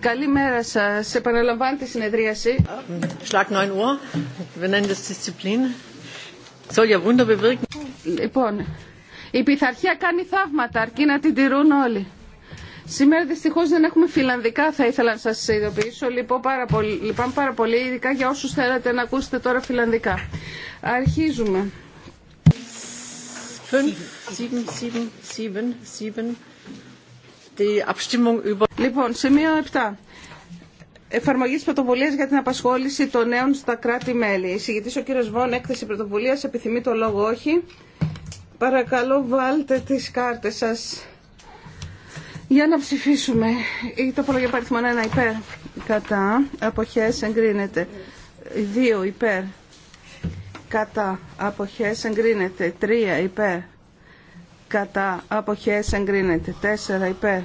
Καλημέρα σας. Επαναλαμβάνει τη συνεδρίαση. Λοιπόν, η πειθαρχία κάνει θαύματα αρκεί να την τηρούν όλοι. Σήμερα δυστυχώ δεν έχουμε φιλανδικά, θα ήθελα να σα ειδοποιήσω. πάρα πολύ, λυπάμαι πάρα πολύ, ειδικά για όσου θέλετε να ακούσετε τώρα φιλανδικά. Αρχίζουμε. Die Abstimmung über... Λοιπόν, σημείο 7. Εφαρμογή πρωτοβουλία για την απασχόληση των νέων στα κράτη-μέλη. Εισηγητή ο κύριο Βόν, έκθεση πρωτοβουλία. Επιθυμεί το λόγο, όχι. Παρακαλώ, βάλτε τι κάρτε σα για να ψηφίσουμε. Η τροπολογία παριθμών 1 υπέρ. Κατά. Αποχέ εγκρίνεται. 2 υπέρ κατά αποχές εγκρίνεται 3 υπέρ κατά αποχές εγκρίνεται 4 υπέρ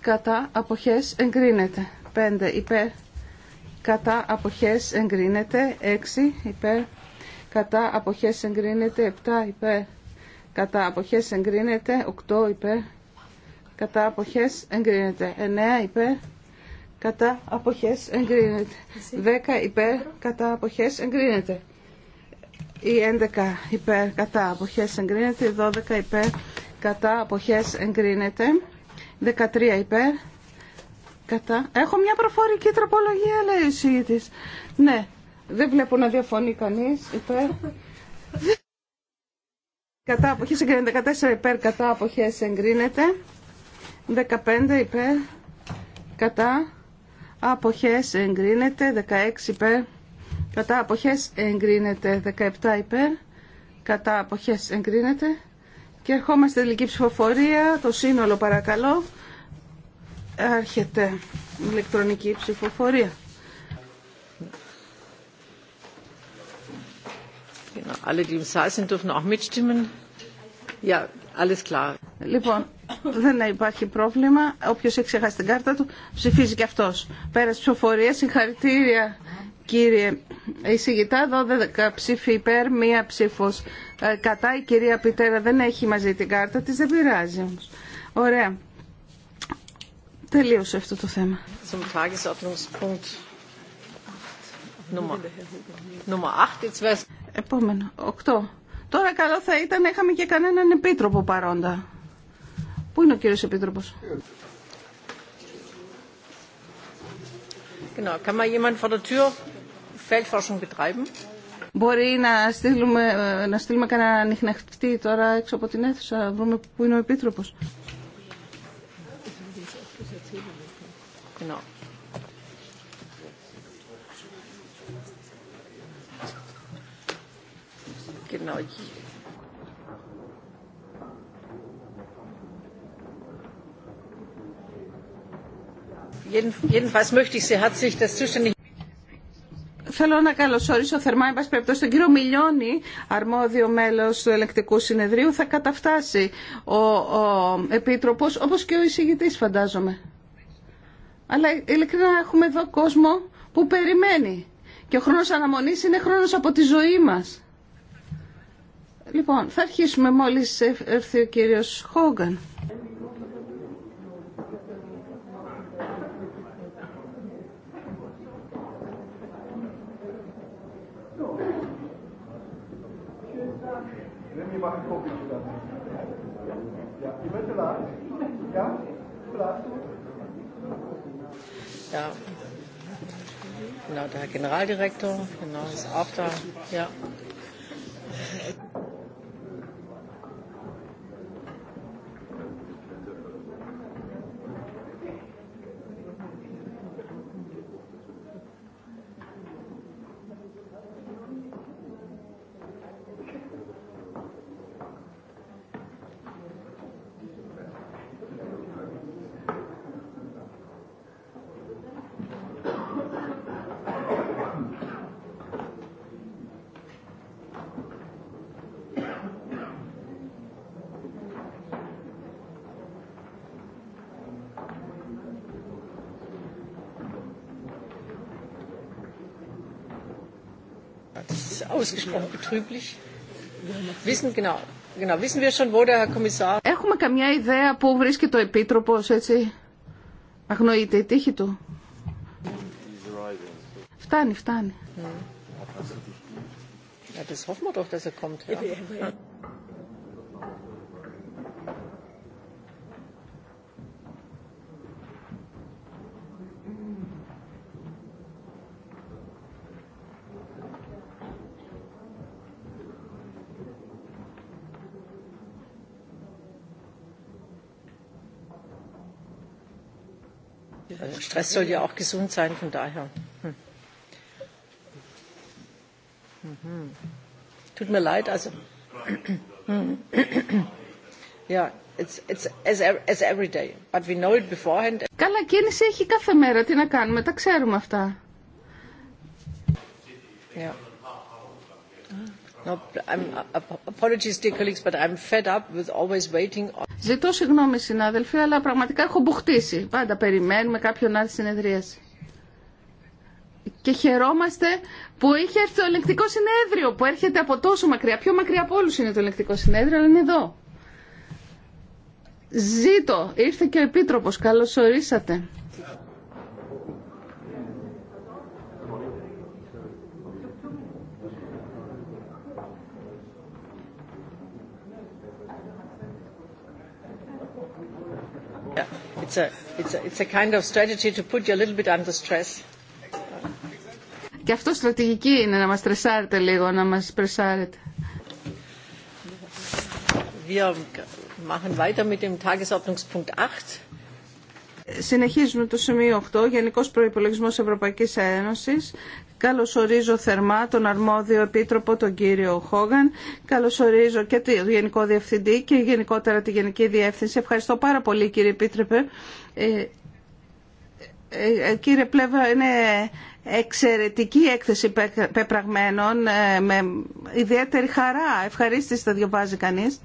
κατά αποχές εγκρίνεται 5 υπέρ κατά αποχές εγκρίνεται 6 υπέρ κατά αποχές εγκρίνεται 7 υπέρ κατά αποχές εγκρίνεται 8 υπέρ κατά αποχές εγκρίνεται 9 υπέρ κατά αποχές εγκρίνεται 10 υπέρ κατά αποχές εγκρίνεται οι 11 υπέρ κατά αποχές εγκρίνεται. οι 12 υπέρ κατά αποχές εγκρίνεται. 13 υπέρ κατά. Έχω μια προφορική τροπολογία λέει η Ναι, δεν βλέπω να διαφωνεί κανείς υπέρ. Κατά αποχές εγκρίνεται. 14 υπέρ κατά αποχές εγκρίνεται. 15 υπέρ κατά αποχές εγκρίνεται. 16 υπέρ Κατά αποχές εγκρίνεται 17 υπέρ. Κατά αποχές εγκρίνεται. Και ερχόμαστε τελική ψηφοφορία. Το σύνολο παρακαλώ. Έρχεται ηλεκτρονική ψηφοφορία. Alle, die im Saal sind, dürfen auch mitstimmen. Ja, alles klar. Λοιπόν, δεν υπάρχει πρόβλημα. Όποιος έχει ξεχάσει την κάρτα του, ψηφίζει και αυτός. Πέρας ψηφοφορία, συγχαρητήρια Κύριε εισηγητά, 12 ψήφοι υπέρ, μία ψήφος ε, κατά. Η κυρία Πιτέρα δεν έχει μαζί την κάρτα τη δεν πειράζει όμω. Ωραία. Τελείωσε αυτό το θέμα. Επόμενο, 8. Τώρα καλό θα ήταν να είχαμε και κανέναν επίτροπο παρόντα. Πού είναι ο κύριος επίτροπος? Genau, kann mal jemand vor der Tür betreiben. Μπορεί να στείλουμε, να στείλουμε κανένα ανοιχνευτή τώρα έξω από την αίθουσα, βρούμε πού είναι ο Επίτροπος. Genau. Genau. Jedenfalls möchte ich Sie herzlich das zuständige Θέλω να καλωσορίσω θερμά, εν πάση περιπτώσει, τον κύριο Μιλιώνη, αρμόδιο μέλος του ελεκτικού συνεδρίου. Θα καταφτάσει ο, ο Επίτροπος, όπως και ο εισηγητή, φαντάζομαι. Αλλά ειλικρινά έχουμε εδώ κόσμο που περιμένει. Και ο χρόνος αναμονής είναι χρόνος από τη ζωή μας. Λοιπόν, θα αρχίσουμε μόλις έρθει ο κύριο Χόγκαν. ναι, ναι, Ja, Ja. Genau, der Herr Generaldirektor, genau, ist auch da. Ja. ausgesprochen betrüblich. Wissen, genau, genau, wissen wir schon, wo der Herr Kommissar... Έχουμε καμιά ιδέα πού βρίσκεται το Επίτροπος, έτσι. Αγνοείται η τύχη του. Φτάνει, φτάνει. Ja, das hoffen wir doch, dass er kommt. Ja. Stress soll ja auch gesund sein, von daher. Tut mir leid, also. Ja, it's, it's as, as every day, but we know it beforehand. Καλά κίνηση έχει κάθε μέρα, τι να κάνουμε, τα ξέρουμε αυτά. Yeah. Ζητώ συγγνώμη συνάδελφοι, αλλά πραγματικά έχω μπουχτήσει Πάντα περιμένουμε κάποιον άλλη συνεδρίαση. Και χαιρόμαστε που είχε έρθει το ελεκτικό συνέδριο, που έρχεται από τόσο μακριά. Πιο μακριά από όλους είναι το ελεκτικό συνέδριο, αλλά είναι εδώ. Ζήτω, ήρθε και ο Επίτροπος, καλώς ορίσατε. it's a, it's a, it's a kind of strategy to put you a little bit under stress. Και αυτό στρατηγική είναι να μας τρεσάρετε λίγο, να μας πρεσάρετε. Wir machen weiter mit dem Tagesordnungspunkt 8. Συνεχίζουμε το σημείο 8, Γενικός Προϋπολογισμός Ευρωπαϊκής Ένωσης, Καλωσορίζω θερμά τον αρμόδιο επίτροπο, τον κύριο Χόγαν. Καλωσορίζω και τον Γενικό Διευθυντή και γενικότερα τη Γενική Διεύθυνση. Ευχαριστώ πάρα πολύ κύριε επίτροπε. Ε, ε, κύριε Πλεύρα, είναι εξαιρετική έκθεση πεπραγμένων ε, με ιδιαίτερη χαρά. Ευχαρίστηση τα διαβάζει κανείς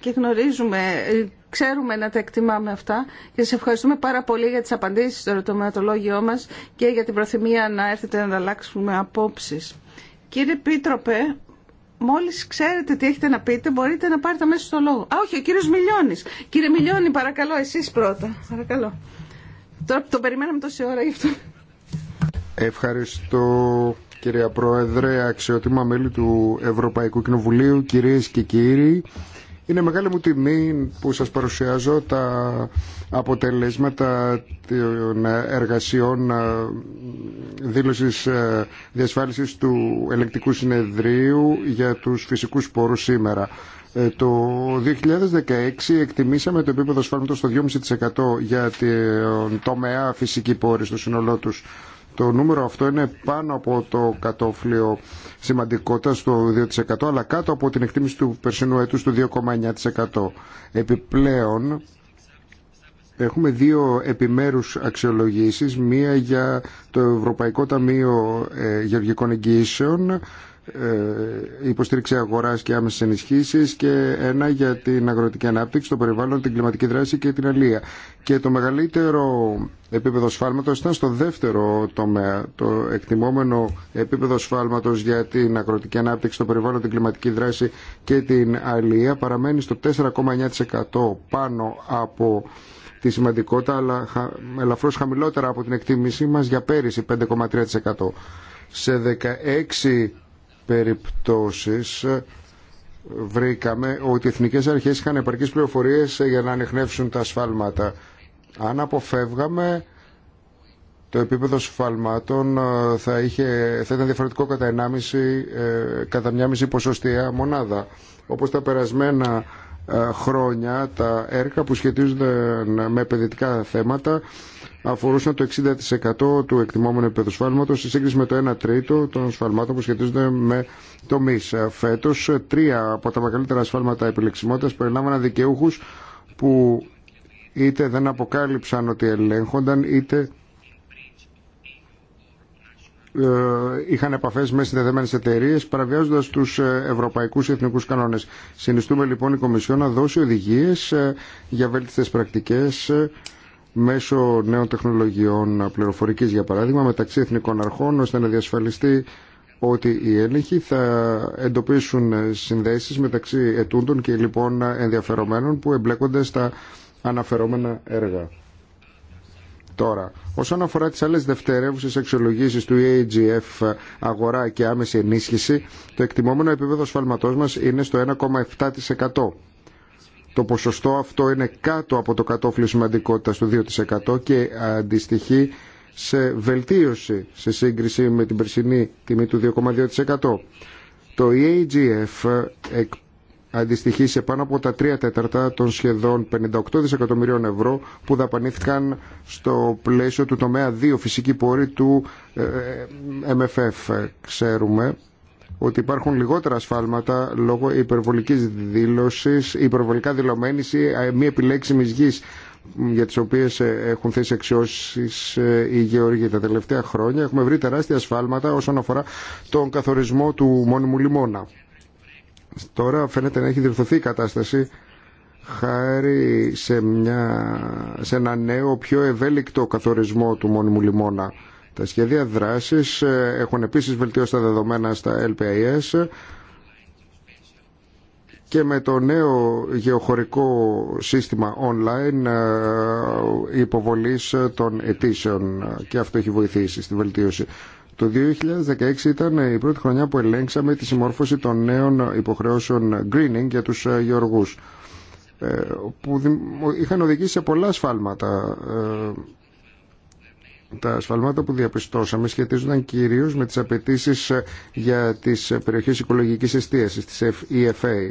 και γνωρίζουμε, ε, ξέρουμε να τα εκτιμάμε αυτά και σας ευχαριστούμε πάρα πολύ για τις απαντήσεις στο ερωτηματολόγιό μας και για την προθυμία να έρθετε να ανταλλάξουμε απόψεις. Κύριε Πίτροπε, μόλις ξέρετε τι έχετε να πείτε, μπορείτε να πάρετε μέσα στο λόγο. Α, όχι, ο κύριος Μιλιώνης. Κύριε Μιλιώνη, παρακαλώ, εσείς πρώτα. Παρακαλώ. Τώρα το περιμέναμε τόση ώρα γι' αυτό. Ευχαριστώ κυρία Πρόεδρε, αξιότιμα μέλη του Ευρωπαϊκού Κοινοβουλίου, κυρίες και κύριοι. Είναι μεγάλη μου τιμή που σας παρουσιάζω τα αποτελέσματα των εργασιών ε, δήλωσης ε, διασφάλισης του ελεκτικού συνεδρίου για τους φυσικούς πόρους σήμερα. Ε, το 2016 εκτιμήσαμε το επίπεδο ασφάλματος στο 2,5% για τον τομέα φυσική πόρη στο σύνολό τους. Το νούμερο αυτό είναι πάνω από το κατόφλιο σημαντικότητα στο 2% αλλά κάτω από την εκτίμηση του περσινού έτους του 2,9%. Επιπλέον έχουμε δύο επιμέρους αξιολογήσεις, μία για το Ευρωπαϊκό Ταμείο ε, Γεωργικών Εγγυήσεων ε, υποστήριξη αγορά και άμεσες ενισχύσει και ένα για την αγροτική ανάπτυξη, το περιβάλλον, την κλιματική δράση και την αλία. Και το μεγαλύτερο επίπεδο σφάλματος ήταν στο δεύτερο τομέα. Το εκτιμόμενο επίπεδο σφάλματος για την αγροτική ανάπτυξη, το περιβάλλον, την κλιματική δράση και την αλία παραμένει στο 4,9% πάνω από τη σημαντικότητα, αλλά ελαφρώς χαμηλότερα από την εκτίμησή μας για πέρυσι 5,3%. Σε 16 περιπτώσεις βρήκαμε ότι οι εθνικές αρχές είχαν επαρκείς πληροφορίες για να ανεχνεύσουν τα σφάλματα. Αν αποφεύγαμε το επίπεδο σφαλμάτων ε, θα, είχε, θα ήταν διαφορετικό κατά, 1,5, ε, κατά μία μισή ποσοστία μονάδα. Όπως τα περασμένα ε, χρόνια τα έργα που σχετίζονται με επενδυτικά θέματα αφορούσαν το 60% του εκτιμόμενου επεδοσφάλματος σε σύγκριση με το 1 τρίτο των σφαλμάτων που σχετίζονται με το ΜΙΣ. Φέτος, τρία από τα μεγαλύτερα σφάλματα επιλεξιμότητας περιλάμβαναν δικαιούχους που είτε δεν αποκάλυψαν ότι ελέγχονταν είτε ε, είχαν επαφέ με συνδεδεμένε εταιρείε, παραβιάζοντα του ε, ευρωπαϊκού και εθνικού κανόνε. Συνιστούμε λοιπόν η Κομισιό να δώσει οδηγίε ε, για βέλτιστε πρακτικέ μέσω νέων τεχνολογιών πληροφορική, για παράδειγμα, μεταξύ εθνικών αρχών, ώστε να διασφαλιστεί ότι οι έλεγχοι θα εντοπίσουν συνδέσει μεταξύ ετούντων και λοιπόν ενδιαφερομένων που εμπλέκονται στα αναφερόμενα έργα. Τώρα, όσον αφορά τις άλλε δευτερεύουσες αξιολογήσει του EAGF αγορά και άμεση ενίσχυση, το εκτιμόμενο επίπεδο σφαλματός μα είναι στο 1,7%. Το ποσοστό αυτό είναι κάτω από το κατόφλιο σημαντικότητα του 2% και αντιστοιχεί σε βελτίωση σε σύγκριση με την περσινή τιμή του 2,2%. Το EAGF αντιστοιχεί σε πάνω από τα 3 τέταρτα των σχεδόν 58 δισεκατομμυρίων ευρώ που δαπανήθηκαν στο πλαίσιο του τομέα 2 φυσική πόρη του MFF. Ε, ε, Ξέρουμε ότι υπάρχουν λιγότερα ασφάλματα λόγω υπερβολικής δήλωσης, υπερβολικά δηλωμένης ή ε, μη επιλέξιμης γης για τις οποίες έχουν θέσει αξιώσεις οι γεωργοί τα τελευταία χρόνια. Έχουμε βρει τεράστια ασφάλματα όσον αφορά τον καθορισμό του μόνιμου λιμώνα. Τώρα φαίνεται να έχει διορθωθεί η κατάσταση χάρη σε, μια, σε ένα νέο πιο ευέλικτο καθορισμό του μόνιμου λιμώνα. Τα σχέδια δράσης ε, έχουν επίσης βελτιώσει τα δεδομένα στα LPIS και με το νέο γεωχωρικό σύστημα online ε, υποβολής των αιτήσεων και αυτό έχει βοηθήσει στη βελτίωση. Το 2016 ήταν η πρώτη χρονιά που ελέγξαμε τη συμμόρφωση των νέων υποχρεώσεων greening για τους ε, γεωργούς ε, που είχαν οδηγήσει σε πολλά ασφάλματα. Ε, τα ασφάλματα που διαπιστώσαμε σχετίζονταν κυρίως με τις απαιτήσει για τις περιοχές οικολογικής εστίασης, τις EFA.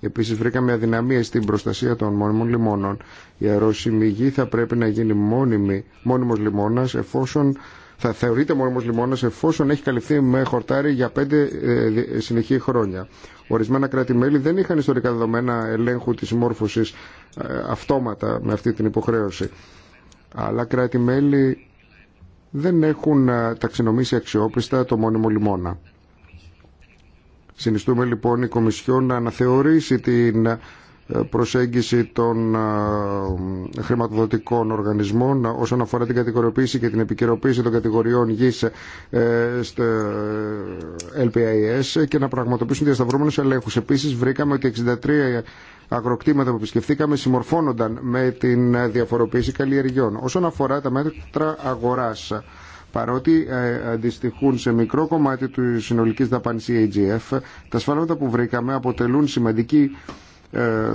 Επίσης βρήκαμε αδυναμίες στην προστασία των μόνιμων λιμώνων. Η αρρώσιμη γη θα πρέπει να γίνει μόνιμη, μόνιμος λιμώνας εφόσον θα θεωρείται μόνιμος λιμόνας εφόσον έχει καλυφθεί με χορτάρι για πέντε ε, συνεχή χρόνια. Ορισμένα κράτη-μέλη δεν είχαν ιστορικά δεδομένα ελέγχου της μόρφωσης ε, αυτόματα με αυτή την υποχρέωση. Αλλά κράτη-μέλη δεν έχουν ε, ταξινομήσει αξιόπιστα το μόνιμο λιμόνα. Συνιστούμε λοιπόν η Κομισιόν να αναθεωρήσει την προσέγγιση των χρηματοδοτικών οργανισμών όσον αφορά την κατηγοριοποίηση και την επικαιροποίηση των κατηγοριών γης ε, στο ε, LPIS και να πραγματοποιήσουν διασταυρούμενους ελέγχους. Επίσης βρήκαμε ότι 63 αγροκτήματα που επισκεφθήκαμε συμμορφώνονταν με την διαφοροποίηση καλλιεργιών. Όσον αφορά τα μέτρα αγοράς, παρότι ε, αντιστοιχούν σε μικρό κομμάτι του συνολικής δαπάνης EGF, τα σφάλματα που βρήκαμε αποτελούν σημαντική ε,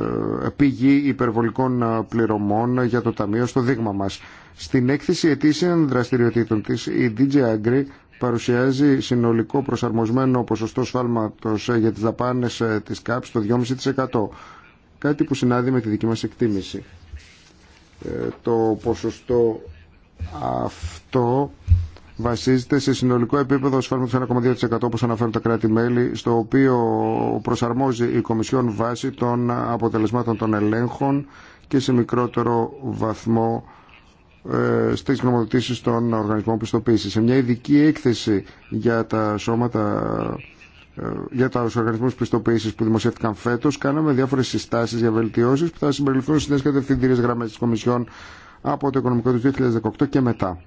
πηγή υπερβολικών ε, πληρωμών για το Ταμείο στο δείγμα μας. Στην έκθεση ετήσιων δραστηριοτήτων της, η DJ Agri παρουσιάζει συνολικό προσαρμοσμένο ποσοστό σφάλματος ε, για τις δαπάνες της ΚΑΠ στο 2,5%. Κάτι που συνάδει με τη δική μας εκτίμηση. Το ποσοστό αυτό βασίζεται σε συνολικό επίπεδο σφάλματος 1,2% όπως αναφέρουν τα κράτη-μέλη, στο οποίο προσαρμόζει η Κομισιόν βάση των αποτελεσμάτων των ελέγχων και σε μικρότερο βαθμό ε, στις γνωμοδοτήσει των οργανισμών πιστοποίησης. Σε μια ειδική έκθεση για τα σώματα ε, για του οργανισμού πιστοποίηση που δημοσιεύτηκαν φέτο, κάναμε διάφορε συστάσει για βελτιώσει που θα συμπεριληφθούν στι νέε κατευθυντήριε γραμμέ τη Κομισιόν από το οικονομικό του 2018 και μετά.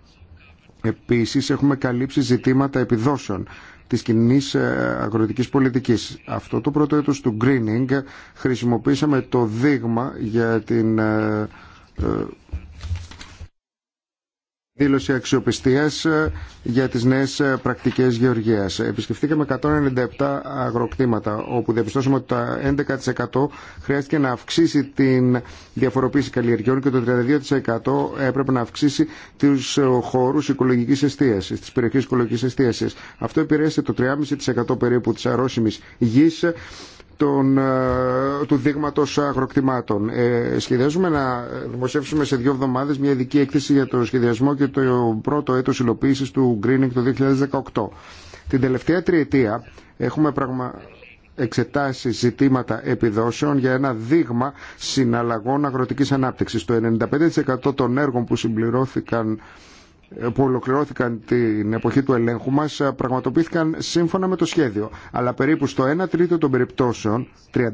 Επίσης έχουμε καλύψει ζητήματα επιδόσεων της κοινή ε, αγροτικής πολιτικής. Αυτό το πρώτο έτος του greening χρησιμοποίησαμε το δείγμα για την ε, ε, δήλωση αξιοπιστίας ε, για τις νέες ε, πρακτικές γεωργίας. Επισκεφτήκαμε 197 αγροκτήματα, όπου διαπιστώσαμε ότι το 11% χρειάστηκε να αυξήσει την διαφοροποίηση καλλιεργιών και το 32% έπρεπε να αυξήσει τους ε, χώρους οικολογικής εστίασης, τις περιοχές οικολογικής εστίασης. Αυτό επηρέασε το 3,5% περίπου της αρρώσιμης γης των, ε, του δείγματο αγροκτημάτων. Ε, σχεδιάζουμε να δημοσιεύσουμε σε δύο εβδομάδε μια ειδική έκθεση για το σχεδιασμό και το πρώτο έτο υλοποίηση του Greening το 2018. Την τελευταία τριετία έχουμε πραγμα... εξετάσει ζητήματα επιδόσεων για ένα δείγμα συναλλαγών αγροτικής ανάπτυξης. Το 95% των έργων που συμπληρώθηκαν που ολοκληρώθηκαν την εποχή του ελέγχου μας ε, πραγματοποιήθηκαν σύμφωνα με το σχέδιο. Αλλά περίπου στο 1 τρίτο των περιπτώσεων, 34%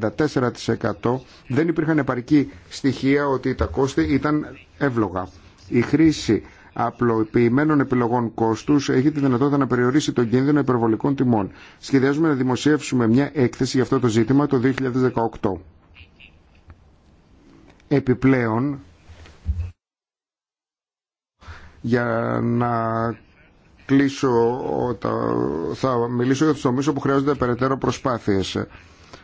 δεν υπήρχαν επαρκή στοιχεία ότι τα κόστη ήταν εύλογα. Η χρήση απλοποιημένων επιλογών κόστου έχει τη δυνατότητα να περιορίσει τον κίνδυνο υπερβολικών τιμών. Σχεδιάζουμε να δημοσιεύσουμε μια έκθεση για αυτό το ζήτημα το 2018. Επιπλέον, για να κλείσω, θα μιλήσω για τους τομείς όπου χρειάζονται περαιτέρω προσπάθειες.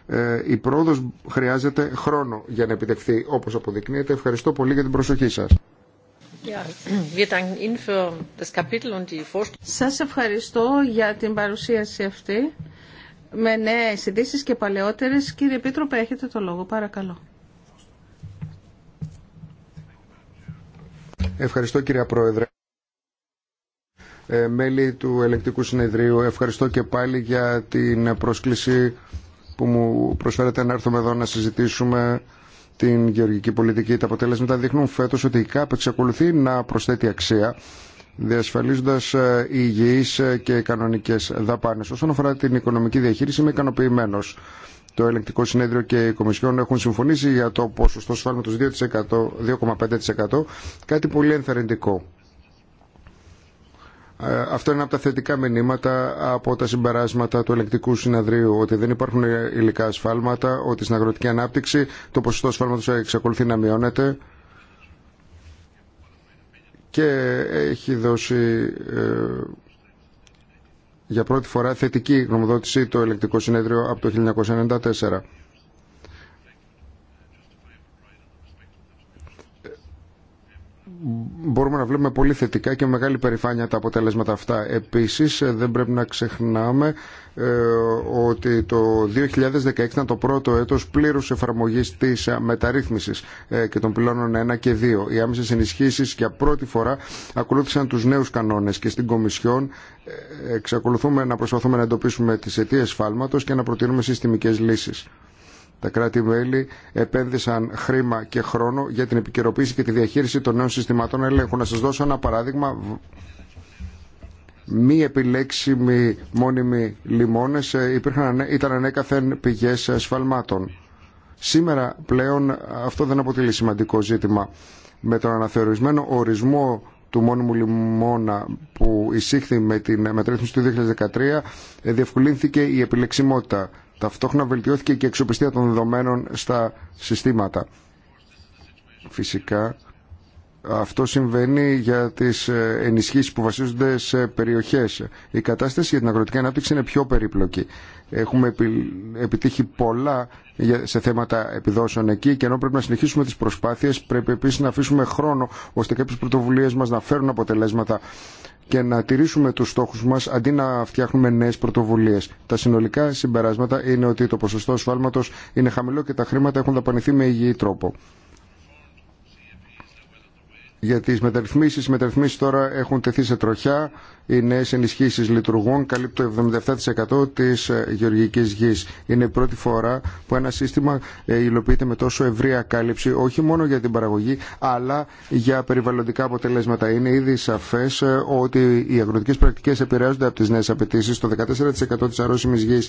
Ε, η πρόοδος χρειάζεται χρόνο για να επιτευχθεί όπως αποδεικνύεται. Ευχαριστώ πολύ για την προσοχή σας. Σας ευχαριστώ για την παρουσίαση αυτή. Με νέες ειδήσει και παλαιότερες. Κύριε Επίτροπε, έχετε το λόγο. Παρακαλώ. Ευχαριστώ κυρία Πρόεδρε. Ε, μέλη του Ελεκτικού Συνεδρίου, ευχαριστώ και πάλι για την πρόσκληση που μου προσφέρετε να έρθουμε εδώ να συζητήσουμε την γεωργική πολιτική. Τα αποτέλεσματα δείχνουν φέτος ότι η ΚΑΠ εξακολουθεί να προσθέτει αξία διασφαλίζοντας ε, υγιείς και κανονικές δαπάνες. Όσον αφορά την οικονομική διαχείριση είμαι ικανοποιημένος το Ελεκτικό συνέδριο και οι Κομισιόν έχουν συμφωνήσει για το ποσοστό σφάλματος 2,5% κάτι πολύ ενθαρρυντικό. Ε, αυτό είναι από τα θετικά μηνύματα από τα συμπεράσματα του Ελεκτικού συναδρίου, ότι δεν υπάρχουν υλικά ασφάλματα, ότι στην αγροτική ανάπτυξη το ποσοστό ασφάλματος εξακολουθεί να μειώνεται και έχει δώσει ε, για πρώτη φορά θετική γνωμοδότηση το ελεκτικό συνέδριο από το 1994. Μπορούμε να βλέπουμε πολύ θετικά και μεγάλη περηφάνεια τα αποτέλεσματα αυτά. Επίσης δεν πρέπει να ξεχνάμε ε, ότι το 2016 ήταν το πρώτο έτος πλήρους εφαρμογής της ε, μεταρρύθμισης ε, και των πυλώνων 1 και 2. Οι άμεσες ενισχύσεις για πρώτη φορά ακολούθησαν τους νέους κανόνες και στην Κομισιόν εξακολουθούμε να προσπαθούμε να εντοπίσουμε τις αιτίες φάλματος και να προτείνουμε συστημικές λύσεις. Τα κράτη-μέλη επένδυσαν χρήμα και χρόνο για την επικαιροποίηση και τη διαχείριση των νέων συστημάτων ελέγχου. Να σας δώσω ένα παράδειγμα μη επιλέξιμοι μόνιμοι λιμόνες ε, υπήρχαν, ήταν ανέκαθεν πηγές ασφαλμάτων. Ε, Σήμερα πλέον αυτό δεν αποτελεί σημαντικό ζήτημα. Με τον αναθεωρισμένο ορισμό του μόνιμου λιμώνα που εισήχθη με την μετρήθμιση του 2013 ε, διευκολύνθηκε η επιλεξιμότητα. Ταυτόχρονα βελτιώθηκε και η εξοπιστία των δεδομένων στα συστήματα. Φυσικά αυτό συμβαίνει για τι ε, ενισχύσει που βασίζονται σε περιοχέ. Η κατάσταση για την αγροτική ανάπτυξη είναι πιο περίπλοκη. Έχουμε επιτύχει πολλά σε θέματα επιδόσεων εκεί και ενώ πρέπει να συνεχίσουμε τι προσπάθειε. πρέπει επίση να αφήσουμε χρόνο ώστε κάποιε πρωτοβουλίε μα να φέρουν αποτελέσματα και να τηρήσουμε τους στόχους μας αντί να φτιάχνουμε νέες πρωτοβουλίες. Τα συνολικά συμπεράσματα είναι ότι το ποσοστό ασφάλματος είναι χαμηλό και τα χρήματα έχουν δαπανηθεί με υγιή τρόπο για τι μεταρρυθμίσει, Οι μεταρρυθμίσει τώρα έχουν τεθεί σε τροχιά. Οι νέε ενισχύσει λειτουργούν. Καλύπτει το 77% τη ε, γεωργική γης. Είναι η πρώτη φορά που ένα σύστημα ε, υλοποιείται με τόσο ευρία κάλυψη, όχι μόνο για την παραγωγή, αλλά για περιβαλλοντικά αποτελέσματα. Είναι ήδη σαφέ ε, ότι οι αγροτικές πρακτικές επηρεάζονται από τι νέε απαιτήσει. Το 14% τη αρρώσιμη γη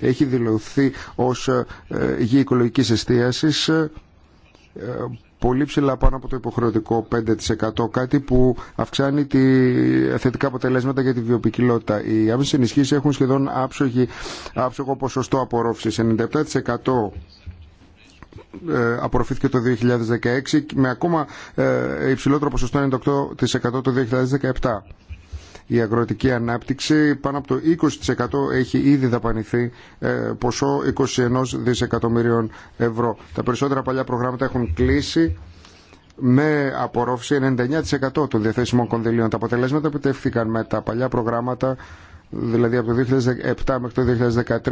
έχει δηλωθεί ω γη οικολογική εστίαση πολύ ψηλά πάνω από το υποχρεωτικό 5% κάτι που αυξάνει τη θετικά αποτελέσματα για τη βιοπικιλότητα. Οι άμεσες ενισχύσεις έχουν σχεδόν άψογη, άψογο ποσοστό απορρόφησης 97% ε, απορροφήθηκε το 2016 με ακόμα ε, υψηλότερο ποσοστό 98% το 2017 η αγροτική ανάπτυξη. Πάνω από το 20% έχει ήδη δαπανηθεί ε, ποσό 21 δισεκατομμυρίων ευρώ. Τα περισσότερα παλιά προγράμματα έχουν κλείσει με απορρόφηση 99% των διαθέσιμων κονδυλίων. Τα αποτελέσματα επιτεύχθηκαν με τα παλιά προγράμματα δηλαδή από το 2007 μέχρι το 2013,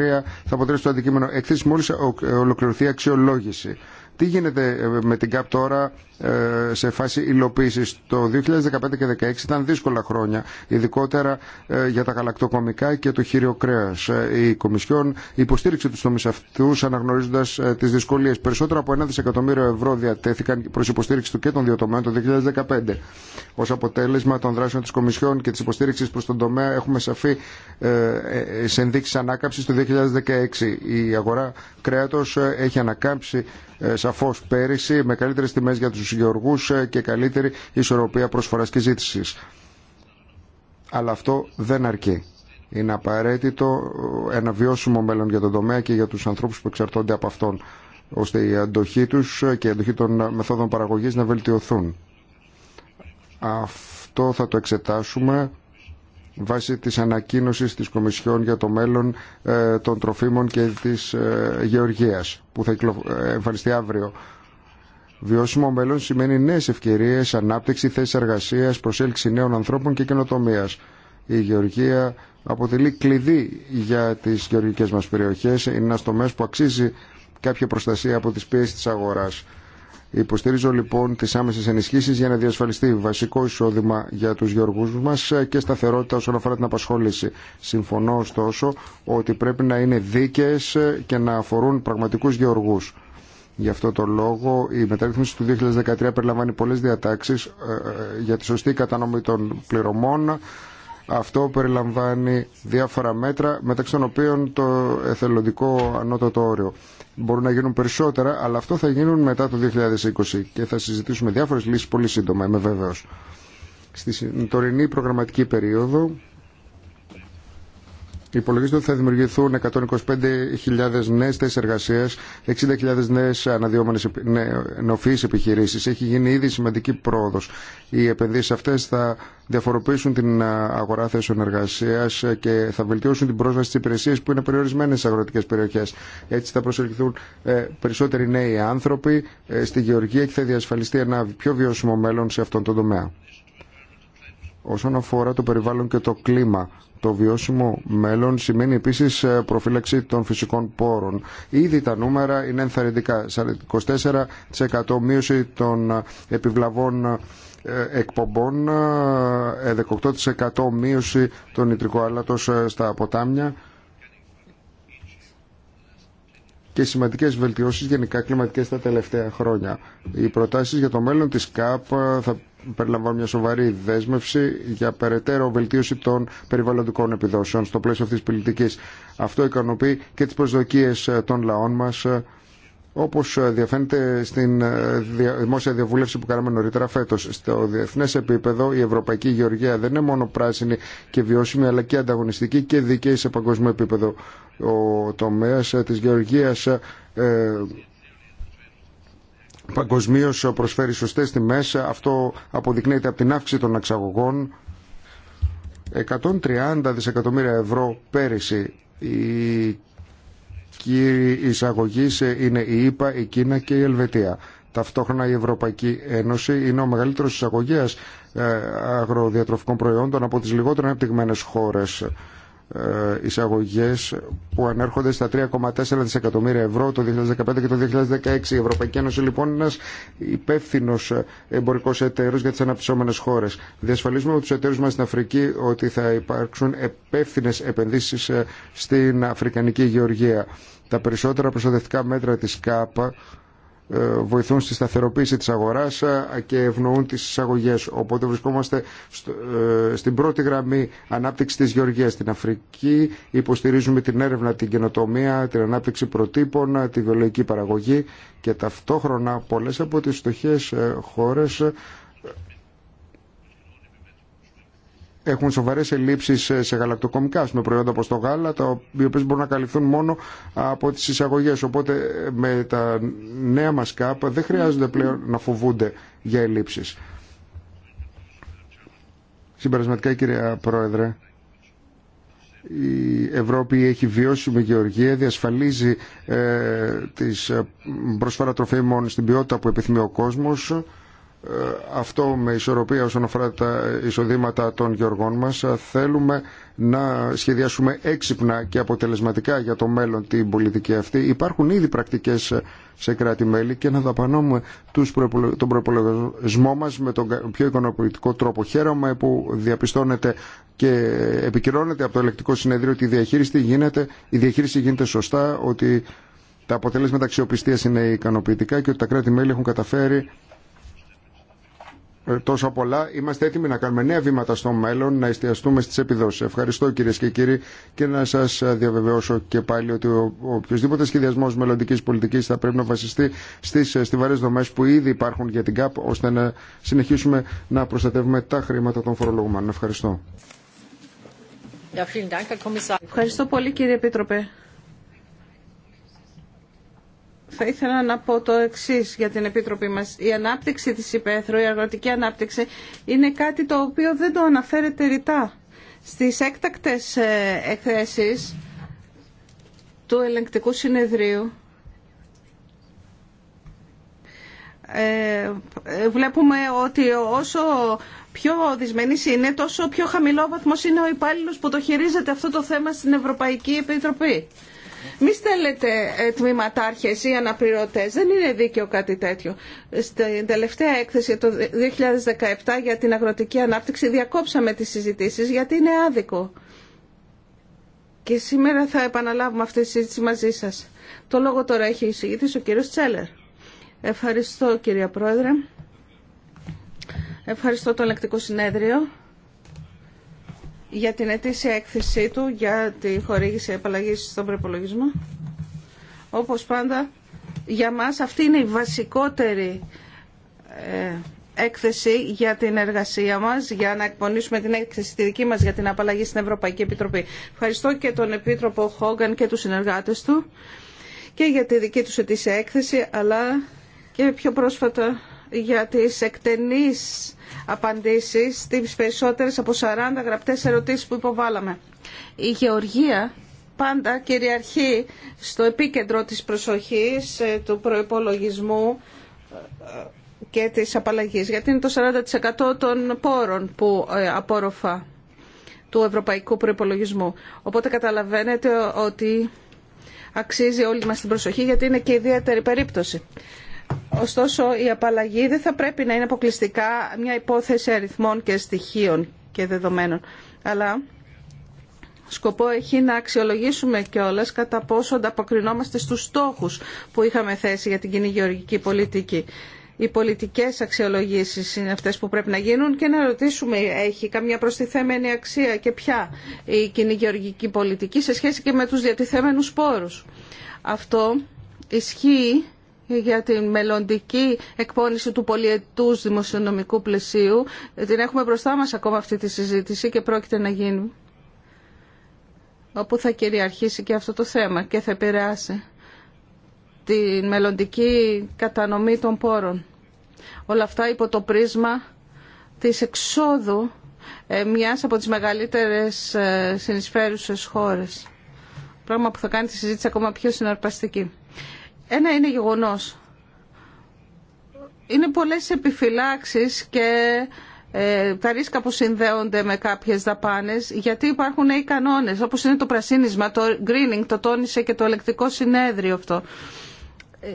θα αποτελέσει το αντικείμενο εκθέση μόλις ολοκληρωθεί η αξιολόγηση. Τι γίνεται ε, με την ΚΑΠ τώρα ε, σε φάση υλοποίηση. Το 2015 και 2016 ήταν δύσκολα χρόνια, ειδικότερα ε, για τα γαλακτοκομικά και το χείριο κρέα. Η Κομισιόν υποστήριξε του τομεί αυτού αναγνωρίζοντα τι δυσκολίε. Περισσότερο από ένα δισεκατομμύριο ευρώ διατέθηκαν προ υποστήριξη του και των δύο τομέων το 2015. Ω αποτέλεσμα των δράσεων τη Κομισιόν και τη υποστήριξη προ τον τομέα έχουμε σαφή ενδείξει ανάκαμψη το 2016. Η αγορά κρέατο έχει ανακάμψει ε, σαφώς πέρυσι με καλύτερες τιμές για τους γεωργού ε, και καλύτερη ισορροπία προσφορά και ζήτηση. Αλλά αυτό δεν αρκεί. Είναι απαραίτητο ε, ένα βιώσιμο μέλλον για τον τομέα και για τους ανθρώπους που εξαρτώνται από αυτόν ώστε η αντοχή τους και η αντοχή των μεθόδων παραγωγή να βελτιωθούν. Αυτό θα το εξετάσουμε βάσει της ανακοίνωσης της Κομισιόν για το μέλλον ε, των τροφίμων και της ε, γεωργίας που θα ε, εμφανιστεί αύριο. Βιώσιμο μέλλον σημαίνει νέες ευκαιρίες, ανάπτυξη, θέσεις εργασίας, προσέλξη νέων ανθρώπων και καινοτομία. Η γεωργία αποτελεί κλειδί για τις γεωργικές μας περιοχές. Είναι ένα τομέα που αξίζει κάποια προστασία από τις πίεσεις της αγοράς. Υποστηρίζω λοιπόν τις άμεσες ενισχύσεις για να διασφαλιστεί βασικό εισόδημα για τους γεωργούς μας και σταθερότητα όσον αφορά την απασχόληση. Συμφωνώ ωστόσο ότι πρέπει να είναι δίκαιες και να αφορούν πραγματικούς γεωργούς. Γι' αυτό το λόγο η μεταρρύθμιση του 2013 περιλαμβάνει πολλές διατάξεις ε, ε, για τη σωστή κατανομή των πληρωμών, αυτό περιλαμβάνει διάφορα μέτρα, μεταξύ των οποίων το εθελοντικό ανώτατο όριο. Μπορούν να γίνουν περισσότερα, αλλά αυτό θα γίνουν μετά το 2020 και θα συζητήσουμε διάφορες λύσεις πολύ σύντομα, είμαι βέβαιος. Στην τωρινή προγραμματική περίοδο Υπολογίζεται ότι θα δημιουργηθούν 125.000 νέε θέσει εργασία, 60.000 νέε αναδυόμενε νοφεί επιχειρήσει. Έχει γίνει ήδη σημαντική πρόοδο. Οι επενδύσει αυτέ θα διαφοροποιήσουν την αγορά θέσεων εργασία και θα βελτιώσουν την πρόσβαση στι υπηρεσίε που είναι περιορισμένε στι αγροτικέ περιοχέ. Έτσι θα προσελκυθούν ε, περισσότεροι νέοι άνθρωποι ε, στη γεωργία και θα διασφαλιστεί ένα πιο βιώσιμο μέλλον σε αυτόν τον τομέα. Όσον αφορά το περιβάλλον και το κλίμα, το βιώσιμο μέλλον σημαίνει επίσης ε, προφύλαξη των φυσικών πόρων. Ήδη τα νούμερα είναι ενθαρρυντικά. 24% μείωση των ε, επιβλαβών ε, εκπομπών, 18% μείωση των νητρικού άλατος στα ποτάμια και σημαντικές βελτιώσεις γενικά κλιματικές τα τελευταία χρόνια. Οι προτάσεις για το μέλλον της ΚΑΠ ε, θα περιλαμβάνουν μια σοβαρή δέσμευση για περαιτέρω βελτίωση των περιβαλλοντικών επιδόσεων στο πλαίσιο αυτής της πολιτικής. Αυτό ικανοποιεί και τις προσδοκίες ε, των λαών μας ε, όπως ε, διαφαίνεται στην ε, δημόσια διαβούλευση που κάναμε νωρίτερα φέτο. Στο διεθνές επίπεδο η Ευρωπαϊκή Γεωργία δεν είναι μόνο πράσινη και βιώσιμη αλλά και ανταγωνιστική και δίκαιη σε παγκόσμιο επίπεδο. Ο τομέα ε, της Γεωργίας ε, παγκοσμίω προσφέρει σωστέ τιμέ. Αυτό αποδεικνύεται από την αύξηση των εξαγωγών. 130 δισεκατομμύρια ευρώ πέρυσι η κύριοι εισαγωγή ε, είναι η ΙΠΑ, η Κίνα και η Ελβετία. Ταυτόχρονα η Ευρωπαϊκή Ένωση είναι ο μεγαλύτερος εισαγωγέας ε, αγροδιατροφικών προϊόντων από τις λιγότερο ανεπτυγμένες χώρες ε, εισαγωγές που ανέρχονται στα 3,4 δισεκατομμύρια ευρώ το 2015 και το 2016. Η Ευρωπαϊκή Ένωση λοιπόν είναι ένας υπεύθυνος εμπορικός εταίρος για τις αναπτυσσόμενες χώρες. Διασφαλίζουμε με τους εταίρους μας στην Αφρική ότι θα υπάρξουν υπεύθυνε επενδύσεις ε, στην Αφρικανική Γεωργία. Τα περισσότερα προστατευτικά μέτρα της ΚΑΠΑ ε, βοηθούν στη σταθεροποίηση της αγοράς ε, και ευνοούν τις εισαγωγές. Οπότε βρισκόμαστε ε, στην πρώτη γραμμή ανάπτυξη της γεωργίας στην Αφρική. Υποστηρίζουμε την έρευνα, την καινοτομία, την ανάπτυξη προτύπων, τη βιολογική παραγωγή και ταυτόχρονα πολλές από τις φτωχές χώρες έχουν σοβαρέ ελλείψει σε γαλακτοκομικά, με προϊόντα όπω το γάλα, τα οποία μπορούν να καλυφθούν μόνο από τι εισαγωγέ. Οπότε με τα νέα μα ΚΑΠ δεν χρειάζονται πλέον να φοβούνται για ελλείψει. Συμπερασματικά, κύριε Πρόεδρε, η Ευρώπη έχει βιώσει βιώσιμη γεωργία, διασφαλίζει ε, τις ε, τροφίμων στην ποιότητα που επιθυμεί ο κόσμος ε, αυτό με ισορροπία όσον αφορά τα εισοδήματα των γεωργών μας. Θέλουμε να σχεδιάσουμε έξυπνα και αποτελεσματικά για το μέλλον την πολιτική αυτή. Υπάρχουν ήδη πρακτικές σε κράτη-μέλη και να δαπανώνουμε τους τον προπολογισμό μας με τον πιο ικανοποιητικό τρόπο. Χαίρομαι που διαπιστώνεται και επικυρώνεται από το ελεκτικό συνεδρίο ότι η διαχείριση γίνεται, η διαχείριση γίνεται σωστά, ότι τα αποτελέσματα αξιοπιστίας είναι ικανοποιητικά και ότι τα κράτη-μέλη έχουν καταφέρει ε, τόσο πολλά. Είμαστε έτοιμοι να κάνουμε νέα βήματα στο μέλλον, να εστιαστούμε στι επιδόσει. Ευχαριστώ κυρίε και κύριοι και να σα διαβεβαιώσω και πάλι ότι ο οποιοδήποτε σχεδιασμό μελλοντική πολιτική θα πρέπει να βασιστεί στι στιβαρέ δομέ που ήδη υπάρχουν για την ΚΑΠ, ώστε να συνεχίσουμε να προστατεύουμε τα χρήματα των φορολογουμένων. Ευχαριστώ. Ευχαριστώ πολύ κύριε Επίτροπε θα ήθελα να πω το εξή για την Επίτροπή μας. Η ανάπτυξη της υπαίθρου, η αγροτική ανάπτυξη, είναι κάτι το οποίο δεν το αναφέρεται ρητά. Στις έκτακτες ε, εκθέσεις του ελεγκτικού συνεδρίου, ε, βλέπουμε ότι όσο πιο δυσμενής είναι, τόσο πιο χαμηλό βαθμός είναι ο υπάλληλος που το χειρίζεται αυτό το θέμα στην Ευρωπαϊκή Επιτροπή. Μη στέλνετε ε, τμήματάρχε ή αναπληρωτέ, Δεν είναι δίκαιο κάτι τέτοιο. Στην τελευταία έκθεση το 2017 για την αγροτική ανάπτυξη διακόψαμε τις συζητήσει γιατί είναι άδικο. Και σήμερα θα επαναλάβουμε αυτή τη συζήτηση μαζί σα. Το λόγο τώρα έχει εισηγηθεί ο κύριος Τσέλερ. Ευχαριστώ κυρία Πρόεδρε. Ευχαριστώ το ελεκτικό συνέδριο για την ετήσια έκθεσή του για τη χορήγηση απαλλαγή στον προπολογισμό. Όπως πάντα, για μας αυτή είναι η βασικότερη ε, έκθεση για την εργασία μας, για να εκπονήσουμε την έκθεση τη δική μας για την απαλλαγή στην Ευρωπαϊκή Επιτροπή. Ευχαριστώ και τον Επίτροπο Χόγκαν και τους συνεργάτες του και για τη δική τους ετήσια έκθεση, αλλά και πιο πρόσφατα για τις εκτενείς απαντήσεις στις περισσότερες από 40 γραπτές ερωτήσεις που υποβάλαμε. Η Γεωργία πάντα κυριαρχεί στο επίκεντρο της προσοχής ε, του προϋπολογισμού ε, και της απαλλαγής, γιατί είναι το 40% των πόρων που ε, απόρροφα του ευρωπαϊκού προϋπολογισμού. Οπότε καταλαβαίνετε ότι αξίζει όλη μας την προσοχή γιατί είναι και ιδιαίτερη περίπτωση. Ωστόσο, η απαλλαγή δεν θα πρέπει να είναι αποκλειστικά μια υπόθεση αριθμών και στοιχείων και δεδομένων. Αλλά σκοπό έχει να αξιολογήσουμε κιόλα κατά πόσο ανταποκρινόμαστε στους στόχους που είχαμε θέσει για την κοινή γεωργική πολιτική. Οι πολιτικές αξιολογήσεις είναι αυτές που πρέπει να γίνουν και να ρωτήσουμε έχει καμία προστιθέμενη αξία και ποια η κοινή γεωργική πολιτική σε σχέση και με τους διατηθέμενους πόρους. Αυτό ισχύει για τη μελλοντική εκπόνηση του πολιετούς δημοσιονομικού πλαισίου. Την έχουμε μπροστά μας ακόμα αυτή τη συζήτηση και πρόκειται να γίνει. Όπου θα κυριαρχήσει και αυτό το θέμα και θα επηρεάσει τη μελλοντική κατανομή των πόρων. Όλα αυτά υπό το πρίσμα της εξόδου ε, μιας από τις μεγαλύτερες ε, συνεισφέρουσες χώρες. Πράγμα που θα κάνει τη συζήτηση ακόμα πιο συναρπαστική. Ένα είναι γεγονός. Είναι πολλές επιφυλάξεις και ε, τα ρίσκα που συνδέονται με κάποιες δαπάνες, γιατί υπάρχουν οι κανόνες, όπως είναι το πρασίνισμα, το greening, το τόνισε και το ελεκτικό συνέδριο αυτό. Ε,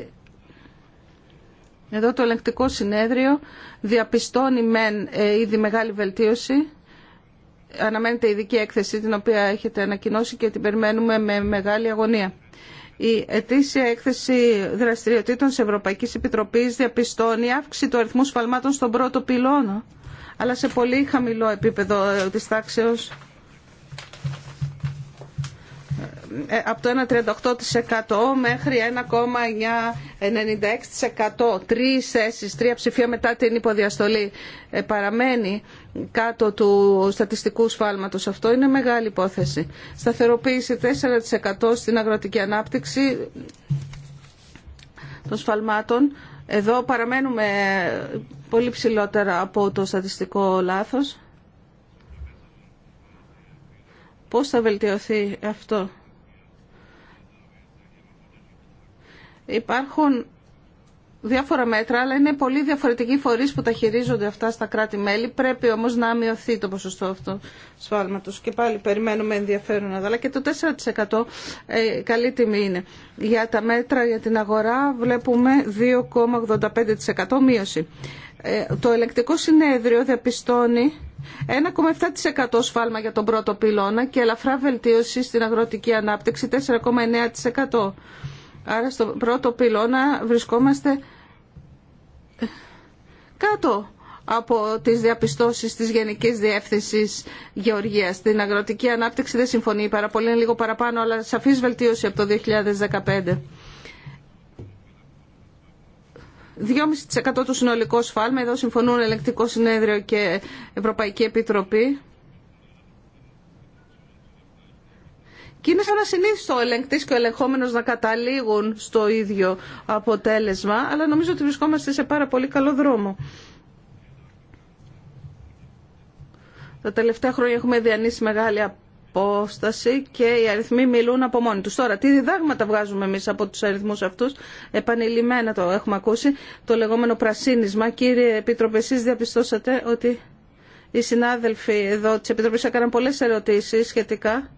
εδώ το ελεκτικό συνέδριο διαπιστώνει μεν ε, ήδη μεγάλη βελτίωση, αναμένεται ειδική έκθεση την οποία έχετε ανακοινώσει και την περιμένουμε με μεγάλη αγωνία. Η ετήσια έκθεση δραστηριοτήτων της Ευρωπαϊκής Επιτροπής διαπιστώνει αύξηση του αριθμού σφαλμάτων στον πρώτο πυλώνα, αλλά σε πολύ χαμηλό επίπεδο ε, της τάξεως ε, από το 1,38% μέχρι 1,96%. Τρεις θέσεις, τρία ψηφία μετά την υποδιαστολή ε, παραμένει κάτω του στατιστικού σφάλματος. Αυτό είναι μεγάλη υπόθεση. Σταθεροποίηση 4% στην αγροτική ανάπτυξη των σφαλμάτων. Εδώ παραμένουμε πολύ ψηλότερα από το στατιστικό λάθος. Πώς θα βελτιωθεί αυτό. Υπάρχουν διάφορα μέτρα, αλλά είναι πολύ διαφορετικοί φορείς που τα χειρίζονται αυτά στα κράτη-μέλη. Πρέπει όμως να μειωθεί το ποσοστό αυτό σφάλματος. Και πάλι περιμένουμε ενδιαφέρον αλλά και το 4% ε, καλή τιμή είναι. Για τα μέτρα για την αγορά βλέπουμε 2,85% μείωση. Ε, το ελεκτικό συνέδριο διαπιστώνει 1,7% σφάλμα για τον πρώτο πυλώνα και ελαφρά βελτίωση στην αγροτική ανάπτυξη 4,9%. Άρα στο πρώτο πυλώνα βρισκόμαστε κάτω από τις διαπιστώσεις της Γενικής Διεύθυνσης Γεωργίας. Στην αγροτική ανάπτυξη δεν συμφωνεί πάρα πολύ, είναι λίγο παραπάνω, αλλά σαφής βελτίωση από το 2015. 2,5% του συνολικού σφάλμα, εδώ συμφωνούν Ελεκτικό Συνέδριο και Ευρωπαϊκή Επιτροπή. Και είναι σαν να συνήθιστο ο ελεγκτή και ο ελεγχόμενο να καταλήγουν στο ίδιο αποτέλεσμα, αλλά νομίζω ότι βρισκόμαστε σε πάρα πολύ καλό δρόμο. Τα τελευταία χρόνια έχουμε διανύσει μεγάλη απόσταση και οι αριθμοί μιλούν από μόνοι τους. Τώρα, τι διδάγματα βγάζουμε εμείς από τους αριθμούς αυτούς, επανειλημμένα το έχουμε ακούσει, το λεγόμενο πρασίνισμα. Κύριε Επίτροπε, εσείς διαπιστώσατε ότι οι συνάδελφοι εδώ της Επίτροπη έκαναν πολλές ερωτήσεις σχετικά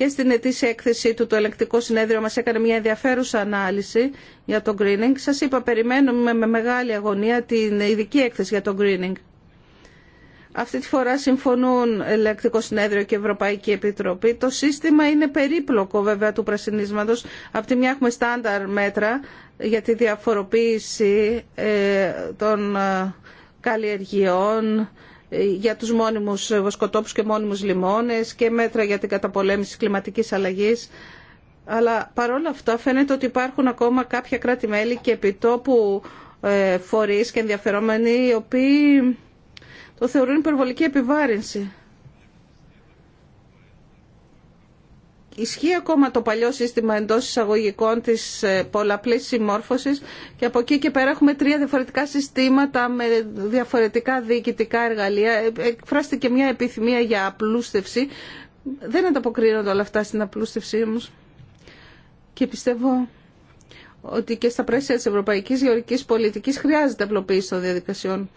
και στην ετήσια έκθεση του το ελεκτικό συνέδριο μας έκανε μια ενδιαφέρουσα ανάλυση για το greening. Σας είπα, περιμένουμε με μεγάλη αγωνία την ειδική έκθεση για το greening. Αυτή τη φορά συμφωνούν Ελεκτικό Συνέδριο και Ευρωπαϊκή Επιτροπή. Το σύστημα είναι περίπλοκο βέβαια του πρασινίσματος. Από τη μια έχουμε στάνταρ μέτρα για τη διαφοροποίηση ε, των ε, καλλιεργειών, για τους μόνιμους βοσκοτόπους και μόνιμους λιμόνες και μέτρα για την καταπολέμηση κλιματικής αλλαγής. Αλλά παρόλα αυτά φαίνεται ότι υπάρχουν ακόμα κάποια κράτη-μέλη και επιτόπου ε, φορείς και ενδιαφερόμενοι οι οποίοι το θεωρούν υπερβολική επιβάρυνση. ισχύει ακόμα το παλιό σύστημα εντός εισαγωγικών της ε, πολλαπλής συμμόρφωσης και από εκεί και πέρα έχουμε τρία διαφορετικά συστήματα με διαφορετικά διοικητικά εργαλεία. Ε, εκφράστηκε μια επιθυμία για απλούστευση. Δεν ανταποκρίνονται όλα αυτά στην απλούστευση όμως. Και πιστεύω ότι και στα πλαίσια της ευρωπαϊκής γεωρικής πολιτικής χρειάζεται απλοποίηση των διαδικασιών.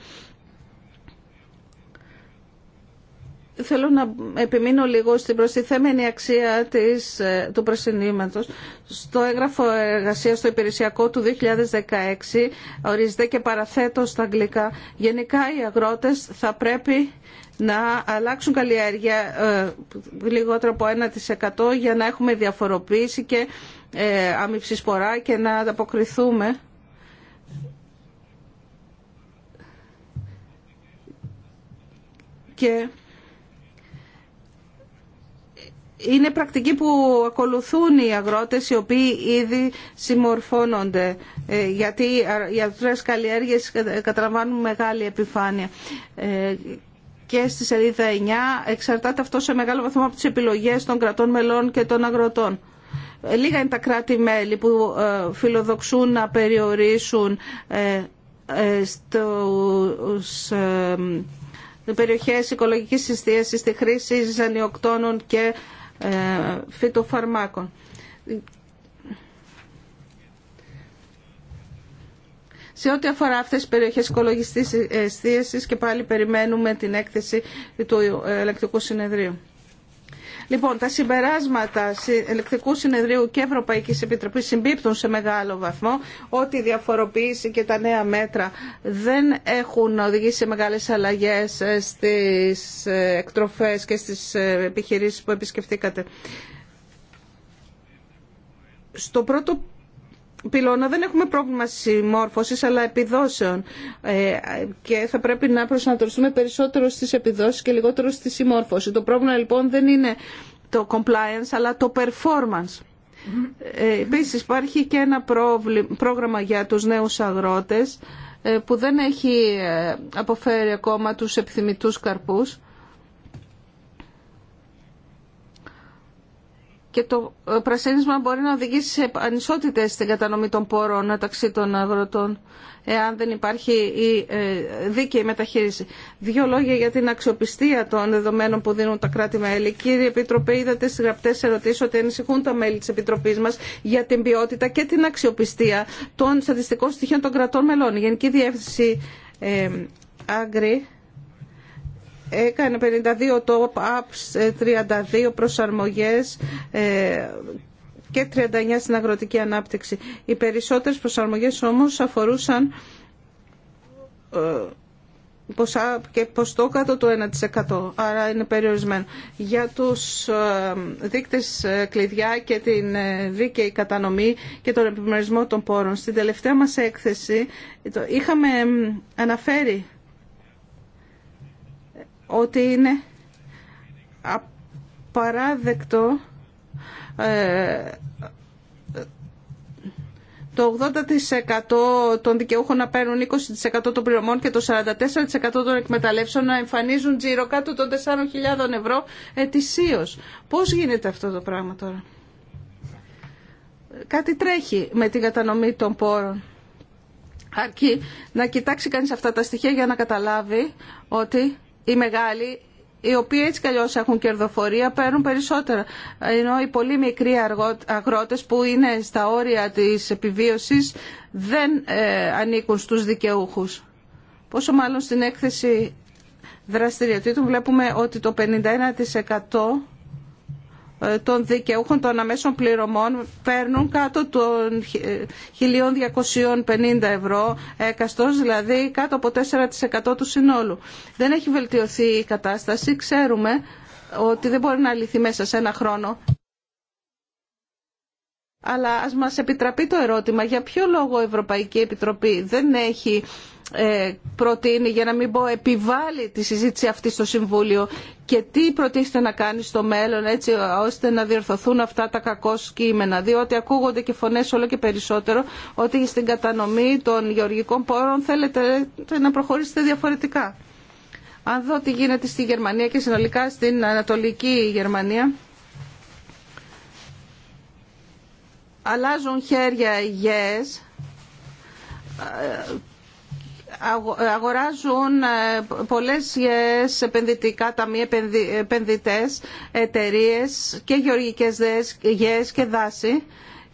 Θέλω να επιμείνω λίγο στην προστιθέμενη αξία της, ε, του προσυνήματος. Στο έγγραφο εργασίας στο υπηρεσιακό του 2016 ορίζεται και παραθέτω στα αγγλικά. Γενικά οι αγρότες θα πρέπει να αλλάξουν καλλιέργεια ε, λιγότερο από 1% για να έχουμε διαφοροποίηση και ε, και να ανταποκριθούμε. Και είναι πρακτική που ακολουθούν οι αγρότες οι οποίοι ήδη συμμορφώνονται ε, γιατί οι αγρότες καλλιέργειες καταλαμβάνουν μεγάλη επιφάνεια ε, και στη σελίδα 9 εξαρτάται αυτό σε μεγάλο βαθμό από τις επιλογές των κρατών μελών και των αγροτών. Ε, λίγα είναι τα κράτη-μέλη που φιλοδοξούν να περιορίσουν στους περιοχές οικολογικής συστίασης, στη χρήση ζανιοκτώνων και ε, φυτοφαρμάκων. Σε ό,τι αφορά αυτές τις περιοχές οικολογιστής εστίασης και πάλι περιμένουμε την έκθεση του ελεκτρικού συνεδρίου. Λοιπόν, τα συμπεράσματα Ελεκτικού Συνεδρίου και Ευρωπαϊκής Επιτροπής συμπίπτουν σε μεγάλο βαθμό ότι η διαφοροποίηση και τα νέα μέτρα δεν έχουν οδηγήσει σε μεγάλες αλλαγές ε, στις ε, εκτροφές και στις ε, επιχειρήσεις που επισκεφτήκατε. Στο πρώτο πυλώνα δεν έχουμε πρόβλημα συμμόρφωσης αλλά επιδόσεων ε, και θα πρέπει να προσανατολιστούμε περισσότερο στις επιδόσεις και λιγότερο στη συμμόρφωση. Το πρόβλημα λοιπόν δεν είναι το compliance αλλά το performance. Ε, Επίση υπάρχει και ένα πρόγραμμα για τους νέους αγρότες ε, που δεν έχει ε, αποφέρει ακόμα τους επιθυμητούς καρπούς και το ε, πρασένισμα μπορεί να οδηγήσει σε ανισότητες στην κατανομή των πόρων μεταξύ των αγροτών εάν δεν υπάρχει η ε, δίκαιη μεταχείριση. Δύο λόγια για την αξιοπιστία των δεδομένων που δίνουν τα κράτη-μέλη. Κύριε Επίτροπε, είδατε στι γραπτέ ερωτήσει ότι ανησυχούν τα μέλη τη Επιτροπή μα για την ποιότητα και την αξιοπιστία των στατιστικών στοιχείων των κρατών μελών. Η Γενική Διεύθυνση Άγκρη ε, έκανε 52 top-ups, 32 ε, προσαρμογές ε, και 39 στην αγροτική ανάπτυξη. Οι περισσότερες προσαρμογές όμως αφορούσαν ε, ποσά και ποστό κάτω του 1%. Άρα είναι περιορισμένο. Για τους δείκτες κλειδιά και την δίκαιη κατανομή και τον επιμερισμό των πόρων. Στην τελευταία μας έκθεση είχαμε αναφέρει ότι είναι απαράδεκτο ε, το 80% των δικαιούχων να παίρνουν 20% των πληρωμών και το 44% των εκμεταλλεύσεων να εμφανίζουν τζίρο κάτω των 4.000 ευρώ ετησίως. Πώς γίνεται αυτό το πράγμα τώρα. Κάτι τρέχει με την κατανομή των πόρων. Αρκεί να κοιτάξει κανείς αυτά τα στοιχεία για να καταλάβει ότι οι μεγάλοι οι οποίοι έτσι κι έχουν κερδοφορία παίρνουν περισσότερα. Ενώ οι πολύ μικροί αγρότε που είναι στα όρια της επιβίωσης δεν ε, ανήκουν στους δικαιούχους. Πόσο μάλλον στην έκθεση δραστηριοτήτων βλέπουμε ότι το 51% ε, των δικαιούχων των αμέσων πληρωμών παίρνουν κάτω των 1.250 ε, ευρώ έκαστος, δηλαδή κάτω από 4% του συνόλου. Δεν έχει βελτιωθεί η κατάσταση. Ξέρουμε ότι δεν μπορεί να λυθεί μέσα σε ένα χρόνο. Αλλά ας μας επιτραπεί το ερώτημα για ποιο λόγο η Ευρωπαϊκή Επιτροπή δεν έχει ε, προτείνει, για να μην πω επιβάλλει τη συζήτηση αυτή στο Συμβούλιο και τι προτίθεται να κάνει στο μέλλον έτσι ώστε να διορθωθούν αυτά τα κακό κείμενα. Διότι ακούγονται και φωνές όλο και περισσότερο ότι στην κατανομή των γεωργικών πόρων θέλετε να προχωρήσετε διαφορετικά. Αν δω τι γίνεται στη Γερμανία και συνολικά στην Ανατολική Γερμανία αλλάζουν χέρια υγιές, αγοράζουν ε, πολλές yes, επενδυτικά ταμεία, επενδυτές, εταιρείες και γεωργικές γεές και δάση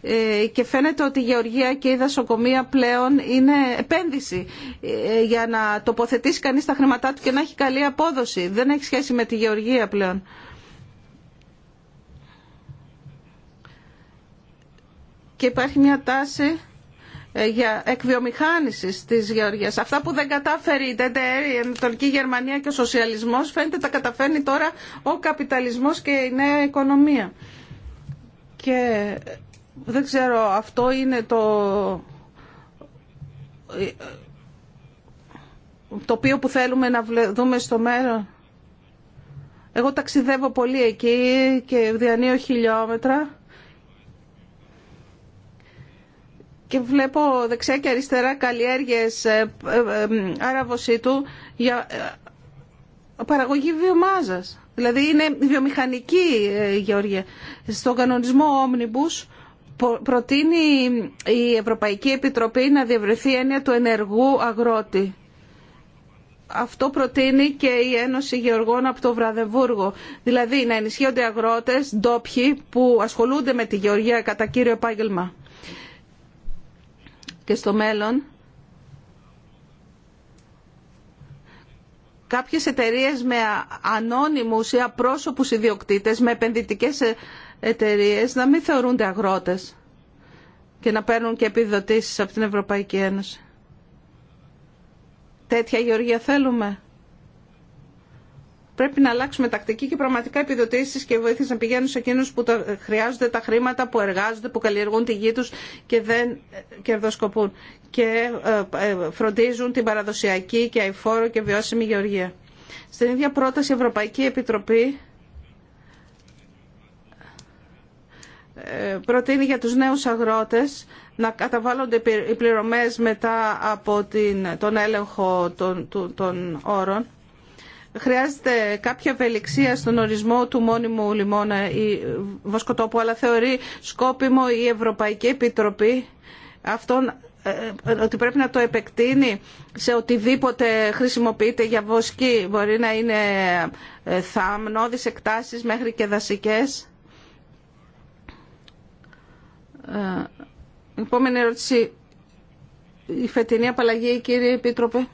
ε, και φαίνεται ότι η γεωργία και η δασοκομεία πλέον είναι επένδυση ε, για να τοποθετήσει κανείς τα χρήματά του και να έχει καλή απόδοση. Δεν έχει σχέση με τη γεωργία πλέον. και υπάρχει μια τάση ε, για εκβιομηχάνηση τη Γεωργία. Αυτά που δεν κατάφερε η ΤΕΤΕΡ, η Ανατολική Γερμανία και ο σοσιαλισμό, φαίνεται τα καταφέρνει τώρα ο καπιταλισμό και η νέα οικονομία. Και δεν ξέρω, αυτό είναι το οποίο που θέλουμε να δούμε στο μέλλον. Εγώ ταξιδεύω πολύ εκεί και διανύω χιλιόμετρα και βλέπω δεξιά και αριστερά καλλιέργειες ε, ε, ε, του για παραγωγή βιομάζας. Δηλαδή είναι βιομηχανική γεωργία. Στον κανονισμό Omnibus προτείνει η Ευρωπαϊκή Επιτροπή να διευρεθεί έννοια του ενεργού αγρότη. Αυτό προτείνει και η Ένωση Γεωργών από το Βραδεβούργο. Δηλαδή να ενισχύονται αγρότες ντόπιοι που ασχολούνται με τη γεωργία κατά κύριο επάγγελμα και στο μέλλον κάποιες εταιρείες με ανώνυμους ή απρόσωπους ιδιοκτήτες, με επενδυτικές ε, εταιρείες, να μην θεωρούνται αγρότες και να παίρνουν και επιδοτήσεις από την Ευρωπαϊκή Ένωση. Τέτοια γεωργία θέλουμε πρέπει να αλλάξουμε τακτική και πραγματικά επιδοτήσει και βοήθειε να πηγαίνουν σε εκείνου που ε, χρειάζονται τα χρήματα, που εργάζονται, που καλλιεργούν τη γη του και δεν ε, κερδοσκοπούν. Και ε, φροντίζουν την παραδοσιακή και αηφόρο και βιώσιμη γεωργία. Στην ίδια πρόταση η Ευρωπαϊκή Επιτροπή προτείνει για τους νέους αγρότες να καταβάλλονται οι πληρωμές μετά από την, τον έλεγχο των όρων χρειάζεται κάποια ευελιξία στον ορισμό του μόνιμου λιμώνα ή βοσκοτόπου, αλλά θεωρεί σκόπιμο η Ευρωπαϊκή Επιτροπή αυτόν ε, ότι πρέπει να το επεκτείνει σε οτιδήποτε χρησιμοποιείται για βοσκή. Μπορεί να είναι ε, θαμνώδεις εκτάσεις μέχρι και δασικές. Ε, επόμενη ερώτηση. Η φετινή απαλλαγή, κύριε Επίτροπε.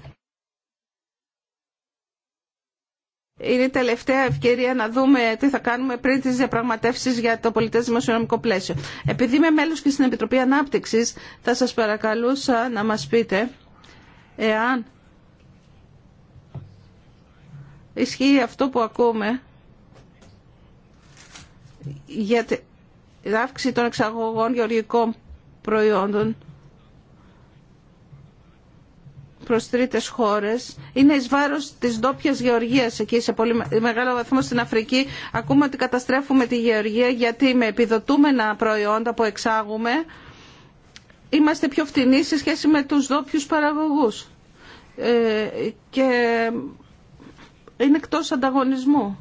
είναι η τελευταία ευκαιρία να δούμε τι θα κάνουμε πριν τι διαπραγματεύσει για το πολιτές δημοσιονομικό πλαίσιο. Επειδή είμαι μέλο και στην Επιτροπή Ανάπτυξης, θα σας παρακαλούσα να μας πείτε εάν ισχύει αυτό που ακούμε για την αύξηση των εξαγωγών γεωργικών προϊόντων προς τρίτες χώρες είναι εις βάρος της ντόπια γεωργίας εκεί σε πολύ μεγάλο βαθμό στην Αφρική ακούμε ότι καταστρέφουμε τη γεωργία γιατί με επιδοτούμενα προϊόντα που εξάγουμε είμαστε πιο φτηνοί σε σχέση με τους ντόπιου παραγωγούς ε, και είναι εκτός ανταγωνισμού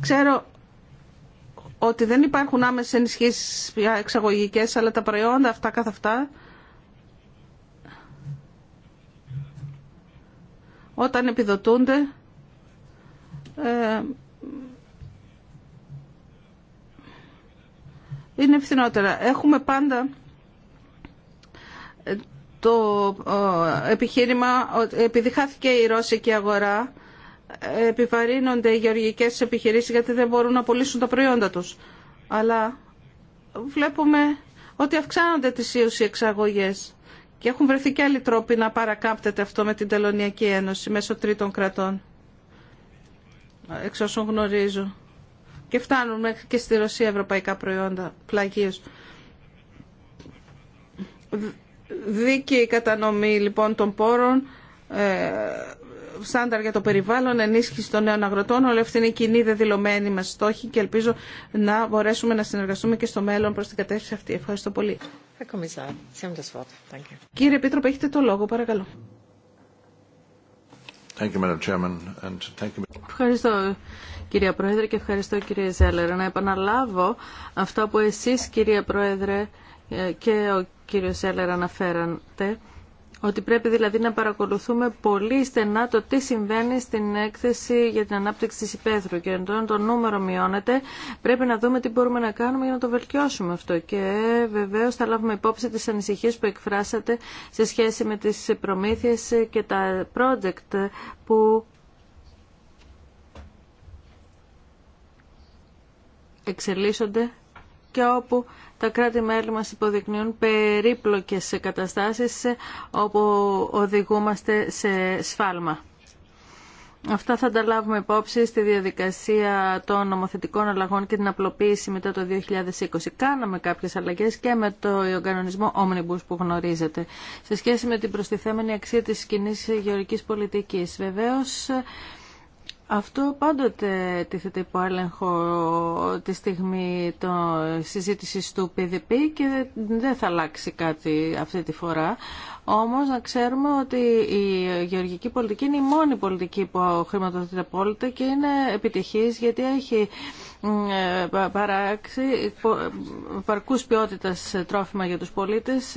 ξέρω ότι δεν υπάρχουν άμεσες ενισχύσεις εξαγωγικές αλλά τα προϊόντα αυτά καθ' αυτά όταν επιδοτούνται ε, είναι φθηνότερα. Έχουμε πάντα ε, το επιχείρημα ότι επειδή χάθηκε η ρώσικη αγορά ε, επιβαρύνονται οι γεωργικές επιχειρήσεις γιατί δεν μπορούν να πουλήσουν τα προϊόντα τους. Αλλά βλέπουμε ότι αυξάνονται τις ίους εξαγωγές. Και έχουν βρεθεί και άλλοι τρόποι να παρακάμπτεται αυτό με την Τελωνιακή Ένωση μέσω τρίτων κρατών. Εξ όσων γνωρίζω. Και φτάνουν μέχρι και στη Ρωσία ευρωπαϊκά προϊόντα πλαγίως. Δίκαιη κατανομή λοιπόν των πόρων ε, στάνταρ για το περιβάλλον, ενίσχυση των νέων αγροτών. Όλα αυτή είναι η κοινή δεδηλωμένη μα στόχη και ελπίζω να μπορέσουμε να συνεργαστούμε και στο μέλλον προ την κατεύθυνση αυτή. Ευχαριστώ πολύ. Κύριε Επίτροπε, έχετε το λόγο, παρακαλώ. Ευχαριστώ κυρία Πρόεδρε και ευχαριστώ κύριε Ζέλερ. Να επαναλάβω αυτά που εσείς κυρία Πρόεδρε ε, και ο κύριος Ζέλερ αναφέρατε ότι πρέπει δηλαδή να παρακολουθούμε πολύ στενά το τι συμβαίνει στην έκθεση για την ανάπτυξη της υπαίθρου. Και όταν το νούμερο μειώνεται, πρέπει να δούμε τι μπορούμε να κάνουμε για να το βελτιώσουμε αυτό. Και βεβαίω θα λάβουμε υπόψη τις ανησυχίες που εκφράσατε σε σχέση με τι προμήθειε και τα project που εξελίσσονται και όπου τα κράτη-μέλη μας υποδεικνύουν περίπλοκες καταστάσεις όπου οδηγούμαστε σε σφάλμα. Αυτά θα τα λάβουμε υπόψη στη διαδικασία των νομοθετικών αλλαγών και την απλοποίηση μετά το 2020. Κάναμε κάποιες αλλαγές και με το κανονισμό Omnibus που γνωρίζετε σε σχέση με την προστιθέμενη αξία της κοινή γεωρικής πολιτικής. Βεβαίως, αυτό πάντοτε τίθεται υπό έλεγχο τη στιγμή το συζήτηση του PDP και δεν θα αλλάξει κάτι αυτή τη φορά. Όμως να ξέρουμε ότι η γεωργική πολιτική είναι η μόνη πολιτική που χρηματοδοτείται απόλυτα και είναι επιτυχής γιατί έχει παράξει παρκούς ποιότητας τρόφιμα για τους πολίτες,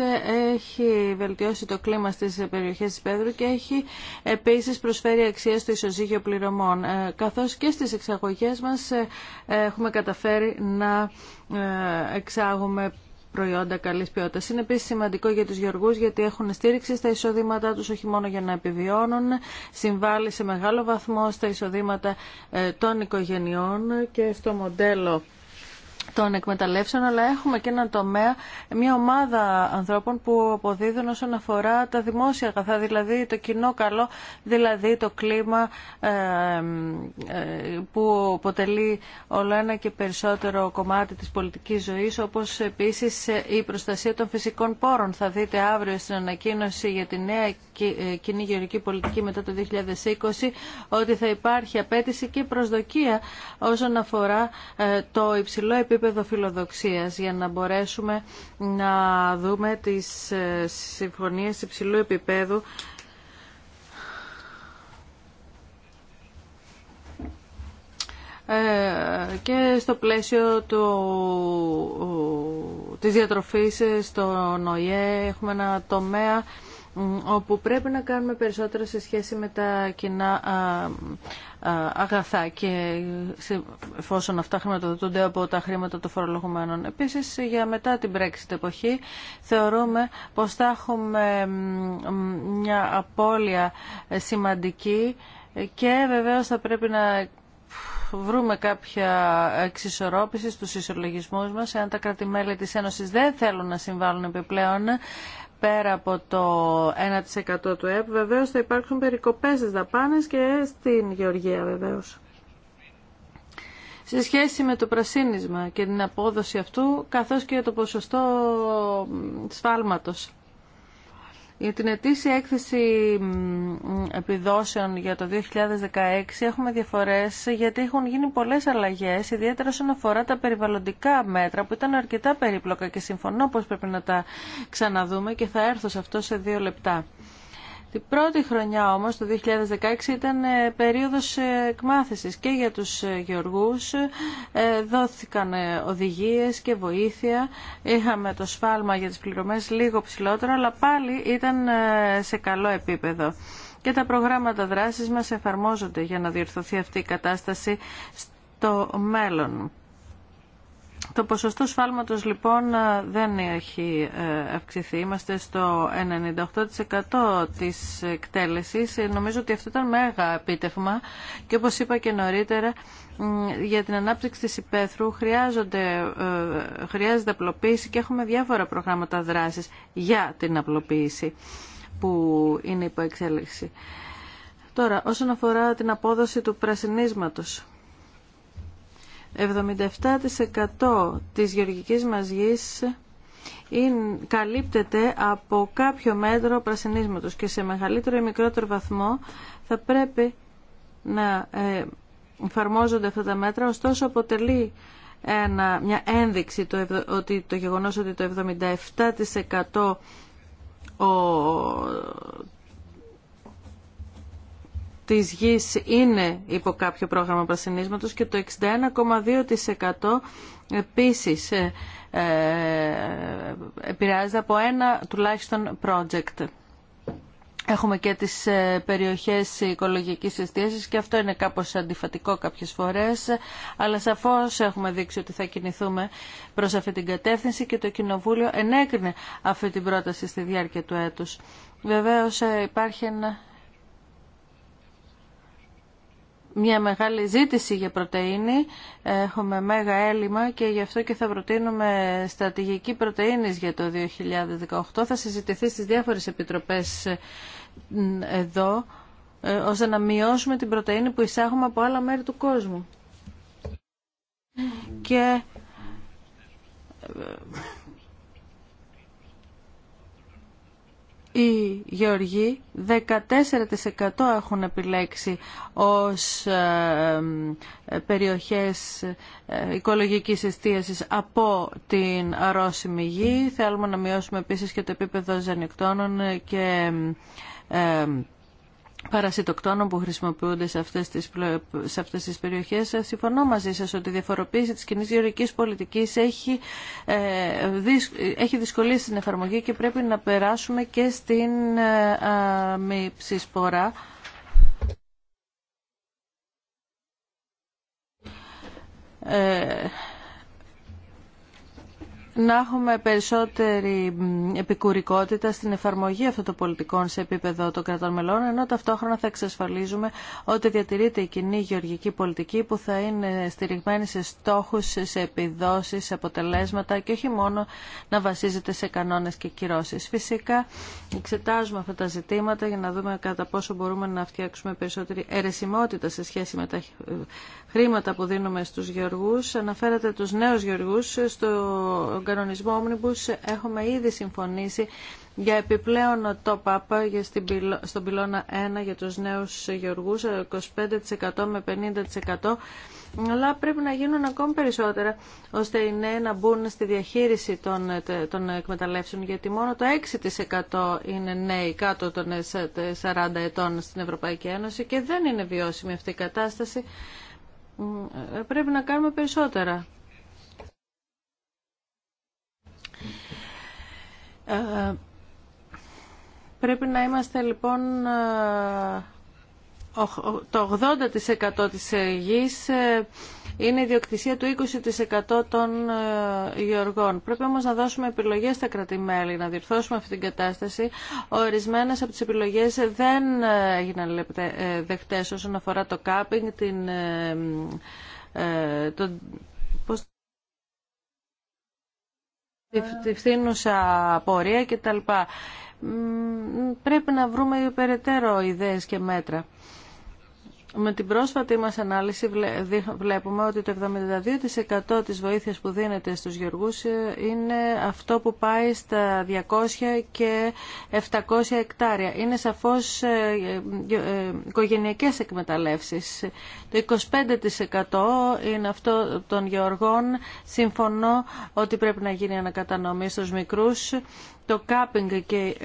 έχει βελτιώσει το κλίμα στις περιοχές της Πέδρου και έχει επίσης προσφέρει αξία στο ισοζύγιο πληρωμών. Ε, καθώς και στις εξαγωγές μας ε, έχουμε καταφέρει να ε, εξάγουμε προϊόντα καλής ποιότητας. Είναι επίσης σημαντικό για τους γεωργούς γιατί έχουν στήριξη στα εισοδήματά τους όχι μόνο για να επιβιώνουν, συμβάλλει σε μεγάλο βαθμό στα εισοδήματα ε, των οικογενειών και στο μοντέλο των εκμεταλλεύσεων, αλλά έχουμε και έναν τομέα, μια ομάδα ανθρώπων που αποδίδουν όσον αφορά τα δημόσια αγαθά, δηλαδή το κοινό καλό, δηλαδή το κλίμα ε, ε, που αποτελεί όλο ένα και περισσότερο κομμάτι της πολιτικής ζωής, όπως επίσης ε, η προστασία των φυσικών πόρων. Θα δείτε αύριο στην ανακοίνωση για τη νέα κοινή γεωρική πολιτική μετά το 2020 ότι θα υπάρχει απέτηση και προσδοκία όσον αφορά το υψηλό επίπεδο επίπεδο φιλοδοξίας για να μπορέσουμε να δούμε τις ε, συμφωνίες υψηλού επίπεδου ε, και στο πλαίσιο του, της διατροφής στο ΝΟΙΕ έχουμε ένα τομέα όπου πρέπει να κάνουμε περισσότερο σε σχέση με τα κοινά αγαθά και εφόσον αυτά χρηματοδοτούνται από τα χρήματα των φορολογουμένων. Επίσης, για μετά την Brexit εποχή θεωρούμε πως θα έχουμε μια απώλεια σημαντική και βεβαίως θα πρέπει να βρούμε κάποια εξισορρόπηση στους ισολογισμούς μας. Εάν τα κρατημέλη της Ένωσης δεν θέλουν να συμβάλλουν επιπλέον πέρα από το 1% του ΕΠ, βεβαίως θα υπάρχουν περικοπές στις δαπάνες και στην γεωργία βεβαίως. Σε σχέση με το πρασίνισμα και την απόδοση αυτού, καθώς και το ποσοστό σφάλματος. Για την ετήσια έκθεση επιδόσεων για το 2016 έχουμε διαφορές γιατί έχουν γίνει πολλές αλλαγές, ιδιαίτερα όσον αφορά τα περιβαλλοντικά μέτρα που ήταν αρκετά περίπλοκα και συμφωνώ πως πρέπει να τα ξαναδούμε και θα έρθω σε αυτό σε δύο λεπτά. Την πρώτη χρονιά όμως, το 2016, ήταν ε, περίοδος ε, εκμάθησης και για τους ε, γεωργούς. Δόθηκαν οδηγίες και βοήθεια. Είχαμε το σφάλμα για τις πληρωμές λίγο ψηλότερο, αλλά πάλι ήταν σε καλό επίπεδο και τα προγράμματα δράσης μας εφαρμόζονται για να διορθωθεί αυτή η κατάσταση στο μέλλον. Το ποσοστό σφάλματος λοιπόν ε, δεν έχει ε, αυξηθεί. Είμαστε στο 98% της εκτέλεσης. Ε, νομίζω ότι αυτό ήταν μέγα επίτευγμα και όπως είπα και νωρίτερα για την ανάπτυξη της υπαίθρου χρειάζονται, χρειάζεται απλοποίηση και έχουμε διάφορα προγράμματα δράσης για την απλοποίηση που είναι υπό εξέλιξη. Τώρα, όσον αφορά την απόδοση του πρασινίσματος, 77% της γεωργικής μας γης είναι, καλύπτεται από κάποιο μέτρο πρασινίσματος και σε μεγαλύτερο ή μικρότερο βαθμό θα πρέπει να ε, εφαρμόζονται αυτά τα μέτρα, ωστόσο αποτελεί ένα, μια ένδειξη το, ότι το γεγονός ότι το 77% ο, της γης είναι υπό κάποιο πρόγραμμα πρασινίσματος και το 61,2% επίσης ε, ε, επηρεάζεται από ένα τουλάχιστον project. Έχουμε και τις ε, περιοχές οικολογικής εστίασης και αυτό είναι κάπως αντιφατικό κάποιες φορές, αλλά σαφώς έχουμε δείξει ότι θα κινηθούμε προς αυτή την κατεύθυνση και το Κοινοβούλιο ενέκρινε αυτή την πρόταση στη διάρκεια του έτους. Βεβαίως ε, υπάρχει ένα μια μεγάλη ζήτηση για πρωτεΐνη, έχουμε μέγα έλλειμμα και γι' αυτό και θα προτείνουμε στρατηγική πρωτεΐνης για το 2018. Θα συζητηθεί στις διάφορες επιτροπές εδώ, ε, ώστε να μειώσουμε την πρωτεΐνη που εισάγουμε από άλλα μέρη του κόσμου. Και ε, οι γεωργοί 14% έχουν επιλέξει ως ε, ε, περιοχές ε, οικολογικής εστίασης από την αρρώσιμη γη. Θέλουμε να μειώσουμε επίσης και το επίπεδο ζανικτώνων και παρασιτοκτόνων που χρησιμοποιούνται σε αυτές τις, σε αυτές τις περιοχές. Ε, συμφωνώ μαζί σας ότι η διαφοροποίηση της κοινή γεωρικής πολιτικής έχει, ε, έχει δυσκολίες στην εφαρμογή και πρέπει να περάσουμε και στην ε, μη ψησπορά. Ε, να έχουμε περισσότερη επικουρικότητα στην εφαρμογή αυτών των πολιτικών σε επίπεδο των κρατών μελών, ενώ ταυτόχρονα θα εξασφαλίζουμε ότι διατηρείται η κοινή γεωργική πολιτική που θα είναι στηριγμένη σε στόχου, σε επιδόσει, σε αποτελέσματα και όχι μόνο να βασίζεται σε κανόνε και κυρώσει. Φυσικά εξετάζουμε αυτά τα ζητήματα για να δούμε κατά πόσο μπορούμε να φτιάξουμε περισσότερη αιρεσιμότητα σε σχέση με τα ε, χρήματα που δίνουμε στου γεωργού Αναφέρατε του νέου γεωργού στο κανονισμό Omnibus έχουμε ήδη συμφωνήσει για επιπλέον top-up στον πυλώνα 1 για τους νέους γεωργούς, 25% με 50%. Αλλά πρέπει να γίνουν ακόμη περισσότερα, ώστε οι νέοι να μπουν στη διαχείριση των, των εκμεταλλεύσεων, γιατί μόνο το 6% είναι νέοι κάτω των 40 ετών στην Ευρωπαϊκή Ένωση και δεν είναι βιώσιμη αυτή η κατάσταση. Πρέπει να κάνουμε περισσότερα. Ε, πρέπει να είμαστε λοιπόν ε, το 80% της γης ε, είναι η διοκτησία του 20% των γεωργών. Πρέπει όμως να δώσουμε επιλογές στα κρατημέλη, να διορθώσουμε αυτή την κατάσταση. Ορισμένες από τις επιλογές δεν έγιναν δεχτές όσον αφορά το κάπινγκ, την, το, πώς, τη φθήνουσα πορεία κτλ. Πρέπει να βρούμε περαιτέρω ιδέες και μέτρα. Με την πρόσφατη μας ανάλυση βλέπουμε ότι το 72% της βοήθειας που δίνεται στους γεωργούς ε, είναι αυτό που πάει στα 200 και 700 εκτάρια. Είναι σαφώς ε, ε, οικογενειακές εκμεταλλεύσεις. Το 25% είναι αυτό των γεωργών. Συμφωνώ ότι πρέπει να γίνει ανακατανομή στους μικρούς. Το κάπινγκ και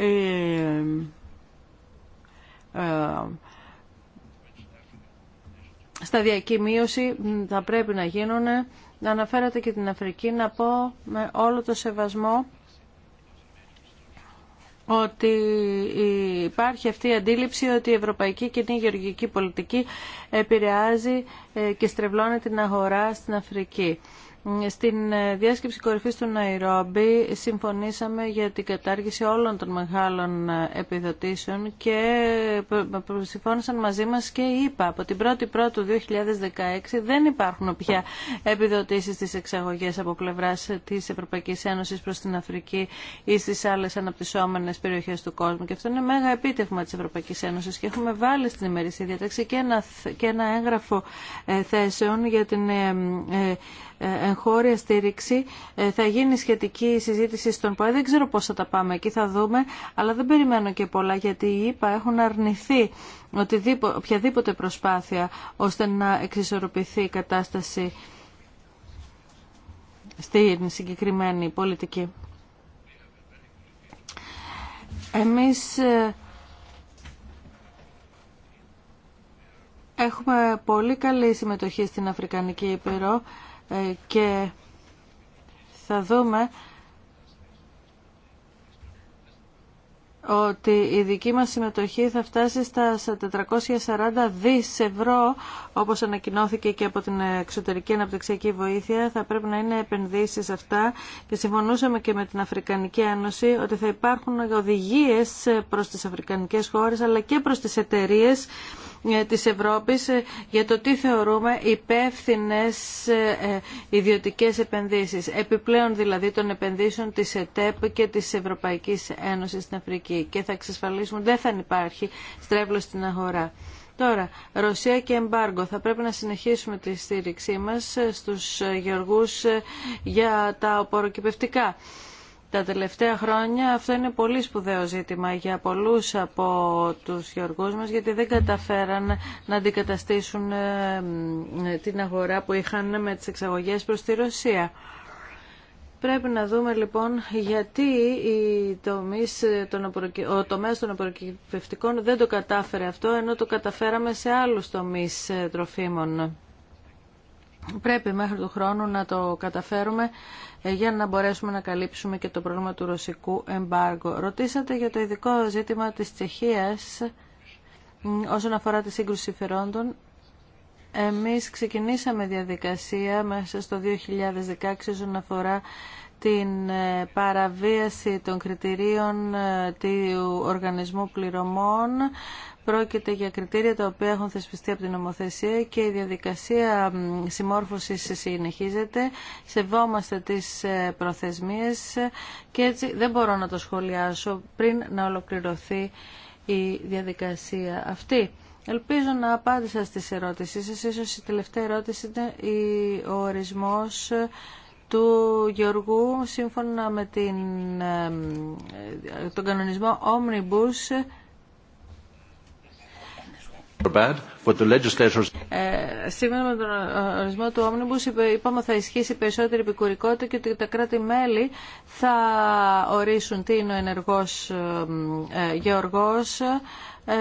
σταδιακή μείωση θα πρέπει να γίνουν. Να αναφέρατε και την Αφρική, να πω με όλο το σεβασμό ότι υπάρχει αυτή η αντίληψη ότι η ευρωπαϊκή και η γεωργική πολιτική επηρεάζει ε, και στρεβλώνει την αγορά στην Αφρική. Στην ε, διάσκεψη κορυφής του Ναϊρόμπι συμφωνήσαμε για την κατάργηση όλων των μεγάλων ε, επιδοτήσεων και ε, συμφώνησαν μαζί μας και είπα από την 1η του 2016 δεν υπάρχουν πια επιδοτήσεις στις εξαγωγές από πλευράς της Ευρωπαϊκής Ένωσης προς την Αφρική ή στις άλλες αναπτυσσόμενες περιοχές του κόσμου και αυτό είναι μέγα επίτευγμα της Ευρωπαϊκής Ένωσης και έχουμε βάλει στην ημερήσια διάταξη και ένα, και ένα έγγραφο θέσεων για την εγχώρια στήριξη. Ε, θα γίνει σχετική συζήτηση στον ΠΟΕ. Δεν ξέρω πώς θα τα πάμε εκεί, θα δούμε, αλλά δεν περιμένω και πολλά γιατί οι ΙΠΑ έχουν αρνηθεί οποιαδήποτε προσπάθεια ώστε να εξισορροπηθεί η κατάσταση στην συγκεκριμένη πολιτική. Εμείς ε, έχουμε πολύ καλή συμμετοχή στην Αφρικανική Ήπειρο. Ε, και θα δούμε ότι η δική μας συμμετοχή θα φτάσει στα 440 δις ευρώ, όπως ανακοινώθηκε και από την εξωτερική αναπτυξιακή βοήθεια. Θα πρέπει να είναι επενδύσεις αυτά και συμφωνούσαμε και με την Αφρικανική Ένωση ότι θα υπάρχουν οδηγίες προς τις αφρικανικές χώρες αλλά και προς τις εταιρείες ε, της Ευρώπης ε, για το τι θεωρούμε υπεύθυνε ε, ιδιωτικές επενδύσεις. Επιπλέον δηλαδή των επενδύσεων της ΕΤΕΠ και της Ευρωπαϊκής Ένωσης στην Αφρική. Και θα εξασφαλίσουμε δεν θα υπάρχει στρέβλος στην αγορά. Τώρα, Ρωσία και εμπάργκο. Θα πρέπει να συνεχίσουμε τη στήριξή μας στους γεωργούς για τα οποροκυπευτικά τα τελευταία χρόνια αυτό είναι πολύ σπουδαίο ζήτημα για πολλούς από τους γεωργούς μας γιατί δεν καταφέραν να αντικαταστήσουν ε, ε, την αγορά που είχαν με τις εξαγωγές προς τη Ρωσία. Πρέπει να δούμε λοιπόν γιατί οι τομείς, ε, ο τομέας των απορροκυπευτικών δεν το κατάφερε αυτό ενώ το καταφέραμε σε άλλους τομείς τροφίμων. Πρέπει μέχρι του χρόνου να το καταφέρουμε ε, για να μπορέσουμε να καλύψουμε και το πρόβλημα του ρωσικού εμπάργου. Ρωτήσατε για το ειδικό ζήτημα της Τσεχίας όσον αφορά τη σύγκρουση συμφερόντων. Εμείς ξεκινήσαμε διαδικασία μέσα στο 2016 όσον αφορά την ε, παραβίαση των κριτηρίων ε, του οργανισμού πληρωμών. Πρόκειται για κριτήρια τα οποία έχουν θεσπιστεί από την νομοθεσία και η διαδικασία συμμόρφωσης συνεχίζεται. Σεβόμαστε τις ε, προθεσμίες και έτσι δεν μπορώ να το σχολιάσω πριν να ολοκληρωθεί η διαδικασία αυτή. Ελπίζω να απάντησα στις ερώτησεις σας. Ίσως η τελευταία ερώτηση ήταν ο ορισμός του Γεωργού σύμφωνα με την, τον κανονισμό Omnibus Bad, ε, με τον κανονισμό του Omnibus είπαμε θα ισχύσει περισσότερη επικουρικότητα και ότι τα κράτη-μέλη θα ορίσουν τι είναι ο ενεργός ε, γεωργός ε,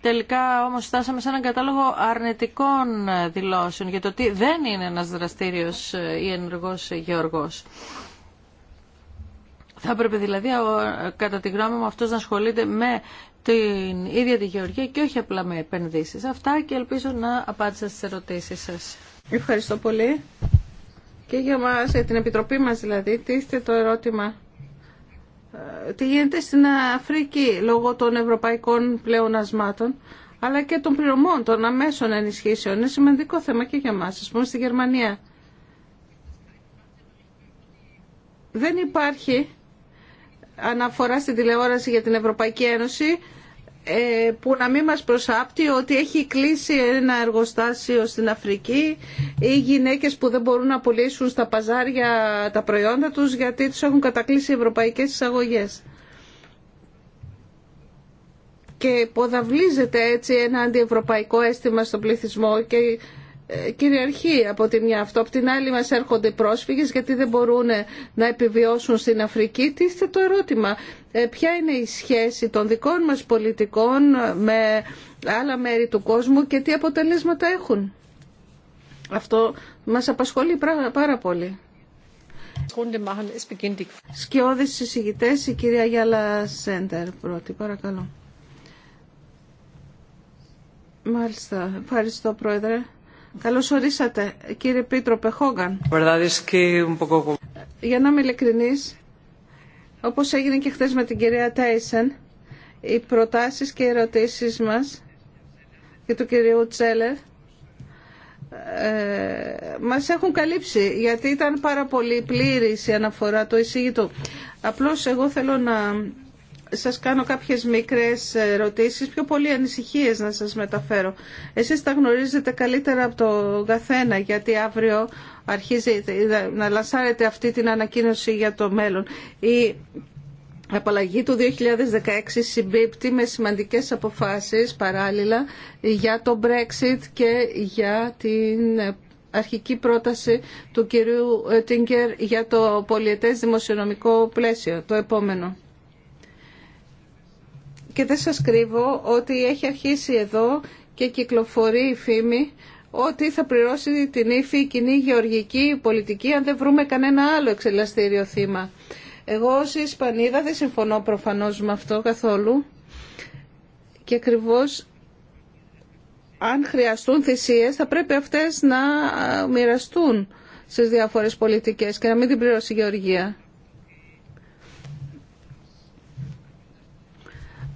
τελικά όμως στάσαμε σε έναν κατάλογο αρνητικών δηλώσεων για το τι δεν είναι ένας δραστήριος ε, ή ενεργός γεωργός. Θα έπρεπε δηλαδή κατά τη γνώμη μου αυτός να ασχολείται με την ίδια τη γεωργία και όχι απλά με επενδύσεις. Αυτά και ελπίζω να απάντησα στις ερωτήσεις σας. Ευχαριστώ πολύ. Και για μας, για την Επιτροπή μας δηλαδή, τι είστε το ερώτημα ε, τι γίνεται στην Αφρική λόγω των ευρωπαϊκών πλεονασμάτων αλλά και των πληρωμών, των αμέσων ενισχύσεων. Είναι σημαντικό θέμα και για μας, ας πούμε στη Γερμανία. Δεν υπάρχει αναφορά στην τηλεόραση για την Ευρωπαϊκή Ένωση ε, που να μην μας προσάπτει ότι έχει κλείσει ένα εργοστάσιο στην Αφρική ή γυναίκες που δεν μπορούν να πουλήσουν στα παζάρια τα προϊόντα τους γιατί τους έχουν κατακλείσει οι ευρωπαϊκές εισαγωγές. Και ποδαβλίζεται έτσι ένα αντιευρωπαϊκό αίσθημα στον πληθυσμό και ε, κυριαρχεί από τη μια αυτό. Από την άλλη μας έρχονται πρόσφυγες γιατί δεν μπορούν να επιβιώσουν στην Αφρική. Τι είστε το ερώτημα. Ε, ποια είναι η σχέση των δικών μας πολιτικών με άλλα μέρη του κόσμου και τι αποτελέσματα έχουν. Αυτό μας απασχολεί πάρα πολύ. Σκιώδης συζητητές, η κυρία Γιάλα Σέντερ πρώτη, παρακαλώ. Μάλιστα, ευχαριστώ πρόεδρε. Καλώς ορίσατε, κύριε Πίτρο Πεχόγκαν. Για να είμαι ειλικρινή, όπως έγινε και χθε με την κυρία Τέισεν, οι προτάσεις και οι ερωτήσεις μας και του κυρίου Τσέλερ ε, μας έχουν καλύψει γιατί ήταν πάρα πολύ πλήρης η αναφορά του εισήγητου. Απλώς εγώ θέλω να σας κάνω κάποιες μικρές ερωτήσεις, πιο πολύ ανησυχίες να σας μεταφέρω. Εσείς τα γνωρίζετε καλύτερα από το καθένα, γιατί αύριο αρχίζει να λασάρετε αυτή την ανακοίνωση για το μέλλον. Η απαλλαγή του 2016 συμπίπτει με σημαντικές αποφάσεις παράλληλα για το Brexit και για την αρχική πρόταση του κυρίου Τίνκερ για το πολιετές δημοσιονομικό πλαίσιο, το επόμενο και δεν σας κρύβω ότι έχει αρχίσει εδώ και κυκλοφορεί η φήμη ότι θα πληρώσει την ύφη η κοινή γεωργική πολιτική αν δεν βρούμε κανένα άλλο εξελαστήριο θύμα. Εγώ ως Ισπανίδα δεν συμφωνώ προφανώς με αυτό καθόλου και ακριβώ αν χρειαστούν θυσίες θα πρέπει αυτές να μοιραστούν στις διάφορες πολιτικές και να μην την πληρώσει η γεωργία.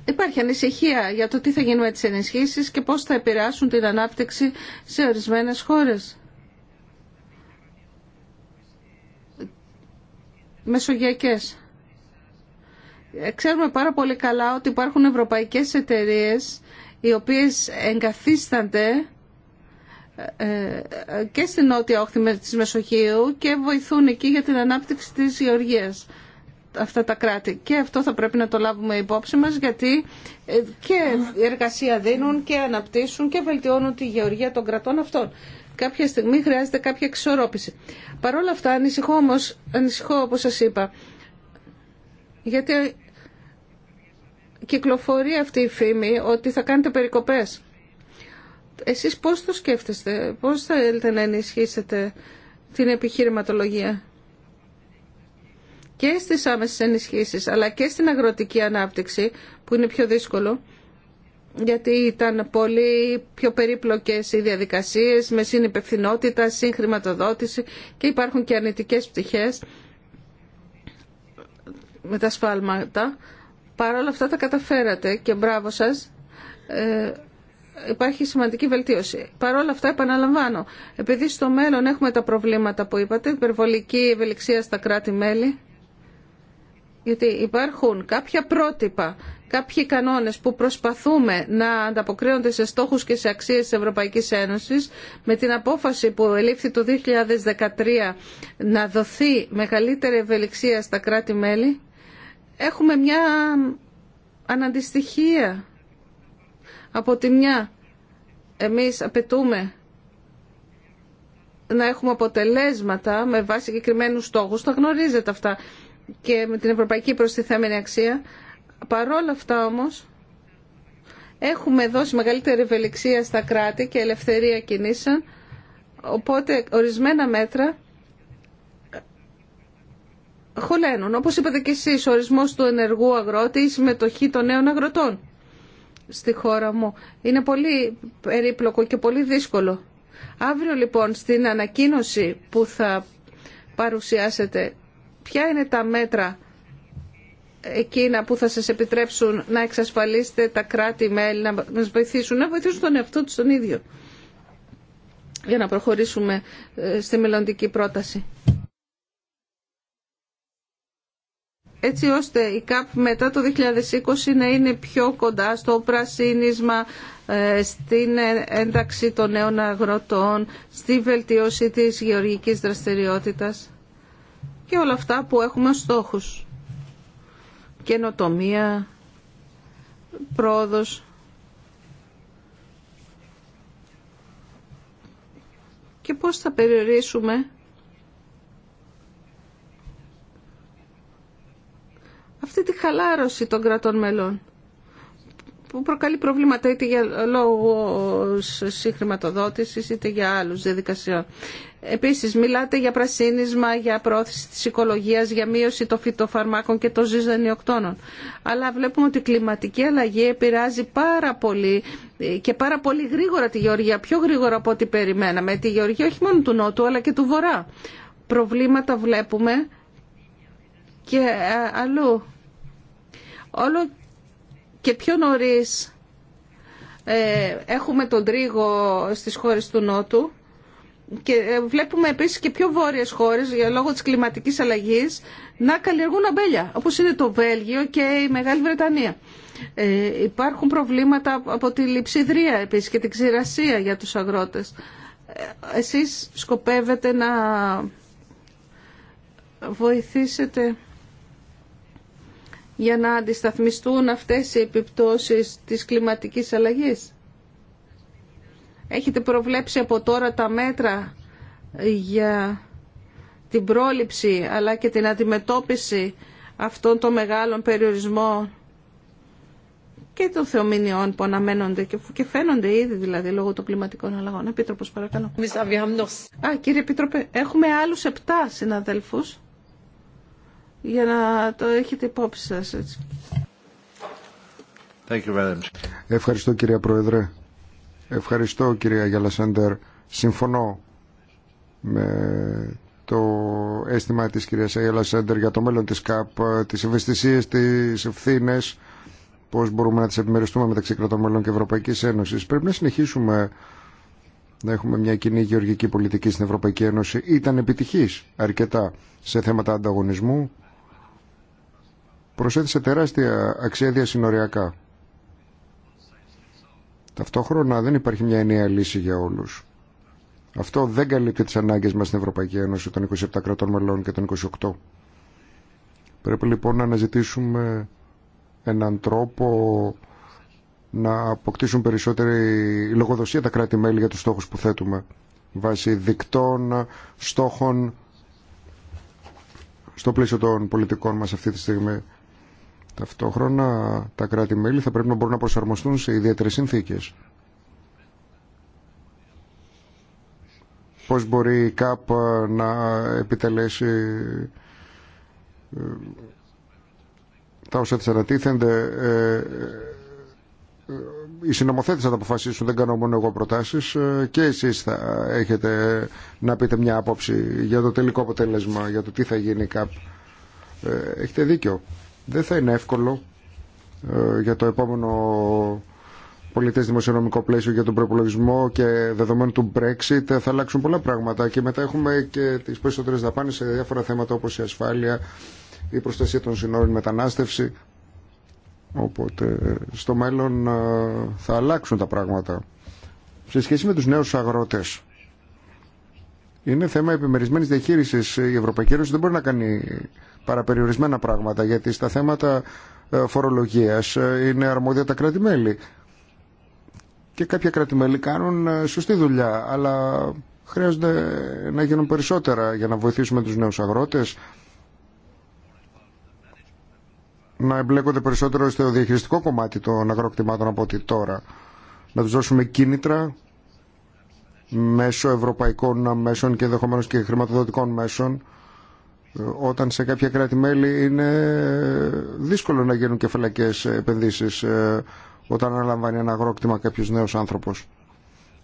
Υπάρχει ανησυχία για το τι θα γίνει με τις ενισχύσεις και πώς θα επηρεάσουν την ανάπτυξη σε ορισμένες χώρες. Μεσογειακές. Ε, ξέρουμε πάρα πολύ καλά ότι υπάρχουν ευρωπαϊκές εταιρείες οι οποίες εγκαθίστανται ε, ε, και στην νότια όχθη της Μεσογείου και βοηθούν εκεί για την ανάπτυξη της γεωργίας αυτά τα κράτη. Και αυτό θα πρέπει να το λάβουμε υπόψη μας γιατί ε, και εργασία δίνουν και αναπτύσσουν και βελτιώνουν τη γεωργία των κρατών αυτών. Κάποια στιγμή χρειάζεται κάποια εξορρόπηση. Παρ' όλα αυτά ανησυχώ όμως, ανησυχώ όπως σας είπα, γιατί κυκλοφορεί αυτή η φήμη ότι θα κάνετε περικοπές. Εσείς πώς το σκέφτεστε, πώς θα θέλετε να ενισχύσετε την επιχειρηματολογία και στις άμεσες ενισχύσεις αλλά και στην αγροτική ανάπτυξη που είναι πιο δύσκολο γιατί ήταν πολύ πιο περίπλοκες οι διαδικασίες με συνυπευθυνότητα, συγχρηματοδότηση και υπάρχουν και αρνητικές πτυχές με τα σφάλματα. Παρ' όλα αυτά τα καταφέρατε και μπράβο σας. Ε, υπάρχει σημαντική βελτίωση. Παρ' όλα αυτά επαναλαμβάνω, επειδή στο μέλλον έχουμε τα προβλήματα που είπατε, υπερβολική ευελιξία στα κράτη-μέλη, γιατί υπάρχουν κάποια πρότυπα, κάποιοι κανόνες που προσπαθούμε να ανταποκρίνονται σε στόχους και σε αξίες της Ευρωπαϊκής Ένωσης με την απόφαση που ελήφθη το 2013 να δοθεί μεγαλύτερη ευελιξία στα κράτη-μέλη έχουμε μια αναντιστοιχία από τη μια εμείς απαιτούμε να έχουμε αποτελέσματα με βάση συγκεκριμένους στόχους, τα γνωρίζετε αυτά και με την ευρωπαϊκή προστιθέμενη αξία. Παρόλα αυτά όμως έχουμε δώσει μεγαλύτερη ευελιξία στα κράτη και ελευθερία κινήσεων, οπότε ορισμένα μέτρα χωλένουν. Όπως είπατε και εσείς, ο ορισμός του ενεργού αγρότη, η συμμετοχή των νέων αγροτών στη χώρα μου. Είναι πολύ περίπλοκο και πολύ δύσκολο. Αύριο λοιπόν στην ανακοίνωση που θα παρουσιάσετε Ποια είναι τα μέτρα εκείνα που θα σας επιτρέψουν να εξασφαλίσετε τα κράτη-μέλη να μας βοηθήσουν, να βοηθήσουν τον εαυτό τους τον ίδιο για να προχωρήσουμε ε, στη μελλοντική πρόταση. έτσι ώστε η ΚΑΠ μετά το 2020 να είναι πιο κοντά στο πρασίνισμα, ε, στην ε, ένταξη των νέων αγροτών, στη βελτίωση της γεωργικής δραστηριότητας και όλα αυτά που έχουμε ως στόχους. Καινοτομία, πρόοδος και πώς θα περιορίσουμε αυτή τη χαλάρωση των κρατών μελών που προκαλεί προβλήματα είτε για λόγους συγχρηματοδότησης είτε για άλλους διαδικασιών. Επίσης, μιλάτε για πρασίνισμα, για πρόθεση της οικολογίας, για μείωση των φυτοφαρμάκων και των ζυζανιοκτώνων. Αλλά βλέπουμε ότι η κλιματική αλλαγή επηρεάζει πάρα πολύ ε, και πάρα πολύ γρήγορα τη γεωργία, πιο γρήγορα από ό,τι περιμέναμε. Τη γεωργία όχι μόνο του Νότου αλλά και του Βορρά. Προβλήματα βλέπουμε και ε, αλλού. Όλο και πιο νωρίς ε, έχουμε τον τρίγο στις χώρες του Νότου και ε, βλέπουμε επίσης και πιο βόρειες χώρες για λόγω της κλιματικής αλλαγής να καλλιεργούν αμπέλια, όπως είναι το Βέλγιο και η Μεγάλη Βρετανία. Ε, υπάρχουν προβλήματα από τη λειψιδρία επίσης και την ξηρασία για τους αγρότες. Ε, εσείς σκοπεύετε να βοηθήσετε για να αντισταθμιστούν αυτές οι επιπτώσεις της κλιματικής αλλαγής. Έχετε προβλέψει από τώρα τα μέτρα για την πρόληψη αλλά και την αντιμετώπιση αυτών των μεγάλων περιορισμών και των θεομηνιών που αναμένονται και φαίνονται ήδη δηλαδή λόγω των κλιματικών αλλαγών. Επίτροπος παρακαλώ. Α, κύριε Επίτροπε, έχουμε άλλους επτά συναδέλφους για να το έχετε υπόψη σας έτσι. Ευχαριστώ κυρία Πρόεδρε. Ευχαριστώ κυρία Γιαλασέντερ. Συμφωνώ με το αίσθημα της κυρίας Αγέλα Σέντερ για το μέλλον της ΚΑΠ, τις ευαισθησίες, τις ευθύνε, πώς μπορούμε να τις επιμεριστούμε μεταξύ κρατών μέλων και Ευρωπαϊκής Ένωσης. Πρέπει να συνεχίσουμε να έχουμε μια κοινή γεωργική πολιτική στην Ευρωπαϊκή Ένωση. Ήταν επιτυχής αρκετά σε θέματα ανταγωνισμού. Προσέθεσε τεράστια αξία διασυνοριακά. Ταυτόχρονα δεν υπάρχει μια ενιαία λύση για όλους. Αυτό δεν καλύπτει τις ανάγκες μας στην Ευρωπαϊκή Ένωση των 27 κρατών μελών και των 28. Πρέπει λοιπόν να αναζητήσουμε έναν τρόπο να αποκτήσουν περισσότερη λογοδοσία τα κράτη-μέλη για τους στόχους που θέτουμε βάσει δικτών, στόχων στο πλαίσιο των πολιτικών μας αυτή τη στιγμή Ταυτόχρονα τα κράτη-μέλη θα πρέπει να μπορούν να προσαρμοστούν σε ιδιαίτερες συνθήκες. Πώς μπορεί η ΚΑΠ ε, να επιτελέσει ε, τα όσα της ανατίθενται. Ε, οι συνομοθέτες θα τα αποφασίσουν, δεν κάνω μόνο εγώ προτάσεις και εσείς θα έχετε να πείτε μια άποψη για το τελικό αποτέλεσμα, για το τι θα γίνει η ΚΑΠ. Έχετε δίκιο. Δεν θα είναι εύκολο ε, για το επόμενο πολιτές δημοσιονομικό πλαίσιο για τον προπολογισμό και δεδομένου του Brexit θα αλλάξουν πολλά πράγματα και μετά έχουμε και τις περισσότερες δαπάνες σε διάφορα θέματα όπως η ασφάλεια, η προστασία των συνόρων, μετανάστευση. Οπότε στο μέλλον ε, θα αλλάξουν τα πράγματα. Σε σχέση με τους νέους αγρότες, είναι θέμα επιμερισμένης διαχείρισης. Η Ευρωπαϊκή Ένωση δεν μπορεί να κάνει παραπεριορισμένα πράγματα γιατί στα θέματα ε, φορολογίας ε, είναι αρμόδια τα κρατη Και κάποια κάνουν ε, σωστή δουλειά, αλλά χρειάζονται να γίνουν περισσότερα για να βοηθήσουμε τους νέους αγρότες, να εμπλέκονται περισσότερο στο διαχειριστικό κομμάτι των αγροκτημάτων από ότι τώρα. Να τους δώσουμε κίνητρα μέσω ευρωπαϊκών μέσων και ενδεχομένω και χρηματοδοτικών μέσων όταν σε κάποια κράτη-μέλη είναι δύσκολο να γίνουν κεφαλακές επενδύσεις ε, όταν αναλαμβάνει ένα αγρόκτημα κάποιο νέος άνθρωπος.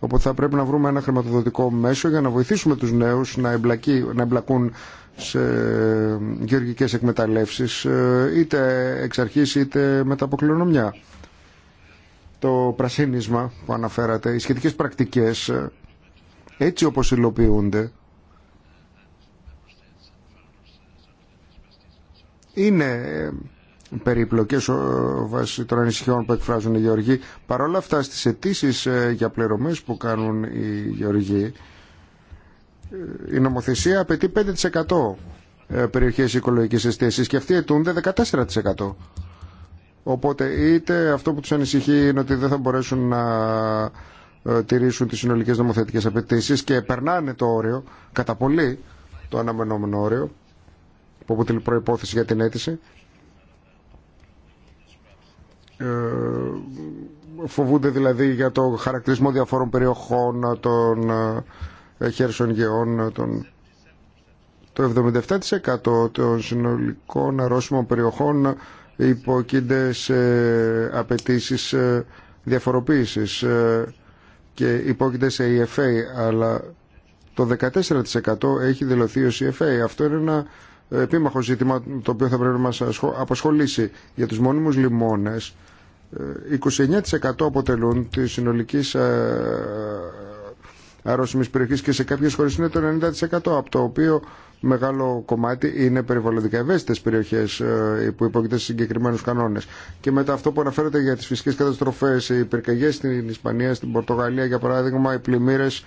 Οπότε θα πρέπει να βρούμε ένα χρηματοδοτικό μέσο για να βοηθήσουμε τους νέους να, εμπλακεί, να εμπλακούν σε γεωργικές εκμεταλλεύσεις ε, είτε εξ αρχής είτε μετά από κληρονομιά. Το πρασίνισμα που αναφέρατε, οι σχετικές πρακτικές ε, έτσι όπως υλοποιούνται είναι ε, περίπλοκες βάσει των ανησυχιών που εκφράζουν οι γεωργοί. Παρ' όλα αυτά στις αιτήσει ε, για πληρωμές που κάνουν οι γεωργοί ε, η νομοθεσία απαιτεί 5% περιοχές οικολογικής εστίασης και αυτοί αιτούνται 14%. Οπότε είτε αυτό που τους ανησυχεί είναι ότι δεν θα μπορέσουν να τηρήσουν τις συνολικές νομοθετικές απαιτήσεις και περνάνε το όριο, κατά πολύ το αναμενόμενο όριο που αποτελεί προϋπόθεση για την αίτηση ε, φοβούνται δηλαδή για το χαρακτηρισμό διαφόρων περιοχών των ε, χέρσων γεών των... το 77% των συνολικών αρρώσιμων περιοχών υποκείται σε απαιτήσει ε, διαφοροποίησης και υπόκειται σε EFA αλλά το 14% έχει δηλωθεί ως EFA αυτό είναι ένα ε, επίμαχο ζήτημα το οποίο θα πρέπει να μας απασχολήσει. Για τους μόνιμους λιμόνες, 29% ε, αποτελούν τη συνολική ε, αρρώσιμης περιοχής και σε κάποιες χώρες είναι το 90% από το οποίο μεγάλο κομμάτι είναι περιβαλλοντικά ευαίσθητες περιοχές που υπόκειται σε συγκεκριμένους κανόνες. Και μετά αυτό που αναφέρεται για τις φυσικές καταστροφές, οι πυρκαγιές στην Ισπανία, στην Πορτογαλία για παράδειγμα, οι πλημμύρες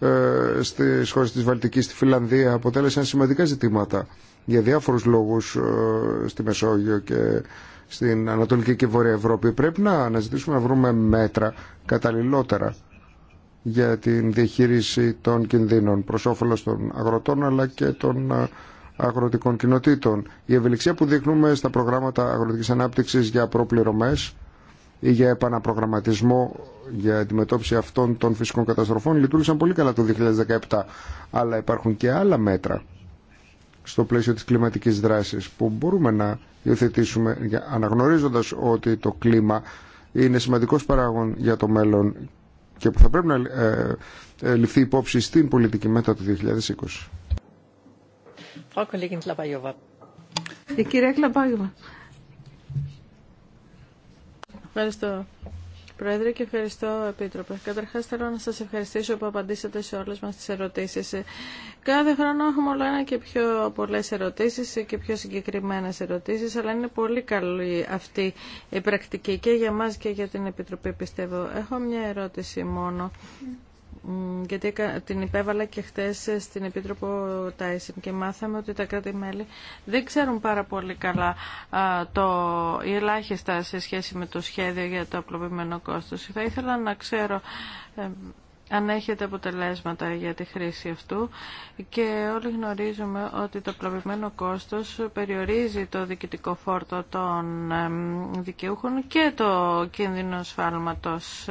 ε, Στι χώρε τη Βαλτική, στη Φιλανδία, αποτέλεσαν σημαντικά ζητήματα για διάφορους λόγους ε, στη Μεσόγειο και στην Ανατολική και Βόρεια Ευρώπη. Πρέπει να αναζητήσουμε να βρούμε μέτρα καταλληλότερα για την διαχείριση των κινδύνων προς όφελος των αγροτών αλλά και των ε, αγροτικών κοινοτήτων. Η ευελιξία που δείχνουμε στα προγράμματα αγροτικής ανάπτυξης για προπληρωμές ή για επαναπρογραμματισμό για αντιμετώπιση αυτών των φυσικών καταστροφών λειτουργήσαν πολύ καλά το 2017. Αλλά υπάρχουν και άλλα μέτρα στο πλαίσιο της κλιματικής δράσης που μπορούμε να υιοθετήσουμε αναγνωρίζοντας ότι το κλίμα είναι σημαντικός παράγον για το μέλλον και που θα πρέπει να ε, ε, ληφθεί υπόψη στην πολιτική μετά του 2020. Η κυρία Ευχαριστώ. Πρόεδρε και ευχαριστώ Επίτροπε. Καταρχάς θέλω να σας ευχαριστήσω που απαντήσατε σε όλες μας τις ερωτήσεις. Κάθε χρόνο έχουμε όλο ένα και πιο πολλές ερωτήσεις και πιο συγκεκριμένες ερωτήσεις, αλλά είναι πολύ καλή αυτή η πρακτική και για μας και για την Επιτροπή πιστεύω. Έχω μια ερώτηση μόνο γιατί την υπέβαλα και χτες στην Επίτροπο Τάισιν και μάθαμε ότι τα κράτη-μέλη δεν ξέρουν πάρα πολύ καλά το ή ελάχιστα σε σχέση με το σχέδιο για το απλοποιημένο κόστος. Θα ήθελα να ξέρω αν έχετε αποτελέσματα για τη χρήση αυτού και όλοι γνωρίζουμε ότι το απλοποιημένο κόστος περιορίζει το διοικητικό φόρτο των δικαιούχων και το κίνδυνο σφάλματος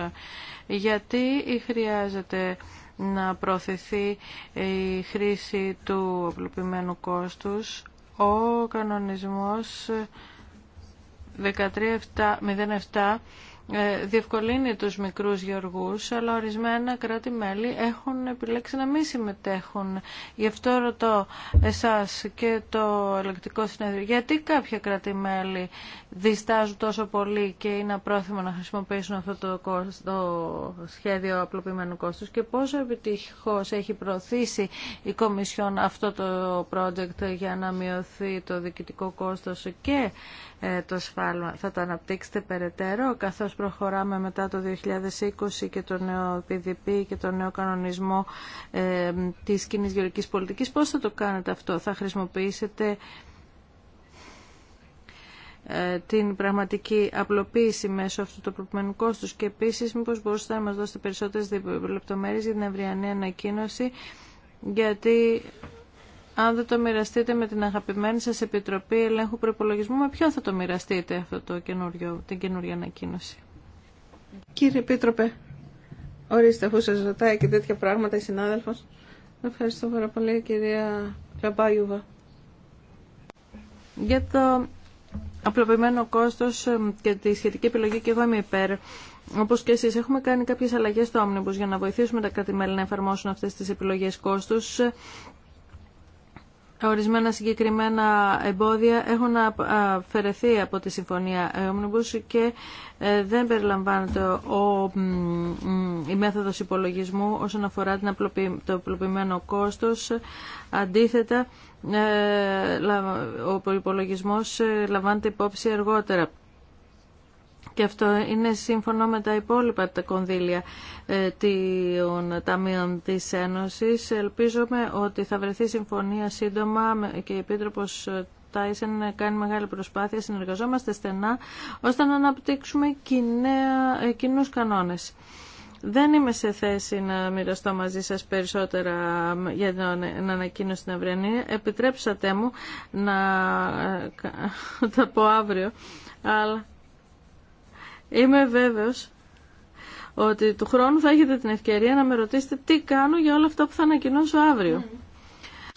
γιατί χρειάζεται να προωθηθεί η χρήση του απλοποιημένου κόστους ο κανονισμός 1307 ε, διευκολύνει τους μικρούς γεωργούς, αλλά ορισμένα κράτη-μέλη έχουν επιλέξει να μην συμμετέχουν. Γι' αυτό ρωτώ εσάς και το ελεκτικό συνέδριο, γιατί κάποια κράτη-μέλη διστάζουν τόσο πολύ και είναι απρόθυμα να χρησιμοποιήσουν αυτό το, το σχέδιο απλοποιημένου κόστους και πόσο επιτυχώς έχει προωθήσει η Κομισιόν αυτό το project για να μειωθεί το διοικητικό κόστος και ε, το σφάλμα. Θα το αναπτύξετε περαιτέρω, καθώς προχωράμε μετά το 2020 και το νέο PDP και το νέο κανονισμό ε, της κοινή γεωργικής πολιτικής. Πώς θα το κάνετε αυτό, θα χρησιμοποιήσετε ε, την πραγματική απλοποίηση μέσω αυτού του προηγουμένου κόστους και επίσης μήπως μπορούσατε να μας δώσετε περισσότερες λεπτομέρειες για την αυριανή ανακοίνωση γιατί αν δεν το μοιραστείτε με την αγαπημένη σας Επιτροπή Ελέγχου Προπολογισμού, με ποιον θα το μοιραστείτε αυτό το την καινούργια ανακοίνωση. Κύριε Επίτροπε, ορίστε αφού σας ρωτάει και τέτοια πράγματα η συνάδελφος. Ευχαριστώ πάρα πολύ κυρία Καμπάγιουβα. Για το απλοποιημένο κόστος και τη σχετική επιλογή και εγώ είμαι υπέρ. Όπω και εσεί, έχουμε κάνει κάποιε αλλαγέ στο Omnibus για να βοηθήσουμε τα κράτη-μέλη να εφαρμόσουν αυτέ τι επιλογέ κόστου ορισμένα συγκεκριμένα εμπόδια έχουν αφαιρεθεί από τη Συμφωνία Omnibus και ε, δεν περιλαμβάνεται ο, η μέθοδος υπολογισμού όσον αφορά την το απλοποιημένο κόστος. Αντίθετα, ε, ο υπολογισμός ε, λαμβάνεται υπόψη αργότερα και αυτό είναι σύμφωνο με τα υπόλοιπα τα κονδύλια ε, των Ταμείων της Ένωσης. Ελπίζομαι ότι θα βρεθεί συμφωνία σύντομα και η Επίτροπος Τάισεν κάνει μεγάλη προσπάθεια, συνεργαζόμαστε στενά ώστε να αναπτύξουμε ε, κοινού κανόνες. Δεν είμαι σε θέση να μοιραστώ μαζί σας περισσότερα για την ανακοίνωση στην Αυριανή. Επιτρέψατε μου να τα ε, πω αύριο, αλλά Είμαι βέβαιος ότι του χρόνου θα έχετε την ευκαιρία να με ρωτήσετε τι κάνω για όλα αυτά που θα ανακοινώσω αύριο.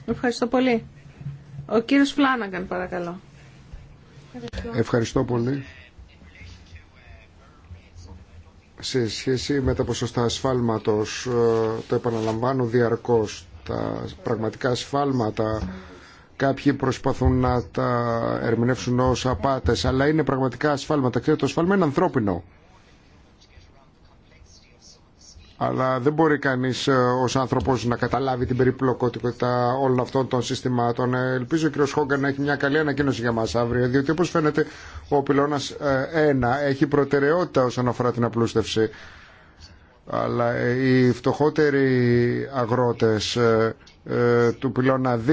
Ευχαριστώ πολύ. Ο κύριος Φλάναγκαν παρακαλώ. Ευχαριστώ. πολύ. Σε σχέση με τα ποσοστά ασφάλματος, ε, το επαναλαμβάνω διαρκώς, τα πραγματικά ασφάλματα Κάποιοι προσπαθούν να τα ερμηνεύσουν ως απάτες, αλλά είναι πραγματικά ασφάλματα. Ξέρετε, το ασφάλμα είναι ανθρώπινο. Αλλά δεν μπορεί κανείς ε, ως άνθρωπος να καταλάβει την περιπλοκότητα όλων αυτών των συστημάτων. Ε, ελπίζω ο κ. Χόγκαν να έχει μια καλή ανακοίνωση για μας αύριο, διότι όπως φαίνεται ο πυλώνας 1 ε, έχει προτεραιότητα όσον αφορά την απλούστευση. Αλλά οι φτωχότεροι αγρότες ε, του πυλώνα 2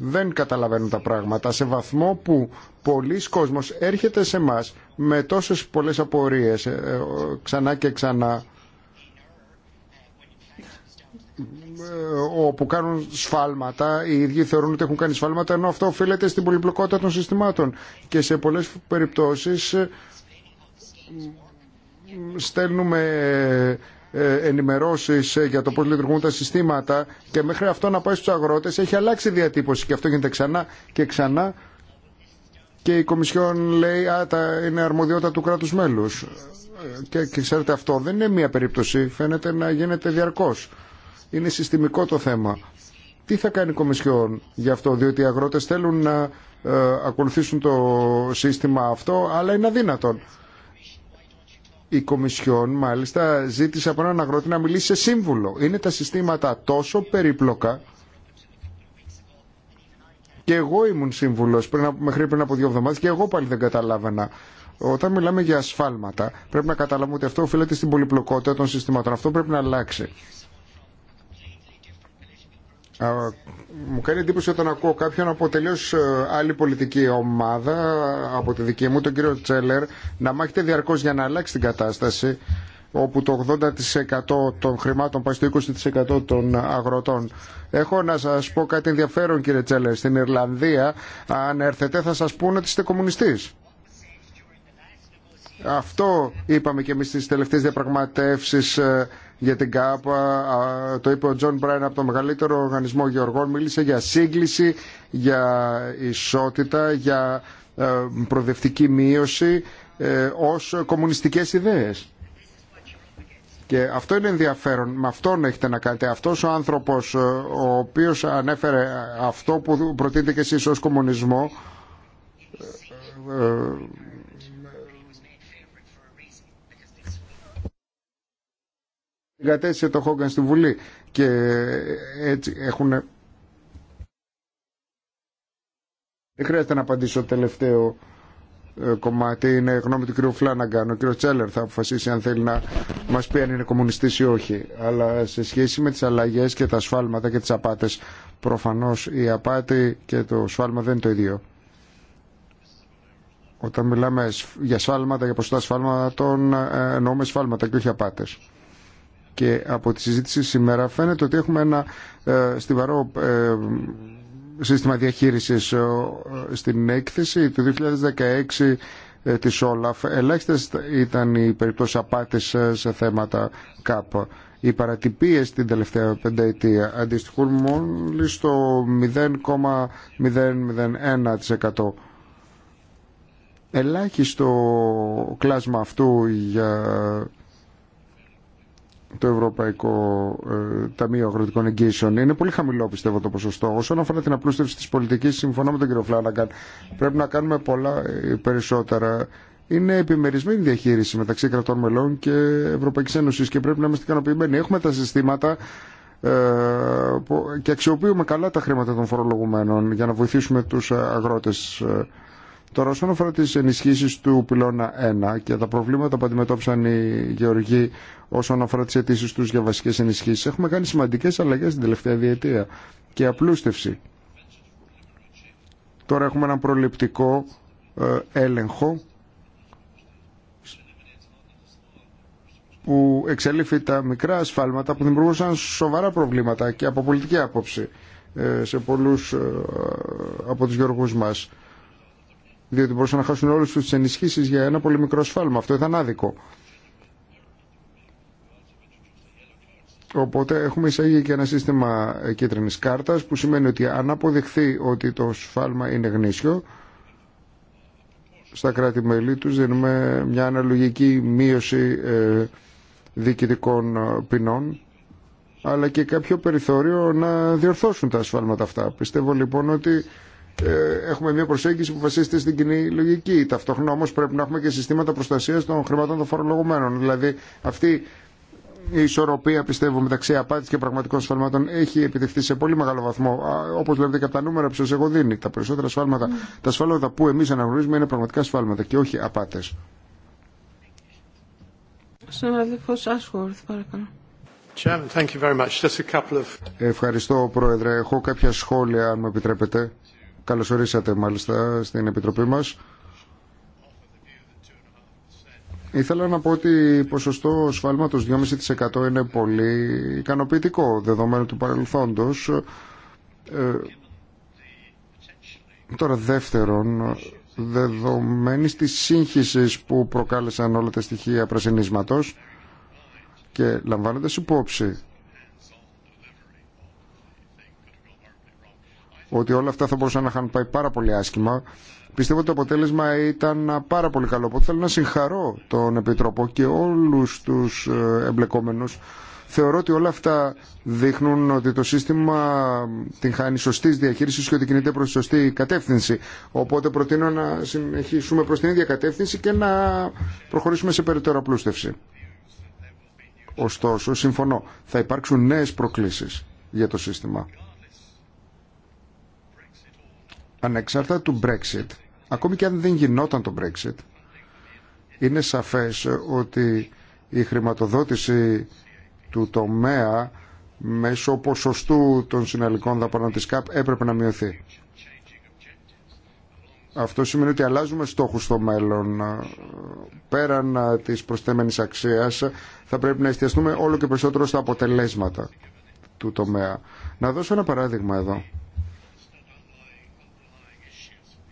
δεν καταλαβαίνουν τα πράγματα σε βαθμό που πολλοί κόσμος έρχεται σε εμά με τόσες πολλές απορίες ε, ε, ξανά και ξανά όπου κάνουν σφάλματα, οι ίδιοι θεωρούν ότι έχουν κάνει σφάλματα, ενώ αυτό οφείλεται στην πολυπλοκότητα των συστημάτων. Και σε πολλές περιπτώσεις στέλνουμε ε, Ενημερώσει ε, για το πώ λειτουργούν τα συστήματα και μέχρι αυτό να πάει στους αγρότες έχει αλλάξει διατύπωση και αυτό γίνεται ξανά και ξανά και η Κομισιόν λέει «Α, είναι αρμοδιότητα του κράτους μέλους». Και, και ξέρετε αυτό δεν είναι μία περίπτωση, φαίνεται να γίνεται διαρκώς. Είναι συστημικό το θέμα. Τι θα κάνει η Κομισιόν γι' αυτό, διότι οι αγρότες θέλουν να ε, ακολουθήσουν το σύστημα αυτό, αλλά είναι αδύνατον η Κομισιόν μάλιστα ζήτησε από έναν αγρότη να μιλήσει σε σύμβουλο. Είναι τα συστήματα τόσο περίπλοκα και εγώ ήμουν σύμβουλος μέχρι πριν από δύο εβδομάδες και εγώ πάλι δεν καταλάβανα. Όταν μιλάμε για ασφάλματα πρέπει να καταλάβουμε ότι αυτό οφείλεται στην πολυπλοκότητα των συστημάτων. Αυτό πρέπει να αλλάξει μου κάνει εντύπωση όταν ακούω κάποιον από τελείω ε, άλλη πολιτική ομάδα, από τη δική μου, τον κύριο Τσέλερ, να μάχεται διαρκώ για να αλλάξει την κατάσταση, όπου το 80% των χρημάτων πάει στο 20% των αγροτών. Έχω να σα πω κάτι ενδιαφέρον, κύριε Τσέλερ. Στην Ιρλανδία, αν έρθετε, θα σα πούνε ότι είστε κομμουνιστή. Αυτό είπαμε και εμεί στι τελευταίε διαπραγματεύσει ε, για την ΚΑΠΑ, Το είπε ο Τζον Μπράιν από το μεγαλύτερο οργανισμό γεωργών. Μίλησε για σύγκληση, για ισότητα, για ε, προοδευτική μείωση ε, ως κομμουνιστικές ιδέες. Και αυτό είναι ενδιαφέρον. Με αυτόν έχετε να κάνετε. Αυτός ο άνθρωπος ε, ο οποίος ανέφερε αυτό που προτείνετε και εσείς ως κομμουνισμό κατέστησε το Χόγκαν στη Βουλή και έτσι έχουν... Δεν χρειάζεται να απαντήσω τελευταίο ε, κομμάτι, είναι γνώμη του κ. Φλάναγκαν. Ο κ. Τσέλερ θα αποφασίσει αν θέλει να μας πει αν είναι κομμουνιστής ή όχι. Αλλά σε σχέση με τις αλλαγές και τα σφάλματα και τις απάτες, προφανώς η απάτη και το σφάλμα δεν είναι το ίδιο. Όταν μιλάμε για σφάλματα, για ποσοστά τον ε, εννοούμε σφάλματα και όχι απάτες και από τη συζήτηση σήμερα φαίνεται ότι έχουμε ένα ε, στιβαρό ε, σύστημα διαχείρισης ε, στην έκθεση του 2016 της Όλαφ. Ελάχιστες ήταν οι περιπτώσει απάτη σε θέματα ΚΑΠ. Οι παρατυπίες την τελευταία πενταετία αντιστοιχούν μόλι στο 0,001%. Ελάχιστο κλάσμα αυτού για το Ευρωπαϊκό ε, Ταμείο Αγροτικών Εγγύσεων. Είναι πολύ χαμηλό πιστεύω το ποσοστό. Όσον αφορά την απλούστευση τη πολιτική, συμφωνώ με τον κύριο Φλάνναγκαν, Πρέπει να κάνουμε πολλά ε, περισσότερα. Είναι επιμερισμένη διαχείριση μεταξύ κρατών μελών και Ευρωπαϊκή Ένωση και πρέπει να είμαστε ικανοποιημένοι. Έχουμε τα συστήματα ε, και αξιοποιούμε καλά τα χρήματα των φορολογουμένων για να βοηθήσουμε τους αγρότες Τώρα, όσον αφορά τι ενισχύσει του πυλώνα 1 και τα προβλήματα που αντιμετώπισαν οι γεωργοί όσον αφορά τι αιτήσει του για βασικέ ενισχύσει, έχουμε κάνει σημαντικέ αλλαγέ την τελευταία διετία και απλούστευση. Τώρα έχουμε έναν προληπτικό ε, έλεγχο που εξελίφθη τα μικρά ασφάλματα που δημιουργούσαν σοβαρά προβλήματα και από πολιτική άποψη ε, σε πολλούς ε, από τους γεωργούς μας διότι μπορούσαν να χάσουν όλες τους ενισχύσεις για ένα πολύ μικρό σφάλμα. Αυτό ήταν άδικο. Οπότε έχουμε εισάγει και ένα σύστημα ε, κίτρινης κάρτας που σημαίνει ότι αν αποδειχθεί ότι το σφάλμα είναι γνήσιο στα κράτη-μέλη τους δίνουμε μια αναλογική μείωση ε, διοικητικών ε, ποινών αλλά και κάποιο περιθώριο να διορθώσουν τα ασφάλματα αυτά. Πιστεύω λοιπόν ότι ε, έχουμε μια προσέγγιση που βασίζεται στην κοινή λογική. Ταυτόχρονα όμω πρέπει να έχουμε και συστήματα προστασία των χρημάτων των φορολογουμένων. Δηλαδή αυτή η ισορροπία πιστεύω μεταξύ απάτη και πραγματικών σφαλμάτων έχει επιτευχθεί σε πολύ μεγάλο βαθμό. Όπω βλέπετε και από τα νούμερα που σα έχω δίνει, τα περισσότερα σφάλματα, mm. τα σφάλματα που εμεί αναγνωρίζουμε είναι πραγματικά σφάλματα και όχι απάτε. Ευχαριστώ, Πρόεδρε. Έχω κάποια σχόλια, αν μου επιτρέπετε. Καλωσορίσατε, μάλιστα στην Επιτροπή μας. Ήθελα να πω ότι ποσοστό σφάλματος 2,5% είναι πολύ ικανοποιητικό δεδομένου του παρελθόντος. Ε, τώρα δεύτερον, δεδομένης της σύγχυσης που προκάλεσαν όλα τα στοιχεία πρασινίσματος και λαμβάνοντας υπόψη ότι όλα αυτά θα μπορούσαν να είχαν πάει πάρα πολύ άσχημα. Πιστεύω ότι το αποτέλεσμα ήταν πάρα πολύ καλό. Οπότε θέλω να συγχαρώ τον Επιτροπό και όλου του ε, εμπλεκόμενου. Θεωρώ ότι όλα αυτά δείχνουν ότι το σύστημα την χάνει σωστή διαχείριση και ότι κινείται προ τη σωστή κατεύθυνση. Οπότε προτείνω να συνεχίσουμε προ την ίδια κατεύθυνση και να προχωρήσουμε σε περαιτέρω απλούστευση. Ωστόσο, συμφωνώ, θα υπάρξουν νέε προκλήσει για το σύστημα ανεξάρτητα του Brexit, ακόμη και αν δεν γινόταν το Brexit, είναι σαφές ότι η χρηματοδότηση του τομέα μέσω ποσοστού των συναλλικών δαπανών της ΚΑΠ έπρεπε να μειωθεί. Αυτό σημαίνει ότι αλλάζουμε στόχους στο μέλλον. Πέραν της προσθέμενης αξίας θα πρέπει να εστιαστούμε όλο και περισσότερο στα αποτελέσματα του τομέα. Να δώσω ένα παράδειγμα εδώ.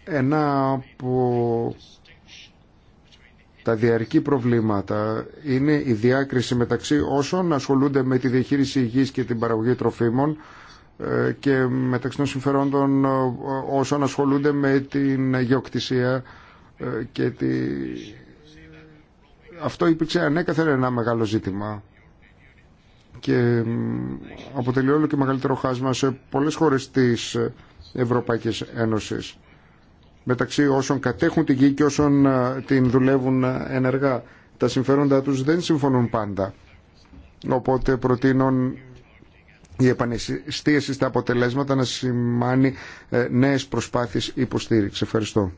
Ένα από τα διαρκή προβλήματα είναι η διάκριση μεταξύ όσων ασχολούνται με τη διαχείριση υγιής και την παραγωγή τροφίμων ε, και μεταξύ των συμφερόντων ε, όσων ασχολούνται με την γεωκτησία ε, και τη... αυτό υπήρξε ανέκαθεν ένα μεγάλο ζήτημα και αποτελεί όλο και μεγαλύτερο χάσμα σε πολλές χώρες της Ευρωπαϊκής Ένωσης μεταξύ όσων κατέχουν τη γη και όσων ε, την δουλεύουν ε, ενεργά. Τα συμφέροντα τους δεν συμφωνούν πάντα. Οπότε προτείνω η επανεστίαση στα αποτελέσματα να σημάνει ε, νέες προσπάθειες υποστήριξη. Ευχαριστώ.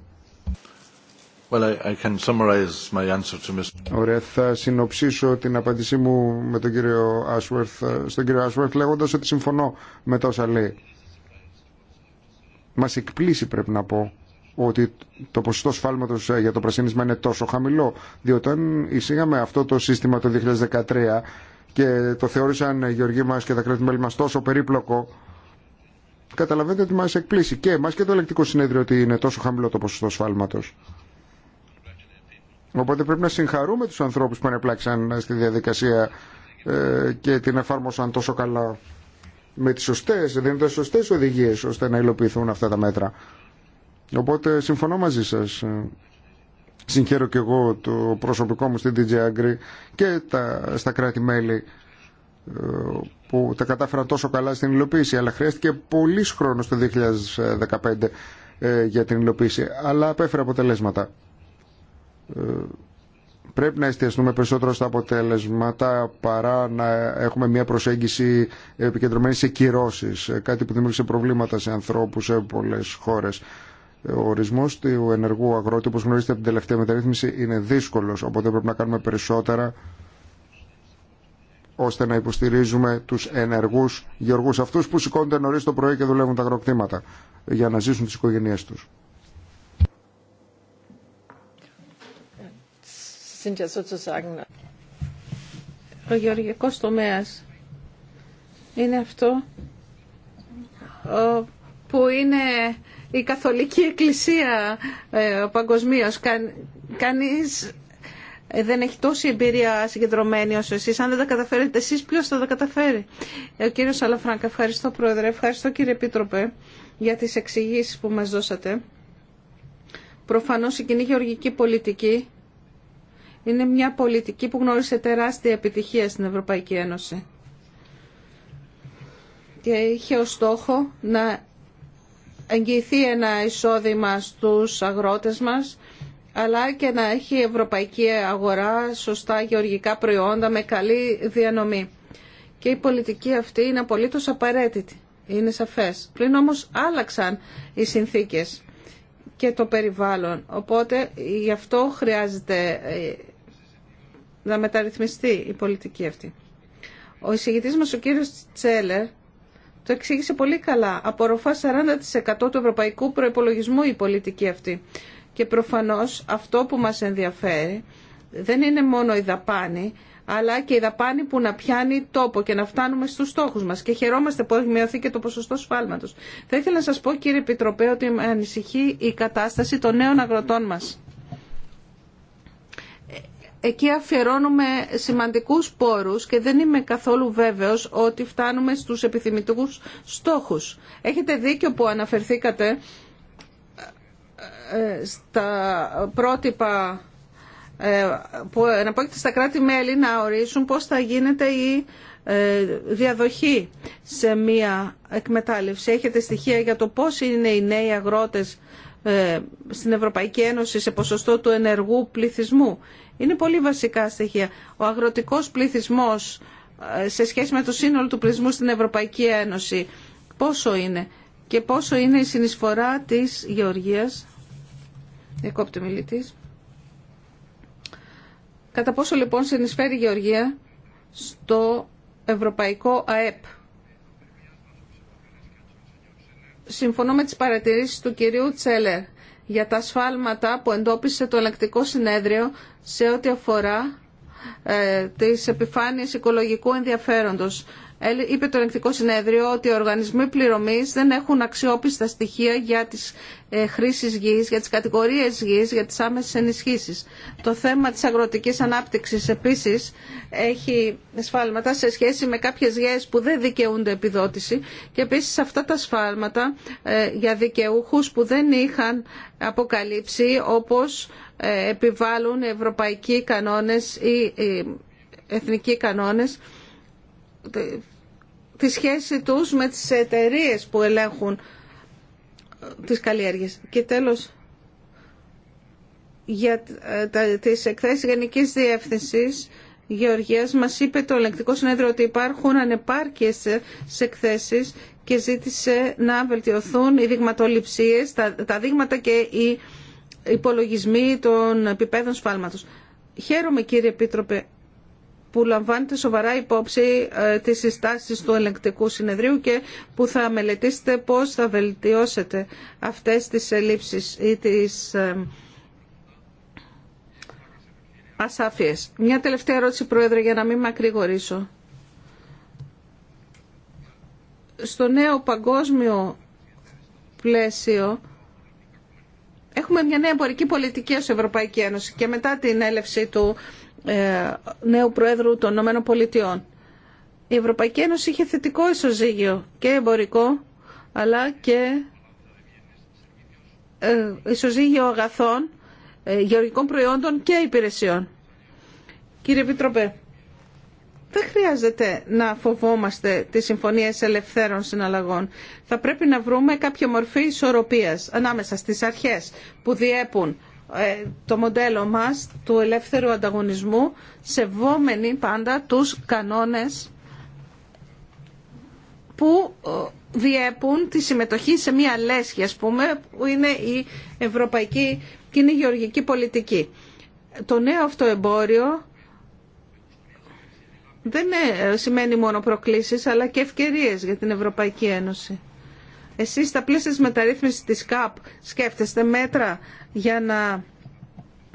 Well, I can summarize my Ωραία, θα συνοψίσω την απάντησή μου με τον κύριο Ashworth, στον κύριο Ashworth λέγοντας ότι συμφωνώ με τόσα λέει. Μας εκπλήσει πρέπει να πω ότι το ποσοστό σφάλματο ε, για το πρασίνισμα είναι τόσο χαμηλό. Διότι όταν εισήγαμε αυτό το σύστημα το 2013 και το θεώρησαν οι γεωργοί μα και τα κράτη-μέλη μα τόσο περίπλοκο, καταλαβαίνετε ότι μα εκπλήσει και εμά και το ελεκτικό συνέδριο ότι είναι τόσο χαμηλό το ποσοστό σφάλματος. Οπότε πρέπει να συγχαρούμε του ανθρώπου που ανεπλάξαν στη διαδικασία ε, και την εφάρμοσαν τόσο καλά με τις σωστές, δεν σωστέ σωστές οδηγίες ώστε να υλοποιηθούν αυτά τα μέτρα. Οπότε συμφωνώ μαζί σας. Συγχαίρω και εγώ το προσωπικό μου στην DJ Agri και τα, στα κράτη-μέλη ε, που τα κατάφεραν τόσο καλά στην υλοποίηση αλλά χρειάστηκε πολύ χρόνο το 2015 ε, για την υλοποίηση αλλά απέφερε αποτελέσματα ε, πρέπει να εστιαστούμε περισσότερο στα αποτελέσματα παρά να έχουμε μια προσέγγιση επικεντρωμένη σε κυρώσεις κάτι που δημιούργησε προβλήματα σε ανθρώπους σε πολλές χώρες ο ορισμό του ενεργού αγρότη, όπω γνωρίζετε από την τελευταία μεταρρύθμιση, είναι δύσκολο. Οπότε πρέπει να κάνουμε περισσότερα ώστε να υποστηρίζουμε του ενεργού γεωργού, αυτού που σηκώνται νωρί το πρωί και δουλεύουν τα αγροκτήματα για να ζήσουν τι οικογένειέ του. Ο γεωργικός τομέας είναι αυτό που είναι η Καθολική Εκκλησία ε, παγκοσμίω. Κα, κανείς ε, δεν έχει τόση εμπειρία συγκεντρωμένη όσο εσεί. Αν δεν τα καταφέρετε εσεί, ποιο θα τα καταφέρει. Ε, ο κύριο Αλαφράνκα, ευχαριστώ πρόεδρε, ευχαριστώ κύριε Επίτροπε για τι εξηγήσει που μα δώσατε. Προφανώ η κοινή γεωργική πολιτική είναι μια πολιτική που γνώρισε τεράστια επιτυχία στην Ευρωπαϊκή Ένωση. Και είχε ως στόχο να εγγυηθεί ένα εισόδημα στους αγρότες μας, αλλά και να έχει ευρωπαϊκή αγορά σωστά γεωργικά προϊόντα με καλή διανομή. Και η πολιτική αυτή είναι απολύτως απαραίτητη, είναι σαφές. Πλην όμως άλλαξαν οι συνθήκες και το περιβάλλον, οπότε γι' αυτό χρειάζεται ε, να μεταρρυθμιστεί η πολιτική αυτή. Ο εισηγητής μας, ο κύριος Τσέλερ, το εξήγησε πολύ καλά. Απορροφά 40% του ευρωπαϊκού προπολογισμού η πολιτική αυτή. Και προφανώς αυτό που μας ενδιαφέρει δεν είναι μόνο η δαπάνη, αλλά και η δαπάνη που να πιάνει τόπο και να φτάνουμε στους στόχους μας. Και χαιρόμαστε που έχει μειωθεί και το ποσοστό σφάλματος. Θα ήθελα να σας πω κύριε Επιτροπέ ότι με ανησυχεί η κατάσταση των νέων αγροτών μας εκεί αφιερώνουμε σημαντικούς πόρους και δεν είμαι καθόλου βέβαιος ότι φτάνουμε στους επιθυμητικούς στόχους. Έχετε δίκιο που αναφερθήκατε ε, ε, στα πρότυπα ε, που αναπόκειται στα κράτη-μέλη να ορίσουν πώς θα γίνεται η διαδοχή σε μία εκμετάλλευση. Έχετε στοιχεία για το πώς είναι οι νέοι αγρότες ε, στην Ευρωπαϊκή Ένωση σε ποσοστό του ενεργού πληθυσμού. Είναι πολύ βασικά στοιχεία. Ο αγροτικός πληθυσμός ε, σε σχέση με το σύνολο του πληθυσμού στην Ευρωπαϊκή Ένωση πόσο είναι και πόσο είναι η συνεισφορά της γεωργίας διακόπτη μιλητής κατά πόσο λοιπόν συνεισφέρει η γεωργία στο ευρωπαϊκό ΑΕΠ συμφωνώ με τις παρατηρήσεις του κυρίου Τσέλερ για τα σφάλματα που εντόπισε το ελεκτικό συνέδριο σε ό,τι αφορά ε, τις επιφάνειες οικολογικού ενδιαφέροντος είπε το ελεγκτικό συνέδριο ότι οι οργανισμοί πληρωμής δεν έχουν αξιόπιστα στοιχεία για τις ε, χρήσεις γης, για τις κατηγορίες γης, για τις άμεσες ενισχύσεις. Το θέμα της αγροτικής ανάπτυξης επίσης έχει σφάλματα σε σχέση με κάποιες γης που δεν δικαιούνται επιδότηση και επίσης αυτά τα σφάλματα ε, για δικαιούχους που δεν είχαν αποκαλύψει όπως ε, επιβάλλουν ευρωπαϊκοί κανόνες ή εθνικοί κανόνες τη σχέση τους με τις εταιρείε που ελέγχουν ε, τις καλλιέργειες. Και τέλος, για ε, τις εκθέσεις Γενικής Διεύθυνσης Γεωργίας μας είπε το ελεγκτικό συνέδριο ότι υπάρχουν ανεπάρκειες σε εκθέσεις και ζήτησε να βελτιωθούν οι δειγματοληψίες, τα, τα δείγματα και οι υπολογισμοί των επιπέδων σφάλματος. Χαίρομαι κύριε Επίτροπε που λαμβάνετε σοβαρά υπόψη ε, τις συστάσεις του ελεγκτικού συνεδρίου και που θα μελετήσετε πώς θα βελτιώσετε αυτές τις ελλείψεις ή τις ε, ασάφειες. Μια τελευταία ερώτηση, Πρόεδρε, για να μην μακρηγορήσω. Στο νέο παγκόσμιο πλαίσιο έχουμε μια νέα εμπορική πολιτική ως Ευρωπαϊκή Ένωση και μετά την έλευση του ε, νέου Προέδρου των Ηνωμένων Πολιτειών. Η Ευρωπαϊκή Ένωση είχε θετικό ισοζύγιο και εμπορικό, αλλά και ε, ισοζύγιο αγαθών, ε, γεωργικών προϊόντων και υπηρεσιών. Κύριε Επιτροπέ, δεν χρειάζεται να φοβόμαστε τις συμφωνίες ελευθέρων συναλλαγών. Θα πρέπει να βρούμε κάποια μορφή ισορροπίας ανάμεσα στις αρχές που διέπουν ε, το μοντέλο μας του ελεύθερου ανταγωνισμού σεβόμενοι πάντα τους κανόνες που ε, διέπουν τη συμμετοχή σε μία λέσχη ας πούμε που είναι η ευρωπαϊκή και η γεωργική πολιτική. Το νέο αυτό εμπόριο δεν ε, σημαίνει μόνο προκλήσεις αλλά και ευκαιρίες για την Ευρωπαϊκή Ένωση. Εσείς στα πλαίσια της μεταρρύθμισης της ΚΑΠ σκέφτεστε μέτρα για να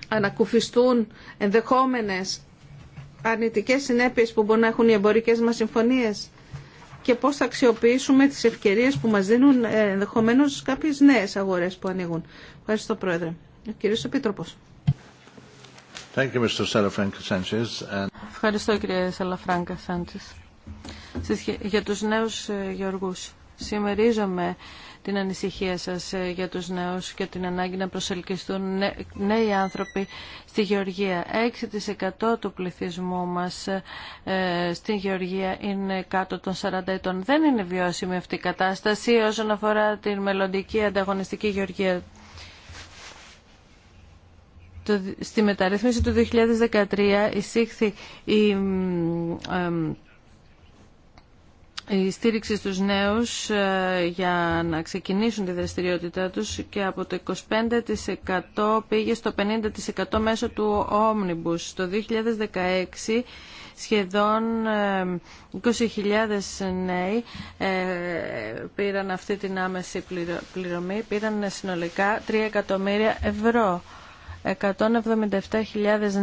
ανακουφιστούν ενδεχόμενες αρνητικές συνέπειες που μπορεί να έχουν οι εμπορικές μας συμφωνίες και πώς θα αξιοποιήσουμε τις ευκαιρίες που μας δίνουν ε, ενδεχομένως κάποιες νέες αγορές που ανοίγουν. Ευχαριστώ Πρόεδρε. Ο κύριος Επίτροπος. Ευχαριστώ κύριε Σαλαφράγκα Σάντσες για τους νέους ε, γεωργούς. Συμμερίζομαι την ανησυχία σας ε, για τους νέους και την ανάγκη να προσελκυστούν νέοι άνθρωποι στη Γεωργία. 6% του πληθυσμού μας ε, στη Γεωργία είναι κάτω των 40 ετών. Δεν είναι βιώσιμη αυτή η κατάσταση όσον αφορά την μελλοντική ανταγωνιστική Γεωργία. Στη μεταρρύθμιση του 2013 εισήχθη η η στήριξη στους νέους ε, για να ξεκινήσουν τη δραστηριότητά τους και από το 25% πήγε στο 50% μέσω του Omnibus. Το 2016 σχεδόν 20.000 ε, νέοι ε, πήραν αυτή την άμεση πληρωμή, πήραν συνολικά 3 εκατομμύρια ευρώ. 177.000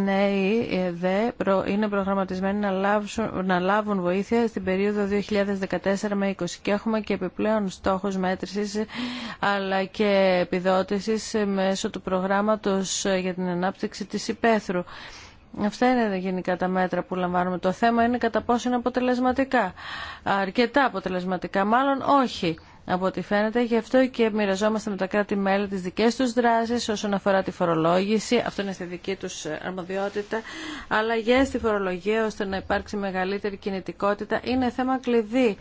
νέοι ε, είναι προγραμματισμένοι να λάβουν, να λάβουν βοήθεια στην περίοδο 2014 με 20 και έχουμε και επιπλέον στόχους μέτρησης αλλά και επιδότησης ε, μέσω του προγράμματος ε, για την ανάπτυξη της υπαίθρου. Αυτά είναι γενικά τα μέτρα που λαμβάνουμε. Το θέμα είναι κατά πόσο είναι αποτελεσματικά. Αρκετά αποτελεσματικά, μάλλον όχι από ό,τι φαίνεται. Γι' αυτό και μοιραζόμαστε με τα κράτη-μέλη τι δικές τους δράσει όσον αφορά τη φορολόγηση. Αυτό είναι στη δική τους ε, αρμοδιότητα. Αλλαγέ στη φορολογία ώστε να υπάρξει μεγαλύτερη κινητικότητα είναι θέμα κλειδί.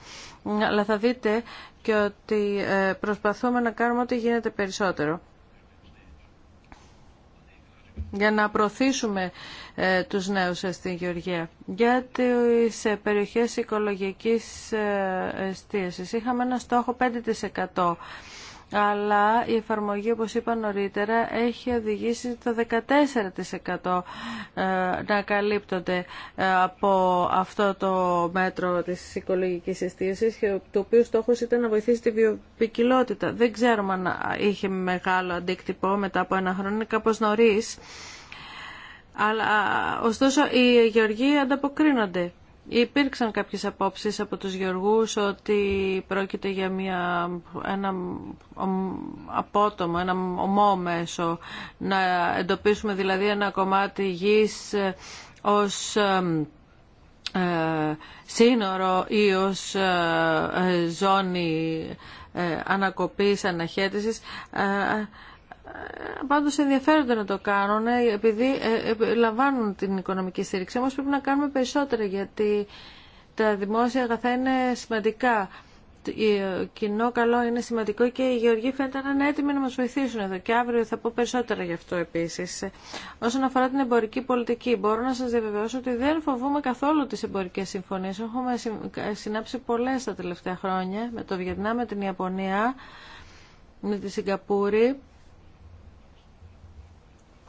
Αλλά θα δείτε και ότι ε, προσπαθούμε να κάνουμε ό,τι γίνεται περισσότερο για να προωθήσουμε ε, τους νέους στην Γεωργία. Για σε περιοχές οικολογικής ε, εστίασης είχαμε ένα στόχο 5% αλλά η εφαρμογή όπως είπα νωρίτερα έχει οδηγήσει το 14% ε, να καλύπτονται ε, από αυτό το μέτρο της οικολογικής εστίασης το οποίο στόχος ήταν να βοηθήσει τη βιοπικιλότητα. Δεν ξέρουμε αν είχε μεγάλο αντίκτυπο μετά από ένα χρόνο, είναι κάπως νωρίς. Αλλά, ε, ωστόσο, οι γεωργοί ανταποκρίνονται. Υπήρξαν κάποιες απόψεις από τους γεωργούς ότι πρόκειται για μια, ένα απότομο, ένα ομό μέσο, να εντοπίσουμε δηλαδή ένα κομμάτι γης ε, ως ε, ε, σύνορο ή ως ζώνη ανακοπής, αναχέτησης πάντως ενδιαφέρονται να το κάνουν ε, επειδή ε, ε, λαμβάνουν την οικονομική στήριξη. Όμως πρέπει να κάνουμε περισσότερα γιατί τα δημόσια αγαθά είναι σημαντικά. Το κοινό καλό είναι σημαντικό και οι γεωργοί φαίνεται να είναι έτοιμοι να μας βοηθήσουν εδώ και αύριο θα πω περισσότερα γι' αυτό επίσης. Όσον αφορά την εμπορική πολιτική, μπορώ να σας διαβεβαιώσω ότι δεν φοβούμε καθόλου τις εμπορικές συμφωνίες. Έχουμε συνάψει πολλές τα τελευταία χρόνια με το Βιετνάμ, με την Ιαπωνία, με τη Σιγκαπούρη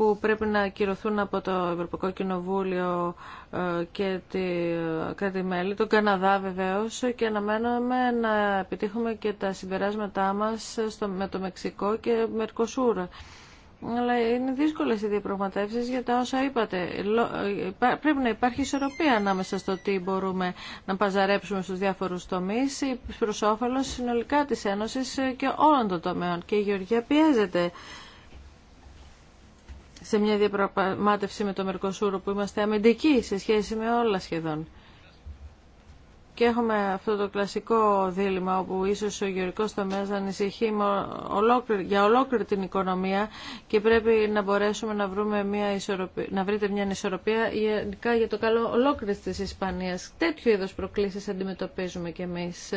που πρέπει να κυρωθούν από το Ευρωπαϊκό Κοινοβούλιο ε, και τη ε, κράτη-μέλη, τον Καναδά βεβαίω, και αναμένουμε να επιτύχουμε και τα συμπεράσματά μας με το Μεξικό και Μερκοσούρ. Αλλά είναι δύσκολε οι διαπραγματεύσει για τα όσα είπατε. Ε, πρέπει να υπάρχει ισορροπία ανάμεσα στο τι μπορούμε να παζαρέψουμε στου διαφορου τομεί προ όφελο, συνολικά τη Ένωση και όλων των τομέων. Και η Γεωργία πιέζεται σε μια διαπραγμάτευση με το Μερκοσούρο που είμαστε αμυντικοί σε σχέση με όλα σχεδόν. Και έχουμε αυτό το κλασικό δίλημα όπου ίσως ο γεωρικός τομέας ανησυχεί για ολόκληρη την οικονομία και πρέπει να μπορέσουμε να, βρούμε μια ισορροπία, να βρείτε μια ισορροπία γενικά για το καλό ολόκληρη της Ισπανίας. Τέτοιου είδους προκλήσεις αντιμετωπίζουμε κι εμείς.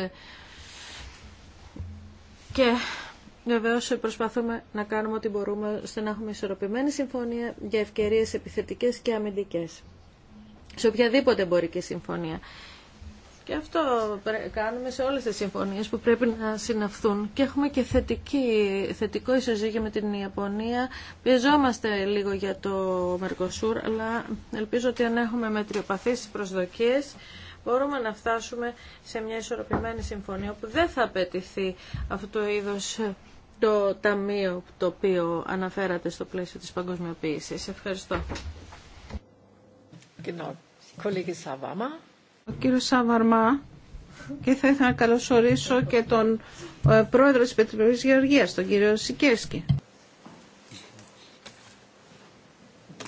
Και Βεβαίω προσπαθούμε να κάνουμε ό,τι μπορούμε ώστε να έχουμε ισορροπημένη συμφωνία για ευκαιρίε επιθετικέ και αμυντικέ. Σε οποιαδήποτε εμπορική συμφωνία. Και αυτό κάνουμε σε όλε τι συμφωνίε που πρέπει να συναυθούν. Και έχουμε και θετική, θετικό ισοζύγιο με την Ιαπωνία. Πιεζόμαστε λίγο για το Μερκοσούρ, αλλά ελπίζω ότι αν έχουμε μετριοπαθεί προσδοκίε μπορούμε να φτάσουμε σε μια ισορροπημένη συμφωνία που δεν θα απαιτηθεί αυτό το είδους το ταμείο το οποίο αναφέρατε στο πλαίσιο της παγκοσμιοποίησης. Ευχαριστώ. Ο κύριο Σαβαρμά και θα ήθελα να καλωσορίσω και τον ε, πρόεδρο της Πετροπολής Γεωργίας, τον κύριο Σικέσκι.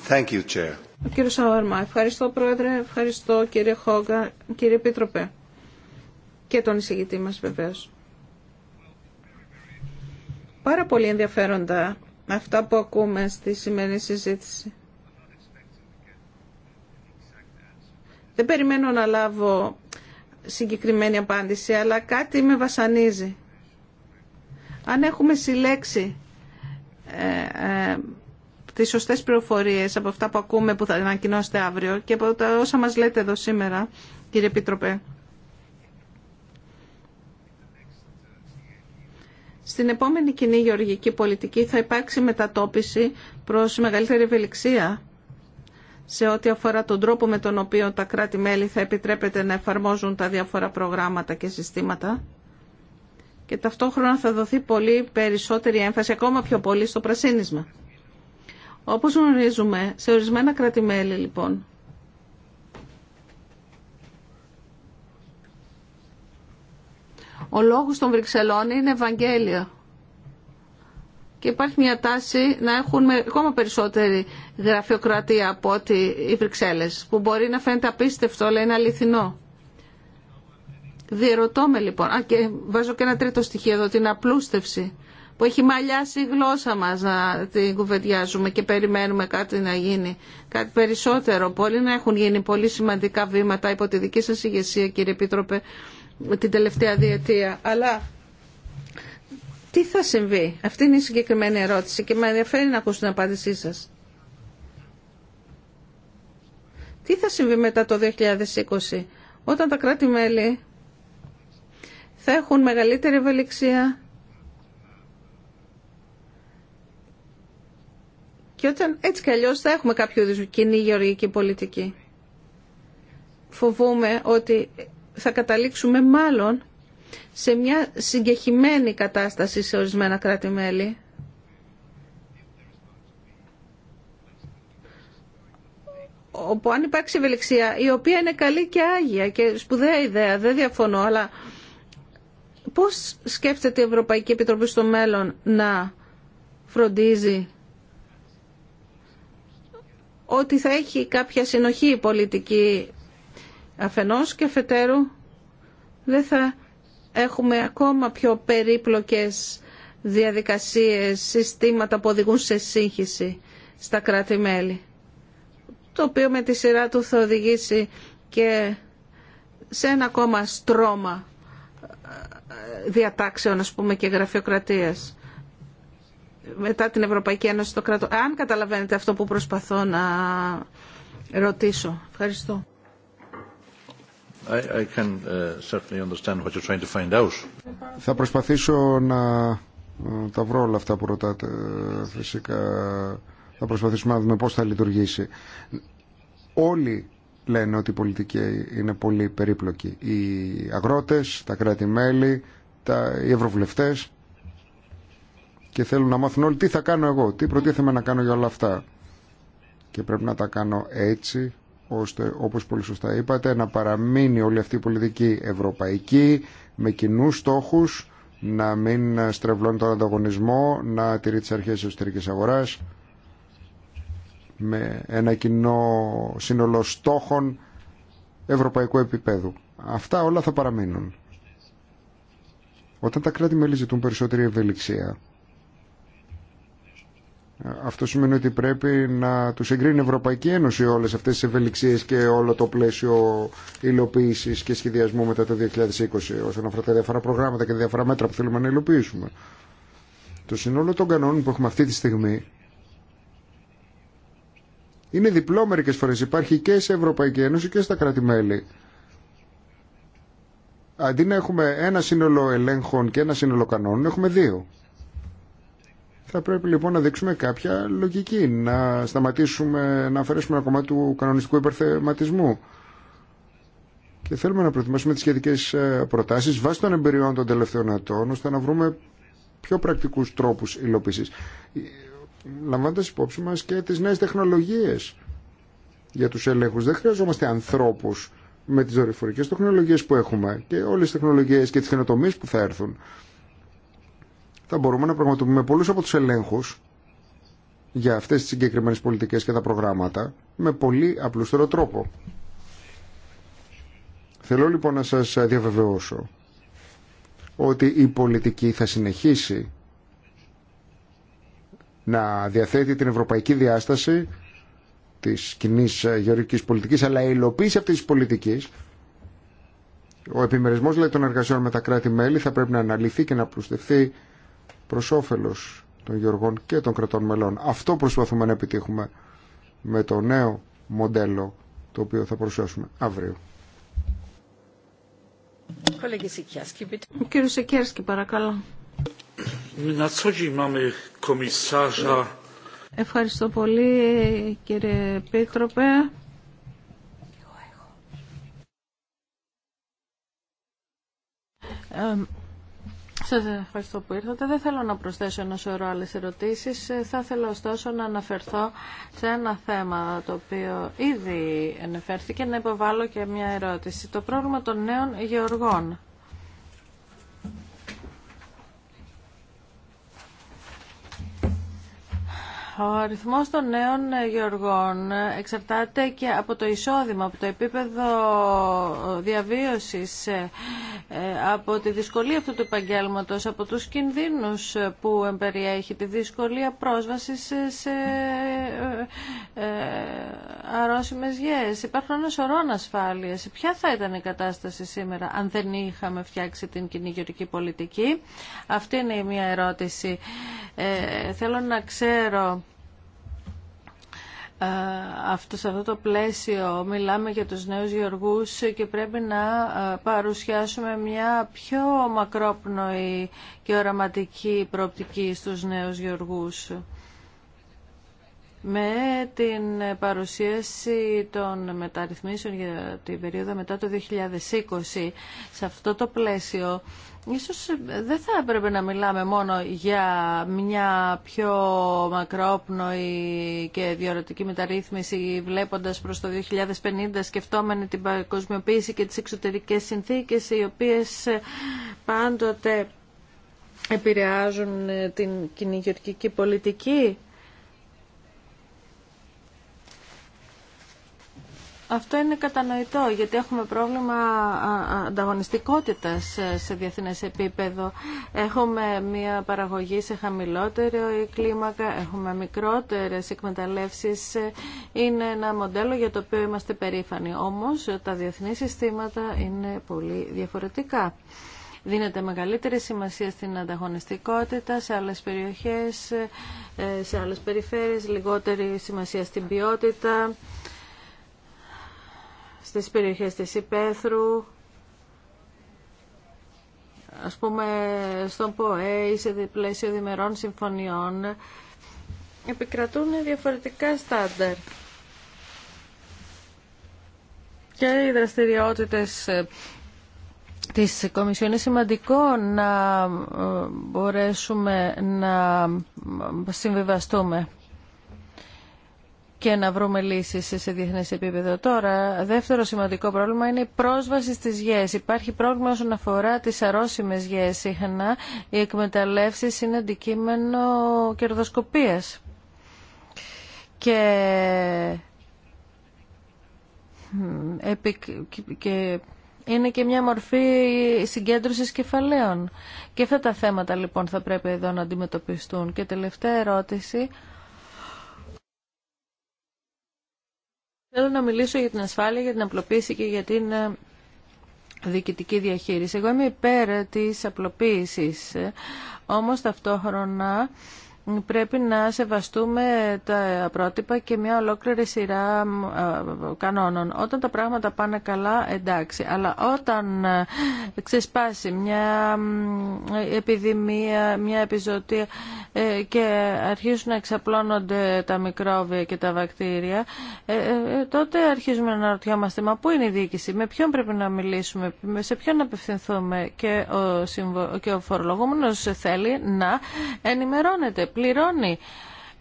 Thank you, Chair. Ο κύριος Σαβαρμά, ευχαριστώ πρόεδρε, ευχαριστώ κύριε Χόγκα, κύριε Επίτροπε και τον εισηγητή μας βεβαίως. Πάρα πολύ ενδιαφέροντα αυτά που ακούμε στη σημερινή συζήτηση. Δεν περιμένω να λάβω συγκεκριμένη απάντηση, αλλά κάτι με βασανίζει. Αν έχουμε συλλέξει ε, ε, τις σωστές πληροφορίες από αυτά που ακούμε που θα ανακοινώσετε αύριο και από τα όσα μας λέτε εδώ σήμερα, κύριε Επίτροπε, Στην επόμενη κοινή γεωργική πολιτική θα υπάρξει μετατόπιση προς μεγαλύτερη ευελιξία σε ό,τι αφορά τον τρόπο με τον οποίο τα κράτη-μέλη θα επιτρέπεται να εφαρμόζουν τα διάφορα προγράμματα και συστήματα και ταυτόχρονα θα δοθεί πολύ περισσότερη έμφαση, ακόμα πιο πολύ, στο πρασίνισμα. Όπως γνωρίζουμε, σε ορισμένα κράτη-μέλη, λοιπόν, Ο λόγος των Βρυξελών είναι Ευαγγέλιο. Και υπάρχει μια τάση να έχουν ακόμα περισσότερη γραφειοκρατία από ό,τι οι Βρυξέλλες, που μπορεί να φαίνεται απίστευτο, αλλά είναι αληθινό. Διερωτώ με λοιπόν, α, και βάζω και ένα τρίτο στοιχείο εδώ, την απλούστευση, που έχει μαλλιάσει η γλώσσα μας να την κουβεντιάζουμε και περιμένουμε κάτι να γίνει, κάτι περισσότερο. Πολλοί να έχουν γίνει πολύ σημαντικά βήματα υπό τη δική σας ηγεσία, κύριε Επίτροπε, με την τελευταία διετία. Αλλά τι θα συμβεί. Αυτή είναι η συγκεκριμένη ερώτηση και με ενδιαφέρει να ακούσω την απάντησή σας. Τι θα συμβεί μετά το 2020 όταν τα κράτη-μέλη θα έχουν μεγαλύτερη ευελιξία και όταν έτσι κι αλλιώς θα έχουμε κάποιο κοινή γεωργική πολιτική. Φοβούμε ότι θα καταλήξουμε μάλλον σε μια συγκεχημένη κατάσταση σε ορισμένα κράτη-μέλη. όπου αν υπάρξει ευελιξία, η οποία είναι καλή και άγια και σπουδαία ιδέα, δεν διαφωνώ, αλλά πώς σκέφτεται η Ευρωπαϊκή Επιτροπή στο μέλλον να φροντίζει ότι θα έχει κάποια συνοχή η πολιτική αφενός και αφετέρου δεν θα έχουμε ακόμα πιο περίπλοκες διαδικασίες, συστήματα που οδηγούν σε σύγχυση στα κράτη-μέλη, το οποίο με τη σειρά του θα οδηγήσει και σε ένα ακόμα στρώμα ε, διατάξεων, ας πούμε, και γραφειοκρατίας μετά την Ευρωπαϊκή Ένωση το κράτο. Αν καταλαβαίνετε αυτό που προσπαθώ να ρωτήσω. Ευχαριστώ. Θα προσπαθήσω να ε, τα βρω όλα αυτά που ρωτάτε φυσικά. Θα προσπαθήσουμε να δούμε πώς θα λειτουργήσει. Όλοι λένε ότι η πολιτική είναι πολύ περίπλοκη. Οι αγρότες, τα κράτη-μέλη, τα... οι ευρωβουλευτές και θέλουν να μάθουν όλοι τι θα κάνω εγώ, τι προτίθεμαι να κάνω για όλα αυτά. Και πρέπει να τα κάνω έτσι ώστε όπως πολύ σωστά είπατε να παραμείνει όλη αυτή η πολιτική ευρωπαϊκή με κοινού στόχους να μην στρεβλώνει τον ανταγωνισμό να τηρεί τις αρχές της εσωτερικής αγοράς με ένα κοινό σύνολο στόχων ευρωπαϊκού επίπεδου. Αυτά όλα θα παραμείνουν. Όταν τα κράτη-μέλη ζητούν περισσότερη ευελιξία αυτό σημαίνει ότι πρέπει να του εγκρίνει η Ευρωπαϊκή Ένωση όλες αυτές τις ευελιξίες και όλο το πλαίσιο υλοποίηση και σχεδιασμού μετά το 2020 όσον αφορά τα διάφορα προγράμματα και τα διάφορα μέτρα που θέλουμε να υλοποιήσουμε. Το συνόλο των κανόνων που έχουμε αυτή τη στιγμή είναι διπλό μερικέ φορέ. Υπάρχει και σε Ευρωπαϊκή Ένωση και στα κράτη-μέλη. Αντί να έχουμε ένα σύνολο ελέγχων και ένα σύνολο κανόνων, έχουμε δύο. Θα πρέπει λοιπόν να δείξουμε κάποια λογική, να σταματήσουμε, να αφαιρέσουμε ένα κομμάτι του κανονιστικού υπερθεματισμού. Και θέλουμε να προετοιμάσουμε τι σχετικέ ε, προτάσει βάσει των εμπειριών των τελευταίων ετών, ώστε να βρούμε πιο πρακτικού τρόπου υλοποίησης. Ε, Λαμβάνοντα υπόψη μα και τι νέε τεχνολογίε για του ελέγχους. Δεν χρειαζόμαστε ανθρώπου με τι δορυφορικέ τεχνολογίε που έχουμε και όλε τι τεχνολογίε και τι καινοτομίε που θα έρθουν θα μπορούμε να πραγματοποιούμε πολλούς από τους ελέγχους για αυτές τις συγκεκριμένες πολιτικές και τα προγράμματα με πολύ απλούστερο τρόπο. Θέλω λοιπόν να σας διαβεβαιώσω ότι η πολιτική θα συνεχίσει να διαθέτει την ευρωπαϊκή διάσταση της κοινή γεωργικής πολιτικής αλλά η υλοποίηση αυτής της πολιτικής ο επιμερισμός λέει των εργασιών με τα κράτη-μέλη θα πρέπει να αναλυθεί και να πλουστευτεί προς όφελος των γεωργών και των κρατών μελών. Αυτό προσπαθούμε να επιτύχουμε με το νέο μοντέλο το οποίο θα προσφέρουμε αύριο. Κύριε Σεκέρσκι, παρακαλώ. Ευχαριστώ πολύ κύριε Πίτροπε. Σα ευχαριστώ που ήρθατε. Δεν θέλω να προσθέσω ένα σωρό άλλε ερωτήσει. Ε, θα ήθελα ωστόσο να αναφερθώ σε ένα θέμα το οποίο ήδη και να υποβάλω και μια ερώτηση. Το πρόβλημα των νέων γεωργών. Ο αριθμός των νέων ε, γεωργών ε, εξαρτάται και από το εισόδημα, από το επίπεδο ε, διαβίωσης, από τη δυσκολία αυτού του επαγγέλματος, από τους κινδύνους που εμπεριέχει, τη δυσκολία πρόσβασης σε αρρώσιμες γέες. Υπάρχουν ένα σωρό ασφάλειες. Ποια θα ήταν η κατάσταση σήμερα αν δεν είχαμε φτιάξει την κοινή πολιτική. Αυτή είναι η μία ερώτηση. θέλω να ξέρω αυτό, σε αυτό το πλαίσιο μιλάμε για τους νέους γεωργούς και πρέπει να παρουσιάσουμε μια πιο μακρόπνοη και οραματική προοπτική στους νέους γεωργούς. Με την παρουσίαση των μεταρρυθμίσεων για την περίοδο μετά το 2020, σε αυτό το πλαίσιο Ίσως ε, δεν θα έπρεπε να μιλάμε μόνο για μια πιο μακρόπνοη και διορατική μεταρρύθμιση βλέποντας προς το 2050 σκεφτόμενη την παγκοσμιοποίηση και τις εξωτερικές συνθήκες οι οποίες ε, πάντοτε επηρεάζουν ε, την κοινή πολιτική Αυτό είναι κατανοητό γιατί έχουμε πρόβλημα ανταγωνιστικότητας σε διεθνές επίπεδο. Έχουμε μια παραγωγή σε χαμηλότερο κλίμακα, έχουμε μικρότερες εκμεταλλεύσεις. Είναι ένα μοντέλο για το οποίο είμαστε περήφανοι. Όμως τα διεθνή συστήματα είναι πολύ διαφορετικά. Δίνεται μεγαλύτερη σημασία στην ανταγωνιστικότητα σε άλλες περιοχές, ε, σε άλλες περιφέρειες, λιγότερη σημασία στην ποιότητα στις περιοχές της Υπέθρου, ας πούμε στον ΠΟΕ ή σε πλαίσιο διμερών συμφωνιών, επικρατούν διαφορετικά στάνταρ. Και οι δραστηριότητες ε, της Κομισιόν είναι σημαντικό να ε, μπορέσουμε να ε, συμβιβαστούμε και να βρούμε λύσει σε διεθνέ επίπεδο. Τώρα, δεύτερο σημαντικό πρόβλημα είναι η πρόσβαση στις γέες. Υπάρχει πρόβλημα όσον αφορά τις αρρώσιμες γέες. Συχνά οι εκμεταλλεύσεις είναι αντικείμενο κερδοσκοπία. Και... και είναι και μια μορφή συγκέντρωσης κεφαλαίων. Και αυτά τα θέματα λοιπόν θα πρέπει εδώ να αντιμετωπιστούν. Και τελευταία ερώτηση Θέλω να μιλήσω για την ασφάλεια, για την απλοποίηση και για την ε, διοικητική διαχείριση. Εγώ είμαι υπέρ της απλοποίησης, όμως ταυτόχρονα πρέπει να σεβαστούμε τα πρότυπα και μια ολόκληρη σειρά κανόνων. Όταν τα πράγματα πάνε καλά, εντάξει. Αλλά όταν ε, ξεσπάσει μια επιδημία, μια επιζωτία ε, και αρχίσουν να εξαπλώνονται τα μικρόβια και τα βακτήρια, ε, τότε αρχίζουμε να ρωτιόμαστε, μα πού είναι η διοίκηση, με ποιον πρέπει να μιλήσουμε, σε ποιον να απευθυνθούμε. Και ο, και ο φορολογούμενος θέλει να ενημερώνεται πληρώνει.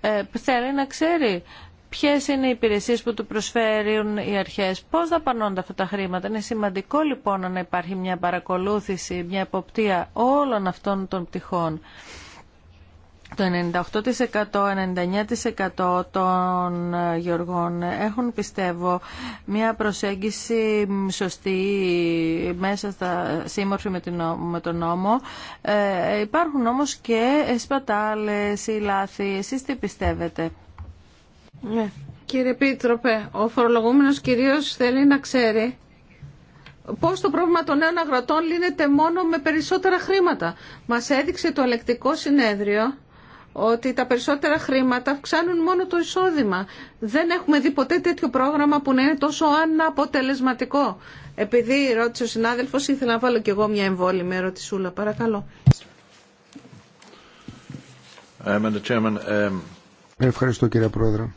Ε, θέλει να ξέρει ποιε είναι οι υπηρεσίε που του προσφέρουν οι αρχές, πώς δαπανώνται αυτά τα χρήματα. Είναι σημαντικό λοιπόν να υπάρχει μια παρακολούθηση, μια εποπτεία όλων αυτών των πτυχών. Το 98%, 99% των ε, γεωργών έχουν, πιστεύω, μια προσέγγιση σωστή μέσα στα σύμμορφη με, την, τον νόμο. Ε, υπάρχουν όμως και σπατάλες ή λάθη. Εσείς τι πιστεύετε. Ναι. Κύριε Πίτροπε, ο φορολογούμενος κυρίως θέλει να ξέρει πώς το πρόβλημα των νέων αγροτών λύνεται μόνο με περισσότερα χρήματα. Μας έδειξε το ελεκτικό συνέδριο ότι τα περισσότερα χρήματα αυξάνουν μόνο το εισόδημα. Δεν έχουμε δει ποτέ τέτοιο πρόγραμμα που να είναι τόσο αναποτελεσματικό. Επειδή ρώτησε ο συνάδελφο, ήθελα να βάλω κι εγώ μια εμβόλυμη ερωτησούλα. Παρακαλώ. Ε, Ευχαριστώ κύριε Πρόεδρε.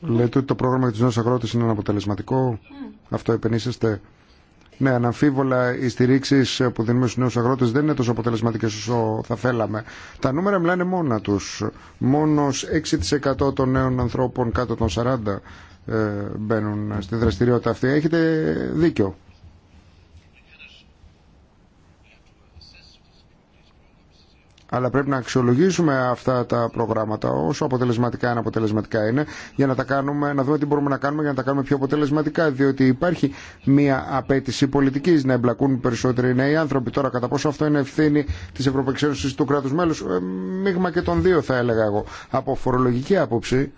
Λέτε ότι το πρόγραμμα της νέας αγρότης είναι αναποτελεσματικό. Mm. Αυτό επενήσεστε. Ναι, αναμφίβολα οι στηρίξει που δίνουμε στου νέου αγρότε δεν είναι τόσο αποτελεσματικέ όσο θα θέλαμε. Τα νούμερα μιλάνε μόνα του. Μόνο 6% των νέων ανθρώπων κάτω των 40 ε, μπαίνουν στη δραστηριότητα αυτή. Έχετε δίκιο. αλλά πρέπει να αξιολογήσουμε αυτά τα προγράμματα όσο αποτελεσματικά είναι αποτελεσματικά είναι για να τα κάνουμε, να δούμε τι μπορούμε να κάνουμε για να τα κάνουμε πιο αποτελεσματικά διότι υπάρχει μια απέτηση πολιτικής να εμπλακούν περισσότεροι νέοι άνθρωποι τώρα κατά πόσο αυτό είναι ευθύνη της Ευρωπαϊκής Ένωση του κράτους μέλους ε, μείγμα και των δύο θα έλεγα εγώ από φορολογική άποψη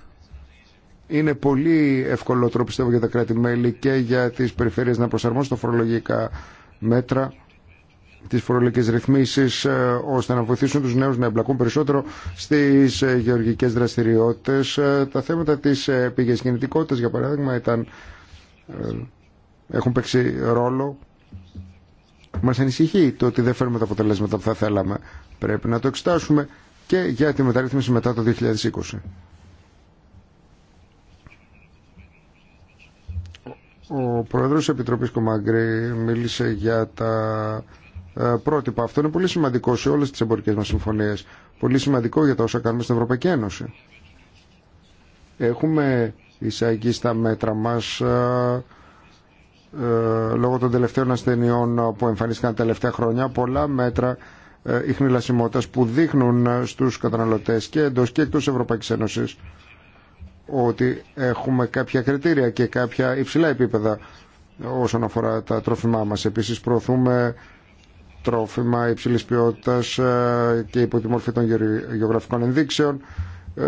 είναι πολύ ευκολότερο πιστεύω για τα κράτη-μέλη και για τις περιφέρειες να προσαρμόσουν τα φορολογικά μέτρα τις φορολογικές ρυθμίσεις ε, ώστε να βοηθήσουν τους νέους να εμπλακούν περισσότερο στις ε, γεωργικές δραστηριότητες. Ε, τα θέματα της πηγής κινητικότητας για παράδειγμα ήταν, έχουν παίξει ρόλο. Μας ανησυχεί το ότι δεν φέρουμε τα αποτελέσματα που θα θέλαμε. Πρέπει να το εξετάσουμε και για τη μεταρρύθμιση μετά το 2020. Ο πρόεδρος της Επιτροπής Κομαγκρή μίλησε για τα ε, πρότυπα. Αυτό είναι πολύ σημαντικό σε όλες τις εμπορικές μας συμφωνίες. Πολύ σημαντικό για τα όσα κάνουμε στην Ευρωπαϊκή Ένωση. Έχουμε εισαγγεί στα μέτρα μας ε, ε, λόγω των τελευταίων ασθενειών που εμφανίστηκαν τα τελευταία χρόνια πολλά μέτρα ιχνηλασιμότητας που δείχνουν στους καταναλωτές και εντός και εκτός Ευρωπαϊκής Ένωσης ότι έχουμε κάποια κριτήρια και κάποια υψηλά επίπεδα όσον αφορά τα τρόφιμά μας. Επίσης προωθούμε τρόφιμα υψηλής ποιότητας ε, και υπό τη μορφή των γεωγραφικών ενδείξεων ε,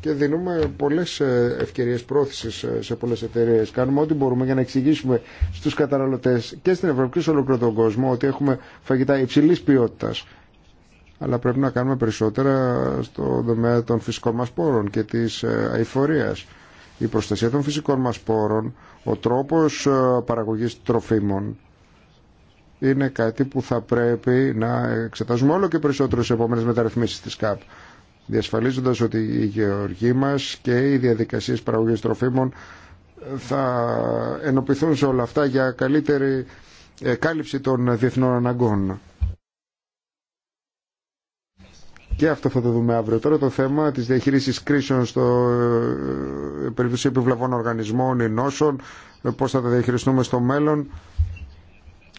και δίνουμε πολλές ε, ευκαιρίες πρόθεσης σε πολλές εταιρείες. Κάνουμε ό,τι μπορούμε για να εξηγήσουμε στους καταναλωτές και στην Ευρωπαϊκή σε ολόκληρο τον κόσμο ότι έχουμε φαγητά υψηλής ποιότητας αλλά πρέπει να κάνουμε περισσότερα στο δομέα των φυσικών μας πόρων και της αηφορίας. Η προστασία των φυσικών μας πόρων, ο τρόπος παραγωγής τροφίμων είναι κάτι που θα πρέπει να εξετάζουμε όλο και περισσότερο σε επόμενες μεταρρυθμίσεις της ΚΑΠ διασφαλίζοντας ότι η γεωργία μας και οι διαδικασίες παραγωγής τροφίμων ε, θα ενοποιηθούν σε όλα αυτά για καλύτερη ε, κάλυψη των διεθνών αναγκών. Και αυτό θα το δούμε αύριο. Τώρα το θέμα της διαχείρισης κρίσεων στο ε, περίπτωση επιβλαβών οργανισμών ή νόσων, πώς θα τα διαχειριστούμε στο μέλλον.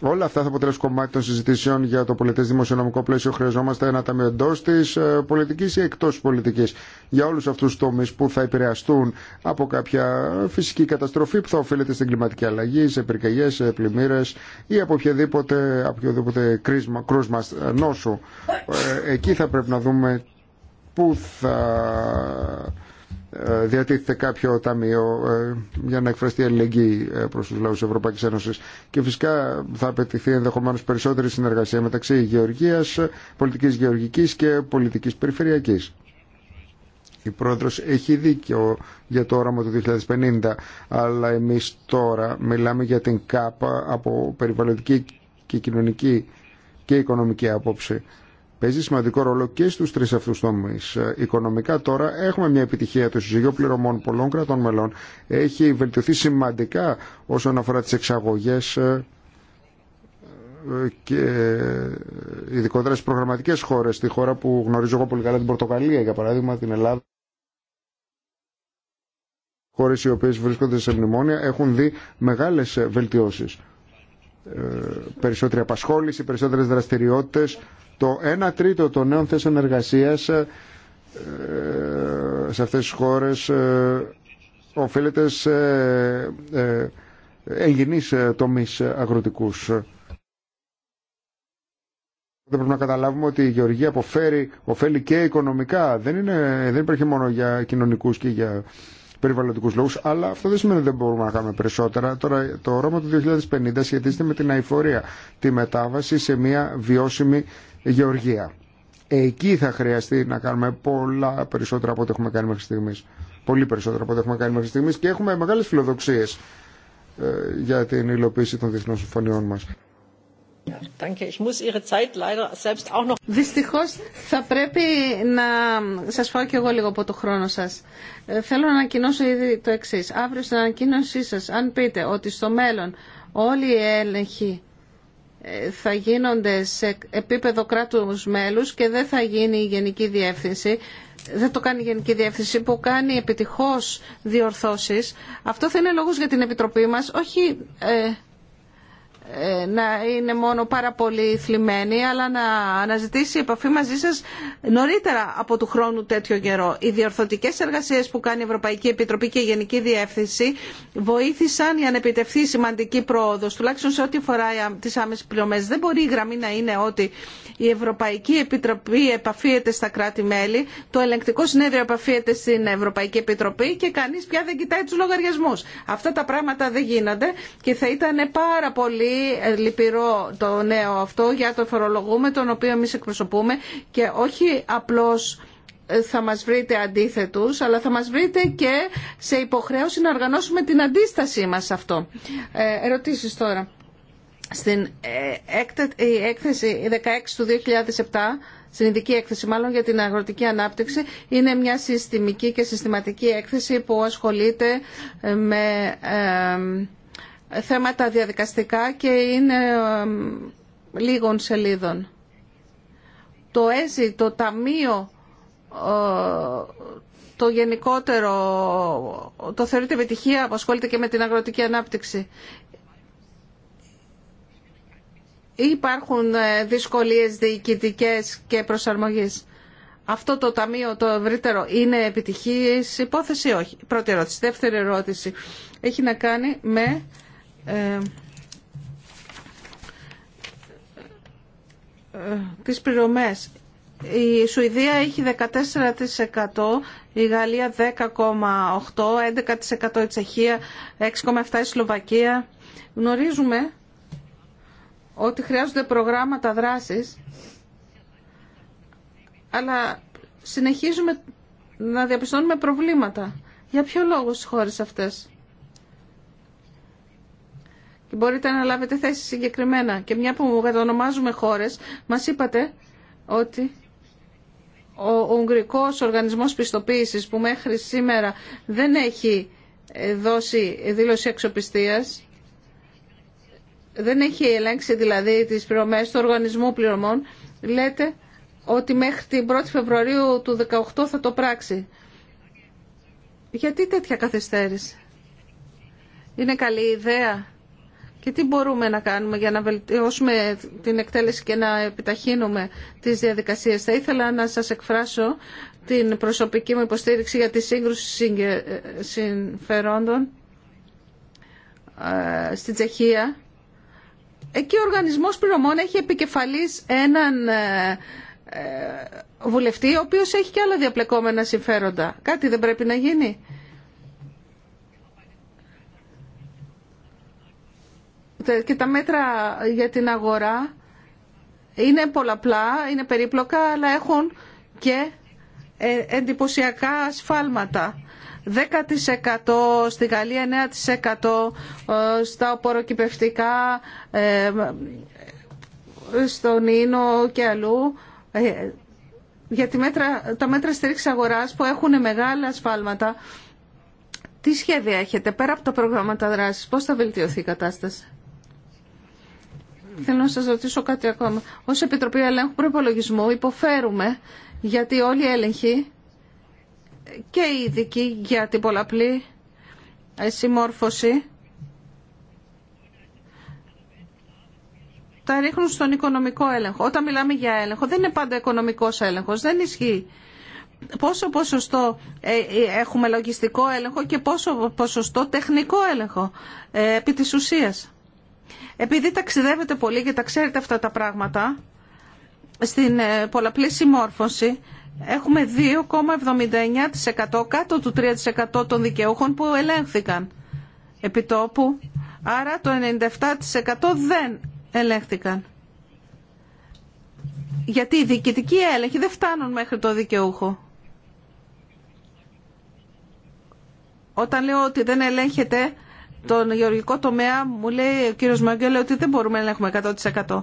Όλα αυτά θα αποτελέσουν κομμάτι των συζητήσεων για το πολιτέ δημοσιονομικό πλαίσιο. Χρειαζόμαστε ένα ταμείο εντό τη ε, πολιτική ή εκτό πολιτική για όλου αυτού του τομεί που θα επηρεαστούν από κάποια φυσική καταστροφή που θα οφείλεται στην κλιματική αλλαγή, σε πυρκαγιέ, σε πλημμύρε ή από οποιοδήποτε, οποιοδήποτε κρίσμα, κρούσμα νόσου. Ε, εκεί θα πρέπει να δούμε πού θα ε, διατίθεται κάποιο ταμείο ε, για να εκφραστεί αλληλεγγύη ε, προς τους λαούς της Ευρωπαϊκής Ένωσης και φυσικά θα απαιτηθεί ενδεχομένως περισσότερη συνεργασία μεταξύ γεωργίας, πολιτικής γεωργικής και πολιτικής περιφερειακής. Η πρόεδρος έχει δίκιο για το όραμα του 2050, αλλά εμείς τώρα μιλάμε για την ΚΑΠΑ από περιβαλλοντική και κοινωνική και οικονομική άποψη παίζει σημαντικό ρόλο και στους τρεις αυτούς τομείς. Ε, οικονομικά τώρα έχουμε μια επιτυχία. Το συζυγείο πληρωμών πολλών κρατών μελών έχει βελτιωθεί σημαντικά όσον αφορά τις εξαγωγές ε, ε, και ειδικότερα στις προγραμματικές χώρες, στη χώρα που γνωρίζω εγώ πολύ καλά, την Πορτοκαλία, για παράδειγμα, την Ελλάδα. Χώρες οι οποίες βρίσκονται σε μνημόνια έχουν δει μεγάλες βελτιώσεις. Περισσότερη απασχόληση, περισσότερες δραστηριότητες το 1 τρίτο των νέων θέσεων εργασίας ε, σε αυτές τις χώρες ε, οφείλεται σε ε, εγγενείς τομείς αγροτικούς. Δεν πρέπει να καταλάβουμε ότι η γεωργία αποφέρει ωφέλει και οικονομικά. Δεν, είναι, δεν υπάρχει μόνο για κοινωνικούς και για περιβαλλοντικού λόγου, αλλά αυτό δεν σημαίνει ότι δεν μπορούμε να κάνουμε περισσότερα. Τώρα, το όρόμα του 2050 σχετίζεται με την αηφορία, τη μετάβαση σε μια βιώσιμη γεωργία. Εκεί θα χρειαστεί να κάνουμε πολλά περισσότερα από ό,τι έχουμε κάνει μέχρι στιγμής. Πολύ περισσότερα από ό,τι έχουμε κάνει μέχρι στιγμής και έχουμε μεγάλες φιλοδοξίες ε, για την υλοποίηση των διεθνών συμφωνιών μα. Δυστυχώ θα πρέπει να σας φάω και εγώ λίγο από το χρόνο σας. Ε, θέλω να ανακοινώσω ήδη το εξή. Αύριο στην ανακοίνωσή σα, αν πείτε ότι στο μέλλον όλοι οι έλεγχοι θα γίνονται σε επίπεδο κράτους μέλους και δεν θα γίνει η Γενική Διεύθυνση. Δεν το κάνει η Γενική Διεύθυνση που κάνει επιτυχώς διορθώσεις. Αυτό θα είναι λόγος για την Επιτροπή μας, όχι ε, ε, να είναι μόνο πάρα πολύ θλιμμένη, αλλά να αναζητήσει επαφή μαζί σας νωρίτερα από του χρόνου τέτοιο καιρό. Οι διορθωτικές εργασίες που κάνει η Ευρωπαϊκή Επιτροπή και η Γενική Διεύθυνση βοήθησαν για να επιτευχθεί σημαντική πρόοδος, τουλάχιστον σε ό,τι αφορά τις άμεσες πληρωμές. Δεν μπορεί η γραμμή να είναι ότι η Ευρωπαϊκή Επιτροπή επαφίεται στα κράτη-μέλη, το Ελεγκτικό Συνέδριο επαφίεται στην Ευρωπαϊκή Επιτροπή και κανεί πια δεν κοιτάει του λογαριασμού. Αυτά τα πράγματα δεν γίνονται και θα ήταν πάρα πολύ ε, λυπηρό το νέο αυτό για το φορολογούμε, τον οποίο εμεί εκπροσωπούμε και όχι απλώ ε, θα μας βρείτε αντίθετους, αλλά θα μας βρείτε και σε υποχρέωση να οργανώσουμε την αντίστασή μας σε αυτό. Ε, ερωτήσεις τώρα. Στην ε, έκθεση 16 του 2007, στην ειδική έκθεση μάλλον για την αγροτική ανάπτυξη, είναι μια συστημική και συστηματική έκθεση που ασχολείται ε, με ε, θέματα διαδικαστικά και είναι λίγων σελίδων. Το ΕΖΙ, το Ταμείο, το γενικότερο, το θεωρείται επιτυχία, ασχολείται και με την αγροτική ανάπτυξη υπάρχουν ε, δυσκολίες διοικητικές και προσαρμογής. Αυτό το ταμείο το ευρύτερο είναι επιτυχής υπόθεση ή όχι. Πρώτη ερώτηση. Δεύτερη ερώτηση έχει να κάνει με ε, ε τις πληρωμές. Η Σουηδία έχει 14%, η Γαλλία 10,8%, 11% η Τσεχία, 6,7% η Σλοβακία. Γνωρίζουμε ότι χρειάζονται προγράμματα δράσης, αλλά συνεχίζουμε να διαπιστώνουμε προβλήματα. Για ποιο λόγο στις χώρες αυτές. Και μπορείτε να λάβετε θέση συγκεκριμένα. Και μια που κατονομάζουμε χώρες, μας είπατε ότι ο Ουγγρικός Οργανισμός Πιστοποίησης που μέχρι σήμερα δεν έχει δώσει δήλωση αξιοπιστίας δεν έχει ελέγξει δηλαδή τις πληρωμές του οργανισμού πληρωμών, λέτε ότι μέχρι την 1η Φεβρουαρίου του 2018 θα το πράξει. Γιατί τέτοια καθυστέρηση. Είναι καλή ιδέα. Και τι μπορούμε να κάνουμε για να βελτιώσουμε την εκτέλεση και να επιταχύνουμε τις διαδικασίες. Θα ήθελα να σας εκφράσω την προσωπική μου υποστήριξη για τη σύγκρουση συμφερόντων ε, στην Τσεχία Εκεί ο οργανισμός πληρωμών έχει επικεφαλής έναν ε, ε, βουλευτή, ο οποίος έχει και άλλα διαπλεκόμενα συμφέροντα. Κάτι δεν πρέπει να γίνει. Και τα μέτρα για την αγορά είναι πολλαπλά, είναι περίπλοκα, αλλά έχουν και ε, εντυπωσιακά ασφάλματα. 10% στη Γαλλία 9% ε, στα οποροκυπευτικά ε, στον Ίνο και αλλού ε, για μέτρα, τα μέτρα στήριξης αγοράς που έχουν μεγάλα ασφάλματα τι σχέδια έχετε πέρα από τα προγράμματα δράσης πώς θα βελτιωθεί η κατάσταση Θέλω να σας ρωτήσω κάτι ακόμα. Ως Επιτροπή Ελέγχου Προϋπολογισμού υποφέρουμε γιατί όλοι οι έλεγχοι και οι ειδικοί για την πολλαπλή ε, συμμόρφωση τα ρίχνουν στον οικονομικό έλεγχο. Όταν μιλάμε για έλεγχο, δεν είναι πάντα οικονομικός έλεγχος, δεν ισχύει. Πόσο ποσοστό ε, έχουμε λογιστικό έλεγχο και πόσο ποσοστό τεχνικό έλεγχο ε, επί της ουσίας. Επειδή ταξιδεύετε πολύ και τα ξέρετε αυτά τα πράγματα, στην πολλαπλή συμμόρφωση έχουμε 2,79% κάτω του 3% των δικαιούχων που ελέγχθηκαν επιτόπου. Άρα το 97% δεν ελέγχθηκαν. Γιατί οι διοικητικοί έλεγχοι δεν φτάνουν μέχρι το δικαιούχο. Όταν λέω ότι δεν ελέγχεται τον γεωργικό τομέα, μου λέει ο κύριος Μαγκέλε ότι δεν μπορούμε να ελέγχουμε 100%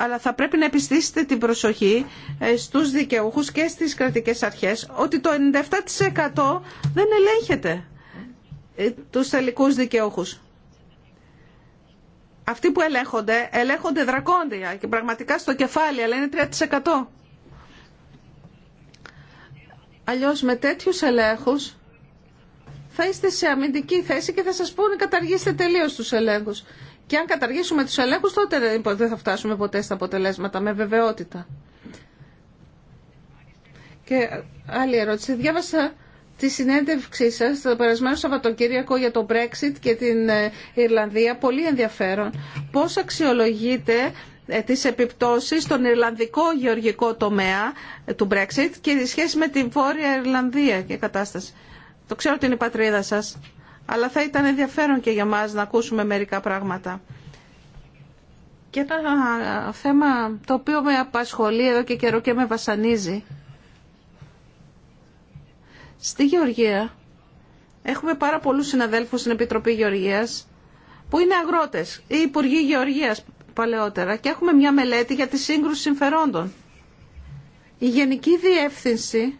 αλλά θα πρέπει να επιστήσετε την προσοχή ε, στους δικαιούχους και στις κρατικές αρχές ότι το 97% δεν ελέγχεται ε, τους τελικούς δικαιούχους. Αυτοί που ελέγχονται, ελέγχονται δρακόντια και πραγματικά στο κεφάλι, αλλά είναι 3%. Αλλιώς με τέτοιους ελέγχους θα είστε σε αμυντική θέση και θα σας πούνε καταργήστε τελείως τους ελέγχους. Και αν καταργήσουμε τους ελέγχους τότε δεν θα φτάσουμε ποτέ στα αποτελέσματα με βεβαιότητα. Και άλλη ερώτηση. Διάβασα τη συνέντευξή σας το περασμένο Σαββατοκύριακο για το Brexit και την ε, Ιρλανδία. Πολύ ενδιαφέρον. Πώς αξιολογείτε ε, τις επιπτώσεις στον Ιρλανδικό γεωργικό τομέα ε, του Brexit και τη σχέση με την Βόρεια Ιρλανδία και κατάσταση. Το ξέρω ότι είναι η πατρίδα σας αλλά θα ήταν ενδιαφέρον και για μας να ακούσουμε μερικά πράγματα. Και ένα θέμα το οποίο με απασχολεί εδώ και καιρό και με βασανίζει. Στη Γεωργία έχουμε πάρα πολλούς συναδέλφους στην Επιτροπή Γεωργίας που είναι αγρότες ή υπουργοί Γεωργίας παλαιότερα και έχουμε μια μελέτη για τη σύγκρουση συμφερόντων. Η Γενική Διεύθυνση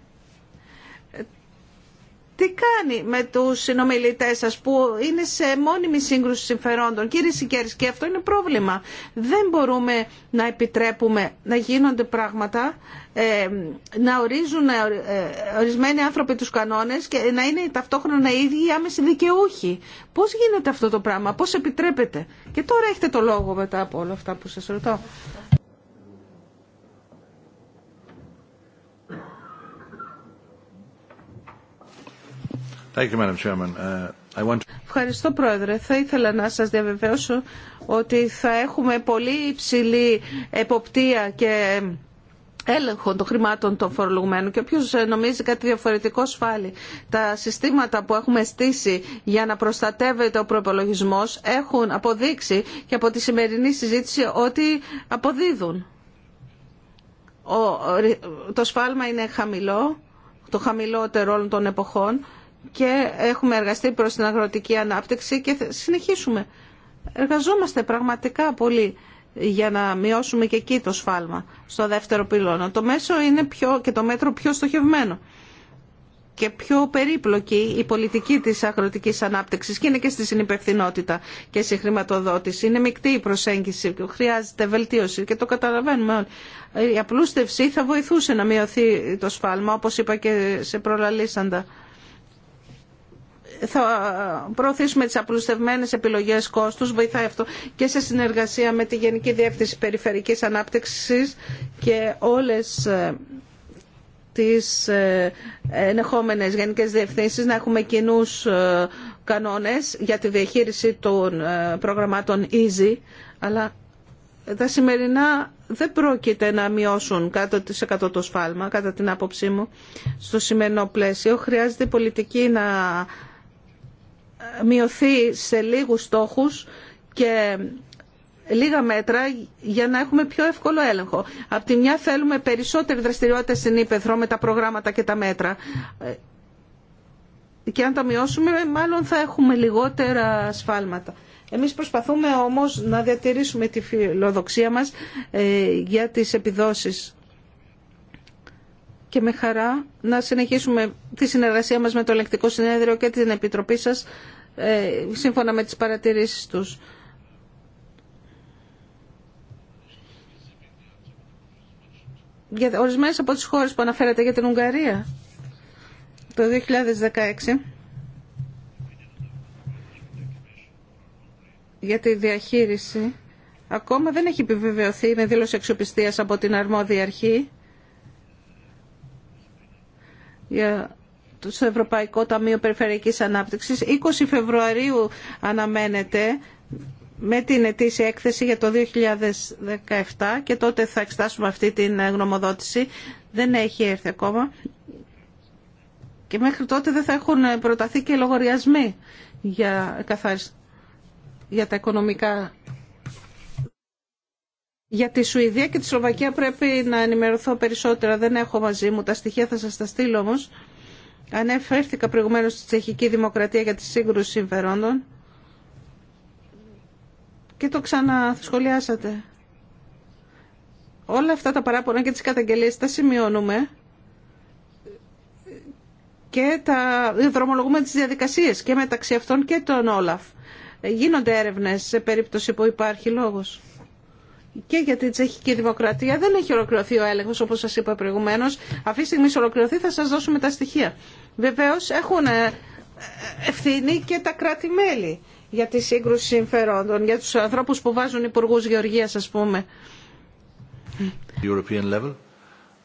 τι κάνει με τους συνομιλητέ σας που είναι σε μόνιμη σύγκρουση συμφερόντων. Κύριε Σικέρης, και αυτό είναι πρόβλημα. Δεν μπορούμε να επιτρέπουμε να γίνονται πράγματα, ε, να ορίζουν ε, ορισμένοι άνθρωποι τους κανόνες και να είναι ταυτόχρονα οι ίδιοι οι άμεση δικαιούχοι. Πώς γίνεται αυτό το πράγμα, πώς επιτρέπεται. Και τώρα έχετε το λόγο μετά από όλα αυτά που σα ρωτώ. Uh, Ευχαριστώ Πρόεδρε. Θα ήθελα να σας διαβεβαίωσω ότι θα έχουμε πολύ υψηλή εποπτεία και έλεγχο των χρημάτων των φορολογουμένων και όποιος ε, νομίζει κάτι διαφορετικό σφάλει. Τα συστήματα που έχουμε στήσει για να προστατεύεται ο προπολογισμό έχουν αποδείξει και από τη σημερινή συζήτηση ότι αποδίδουν. το σφάλμα είναι χαμηλό, το χαμηλότερο όλων των εποχών και έχουμε εργαστεί προς την αγροτική ανάπτυξη και θα συνεχίσουμε. Εργαζόμαστε πραγματικά πολύ για να μειώσουμε και εκεί το σφάλμα στο δεύτερο πυλώνα. Το μέσο είναι πιο, και το μέτρο πιο στοχευμένο και πιο περίπλοκη η πολιτική της αγροτικής ανάπτυξης και είναι και στη συνυπευθυνότητα και στη χρηματοδότηση. Είναι μεικτή η προσέγγιση, χρειάζεται βελτίωση και το καταλαβαίνουμε όλοι. Η απλούστευση θα βοηθούσε να μειωθεί το σφάλμα, όπως είπα και σε προλαλήσαντα θα προωθήσουμε τις απλουστευμένες επιλογές κόστους, βοηθάει αυτό και σε συνεργασία με τη Γενική Διεύθυνση Περιφερικής Ανάπτυξης και όλες ε, τις ε, ενεχόμενες γενικές διευθύνσεις να έχουμε κοινού ε, κανόνες για τη διαχείριση των προγραμμάτων EASY, αλλά τα σημερινά δεν πρόκειται να μειώσουν κάτω της 100 το σφάλμα, κατά την άποψή μου, στο σημερινό πλαίσιο. Χρειάζεται πολιτική να μειωθεί σε λίγους στόχους και λίγα μέτρα για να έχουμε πιο εύκολο έλεγχο. Απ' τη μια θέλουμε περισσότερη δραστηριότητα στην Ήπεθρο με τα προγράμματα και τα μέτρα. Και αν τα μειώσουμε, μάλλον θα έχουμε λιγότερα σφάλματα. Εμείς προσπαθούμε όμως να διατηρήσουμε τη φιλοδοξία μας ε, για τις επιδόσεις και με χαρά να συνεχίσουμε τη συνεργασία μας με το Ελεκτικό Συνέδριο και την Επιτροπή σας ε, σύμφωνα με τις παρατηρήσεις τους. Για ορισμένες από τις χώρες που αναφέρατε για την Ουγγαρία το 2016 για τη διαχείριση ακόμα δεν έχει επιβεβαιωθεί με δήλωση αξιοπιστίας από την αρμόδια αρχή για το Ευρωπαϊκό Ταμείο Περιφερειακής Ανάπτυξης. 20 Φεβρουαρίου αναμένεται με την ετήσια έκθεση για το 2017 και τότε θα εξετάσουμε αυτή την γνωμοδότηση. Δεν έχει έρθει ακόμα. Και μέχρι τότε δεν θα έχουν προταθεί και λογαριασμοί για, για τα οικονομικά για τη Σουηδία και τη Σλοβακία πρέπει να ενημερωθώ περισσότερα. Δεν έχω μαζί μου τα στοιχεία, θα σα τα στείλω όμω. Ανέφερθηκα προηγουμένω στη Τσεχική Δημοκρατία για τη σύγκρουση συμφερόντων και το ξανασχολιάσατε. Όλα αυτά τα παράπονα και τις καταγγελίες τα σημειώνουμε και τα δρομολογούμε τις διαδικασίες και μεταξύ αυτών και των Όλαφ. Γίνονται έρευνες σε περίπτωση που υπάρχει λόγος και για την τσεχική δημοκρατία δεν έχει ολοκληρωθεί ο έλεγχο, όπω σα είπα προηγουμένω. Αυτή τη στιγμή ολοκληρωθεί, θα σα δώσουμε τα στοιχεία. Βεβαίω έχουν ε, ευθύνη και τα κράτη-μέλη για τη σύγκρουση συμφερόντων, για του ανθρώπου που βάζουν υπουργού γεωργία, α πούμε. European level.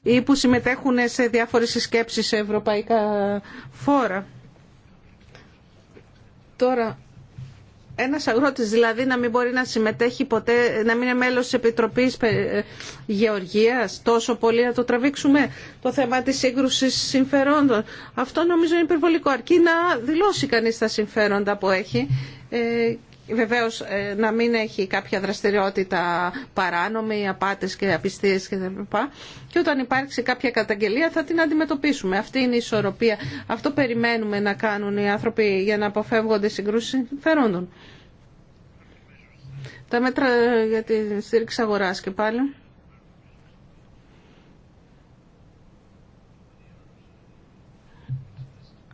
Ή που συμμετέχουν σε διάφορε συσκέψει σε ευρωπαϊκά φόρα. Τώρα, ένα αγρότη, δηλαδή να μην μπορεί να συμμετέχει ποτέ, να μην είναι μέλος τη Επιτροπής Γεωργίας, τόσο πολύ να το τραβήξουμε το θέμα της σύγκρουση συμφερόντων. Αυτό νομίζω είναι υπερβολικό, αρκεί να δηλώσει κανείς τα συμφέροντα που έχει ε, βεβαίως ε, να μην έχει κάποια δραστηριότητα παράνομη, απάτε και απιστίες και Και όταν υπάρξει κάποια καταγγελία θα την αντιμετωπίσουμε. Αυτή είναι η ισορροπία. Αυτό περιμένουμε να κάνουν οι άνθρωποι για να αποφεύγονται συγκρούσεις συμφερόντων. Τα μέτρα για τη στήριξη αγορά και πάλι.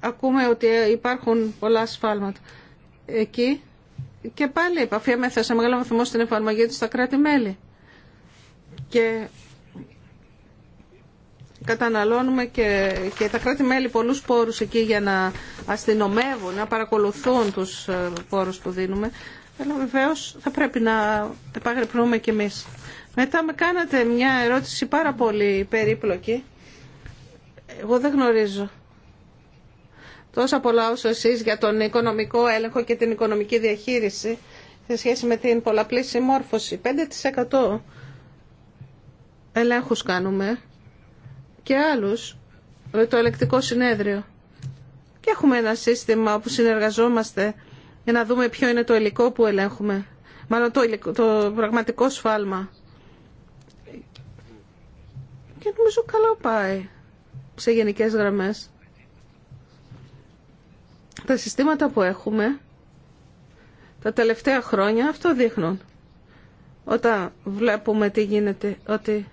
Ακούμε ότι υπάρχουν πολλά ασφάλματα. Εκεί και πάλι έμεθα σε μεγάλο βαθμό στην εφαρμογή της στα κράτη-μέλη. Και καταναλώνουμε και, και τα κράτη-μέλη πολλούς πόρους εκεί για να αστυνομεύουν, να παρακολουθούν τους ε, πόρους που δίνουμε. Αλλά βεβαίως θα πρέπει να επαγρυπνούμε κι εμείς. Μετά με κάνατε μια ερώτηση πάρα πολύ περίπλοκη. Εγώ δεν γνωρίζω τόσα πολλά όσο εσείς για τον οικονομικό έλεγχο και την οικονομική διαχείριση σε σχέση με την πολλαπλή συμμόρφωση. 5% ελέγχους κάνουμε και άλλους με το ελεκτικό συνέδριο. Και έχουμε ένα σύστημα όπου συνεργαζόμαστε για να δούμε ποιο είναι το υλικό που ελέγχουμε. Μάλλον το, υλικό, το πραγματικό σφάλμα. Και νομίζω καλό πάει σε γενικές γραμμές. Τα συστήματα που έχουμε τα τελευταία χρόνια αυτό δείχνουν. Όταν βλέπουμε τι γίνεται, ότι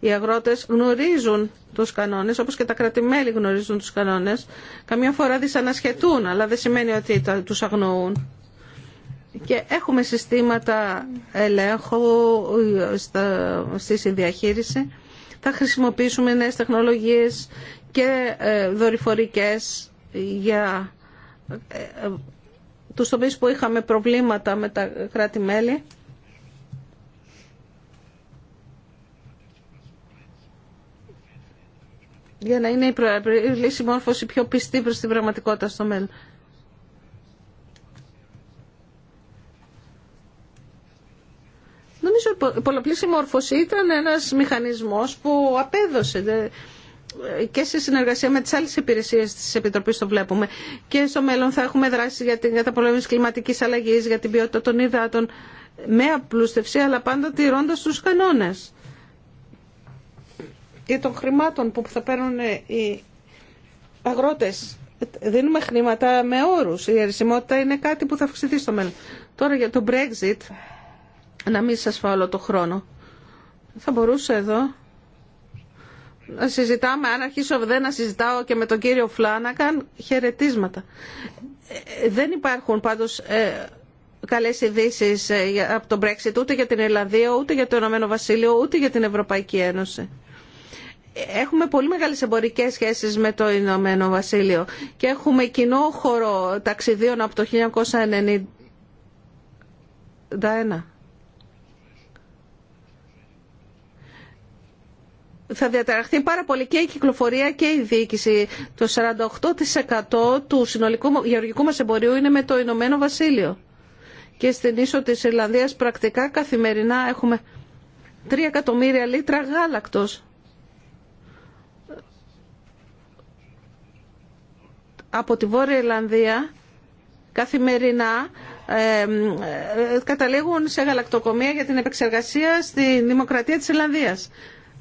οι αγρότες γνωρίζουν τους κανόνες, όπως και τα κρατημέλη γνωρίζουν τους κανόνες. Καμιά φορά δυσανασχετούν, αλλά δεν σημαίνει ότι τους αγνοούν. Και έχουμε συστήματα ελέγχου ε, στη συνδιαχείριση. Θα χρησιμοποιήσουμε νέες τεχνολογίες και ε, δορυφορικές για ε, ε, τους τομείς που είχαμε προβλήματα με τα κράτη-μέλη. για να είναι η λύση μόρφωση πιο πιστή προς την πραγματικότητα στο μέλλον. Νομίζω η πολλαπλή συμμόρφωση ήταν ένας μηχανισμός που απέδωσε και σε συνεργασία με τις άλλες υπηρεσίες της Επιτροπής το βλέπουμε. Και στο μέλλον θα έχουμε δράσει για την καταπολέμηση κλιματικής αλλαγής, για την ποιότητα των υδάτων, με απλούστευση, αλλά πάντα τηρώντας τους κανόνες και των χρημάτων που θα παίρνουν οι αγρότες. Δίνουμε χρήματα με όρους. Η αρισιμότητα είναι κάτι που θα αυξηθεί στο μέλλον. Τώρα για το Brexit, να μην σας φάω όλο το χρόνο, θα μπορούσε εδώ συζητάμε, αν αρχίσω δεν να συζητάω και με τον κύριο Φλάνακαν, χαιρετίσματα. Ε, δεν υπάρχουν πάντως ε, καλές ειδήσει ε, από τον Brexit ούτε για την Ελλαδία, ούτε για το Ηνωμένο Βασίλειο, ούτε για την Ευρωπαϊκή Ένωση. Έχουμε πολύ μεγάλες εμπορικές σχέσεις με το Ηνωμένο Βασίλειο και έχουμε κοινό χώρο ταξιδίων από το 1991. θα διαταραχθεί πάρα πολύ και η κυκλοφορία και η διοίκηση. Το 48% του συνολικού γεωργικού μας εμπορίου είναι με το Ηνωμένο Βασίλειο. Και στην ίσο της Ιρλανδίας πρακτικά καθημερινά έχουμε 3 εκατομμύρια λίτρα γάλακτος. Από τη Βόρεια Ιρλανδία καθημερινά ε, καταλήγουν σε γαλακτοκομεία για την επεξεργασία στη Δημοκρατία της Ιρλανδίας.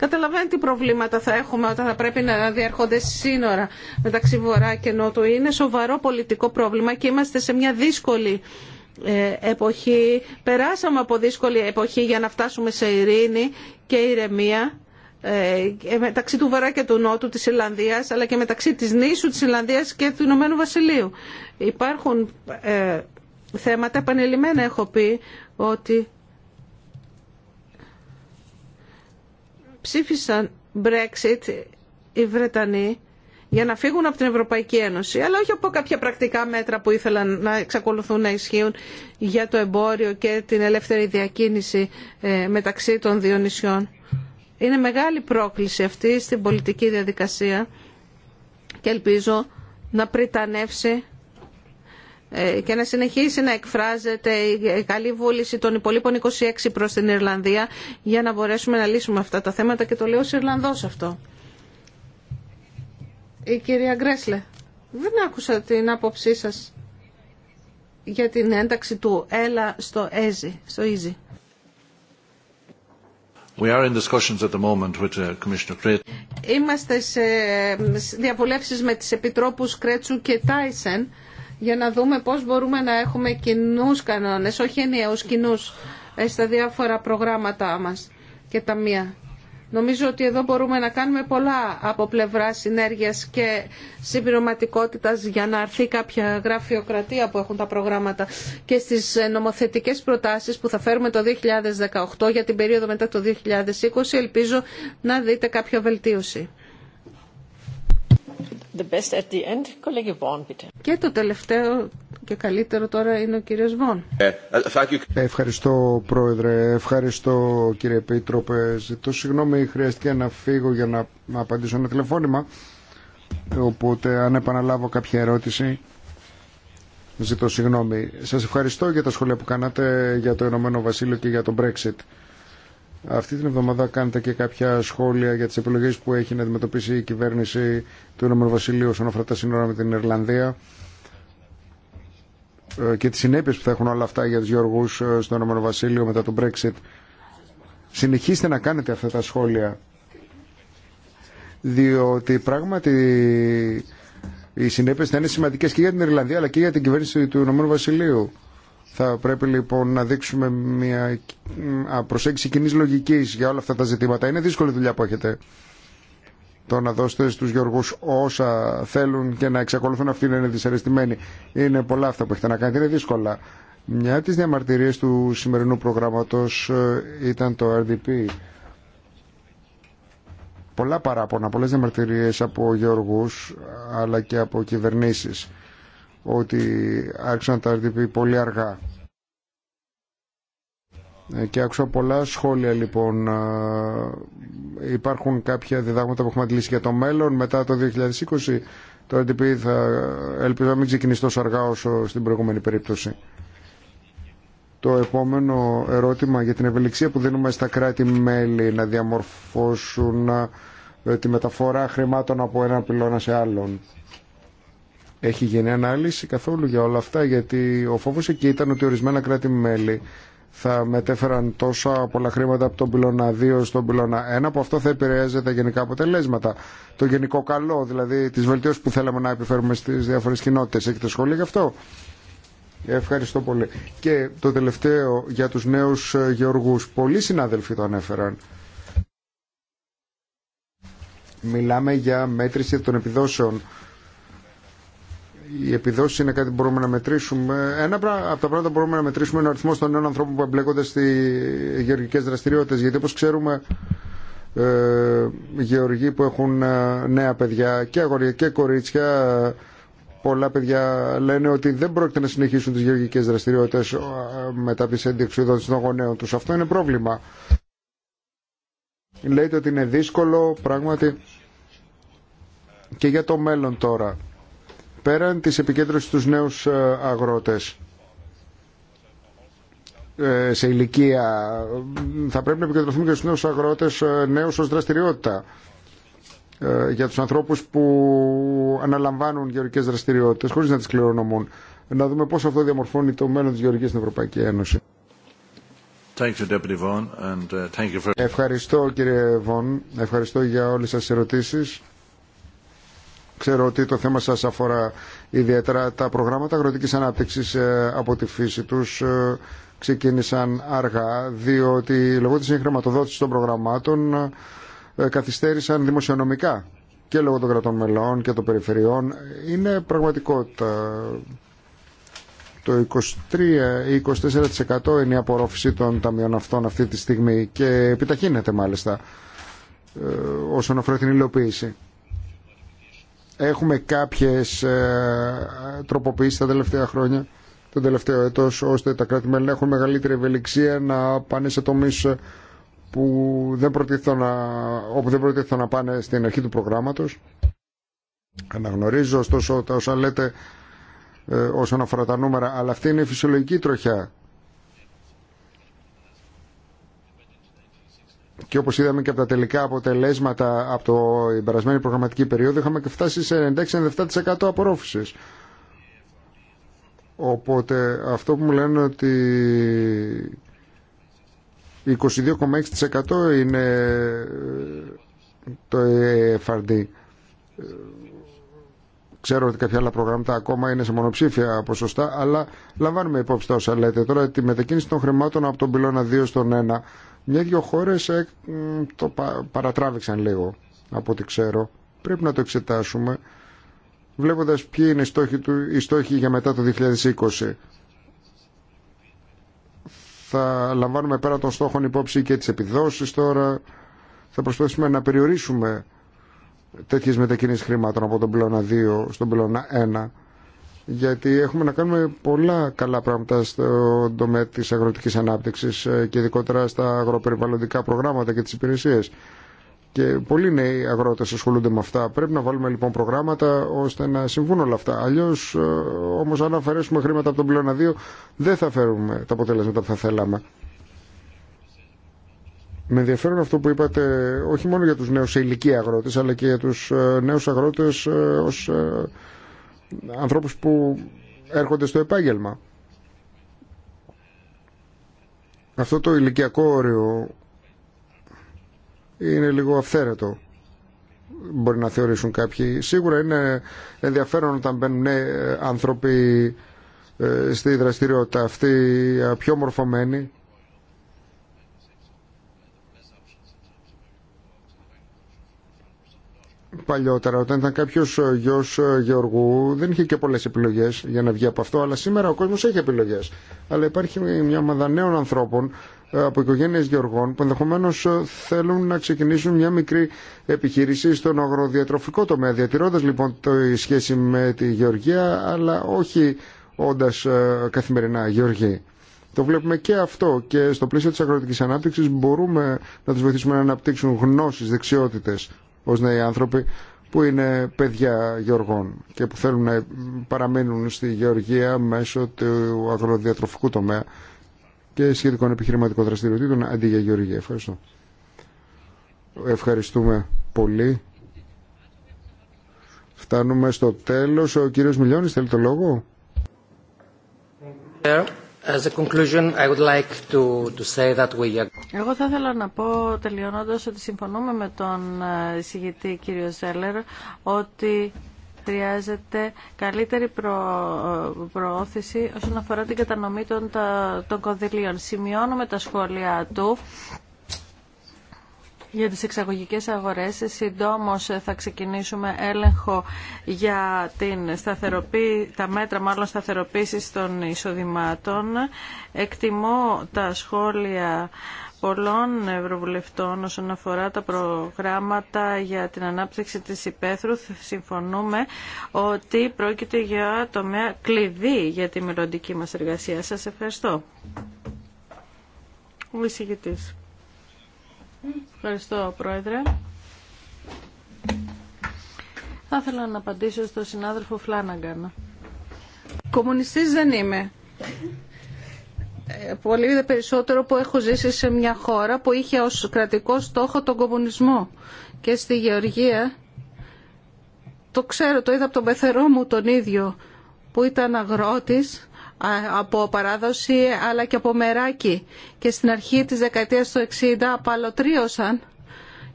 Καταλαβαίνετε τι προβλήματα θα έχουμε όταν θα πρέπει να διερχόνται σύνορα μεταξύ Βορρά και Νότου. Είναι σοβαρό πολιτικό πρόβλημα και είμαστε σε μια δύσκολη ε, εποχή. Περάσαμε από δύσκολη εποχή για να φτάσουμε σε ειρήνη και ηρεμία ε, μεταξύ του Βορρά και του Νότου της Ιλλανδίας αλλά και μεταξύ της νήσου της Ιλλανδίας και του Ηνωμένου Βασιλείου. Υπάρχουν ε, θέματα επανειλημμένα έχω πει ότι ψήφισαν Brexit οι Βρετανοί για να φύγουν από την Ευρωπαϊκή Ένωση, αλλά όχι από κάποια πρακτικά μέτρα που ήθελαν να εξακολουθούν να ισχύουν για το εμπόριο και την ελεύθερη διακίνηση ε, μεταξύ των δύο νησιών. Είναι μεγάλη πρόκληση αυτή στην πολιτική διαδικασία και ελπίζω να πριτανεύσει ε, και να συνεχίσει να εκφράζεται η καλή βούληση των υπολείπων 26 προς την Ιρλανδία για να μπορέσουμε να λύσουμε αυτά τα θέματα και το λέω ως Ιρλανδός αυτό. Η κυρία Γκρέσλε, δεν άκουσα την άποψή σας για την ένταξη του ΕΛΑ στο ΕΖΙ, στο ΕΖΙ. We are in discussions at the moment with uh, Commissioner Είμαστε σε διαβουλεύσεις με τις Επιτρόπους Κρέτσου και Τάισεν για να δούμε πώς μπορούμε να έχουμε κοινού κανόνες, όχι ενιαίους κοινού ε, στα διάφορα προγράμματά μας και τα μία. Νομίζω ότι εδώ μπορούμε να κάνουμε πολλά από πλευρά συνέργειας και συμπληρωματικότητα για να αρθεί κάποια γραφειοκρατία που έχουν τα προγράμματα και στις ε, νομοθετικές προτάσεις που θα φέρουμε το 2018 για την περίοδο μετά το 2020 ελπίζω να δείτε κάποια βελτίωση. The best at the end, και το τελευταίο και καλύτερο τώρα είναι ο κύριος Βόν. Ε, ε, ε, ευχαριστώ πρόεδρε, ευχαριστώ κύριε Επίτροπε. Ζητώ συγγνώμη, χρειαστήκε να φύγω για να απαντήσω ένα τηλεφώνημα. Οπότε αν επαναλάβω κάποια ερώτηση, ζητώ συγγνώμη. Σας ευχαριστώ για τα σχόλια που κάνατε για το Ηνωμένο Βασίλειο και για το Brexit. Αυτή την εβδομάδα κάνετε και κάποια σχόλια για τις επιλογές που έχει να αντιμετωπίσει η κυβέρνηση του Ηνωμένου Βασιλείου όσον αφορά τα σύνορα με την Ιρλανδία ε, και τις συνέπειες που θα έχουν όλα αυτά για τους Γιώργους ε, στο Ηνωμένο Βασίλειο μετά τον Brexit. Συνεχίστε να κάνετε αυτά τα σχόλια διότι πράγματι οι συνέπειες θα είναι σημαντικές και για την Ιρλανδία αλλά και για την κυβέρνηση του Ηνωμένου Βασιλείου. Θα πρέπει λοιπόν να δείξουμε μια προσέγγιση κοινή λογική για όλα αυτά τα ζητήματα. Είναι δύσκολη δουλειά που έχετε. Το να δώσετε στου Γεωργού όσα θέλουν και να εξακολουθούν αυτοί να είναι δυσαρεστημένοι. Είναι πολλά αυτά που έχετε να κάνετε. Είναι δύσκολα. Μια από τι διαμαρτυρίε του σημερινού προγράμματο ε, ήταν το RDP. Πολλά παράπονα, πολλέ διαμαρτυρίε από Γεωργού αλλά και από κυβερνήσει ότι άρχισαν τα RDP πολύ αργά. Ε, και άκουσα πολλά σχόλια λοιπόν. Ε, υπάρχουν κάποια διδάγματα που έχουμε αντιλήσει για το μέλλον. Μετά το 2020 το RDP θα ελπίζω να μην ξεκινήσει τόσο αργά όσο στην προηγούμενη περίπτωση. Το επόμενο ερώτημα για την ευελιξία που δίνουμε στα κράτη-μέλη να διαμορφώσουν ε, τη μεταφορά χρημάτων από έναν πυλώνα σε άλλον. Έχει γίνει ανάλυση καθόλου για όλα αυτά, γιατί ο φόβος εκεί ήταν ότι ορισμένα κράτη-μέλη θα μετέφεραν τόσα πολλά χρήματα από τον πυλώνα 2 στον πυλώνα 1 που αυτό θα επηρεάζει τα γενικά αποτελέσματα. Το γενικό καλό, δηλαδή τις βελτιώσεις που θέλαμε να επιφέρουμε στις διάφορες κοινότητες. Έχετε σχόλια γι' αυτό. Ευχαριστώ πολύ. Και το τελευταίο για τους νέους ε, γεωργούς. Πολλοί συνάδελφοι το ανέφεραν. Μιλάμε για μέτρηση των επιδόσεων οι επιδόσει είναι κάτι που μπορούμε να μετρήσουμε. Ένα από τα πράγματα που μπορούμε να μετρήσουμε είναι ο αριθμό των νέων ανθρώπων που εμπλέκονται στι γεωργικέ δραστηριότητε. Γιατί όπω ξέρουμε, ε, γεωργοί που έχουν ε, νέα παιδιά και αγόρια και κορίτσια, πολλά παιδιά λένε ότι δεν πρόκειται να συνεχίσουν τι γεωργικέ δραστηριότητε ε, μετά τη συνδιεξουδότηση των γονέων του. Αυτό είναι πρόβλημα. Λέτε ότι είναι δύσκολο, πράγματι. Και για το μέλλον τώρα πέραν της επικέντρωσης στους νέους ε, αγρότες ε, σε ηλικία θα πρέπει να επικεντρωθούμε και στους νέους αγρότες ε, νέους ως δραστηριότητα για τους ανθρώπους που αναλαμβάνουν γεωργικές δραστηριότητες χωρίς να τις κληρονομούν να δούμε πώς αυτό διαμορφώνει το μέλλον της γεωργίας στην Ευρωπαϊκή Ένωση uh, Ευχαριστώ κύριε Βον ευχαριστώ για όλες σας τις ερωτήσεις Ξέρω ότι το θέμα σας αφορά ιδιαίτερα τα προγράμματα αγροτικής ανάπτυξης ε, από τη φύση τους ε, ξεκίνησαν αργά διότι λόγω της χρηματοδότηση των προγραμμάτων ε, καθυστέρησαν δημοσιονομικά και λόγω των κρατών μελών και των περιφερειών. Είναι πραγματικότητα. Το 23-24% είναι η απορρόφηση των ταμείων αυτών αυτή τη στιγμή και επιταχύνεται μάλιστα όσον αφορά την υλοποίηση. Έχουμε κάποιες ε, τροποποιήσεις τα τελευταία χρόνια, το τελευταίο έτος, ώστε τα κράτη-μέλη να έχουν μεγαλύτερη ευελιξία να πάνε σε τομείς που δεν να, όπου δεν προτίθεται να πάνε στην αρχή του προγράμματος. Αναγνωρίζω ωστόσο τα όσα λέτε ε, όσον αφορά τα νούμερα, αλλά αυτή είναι η φυσιολογική τροχιά Και όπως είδαμε και από τα τελικά αποτελέσματα από το περασμένη προγραμματική περίοδο είχαμε και φτάσει σε 96-97% απορρόφησης. Οπότε αυτό που μου λένε ότι 22,6% είναι ε, το FRD. Ε ε, ξέρω ότι κάποια άλλα προγράμματα ακόμα είναι σε μονοψήφια ποσοστά, αλλά λαμβάνουμε υπόψη τα όσα λέτε. Τώρα τη μετακίνηση των χρημάτων από τον πυλώνα 2 στον 1 μια-δυο χώρες ε, το παρατράβηξαν λίγο από ό,τι ξέρω. Πρέπει να το εξετάσουμε βλέποντας ποιοι είναι οι στόχοι, του, για μετά το 2020. Θα λαμβάνουμε πέρα των στόχων υπόψη και τις επιδόσεις τώρα. Θα προσπαθήσουμε να περιορίσουμε τέτοιες μετακινήσεις χρημάτων από τον πλώνα 2 στον πλώνα 1 γιατί έχουμε να κάνουμε πολλά καλά πράγματα στον τομέα της αγροτικής ανάπτυξης ε, και ειδικότερα στα αγροπεριβαλλοντικά προγράμματα και τις υπηρεσίες. Και πολλοί νέοι αγρότες ασχολούνται με αυτά. Πρέπει να βάλουμε λοιπόν προγράμματα ώστε να συμβούν όλα αυτά. Αλλιώς ε, όμως αν αφαιρέσουμε χρήματα από τον πλέον 2 δεν θα φέρουμε τα αποτελέσματα που θα θέλαμε. Με ενδιαφέρον αυτό που είπατε όχι μόνο για τους νέους σε ηλικία αγρότες αλλά και για τους ε, νέους αγρότες ως ανθρώπους που έρχονται στο επάγγελμα. Αυτό το ηλικιακό όριο είναι λίγο αυθαίρετο. Μπορεί να θεωρήσουν κάποιοι. Σίγουρα είναι ενδιαφέρον όταν μπαίνουν ε, άνθρωποι ε, στη δραστηριότητα αυτή, ε, πιο μορφωμένοι παλιότερα όταν ήταν κάποιος ε, γιο ε, Γεωργού δεν είχε και πολλέ επιλογέ για να βγει από αυτό αλλά σήμερα ο κόσμο έχει επιλογέ. αλλά υπάρχει μια ομάδα νέων ανθρώπων ε, από οικογένειε γεωργών που ενδεχομένω θέλουν να ξεκινήσουν μια μικρή επιχείρηση στον αγροδιατροφικό τομέα διατηρώντα λοιπόν τη σχέση με τη γεωργία αλλά όχι όντα καθημερινά γεωργή. Το βλέπουμε και αυτό και στο πλαίσιο της αγροτικής ανάπτυξης μπορούμε να τους βοηθήσουμε να αναπτύξουν γνώσεις, δεξιότητες ως νέοι άνθρωποι που είναι παιδιά γεωργών και που θέλουν να παραμείνουν στη γεωργία μέσω του αγροδιατροφικού τομέα και σχετικών επιχειρηματικών δραστηριοτήτων αντί για γεωργία. Ευχαριστώ. Ευχαριστούμε πολύ. Φτάνουμε στο τέλος. Ο κύριος Μιλιώνης θέλει το λόγο. Εγώ θα ήθελα να πω τελειώνοντας ότι συμφωνούμε με τον ε, εισηγητή κύριο Σέλερ ότι χρειάζεται καλύτερη προ, ε, προώθηση όσον αφορά την κατανομή των, των κονδυλίων. Σημειώνουμε τα σχόλιά του για τις εξαγωγικές αγορές. Συντόμως ε, θα ξεκινήσουμε έλεγχο για την τα μέτρα μάλλον σταθεροποίησης των εισοδημάτων. Εκτιμώ τα σχόλια πολλών ευρωβουλευτών όσον αφορά τα προγράμματα για την ανάπτυξη της υπαίθρου συμφωνούμε ότι πρόκειται για τομέα κλειδί για τη μελλοντική μας εργασία. Σας ευχαριστώ. Ευχαριστώ, Πρόεδρε. Θα ήθελα να απαντήσω στον συνάδελφο Φλάναγκαν. Κομμουνιστής δεν είμαι. Ε, πολύ περισσότερο που έχω ζήσει σε μια χώρα που είχε ως κρατικό στόχο τον κομμουνισμό. Και στη Γεωργία, το ξέρω, το είδα από τον πεθερό μου τον ίδιο, που ήταν αγρότης από παράδοση αλλά και από μεράκι. Και στην αρχή της δεκαετίας του 60 απαλωτρίωσαν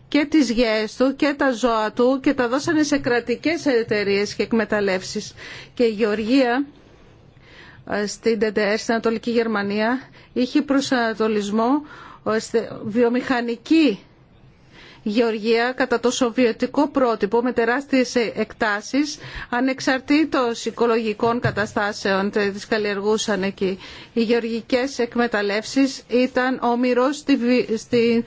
και τις γέες του και τα ζώα του και τα δώσανε σε κρατικές εταιρείε και εκμεταλλεύσεις. Και η Γεωργία ε, στην στην Ανατολική Γερμανία, είχε προσανατολισμό ε, βιομηχανική γεωργία κατά το σοβιετικό πρότυπο με τεράστιες ε, εκτάσεις ανεξαρτήτως οικολογικών καταστάσεων τις καλλιεργούσαν εκεί. Οι γεωργικές εκμεταλλεύσεις ήταν όμοιρος στη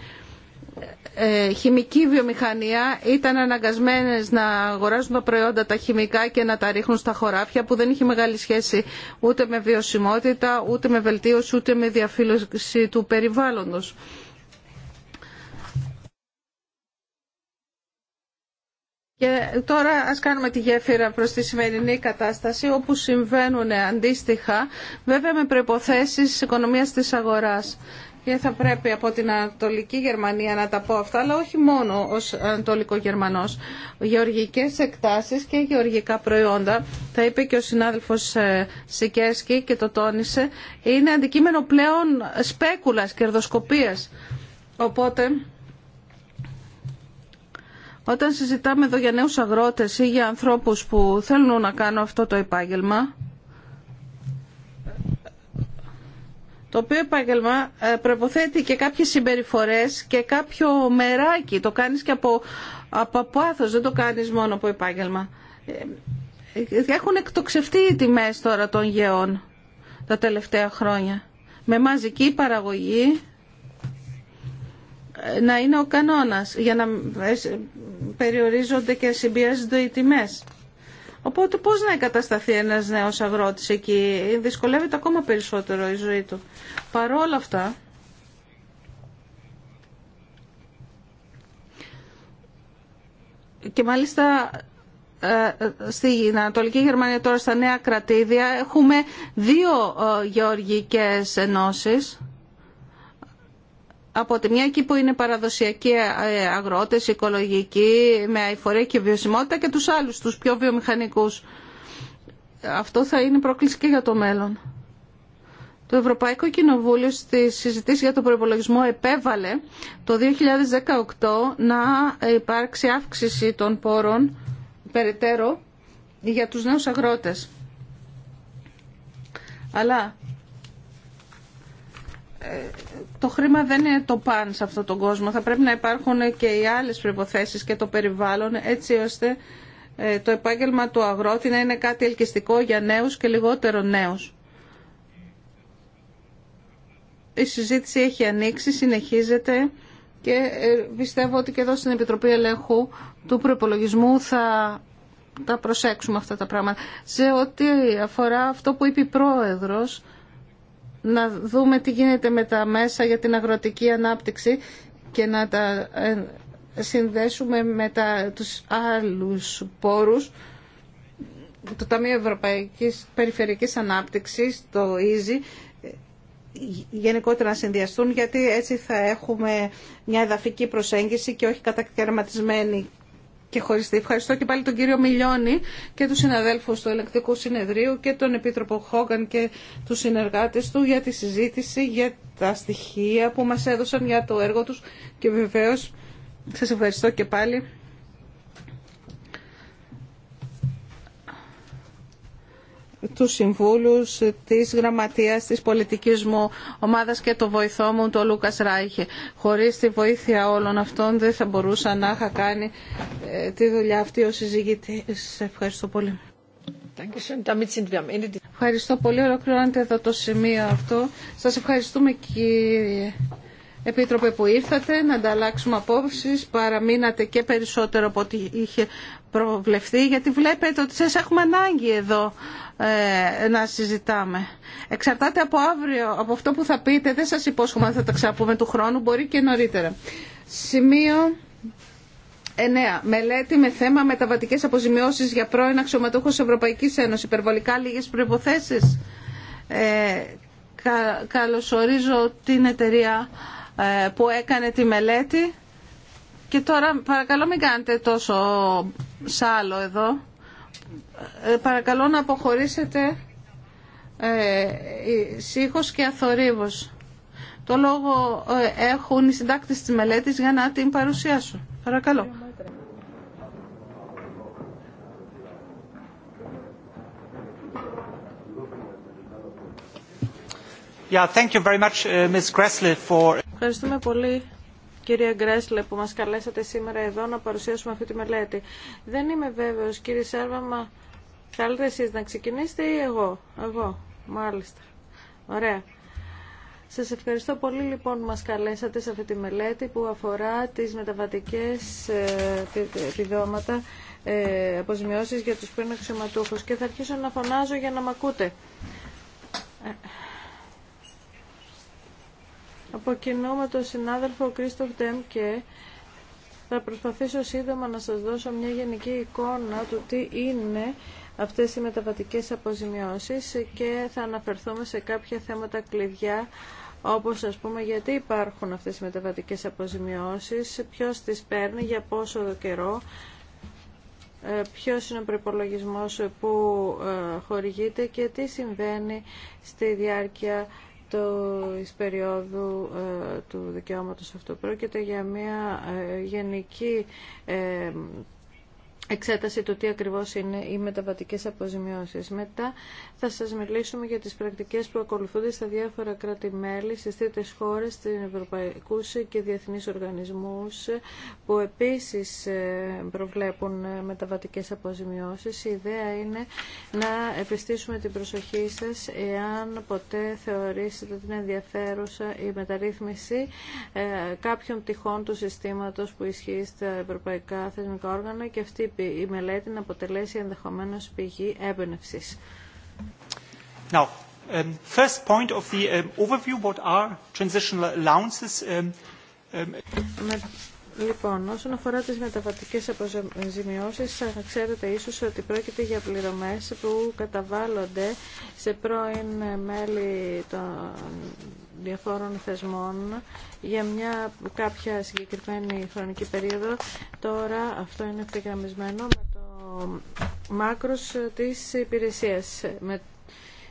ε, χημική βιομηχανία ήταν αναγκασμένες να αγοράζουν τα προϊόντα τα χημικά και να τα ρίχνουν στα χωράφια που δεν είχε μεγάλη σχέση ούτε με βιωσιμότητα, ούτε με βελτίωση, ούτε με διαφύλωση του περιβάλλοντος. Και τώρα ας κάνουμε τη γέφυρα προς τη σημερινή κατάσταση όπου συμβαίνουν αντίστοιχα βέβαια με προϋποθέσεις οικονομίας της αγοράς. Και θα πρέπει από την Ανατολική Γερμανία να τα πω αυτά, αλλά όχι μόνο ως Ανατολικό Γερμανός. Γεωργικές εκτάσεις και γεωργικά προϊόντα, θα είπε και ο συνάδελφος ε, Σικέσκι, και το τόνισε, είναι αντικείμενο πλέον σπέκουλας, κερδοσκοπίας. Οπότε όταν συζητάμε εδώ για νέους αγρότες ή για ανθρώπους που θέλουν να κάνουν αυτό το επάγγελμα, το οποίο επάγγελμα ε, προποθέτει και κάποιες συμπεριφορές και κάποιο μεράκι. Το κάνεις και από, από δεν το κάνεις μόνο από επάγγελμα. Ε, έχουν εκτοξευτεί οι τιμές τώρα των γεών τα τελευταία χρόνια. Με μαζική παραγωγή να είναι ο κανόνας για να ε, περιορίζονται και συμπιέζονται οι τιμές. Οπότε πώς να εγκατασταθεί ένας νέος αγρότης εκεί, δυσκολεύεται ακόμα περισσότερο η ζωή του. Παρόλα αυτά, και μάλιστα ε, ε, στην Ανατολική Γερμανία τώρα στα νέα κρατήδια έχουμε δύο γεωργικές ενώσεις από τη μια εκεί που είναι παραδοσιακοί ε, αγρότες, οικολογικοί, με αηφορία και βιωσιμότητα και τους άλλους, τους πιο βιομηχανικούς. Αυτό θα είναι πρόκληση και για το μέλλον. Το Ευρωπαϊκό Κοινοβούλιο στη συζητήση για τον προπολογισμό επέβαλε το 2018 να υπάρξει αύξηση των πόρων περαιτέρω για τους νέους αγρότες. Αλλά το χρήμα δεν είναι το παν σε αυτόν τον κόσμο. Θα πρέπει να υπάρχουν και οι άλλες προϋποθέσεις και το περιβάλλον έτσι ώστε ε, το επάγγελμα του αγρότη να είναι κάτι ελκυστικό για νέους και λιγότερο νέους. Η συζήτηση έχει ανοίξει, συνεχίζεται και ε, πιστεύω ότι και εδώ στην Επιτροπή Ελέγχου του Προπολογισμού θα τα προσέξουμε αυτά τα πράγματα. Σε ό,τι αφορά αυτό που είπε η Πρόεδρος, να δούμε τι γίνεται με τα μέσα για την αγροτική ανάπτυξη και να τα ε, συνδέσουμε με τα, τους άλλους πόρους το Ταμείο Ευρωπαϊκής Περιφερειακής Ανάπτυξης, το EASY, γενικότερα να συνδυαστούν γιατί έτσι θα έχουμε μια εδαφική προσέγγιση και όχι κατακαιρματισμένη και χωριστή. Ευχαριστώ και πάλι τον κύριο Μιλιώνη και τους συναδέλφου του Ελεκτικού Συνεδρίου και τον Επίτροπο Χόγκαν και τους συνεργάτες του για τη συζήτηση, για τα στοιχεία που μας έδωσαν για το έργο τους και βεβαίως σας ευχαριστώ και πάλι τους συμβούλους της γραμματείας της πολιτικής μου ομάδας και το βοηθό μου, τον Λούκας Ράιχε. Χωρίς τη βοήθεια όλων αυτών δεν θα μπορούσα να είχα κάνει ε, τη δουλειά αυτή ως Σας Ευχαριστώ πολύ. Ευχαριστώ πολύ. Ολοκληρώνεται εδώ το σημείο αυτό. Σας ευχαριστούμε κύριε. Επίτροπε που ήρθατε, να ανταλλάξουμε απόψεις, παραμείνατε και περισσότερο από ό,τι είχε προβλεφθεί, γιατί βλέπετε ότι σας έχουμε ανάγκη εδώ ε, να συζητάμε. Εξαρτάται από αύριο, από αυτό που θα πείτε, δεν σας υπόσχομαι ότι θα τα ξαπούμε του χρόνου, μπορεί και νωρίτερα. Σημείο 9. Μελέτη με θέμα μεταβατικές αποζημιώσεις για πρώην αξιωματούχο Ευρωπαϊκή Ένωση, Υπερβολικά λίγε προποθέσει. Ε, κα, καλωσορίζω την εταιρεία ε, που έκανε τη μελέτη. Και τώρα παρακαλώ μην κάνετε τόσο σάλο εδώ. Ε, παρακαλώ να αποχωρήσετε ε, και αθορύβος. Το λόγο ε, έχουν οι συντάκτες της μελέτης για να την παρουσιάσουν. Παρακαλώ. Uh, Ευχαριστούμε πολύ κυρία Γκρέσλε που μας καλέσατε σήμερα εδώ να παρουσιάσουμε αυτή τη μελέτη. Δεν είμαι βέβαιος κύριε μα θέλετε εσείς να ξεκινήσετε ή εγώ. Εγώ, μάλιστα. Ωραία. Σας ευχαριστώ πολύ λοιπόν που μας καλέσατε σε αυτή τη μελέτη που αφορά τις μεταβατικές ε, επιδόματα ε, για τους πριν αξιωματούχους και θα αρχίσω να φωνάζω για να μ' ακούτε από κοινού με τον συνάδελφο Κρίστοφ Τέμκε θα προσπαθήσω σύντομα να σας δώσω μια γενική εικόνα του τι είναι αυτές οι μεταβατικές αποζημιώσεις και θα αναφερθούμε σε κάποια θέματα κλειδιά όπως ας πούμε γιατί υπάρχουν αυτές οι μεταβατικές αποζημιώσεις, ποιος τις παίρνει, για πόσο καιρό, ε, ποιος είναι ο προπολογισμό που ε, χορηγείται και τι συμβαίνει στη διάρκεια το περίοδου ε, του δικαιώματος Αυτό Πρόκειται για μια ε, γενική ε, εξέταση το τι ακριβώς είναι οι μεταβατικές αποζημιώσεις. Μετά θα σας μιλήσουμε για τις πρακτικές που ακολουθούνται στα διάφορα κράτη-μέλη, στις τρίτες χώρες, στις ευρωπαϊκούς και διεθνείς οργανισμούς, που επίσης ε, προβλέπουν ε, μεταβατικές αποζημιώσεις. Η ιδέα είναι να επιστήσουμε την προσοχή σας εάν ποτέ θεωρήσετε την ενδιαφέρουσα η μεταρρύθμιση ε, κάποιων πτυχών του συστήματος που ισχύει στα ευρωπαϊκά θεσμικά όργανα και αυτή η μελέτη να αποτελέσει ενδεχομένως πηγή έμπνευσης. Now, um, first point of the um, overview, what are transitional allowances? Um, um... Λοιπόν, όσον αφορά τις μεταβατικές αποζημιώσεις, ξέρετε ίσως ότι πρόκειται για πληρωμές που καταβάλλονται σε πρώην μέλη των διαφόρων θεσμών για μια κάποια συγκεκριμένη χρονική περίοδο. Τώρα αυτό είναι ευθυγραμμισμένο με το μάκρος της υπηρεσίας, με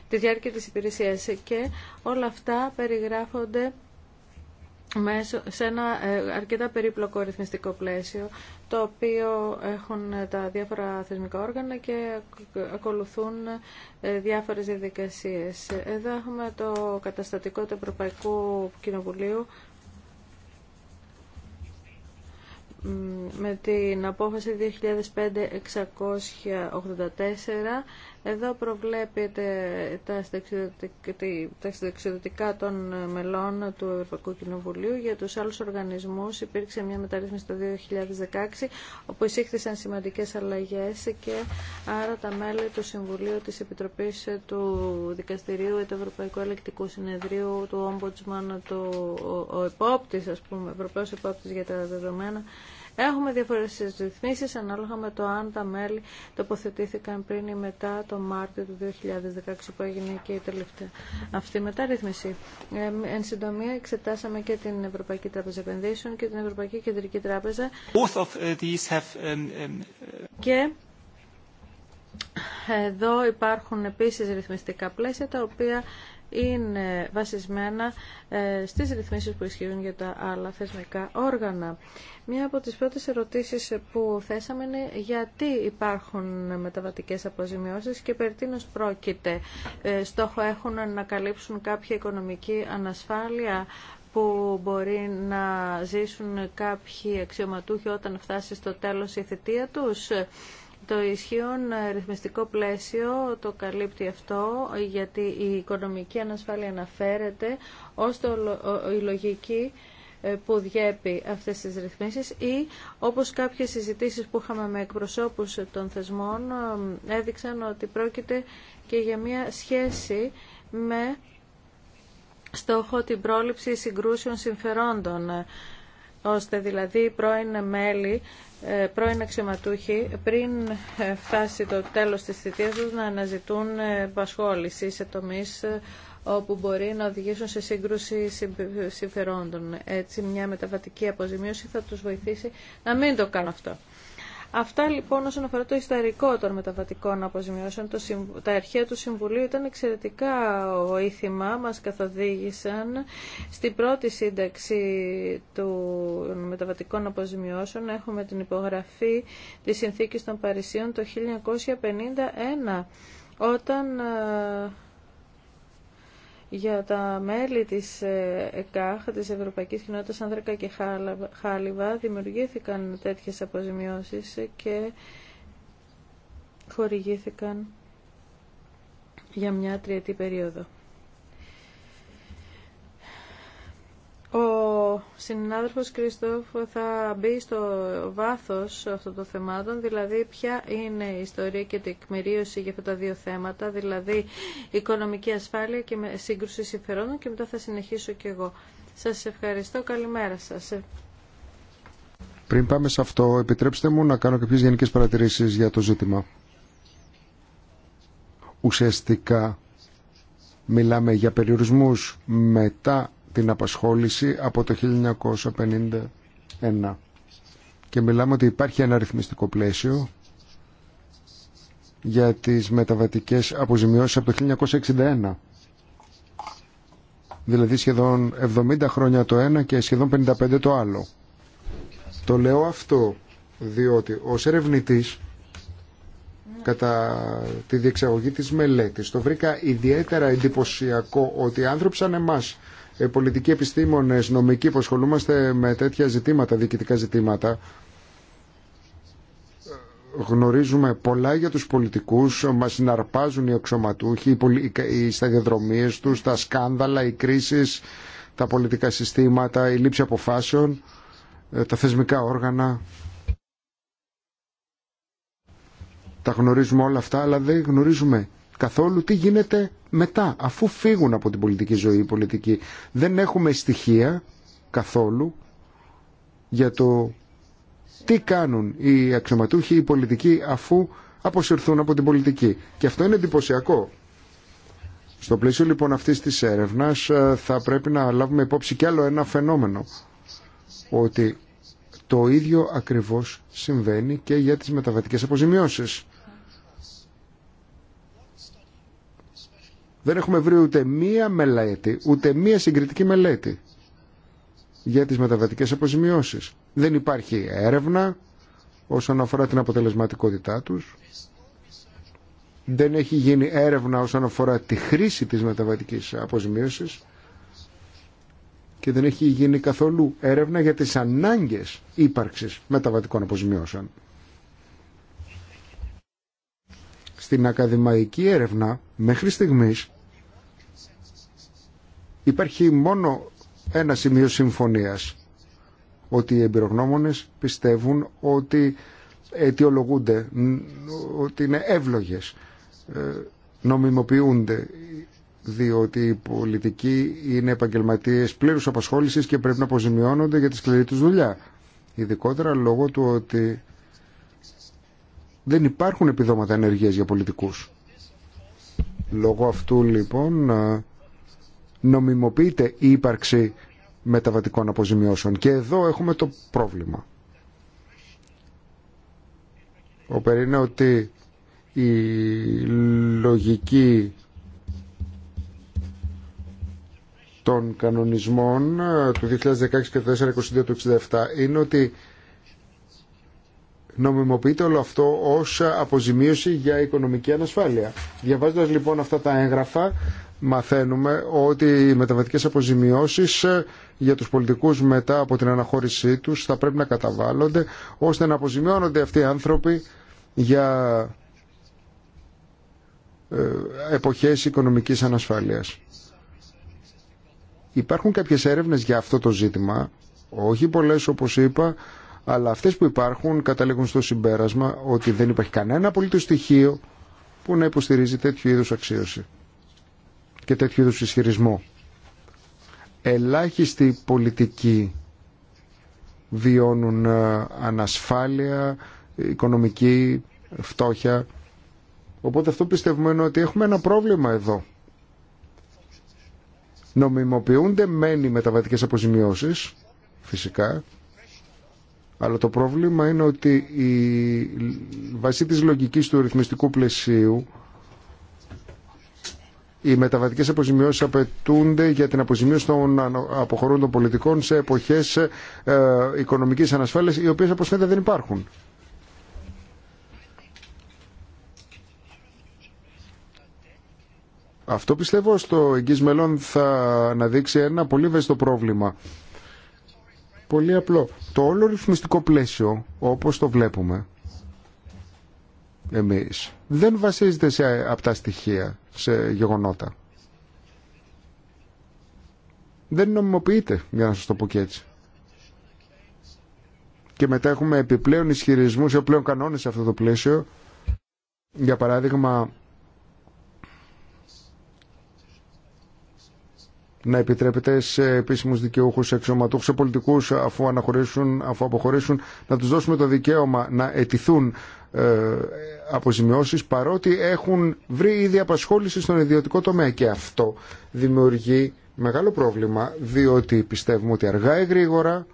τη διάρκεια της υπηρεσίας και όλα αυτά περιγράφονται μέσω, σε ένα ε, αρκετά περίπλοκο ρυθμιστικό πλαίσιο το οποίο έχουν ε, τα διάφορα θεσμικά όργανα και ακολουθούν ε, διάφορες διαδικασίες. Εδώ έχουμε το καταστατικό του Ευρωπαϊκού Κοινοβουλίου με την απόφαση 2005 2005-684 εδώ προβλέπεται τα συνταξιδοτικά των μελών του Ευρωπαϊκού Κοινοβουλίου. Για τους άλλους οργανισμούς υπήρξε μια μεταρρύθμιση το 2016, όπου εισήχθησαν σημαντικές αλλαγές και άρα τα μέλη του Συμβουλίου της Επιτροπής του Δικαστηρίου του Ευρωπαϊκού Ελεκτικού Συνεδρίου, του Ombudsman, του, ο, ο ας πούμε, Ευρωπαίος υπόπτης για τα δεδομένα, Έχουμε διαφορετικές ρυθμίσεις ανάλογα με το αν τα μέλη τοποθετήθηκαν πριν ή μετά το Μάρτιο του 2016 που έγινε και η τελευταία αυτή μεταρρύθμιση. εν συντομία εξετάσαμε και την Ευρωπαϊκή Τράπεζα Επενδύσεων και την Ευρωπαϊκή Κεντρική Τράπεζα. Uh, um, um, και εδώ υπάρχουν επίσης ρυθμιστικά πλαίσια τα οποία είναι βασισμένα ε, στις ρυθμίσεις που ισχύουν για τα άλλα θεσμικά όργανα. Μία από τις πρώτες ερωτήσεις που θέσαμε είναι γιατί υπάρχουν μεταβατικές αποζημιώσεις και περί τίνος πρόκειται. Ε, στόχο έχουν να καλύψουν κάποια οικονομική ανασφάλεια που μπορεί να ζήσουν κάποιοι αξιωματούχοι όταν φτάσει στο τέλος η θητεία τους το ισχύον ε, ρυθμιστικό πλαίσιο το καλύπτει αυτό γιατί η οικονομική ανασφάλεια αναφέρεται ως το, η λογική ε, που διέπει αυτές τις ρυθμίσεις ή όπως κάποιες συζητήσεις που είχαμε με εκπροσώπους των θεσμών ε, έδειξαν ότι πρόκειται και για μια σχέση με στόχο την πρόληψη συγκρούσεων συμφερόντων ώστε δηλαδή πρώην μέλη, ε, πρώην αξιωματούχοι πριν ε, φτάσει το τέλος της θητείας τους να αναζητούν επασχόληση σε τομείς ε, όπου μπορεί να οδηγήσουν σε σύγκρουση συμφερόντων. Έτσι μια μεταβατική αποζημίωση θα τους βοηθήσει να μην το κάνουν αυτό. Αυτά λοιπόν όσον αφορά το ιστορικό των μεταβατικών αποζημιώσεων, το, τα αρχαία του Συμβουλίου ήταν εξαιρετικά οήθημα, μας καθοδήγησαν στην πρώτη σύνταξη των μεταβατικών αποζημιώσεων. Έχουμε την υπογραφή της Συνθήκης των Παρισίων το 1951, όταν ε, για τα μέλη της ε, ΕΚΑΧ, της Ευρωπαϊκής Κοινότητας Άνδρακα και Χάλιβα, δημιουργήθηκαν τέτοιες αποζημιώσεις και χορηγήθηκαν για μια τριετή περίοδο. Ο συνάδελφος Κρίστοφ θα μπει στο βάθος αυτών των θεμάτων, δηλαδή ποια είναι η ιστορία και τεκμηρίωση για αυτά τα δύο θέματα, δηλαδή οικονομική ασφάλεια και σύγκρουση συμφερόντων και μετά θα συνεχίσω και εγώ. Σας ευχαριστώ, καλημέρα σας. Πριν πάμε σε αυτό, επιτρέψτε μου να κάνω κάποιες γενικές παρατηρήσεις για το ζήτημα. Ουσιαστικά μιλάμε για περιορισμούς μετά την απασχόληση από το 1951. Και μιλάμε ότι υπάρχει ένα ρυθμιστικό πλαίσιο για τις μεταβατικές αποζημιώσεις από το 1961. Δηλαδή σχεδόν 70 χρόνια το ένα και σχεδόν 55 το άλλο. Το λέω αυτό διότι ως ερευνητής κατά τη διεξαγωγή της μελέτης το βρήκα ιδιαίτερα εντυπωσιακό ότι άνθρωποι σαν εμάς ε, πολιτικοί επιστήμονες, νομικοί που ασχολούμαστε με τέτοια ζητήματα, διοικητικά ζητήματα, γνωρίζουμε πολλά για τους πολιτικούς, μας συναρπάζουν οι αξιωματούχοι, οι σταδιοδρομίες τους, τα σκάνδαλα, οι κρίσεις, τα πολιτικά συστήματα, η λήψη αποφάσεων, ε, τα θεσμικά όργανα. Τα γνωρίζουμε όλα αυτά, αλλά δεν γνωρίζουμε καθόλου τι γίνεται μετά, αφού φύγουν από την πολιτική ζωή οι πολιτικοί. Δεν έχουμε στοιχεία καθόλου για το τι κάνουν οι αξιωματούχοι, οι πολιτικοί αφού αποσυρθούν από την πολιτική. Και αυτό είναι εντυπωσιακό. Στο πλαίσιο λοιπόν αυτής της έρευνας ε, θα πρέπει να λάβουμε υπόψη κι άλλο ένα φαινόμενο. Ότι το ίδιο ακριβώς συμβαίνει και για τις μεταβατικές αποζημιώσεις. Δεν έχουμε βρει ούτε μία μελέτη, ούτε μία συγκριτική μελέτη για τις μεταβατικές αποζημιώσεις. Δεν υπάρχει έρευνα όσον αφορά την αποτελεσματικότητά τους. Δεν έχει γίνει έρευνα όσον αφορά τη χρήση της μεταβατικής αποζημίωσης και δεν έχει γίνει καθόλου έρευνα για τις ανάγκες ύπαρξης μεταβατικών αποζημιώσεων. Στην ακαδημαϊκή έρευνα Μέχρι στιγμής υπάρχει μόνο ένα σημείο συμφωνίας ότι οι εμπειρογνώμονες πιστεύουν ότι αιτιολογούνται, ότι είναι εύλογες, ε, νομιμοποιούνται διότι οι πολιτικοί είναι επαγγελματίες πλήρους απασχόλησης και πρέπει να αποζημιώνονται για τη σκληρή τους δουλειά. Ειδικότερα λόγω του ότι δεν υπάρχουν επιδόματα ενεργείας για πολιτικούς. Λόγω αυτού λοιπόν νομιμοποιείται η ύπαρξη μεταβατικών αποζημιώσεων. Και εδώ έχουμε το πρόβλημα. Ο είναι ότι η λογική των κανονισμών του 2016 και του 2022 του 67 είναι ότι νομιμοποιείται όλο αυτό ω αποζημίωση για οικονομική ανασφάλεια. Διαβάζοντα λοιπόν αυτά τα έγγραφα μαθαίνουμε ότι οι μεταβατικές αποζημιώσεις ε, για τους πολιτικούς μετά από την αναχώρησή τους θα πρέπει να καταβάλλονται ώστε να αποζημιώνονται αυτοί οι άνθρωποι για ε, εποχές οικονομικής ανασφάλειας. Υπάρχουν κάποιες έρευνες για αυτό το ζήτημα, όχι πολλές όπως είπα, αλλά αυτές που υπάρχουν καταλήγουν στο συμπέρασμα ότι δεν υπάρχει κανένα απολύτως στοιχείο που να υποστηρίζει τέτοιου είδους αξίωση και τέτοιου είδους ισχυρισμό. Ελάχιστοι πολιτικοί βιώνουν ε, ανασφάλεια, οικονομική φτώχεια. Οπότε αυτό πιστεύουμε είναι ότι έχουμε ένα πρόβλημα εδώ. Νομιμοποιούνται μένει τα μεταβατικές αποζημιώσεις, φυσικά, αλλά το πρόβλημα είναι ότι η βασί της λογικής του ρυθμιστικού πλαισίου οι μεταβατικές αποζημιώσεις απαιτούνται για την αποζημίωση των αποχωρών των πολιτικών σε εποχές ε, οικονομικής ανασφάλειας οι οποίες όπως δεν υπάρχουν. Αυτό πιστεύω στο εγγύς μέλλον θα αναδείξει ένα πολύ βέστο πρόβλημα Πολύ απλό. Το όλο ρυθμιστικό πλαίσιο, όπως το βλέπουμε εμείς, δεν βασίζεται σε αυτά στοιχεία, σε γεγονότα. Δεν νομιμοποιείται, για να σας το πω και έτσι. Και μετά έχουμε επιπλέον ισχυρισμούς, επιπλέον κανόνες σε αυτό το πλαίσιο. Για παράδειγμα, να επιτρέπεται σε επίσημου δικαιούχου, σε αξιωματούχου, σε πολιτικού, αφού αναχωρήσουν, αφού αποχωρήσουν, να του δώσουμε το δικαίωμα να ετηθούν ε, αποζημιώσει παρότι έχουν βρει ήδη απασχόληση στον ιδιωτικό τομέα. Και αυτό δημιουργεί μεγάλο πρόβλημα, διότι πιστεύουμε ότι αργά ή γρήγορα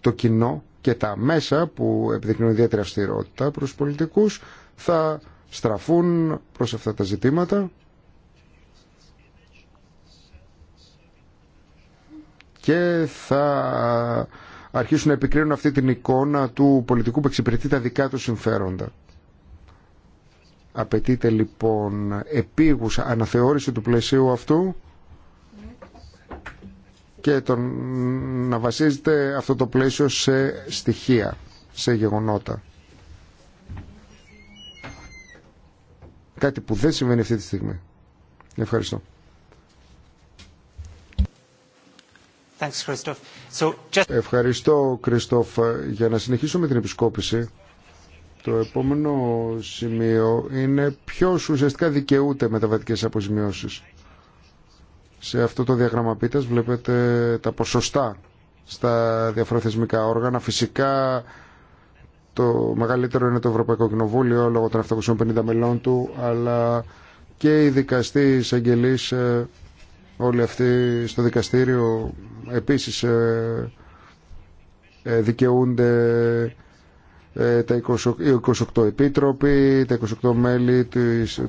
το κοινό και τα μέσα που επιδεικνύουν ιδιαίτερη αυστηρότητα προς πολιτικούς θα στραφούν προς αυτά τα ζητήματα και θα αρχίσουν να επικρίνουν αυτή την εικόνα του πολιτικού που εξυπηρετεί τα δικά του συμφέροντα. Απαιτείται λοιπόν επίγουσα αναθεώρηση του πλαισίου αυτού και τον, να βασίζεται αυτό το πλαίσιο σε στοιχεία, σε γεγονότα. Κάτι που δεν συμβαίνει αυτή τη στιγμή. Ευχαριστώ. Ευχαριστώ, Κριστόφ. Για να συνεχίσουμε την επισκόπηση, το επόμενο σημείο είναι ποιο ουσιαστικά δικαιούται μεταβατικές αποζημιώσεις. Σε αυτό το διαγραμμα πίτας βλέπετε τα ποσοστά στα διαφορετικά όργανα. Φυσικά το μεγαλύτερο είναι το Ευρωπαϊκό Κοινοβούλιο λόγω των 750 μελών του, αλλά και οι δικαστή εισαγγελείς ε, όλοι αυτοί στο δικαστήριο επίσης ε, ε, δικαιούνται ε, τα 28 επίτροποι, τα 28 μέλη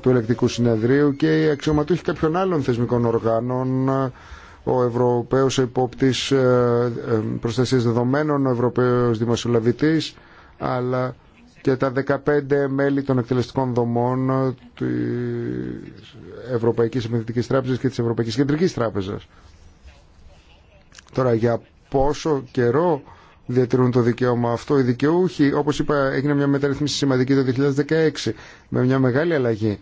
του ελεκτικού συνεδρίου και η αξιωματούχοι κάποιων άλλων θεσμικών οργάνων ο Ευρωπαίος Υπόπτης Προστασίας Δεδομένων, ο Ευρωπαίος Δημοσιολαβητής αλλά και τα 15 μέλη των εκτελεστικών δομών της Ευρωπαϊκής Επενδυτικής Τράπεζας και της Ευρωπαϊκής Κεντρικής Τράπεζας. Τώρα για πόσο καιρό διατηρούν το δικαίωμα αυτό οι δικαιούχοι, όπως είπα έγινε μια μεταρρύθμιση σημαντική το 2016 με μια μεγάλη αλλαγή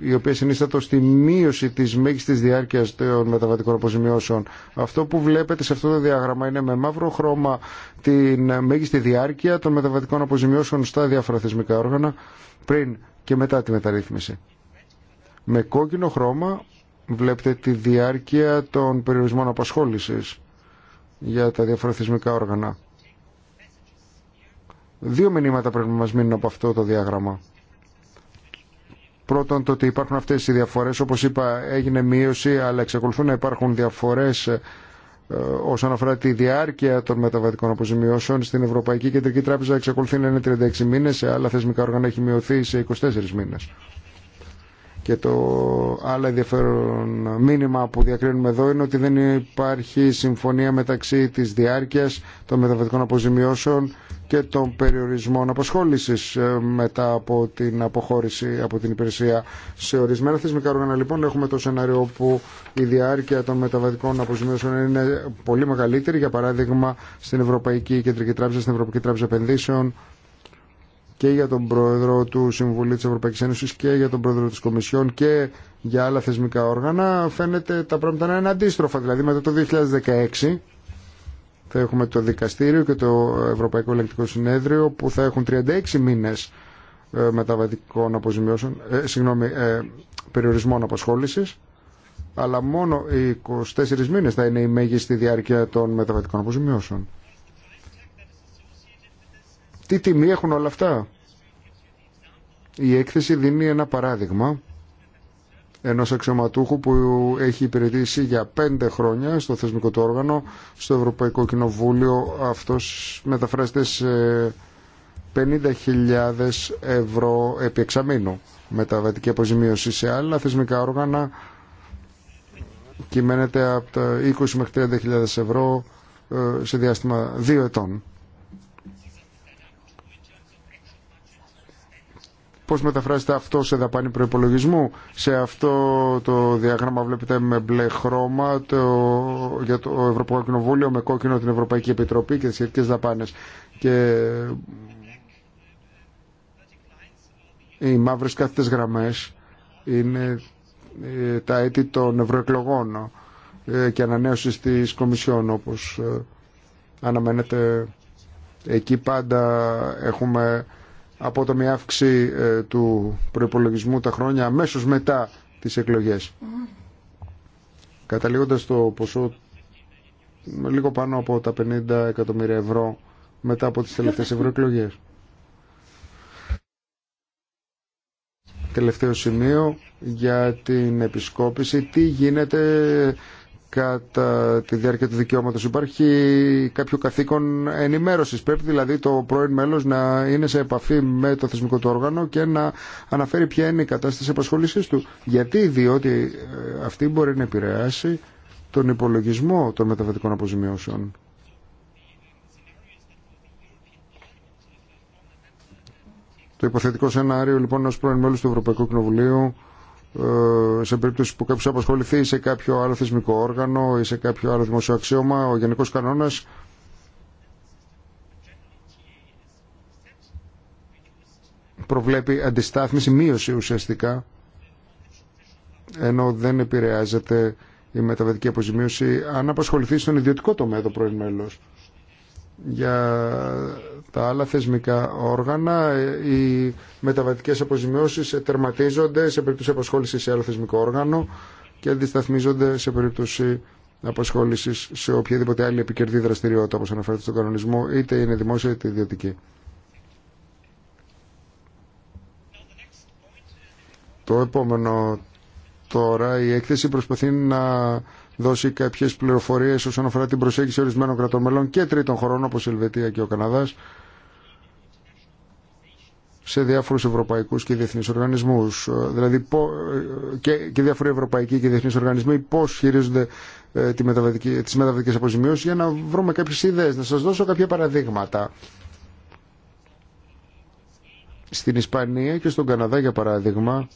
η οποία συνίστατο στη μείωση της μέγιστης διάρκειας των μεταβατικών αποζημιώσεων. Αυτό που βλέπετε σε αυτό το διάγραμμα είναι με μαύρο χρώμα την μέγιστη διάρκεια των μεταβατικών αποζημιώσεων στα διάφορα θεσμικά όργανα πριν και μετά τη μεταρρύθμιση. Με κόκκινο χρώμα βλέπετε τη διάρκεια των περιορισμών απασχόλησης για τα διάφορα όργανα. Δύο μηνύματα πρέπει να μας μείνουν από αυτό το διάγραμμα. Πρώτον, το ότι υπάρχουν αυτές οι διαφορές, όπως είπα, έγινε μείωση, αλλά εξακολουθούν να υπάρχουν διαφορές ε, όσον αφορά τη διάρκεια των μεταβατικών αποζημιώσεων στην Ευρωπαϊκή Κεντρική Τράπεζα εξακολουθεί να είναι 36 μήνες, σε άλλα θεσμικά όργανα έχει μειωθεί σε 24 μήνες. Και το άλλο ενδιαφέρον μήνυμα που διακρίνουμε εδώ είναι ότι δεν υπάρχει συμφωνία μεταξύ της διάρκειας των μεταβατικών αποζημιώσεων και των περιορισμών απασχόλησης ε, μετά από την αποχώρηση από την υπηρεσία. Σε ορισμένα θεσμικά όργανα λοιπόν έχουμε το σενάριο που η διάρκεια των μεταβατικών αποζημιώσεων είναι πολύ μεγαλύτερη. Για παράδειγμα στην Ευρωπαϊκή Κεντρική Τράπεζα, στην Ευρωπαϊκή Τράπεζα Επενδύσεων και για τον Πρόεδρο του Συμβουλίου της Ευρωπαϊκής Ένωσης και για τον Πρόεδρο της Κομισιόν και για άλλα θεσμικά όργανα φαίνεται τα πράγματα να είναι αντίστροφα. Δηλαδή μετά το 2016 θα έχουμε το Δικαστήριο και το Ευρωπαϊκό Ελεκτικό Συνέδριο που θα έχουν 36 μήνες ε, μεταβατικών αποζημιώσεων, ε, συγγνώμη, ε, περιορισμών απασχόλησης αλλά μόνο οι 24 μήνες θα είναι η μέγιστη διάρκεια των μεταβατικών αποζημιώσεων. Τι τιμή έχουν όλα αυτά. Η έκθεση δίνει ένα παράδειγμα ενός αξιωματούχου που έχει υπηρετήσει για πέντε χρόνια στο θεσμικό του όργανο, στο Ευρωπαϊκό Κοινοβούλιο. Αυτός μεταφράζεται σε 50.000 ευρώ επί εξαμήνου μεταβατική αποζημίωση σε άλλα θεσμικά όργανα κυμαίνεται από τα 20 μέχρι 30.000 ευρώ ε, σε διάστημα δύο ετών. Πώς μεταφράζεται αυτό σε δαπάνη προϋπολογισμού. Σε αυτό το διαγράμμα βλέπετε με μπλε χρώμα το, για το Ευρωπαϊκό Κοινοβούλιο, με κόκκινο την Ευρωπαϊκή Επιτροπή και τις σχετικές δαπάνες. Και οι μαύρες κάθετες γραμμές είναι ε, τα έτη των ευρωεκλογών ε, και ανανέωση της Κομισιόν όπως ε, αναμένεται εκεί πάντα έχουμε από το μια αύξηση ε, του προϋπολογισμού τα χρόνια αμέσω μετά τις εκλογές. Καταλήγοντας το ποσό λίγο πάνω από τα 50 εκατομμύρια ευρώ μετά από τις τελευταίες ευρωεκλογέ. Τελευταίο σημείο για την επισκόπηση. Τι γίνεται κατά τη διάρκεια του δικαιώματο, υπάρχει κάποιο καθήκον ενημέρωσης. Πρέπει δηλαδή το πρώην μέλος να είναι σε επαφή με το θεσμικό του όργανο και να αναφέρει ποια είναι η κατάσταση απασχόλησής του. Γιατί, διότι ε, αυτή μπορεί να επηρεάσει τον υπολογισμό των μεταβατικών αποζημιώσεων. Το υποθετικό σενάριο λοιπόν ως πρώην μέλος του Ευρωπαϊκού Κοινοβουλίου ε, σε περίπτωση που κάποιο απασχοληθεί σε κάποιο άλλο θεσμικό όργανο ή σε κάποιο άλλο δημοσιο αξίωμα, ο γενικός κανόνας προβλέπει αντιστάθμιση, μείωση ουσιαστικά, ενώ δεν επηρεάζεται η σε καποιο αλλο δημοσιοαξιωμα ο γενικος κανονας προβλεπει αποζημίωση αν απασχοληθεί στον ιδιωτικό τομέα το πρώην μέλος για τα άλλα θεσμικά όργανα, οι μεταβατικές αποζημιώσεις τερματίζονται σε περίπτωση απασχόλησης σε άλλο θεσμικό όργανο και αντισταθμίζονται σε περίπτωση απασχόλησης σε οποιαδήποτε άλλη επικερδή δραστηριότητα όπως αναφέρεται στον κανονισμό, είτε είναι δημόσια είτε ιδιωτική. Το επόμενο τώρα, η έκθεση προσπαθεί να δώσει κάποιες πληροφορίες όσον αφορά την προσέγγιση ορισμένων κρατών μελών και τρίτων χωρών όπως η Ελβετία και ο Καναδάς σε διάφορους ευρωπαϊκούς και διεθνείς οργανισμούς ε, δηλαδή ε, και, και διάφοροι ευρωπαϊκοί και διεθνείς οργανισμοί πώς χειρίζονται ε, τι μεταβατική, τις για να βρούμε κάποιες ιδέες να σας δώσω κάποια παραδείγματα στην Ισπανία και στον Καναδά για παράδειγμα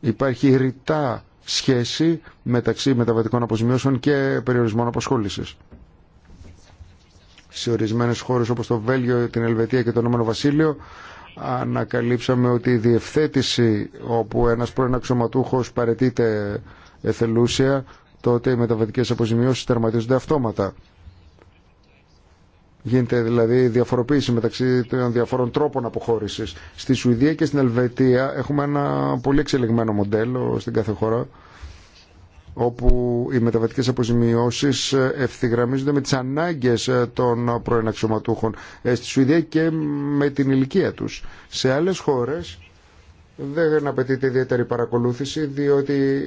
υπάρχει ρητά σχέση μεταξύ μεταβατικών αποζημιώσεων και περιορισμών απασχόλησης σε ορισμένες χώρες όπως το Βέλγιο, την Ελβετία και το Ηνωμένο Βασίλειο ανακαλύψαμε ότι η διευθέτηση όπου ένας πρώην αξιωματούχος παρετείται εθελούσια τότε οι μεταβατικές αποζημιώσεις τερματίζονται αυτόματα. Γίνεται δηλαδή διαφοροποίηση μεταξύ των διαφορών τρόπων αποχώρησης. Στη Σουηδία και στην Ελβετία έχουμε ένα πολύ εξελιγμένο μοντέλο στην κάθε χώρα όπου οι μεταβατικές αποζημιώσεις ε, ευθυγραμμίζονται με τις ανάγκες ε, των πρώην αξιωματούχων ε, στη Σουηδία και με την ηλικία του. Σε άλλες χώρες δεν απαιτείται ιδιαίτερη παρακολούθηση διότι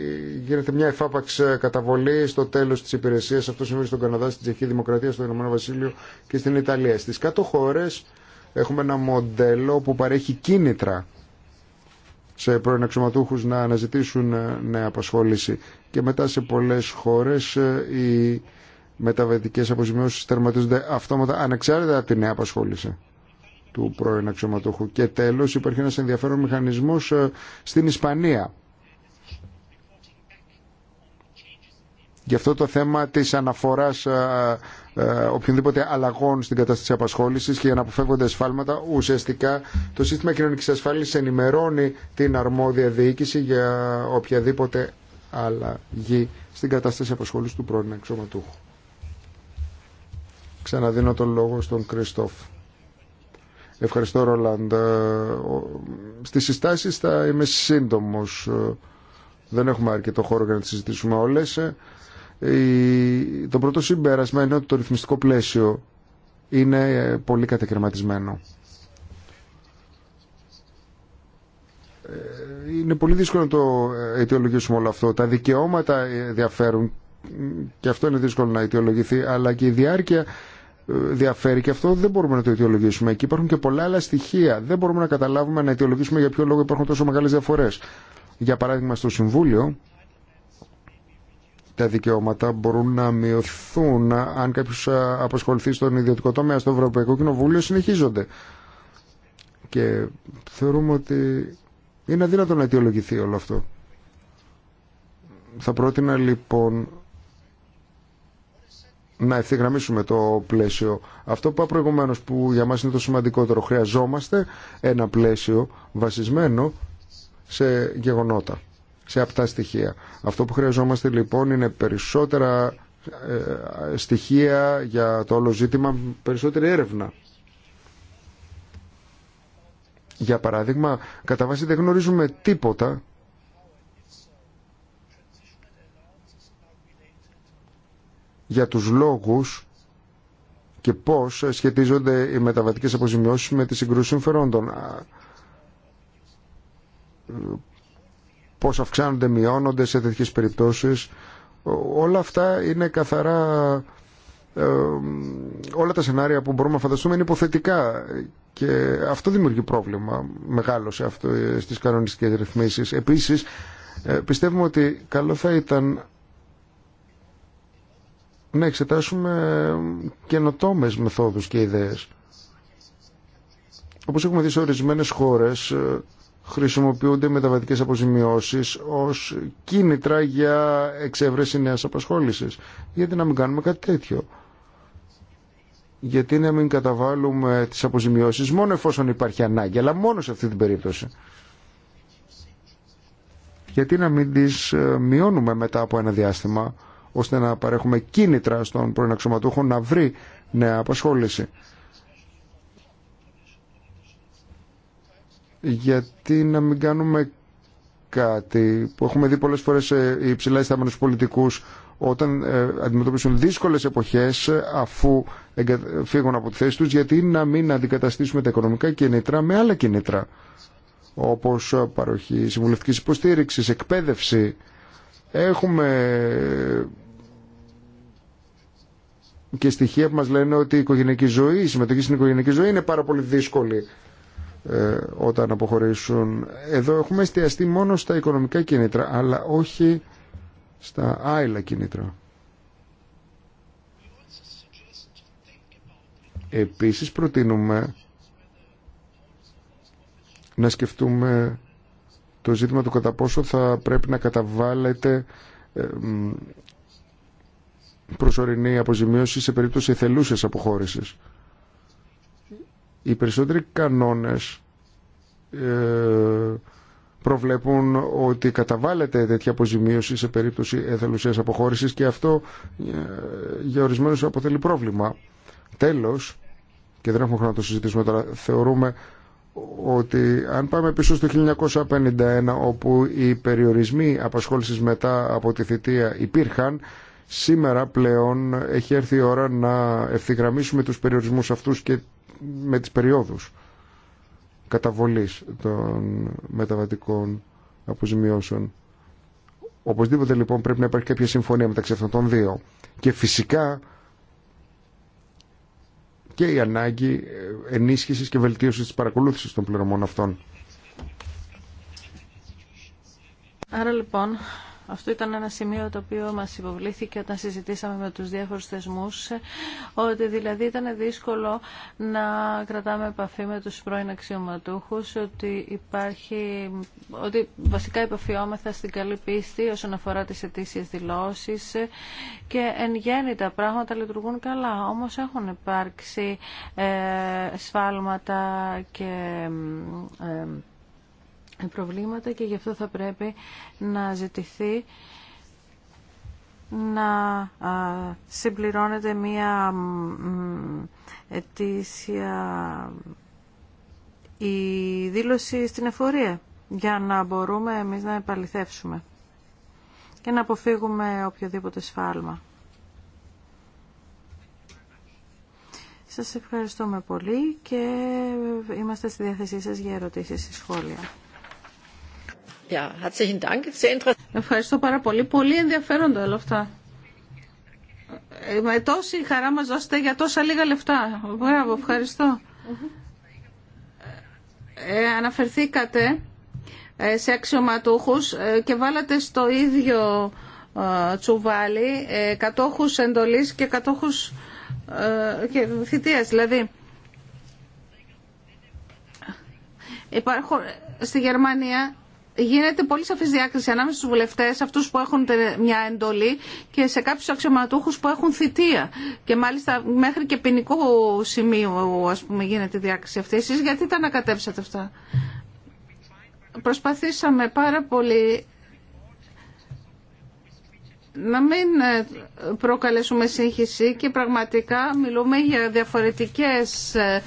γίνεται μια εφάπαξ καταβολή στο τέλος της υπηρεσίας. Αυτό συμβαίνει στον Καναδά, στην Τσεχική Δημοκρατία, στον Ηνωμένο Βασίλειο και στην Ιταλία. Στις κάτω χώρες έχουμε ένα μοντέλο που παρέχει κίνητρα σε πρώην αξιωματούχους να αναζητήσουν ε, νέα απασχόληση. Και μετά σε πολλές χώρες ε, οι μεταβατικές αποζημιώσεις τερματίζονται αυτόματα ανεξάρτητα από τη νέα απασχόληση του πρώην αξιωματούχου. Και τέλος υπάρχει ένας ενδιαφέρον μηχανισμός ε, στην Ισπανία Γι' αυτό το θέμα της αναφοράς ε, ε, οποιονδήποτε αλλαγών στην κατάσταση απασχόλησης και για να αποφεύγονται ασφάλματα, ουσιαστικά το σύστημα κοινωνικής ασφάλισης ενημερώνει την αρμόδια διοίκηση για οποιαδήποτε αλλαγή στην κατάσταση απασχόλησης του πρώην εξωματούχου. Ξαναδίνω τον λόγο στον Κριστόφ. Ευχαριστώ Ρολάντ. Ε, στις συστάσεις θα είμαι σύντομος. Δεν έχουμε αρκετό χώρο για να τις συζητήσουμε όλε. Το πρώτο συμπέρασμα είναι ότι το ρυθμιστικό πλαίσιο είναι ε, πολύ κατακαιρματισμένο. Ε, είναι πολύ δύσκολο να το ε, αιτιολογήσουμε όλο αυτό. Τα δικαιώματα διαφέρουν και αυτό είναι δύσκολο να αιτιολογηθεί, αλλά και η διάρκεια διαφέρει και αυτό δεν μπορούμε να το αιτιολογήσουμε. Εκεί υπάρχουν και πολλά άλλα στοιχεία. Δεν μπορούμε να καταλάβουμε να αιτιολογήσουμε για ποιο λόγο υπάρχουν τόσο μεγάλε διαφορέ. Για παράδειγμα, στο Συμβούλιο τα δικαιώματα μπορούν να μειωθούν αν κάποιο απασχοληθεί στον ιδιωτικό τομέα, στο Ευρωπαϊκό Κοινοβούλιο, συνεχίζονται. Και θεωρούμε ότι είναι αδύνατο να αιτιολογηθεί όλο αυτό. Θα πρότεινα λοιπόν να ευθυγραμμίσουμε το πλαίσιο. Αυτό που είπα προηγουμένω που για μας είναι το σημαντικότερο. Χρειαζόμαστε ένα πλαίσιο βασισμένο σε γεγονότα σε αυτά στοιχεία. Αυτό που χρειαζόμαστε λοιπόν είναι περισσότερα ε, στοιχεία για το όλο ζήτημα, περισσότερη έρευνα. Για παράδειγμα, κατά βάση δεν γνωρίζουμε τίποτα για τους λόγους και πώς σχετίζονται οι μεταβατικές αποζημιώσεις με τις συγκρούσεις συμφερόντων πώς αυξάνονται, μειώνονται σε τέτοιες περιπτώσεις. Όλα αυτά είναι καθαρά... Ε, όλα τα σενάρια που μπορούμε να φανταστούμε είναι υποθετικά και αυτό δημιουργεί πρόβλημα μεγάλο σε αυτό, στις κανονιστικές ρυθμίσεις. Επίσης, ε, πιστεύουμε ότι καλό θα ήταν να εξετάσουμε καινοτόμε μεθόδους και ιδέες. Όπως έχουμε δει σε ορισμένες χώρες, ε, χρησιμοποιούνται μεταβατικέ μεταβατικές ω ως κίνητρα για εξέβρεση νέα απασχόληση. Γιατί να μην κάνουμε κάτι τέτοιο. Γιατί να μην καταβάλουμε τι αποζημιώσει μόνο εφόσον υπάρχει ανάγκη, αλλά μόνο σε αυτή την περίπτωση. Γιατί να μην τι ε, μειώνουμε μετά από ένα διάστημα, ώστε να παρέχουμε κίνητρα στον πρώην να βρει νέα απασχόληση. γιατί να μην κάνουμε κάτι που έχουμε δει πολλές φορές οι υψηλά ιστάμενους πολιτικούς όταν ε, αντιμετωπίσουν δύσκολες εποχές αφού φύγουν από τη θέση τους γιατί να μην αντικαταστήσουμε τα οικονομικά κίνητρα με άλλα κίνητρα όπως παροχή συμβουλευτικής υποστήριξης, εκπαίδευση. Έχουμε ε, και στοιχεία που μας λένε ότι η ζωή, η συμμετοχή στην οικογενειακή ζωή είναι πάρα πολύ δύσκολη ε, όταν αποχωρήσουν. Εδώ έχουμε εστιαστεί μόνο στα οικονομικά κίνητρα, αλλά όχι στα άλλα κίνητρα. Επίσης προτείνουμε να σκεφτούμε το ζήτημα του κατά πόσο θα πρέπει να καταβάλλεται ε, προσωρινή αποζημίωση σε περίπτωση θελούσες αποχώρησης. Οι περισσότεροι κανόνες ε, προβλέπουν ότι καταβάλλεται τέτοια αποζημίωση σε περίπτωση εθελουσίας αποχώρησης και αυτό ε, για ορισμένους αποτελεί πρόβλημα. Τέλος, και δεν έχουμε χρόνο να το συζητήσουμε τώρα, θεωρούμε ότι αν πάμε πίσω στο 1951 όπου οι περιορισμοί απασχόλησης μετά από τη θητεία υπήρχαν, σήμερα πλέον έχει έρθει η ώρα να ευθυγραμμίσουμε τους περιορισμούς αυτούς και με τις περιόδους καταβολής των μεταβατικών αποζημιώσεων. Οπωσδήποτε λοιπόν πρέπει να υπάρχει κάποια συμφωνία μεταξύ αυτών των δύο. Και φυσικά και η ανάγκη ενίσχυσης και βελτίωσης της παρακολούθησης των πληρωμών αυτών. Άρα λοιπόν αυτό ήταν ένα σημείο το οποίο μας υποβλήθηκε όταν συζητήσαμε με τους διάφορους θεσμούς, ότι δηλαδή ήταν δύσκολο να κρατάμε επαφή με τους πρώην αξιωματούχους, ότι, υπάρχει, ότι βασικά υποφιόμεθα στην καλή πίστη όσον αφορά τις αιτήσει δηλώσεις και εν γέννη τα πράγματα λειτουργούν καλά, όμως έχουν υπάρξει ε, σφάλματα και... Ε, προβλήματα και γι' αυτό θα πρέπει να ζητηθεί να συμπληρώνεται μία ετήσια η δήλωση στην εφορία για να μπορούμε εμείς να επαληθεύσουμε και να αποφύγουμε οποιοδήποτε σφάλμα. Σας ευχαριστούμε πολύ και είμαστε στη διάθεσή σας για ερωτήσεις ή σχόλια. Ευχαριστώ πάρα πολύ. Πολύ ενδιαφέροντα όλα αυτά. Ε, με τόση χαρά μας δώσετε για τόσα λίγα λεφτά. Μπράβο, ευχαριστώ. Ε, αναφερθήκατε ε, σε αξιωματούχους και βάλατε στο ίδιο τσουβάλι κατόχους εντολής και κατόχους και θητείας. Δηλαδή, υπάρχουν, στη Γερμανία γίνεται πολύ σαφή διάκριση ανάμεσα στους βουλευτέ, αυτούς που έχουν μια εντολή και σε κάποιου αξιωματούχου που έχουν θητεία. Και μάλιστα μέχρι και ποινικό σημείο πούμε, γίνεται η διάκριση αυτή. Εσεί γιατί τα ανακατέψατε αυτά. Προσπαθήσαμε πάρα πολύ να μην ε, προκαλέσουμε σύγχυση και πραγματικά μιλούμε για διαφορετικές ε,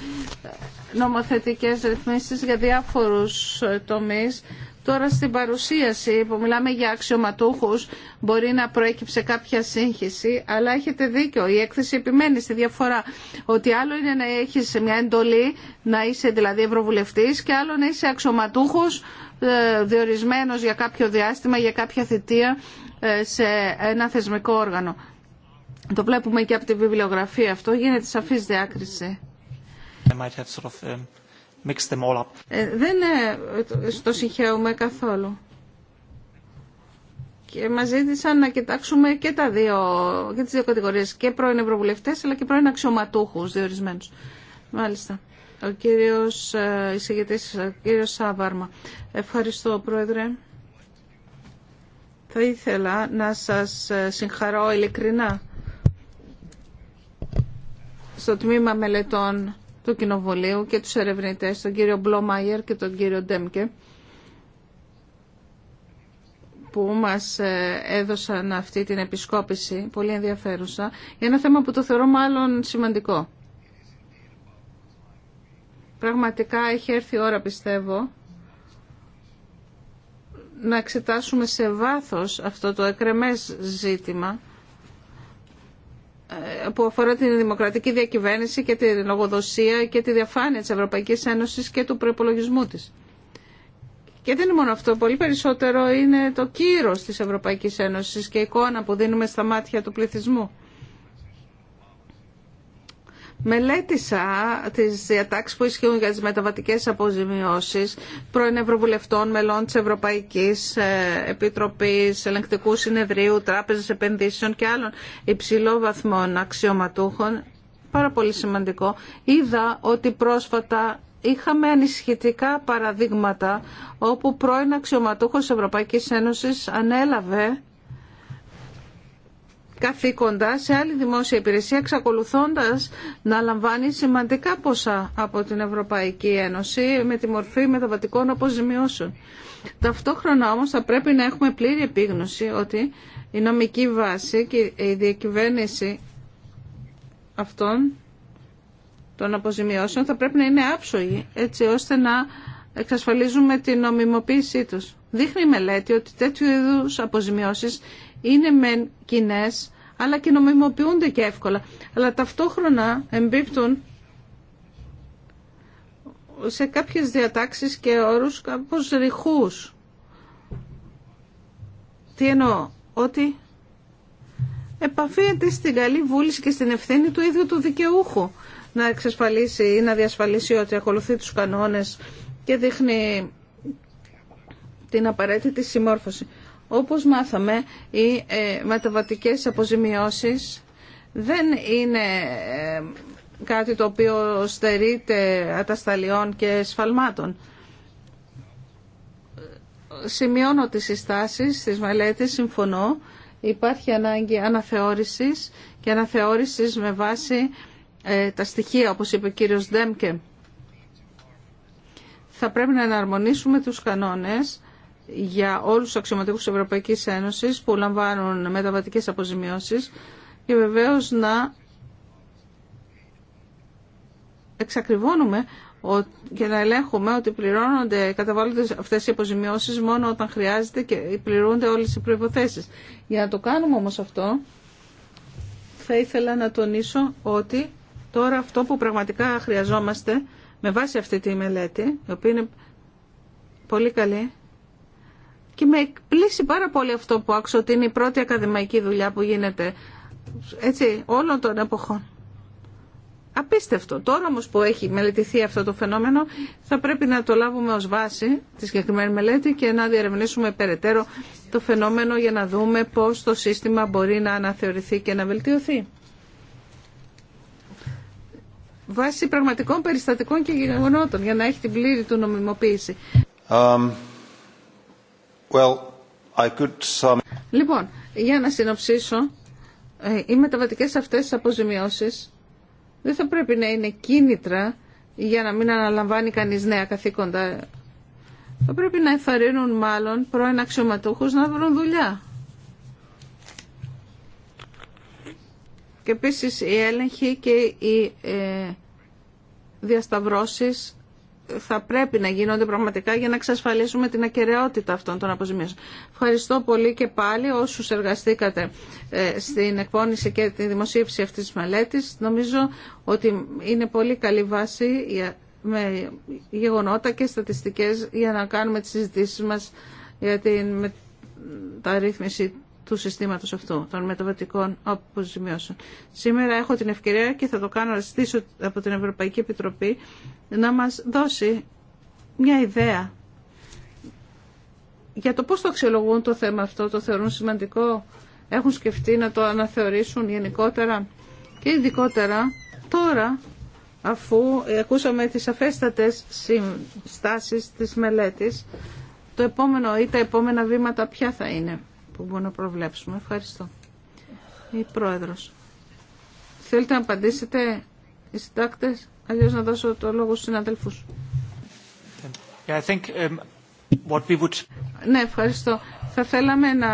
νομοθετικές ρυθμίσεις για διάφορους ε, τομείς Τώρα στην παρουσίαση που μιλάμε για αξιωματούχους μπορεί να προέκυψε κάποια σύγχυση, αλλά έχετε δίκιο. Η έκθεση επιμένει στη διαφορά ότι άλλο είναι να έχεις μια εντολή, να είσαι δηλαδή ευρωβουλευτής και άλλο να είσαι αξιωματούχος ε, διορισμένος για κάποιο διάστημα, για κάποια θητεία ε, σε ένα θεσμικό όργανο. Το βλέπουμε και από τη βιβλιογραφία αυτό, γίνεται σαφής διάκριση. Um, ε, δεν ε, το συγχαίουμε καθόλου. Και μας ζήτησαν να κοιτάξουμε και, τα δύο, και τις δύο κατηγορίες, και πρώην ευρωβουλευτές αλλά και πρώην αξιωματούχους διορισμένους. Μάλιστα. Ο κύριος ε, εισηγητής, ο κύριος Σάβαρμα. Ευχαριστώ, Πρόεδρε. Θα ήθελα να σας συγχαρώ ειλικρινά στο τμήμα μελετών του Κοινοβουλίου και τους ερευνητές, τον κύριο Μπλόμαγερ και τον κύριο Ντέμκε, που μας ε, έδωσαν αυτή την επισκόπηση, πολύ ενδιαφέρουσα, για ένα θέμα που το θεωρώ μάλλον σημαντικό. Πραγματικά έχει έρθει η ώρα, πιστεύω, να εξετάσουμε σε βάθος αυτό το εκρεμές ζήτημα που αφορά την δημοκρατική διακυβέρνηση και τη λογοδοσία και τη διαφάνεια της Ευρωπαϊκής Ένωσης και του προπολογισμού της. Και δεν είναι μόνο αυτό, πολύ περισσότερο είναι το κύρος της Ευρωπαϊκής Ένωσης και η εικόνα που δίνουμε στα μάτια του πληθυσμού. Μελέτησα τις διατάξει που ισχύουν για τι μεταβατικέ αποζημιώσεις πρώην Ευρωβουλευτών, μελών τη Ευρωπαϊκής ε, Επιτροπής, Ελεγκτικού Συνεδρίου, Τράπεζας Επενδύσεων και άλλων υψηλών βαθμών αξιωματούχων. Πάρα πολύ σημαντικό. Είδα ότι πρόσφατα είχαμε ανησυχητικά παραδείγματα όπου πρώην αξιωματούχος Ευρωπαϊκής Ένωσης ανέλαβε καθήκοντα σε άλλη δημόσια υπηρεσία, εξακολουθώντα να λαμβάνει σημαντικά ποσά από την Ευρωπαϊκή Ένωση με τη μορφή μεταβατικών αποζημιώσεων. Ταυτόχρονα όμως θα πρέπει να έχουμε πλήρη επίγνωση ότι η νομική βάση και η διακυβέρνηση αυτών των αποζημιώσεων θα πρέπει να είναι άψογη, έτσι ώστε να εξασφαλίζουμε την νομιμοποίησή τους. Δείχνει η μελέτη ότι τέτοιου είδους αποζημιώσεις είναι μεν κοινέ αλλά και νομιμοποιούνται και εύκολα. Αλλά ταυτόχρονα εμπίπτουν σε κάποιες διατάξεις και όρους κάπως ρηχούς. Τι εννοώ, ότι επαφείται στην καλή βούληση και στην ευθύνη του ίδιου του δικαιούχου να εξασφαλίσει ή να διασφαλίσει ότι ακολουθεί τους κανόνες και δείχνει την απαραίτητη συμμόρφωση. Όπως μάθαμε, οι ε, μεταβατικές αποζημιώσεις δεν είναι ε, κάτι το οποίο στερείται ατασταλιών και σφαλμάτων. Σημειώνω τις συστάσεις της μελέτης, συμφωνώ. Υπάρχει ανάγκη αναθεώρησης και αναθεώρησης με βάση ε, τα στοιχεία, όπως είπε ο κύριος Ντέμκε. Θα πρέπει να εναρμονίσουμε τους κανόνες για όλους τους αξιωματικούς της Ευρωπαϊκής Ένωσης που λαμβάνουν μεταβατικές αποζημιώσεις και βεβαίως να εξακριβώνουμε και να ελέγχουμε ότι πληρώνονται, καταβάλλονται αυτές οι αποζημιώσεις μόνο όταν χρειάζεται και πληρούνται όλες οι προϋποθέσεις. Για να το κάνουμε όμως αυτό, θα ήθελα να τονίσω ότι τώρα αυτό που πραγματικά χρειαζόμαστε με βάση αυτή τη μελέτη, η οποία είναι πολύ καλή, και με εκπλήσει πάρα πολύ αυτό που άκουσα ότι είναι η πρώτη ακαδημαϊκή δουλειά που γίνεται έτσι, όλων των εποχών. Απίστευτο. Τώρα όμως που έχει μελετηθεί αυτό το φαινόμενο θα πρέπει να το λάβουμε ως βάση τη συγκεκριμένη μελέτη και να διαρευνήσουμε περαιτέρω το φαινόμενο για να δούμε πώς το σύστημα μπορεί να αναθεωρηθεί και να βελτιωθεί. Βάσει πραγματικών περιστατικών και γεγονότων για να έχει την πλήρη του νομιμοποίηση. Um... Λοιπόν, για να συνοψίσω, ε, οι μεταβατικές αυτές αποζημιώσεις δεν θα πρέπει να είναι κίνητρα για να μην αναλαμβάνει κανείς νέα καθήκοντα. Θα πρέπει να εφαρύνουν μάλλον πρώην αξιωματούχους να βρουν δουλειά. Και επίσης η έλεγχοι και οι ε, διασταυρώσεις θα πρέπει να γίνονται πραγματικά για να εξασφαλίσουμε την ακαιρεότητα αυτών των αποζημίωσεων. Ευχαριστώ πολύ και πάλι όσους εργαστήκατε ε, στην εκπόνηση και τη δημοσίευση αυτής της μελέτης. Νομίζω ότι είναι πολύ καλή βάση με γεγονότα και στατιστικές για να κάνουμε τις συζητήσεις μας για την μεταρρύθμιση του συστήματος αυτού, των μεταβατικών αποζημιώσεων. Σήμερα έχω την ευκαιρία και θα το κάνω να ζητήσω από την Ευρωπαϊκή Επιτροπή να μας δώσει μια ιδέα για το πώς το αξιολογούν το θέμα αυτό, το θεωρούν σημαντικό, έχουν σκεφτεί να το αναθεωρήσουν γενικότερα και ειδικότερα τώρα αφού ακούσαμε τις αφέστατες συστάσεις της μελέτης, το επόμενο ή τα επόμενα βήματα ποια θα είναι που μπορούμε να προβλέψουμε. Ευχαριστώ. Η Πρόεδρος. Θέλετε να απαντήσετε οι συντάκτες, αλλιώς να δώσω το λόγο στους συναδελφούς. I think, um, what we would... Ναι, ευχαριστώ. Θα θέλαμε να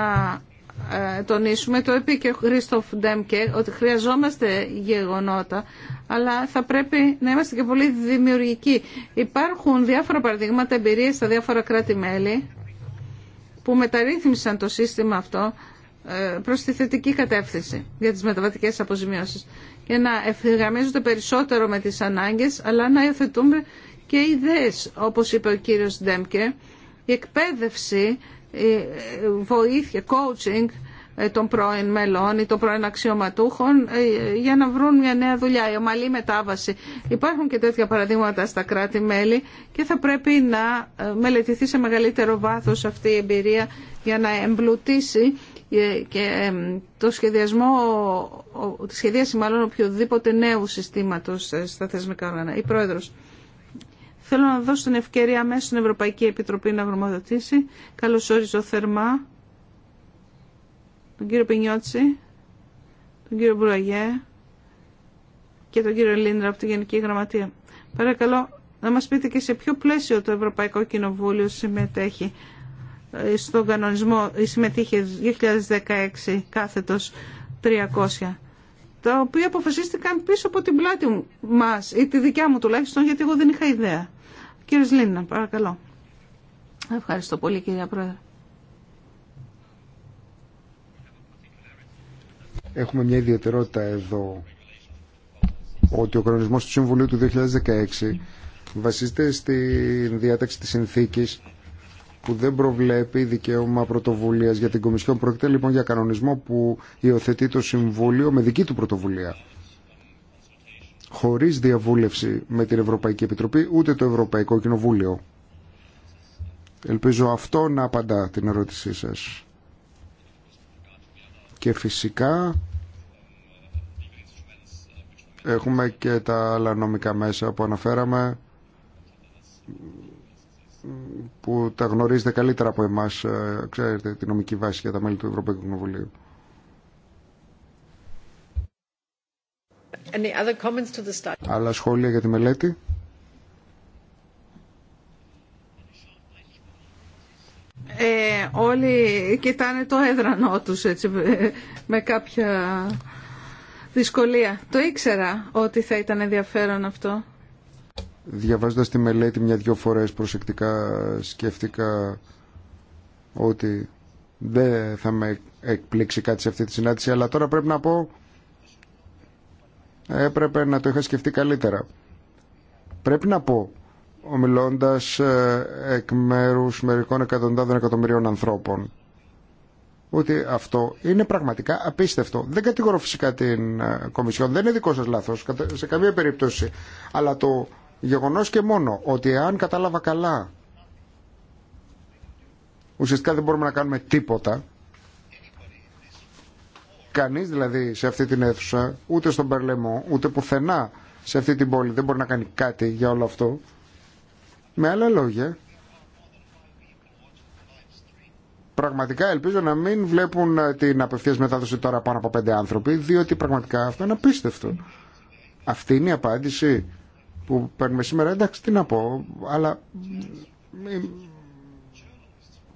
ε, τονίσουμε, το είπε και ο Χρήστοφ Ντέμκε, ότι χρειαζόμαστε γεγονότα, αλλά θα πρέπει να είμαστε και πολύ δημιουργικοί. Υπάρχουν διάφορα παραδείγματα εμπειρίες στα διάφορα κράτη-μέλη που μεταρρύθμισαν το σύστημα αυτό ε, προς τη θετική κατεύθυνση για τις μεταβατικές αποζημιώσεις και να ευθυγραμμίζονται περισσότερο με τις ανάγκες αλλά να υιοθετούν και ιδέες όπως είπε ο κύριος Ντέμκε η εκπαίδευση η ε, βοήθεια, coaching ε, των πρώην μελών ή των πρώην αξιωματούχων ε, για να βρουν μια νέα δουλειά, η ομαλή μετάβαση. Υπάρχουν και τέτοια παραδείγματα στα κράτη-μέλη και θα πρέπει να ε, μελετηθεί σε μεγαλύτερο βάθος αυτή η εμπειρία για να εμπλουτίσει και το σχεδιασμό, τη σχεδίαση μάλλον οποιοδήποτε νέου συστήματος στα θεσμικά όργανα. Η Πρόεδρος. Θέλω να δώσω την ευκαιρία μέσα στην Ευρωπαϊκή Επιτροπή να γνωμοδοτήσει. Καλώς όριζω θερμά τον κύριο Πινιώτση, τον κύριο Μπουραγέ και τον κύριο Λίντρα από τη Γενική Γραμματεία. Παρακαλώ να μας πείτε και σε ποιο πλαίσιο το Ευρωπαϊκό Κοινοβούλιο συμμετέχει ε, στον κανονισμό συμμετείχε 2016 κάθετος 300 τα οποία αποφασίστηκαν πίσω από την πλάτη μας ή τη δικιά μου τουλάχιστον γιατί εγώ δεν είχα ιδέα. Κύριε Σλίνα, παρακαλώ. Ευχαριστώ πολύ κυρία Πρόεδρε. έχουμε μια ιδιαιτερότητα εδώ ότι ο κανονισμός του Συμβουλίου του 2016 βασίζεται στην διάταξη της συνθήκης που δεν προβλέπει δικαίωμα πρωτοβουλία για την Κομισιόν. Πρόκειται λοιπόν για κανονισμό που υιοθετεί το Συμβούλιο με δική του πρωτοβουλία. Χωρί διαβούλευση με την Ευρωπαϊκή Επιτροπή ούτε το Ευρωπαϊκό Κοινοβούλιο. Ελπίζω αυτό να απαντά την ερώτησή σας. Και φυσικά έχουμε και τα άλλα νομικά μέσα που αναφέραμε που τα γνωρίζετε καλύτερα από εμάς, ε, ξέρετε, τη νομική βάση για τα μέλη του Ευρωπαϊκού Κοινοβουλίου. Άλλα σχόλια για τη μελέτη. ε, όλοι κοιτάνε το έδρανό τους έτσι, με κάποια δυσκολία. Το ήξερα ότι θα ήταν ενδιαφέρον αυτό. Διαβάζοντας τη μελέτη μια-δυο φορές προσεκτικά σκέφτηκα ότι δεν θα με εκπλήξει κάτι σε αυτή τη συνάντηση αλλά τώρα πρέπει να πω έπρεπε να το είχα σκεφτεί καλύτερα. Πρέπει να πω ομιλώντας ε, εκ μέρους μερικών εκατοντάδων εκατομμυρίων ανθρώπων ότι αυτό είναι πραγματικά απίστευτο. Δεν κατηγορώ φυσικά την ε, Κομισιόν, δεν είναι δικό σας λάθος σε καμία περίπτωση. Αλλά το γεγονός και μόνο ότι αν κατάλαβα καλά ουσιαστικά δεν μπορούμε να κάνουμε τίποτα κανείς δηλαδή σε αυτή την αίθουσα ούτε στον Περλεμό ούτε πουθενά σε αυτή την πόλη δεν μπορεί να κάνει κάτι για όλο αυτό με άλλα λόγια, πραγματικά ελπίζω να μην βλέπουν ε, την απευθεία μετάδοση τώρα πάνω από πέντε άνθρωποι, διότι πραγματικά αυτό είναι απίστευτο. Αυτή είναι η απάντηση που παίρνουμε σήμερα. Εντάξει, τι να πω, αλλά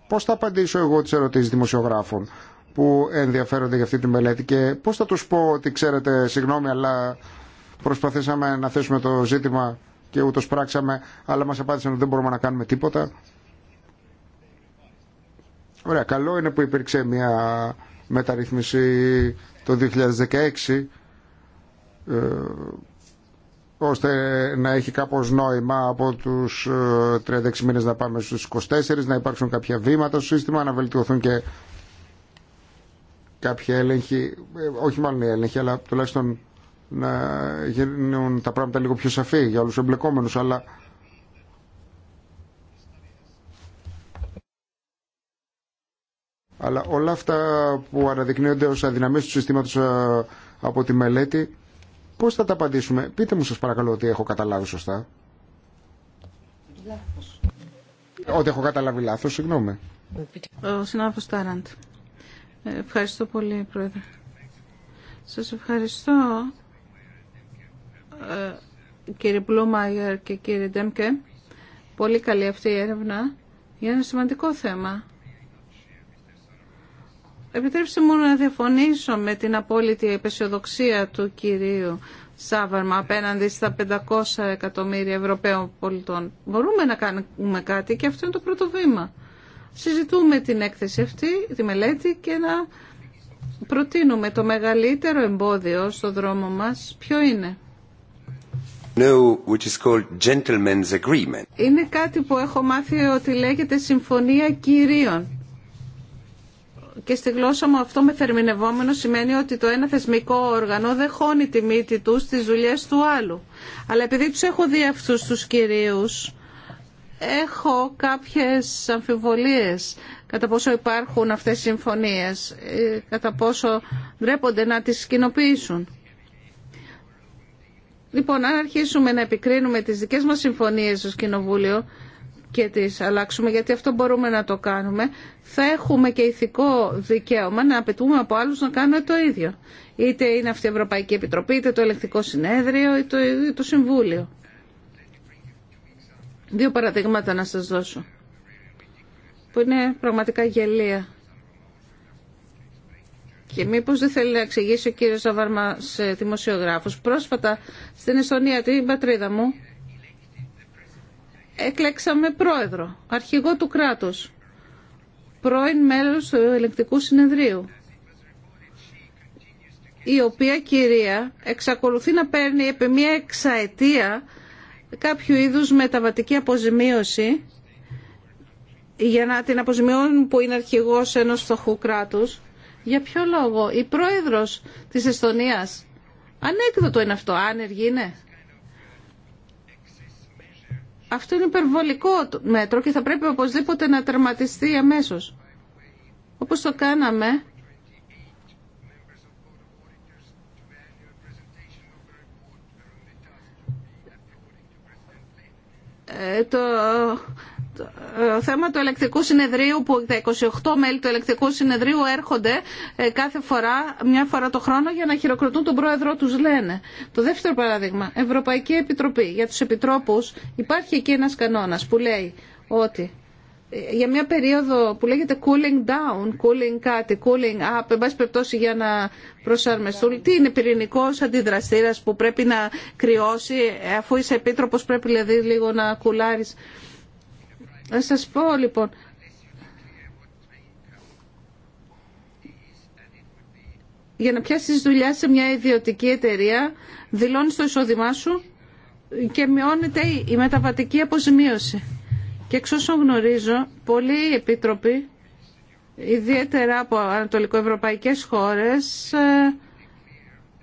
Πώ θα απαντήσω εγώ τις ερωτήσει δημοσιογράφων που ενδιαφέρονται για αυτή τη μελέτη και πώς θα τους πω ότι ξέρετε, συγγνώμη, αλλά προσπαθήσαμε να θέσουμε το ζήτημα και ούτως πράξαμε, αλλά μας απάντησαν ότι δεν μπορούμε να κάνουμε τίποτα. Ωραία, καλό είναι που υπήρξε μια μεταρρύθμιση το 2016 ε, ώστε να έχει κάπως νόημα από τους 36 ε, μήνες να πάμε στους 24, να υπάρξουν κάποια βήματα στο σύστημα, να βελτιωθούν και κάποια έλεγχη, ε, όχι μόνο η έλεγχη, αλλά τουλάχιστον να γίνουν τα πράγματα λίγο πιο σαφή για όλους τους εμπλεκόμενους, αλλά... Αλλά όλα αυτά που αναδεικνύονται ως αδυναμίες του συστήματος ε, από τη μελέτη, πώς θα τα απαντήσουμε. Πείτε μου σας παρακαλώ ότι έχω καταλάβει σωστά. Λάθος. Ότι έχω καταλάβει λάθος, συγγνώμη. Ο συνάδελφος Τάραντ. Ε, ευχαριστώ πολύ, Πρόεδρε. Σας ευχαριστώ ε, κύριε Μπλούμαγερ και κύριε Ντέμκε. Πολύ καλή αυτή η έρευνα για ένα σημαντικό θέμα. Επιτρέψτε μου να διαφωνήσω με την απόλυτη επεσιοδοξία του κυρίου Σάβαρμα απέναντι στα 500 εκατομμύρια Ευρωπαίων πολιτών. Μπορούμε να κάνουμε κάτι και αυτό είναι το πρώτο βήμα. Συζητούμε την έκθεση αυτή, τη μελέτη και να προτείνουμε το μεγαλύτερο εμπόδιο στο δρόμο μας. Ποιο είναι. Είναι κάτι που έχω μάθει ότι λέγεται συμφωνία κυρίων. Και στη γλώσσα μου αυτό με θερμινευόμενο σημαίνει ότι το ένα θεσμικό όργανο δεν χώνει τη μύτη του στις δουλειές του άλλου. Αλλά επειδή τους έχω δει αυτούς τους κυρίους, έχω κάποιες αμφιβολίες κατά πόσο υπάρχουν αυτές οι συμφωνίες, ε, κατά πόσο ντρέπονται να τις κοινοποιήσουν. Λοιπόν, αν αρχίσουμε να επικρίνουμε τις δικές μας συμφωνίες στο Κοινοβούλιο και τις αλλάξουμε, γιατί αυτό μπορούμε να το κάνουμε, θα έχουμε και ηθικό δικαίωμα να απαιτούμε από άλλους να κάνουν το ίδιο. Είτε είναι αυτή η Ευρωπαϊκή Επιτροπή, είτε το Ελεκτικό Συνέδριο, είτε το Συμβούλιο. Δύο παραδείγματα να σας δώσω, που είναι πραγματικά γελία. Και μήπως δεν θέλει να εξηγήσει ο κύριος Ζαβάρμα σε Πρόσφατα στην Εστονία, την πατρίδα μου, εκλέξαμε πρόεδρο, αρχηγό του κράτους, πρώην μέλος του ελεκτικού συνεδρίου, η οποία κυρία εξακολουθεί να παίρνει επί μία εξαετία κάποιο είδους μεταβατική αποζημίωση για να την αποζημιώνουν που είναι αρχηγός ενός φτωχού κράτους για ποιο λόγο η πρόεδρος της Εστονίας, ανέκδοτο είναι αυτό, άνεργη είναι. Αυτό είναι υπερβολικό μέτρο και θα πρέπει οπωσδήποτε να τερματιστεί αμέσως. Όπως το κάναμε ε, το το ε, θέμα του ελεκτικού συνεδρίου που τα 28 μέλη του ελεκτικού συνεδρίου έρχονται ε, κάθε φορά, μια φορά το χρόνο για να χειροκροτούν τον πρόεδρο τους λένε. Το δεύτερο παράδειγμα, Ευρωπαϊκή Επιτροπή. Για τους επιτρόπους υπάρχει εκεί ένας κανόνας που λέει ότι ε, για μια περίοδο που λέγεται cooling down, cooling κάτι, cooling up, εν πάση περιπτώσει για να προσαρμεστούν. Τι είναι πυρηνικό αντιδραστήρας που πρέπει να κρυώσει, αφού είσαι επίτροπος πρέπει δηλαδή λίγο να κουλάρεις. Να σας πω λοιπόν, για να πιάσεις δουλειά σε μια ιδιωτική εταιρεία, δηλώνεις το εισόδημά σου και μειώνεται η μεταβατική αποζημίωση. Και εξ όσων γνωρίζω, πολλοί επίτροποι, ιδιαίτερα από ανατολικοευρωπαϊκές χώρες, ε,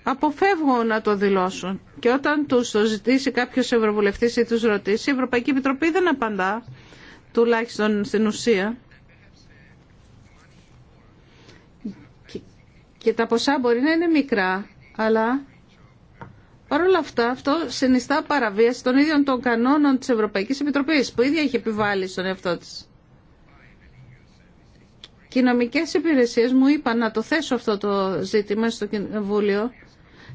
αποφεύγουν να το δηλώσουν. Και όταν τους το ζητήσει κάποιος ευρωβουλευτής ή τους ρωτήσει, η Ευρωπαϊκή Επιτροπή δεν απαντά τουλάχιστον στην ουσία. Και τα ποσά μπορεί να είναι μικρά, αλλά παρόλα αυτά αυτό συνιστά παραβίαση των ίδιων των κανόνων της Ευρωπαϊκής Επιτροπής, που ίδια έχει επιβάλει στον εαυτό της. Και οι νομικές υπηρεσίες μου είπαν να το θέσω αυτό το ζήτημα στο Κοινοβούλιο,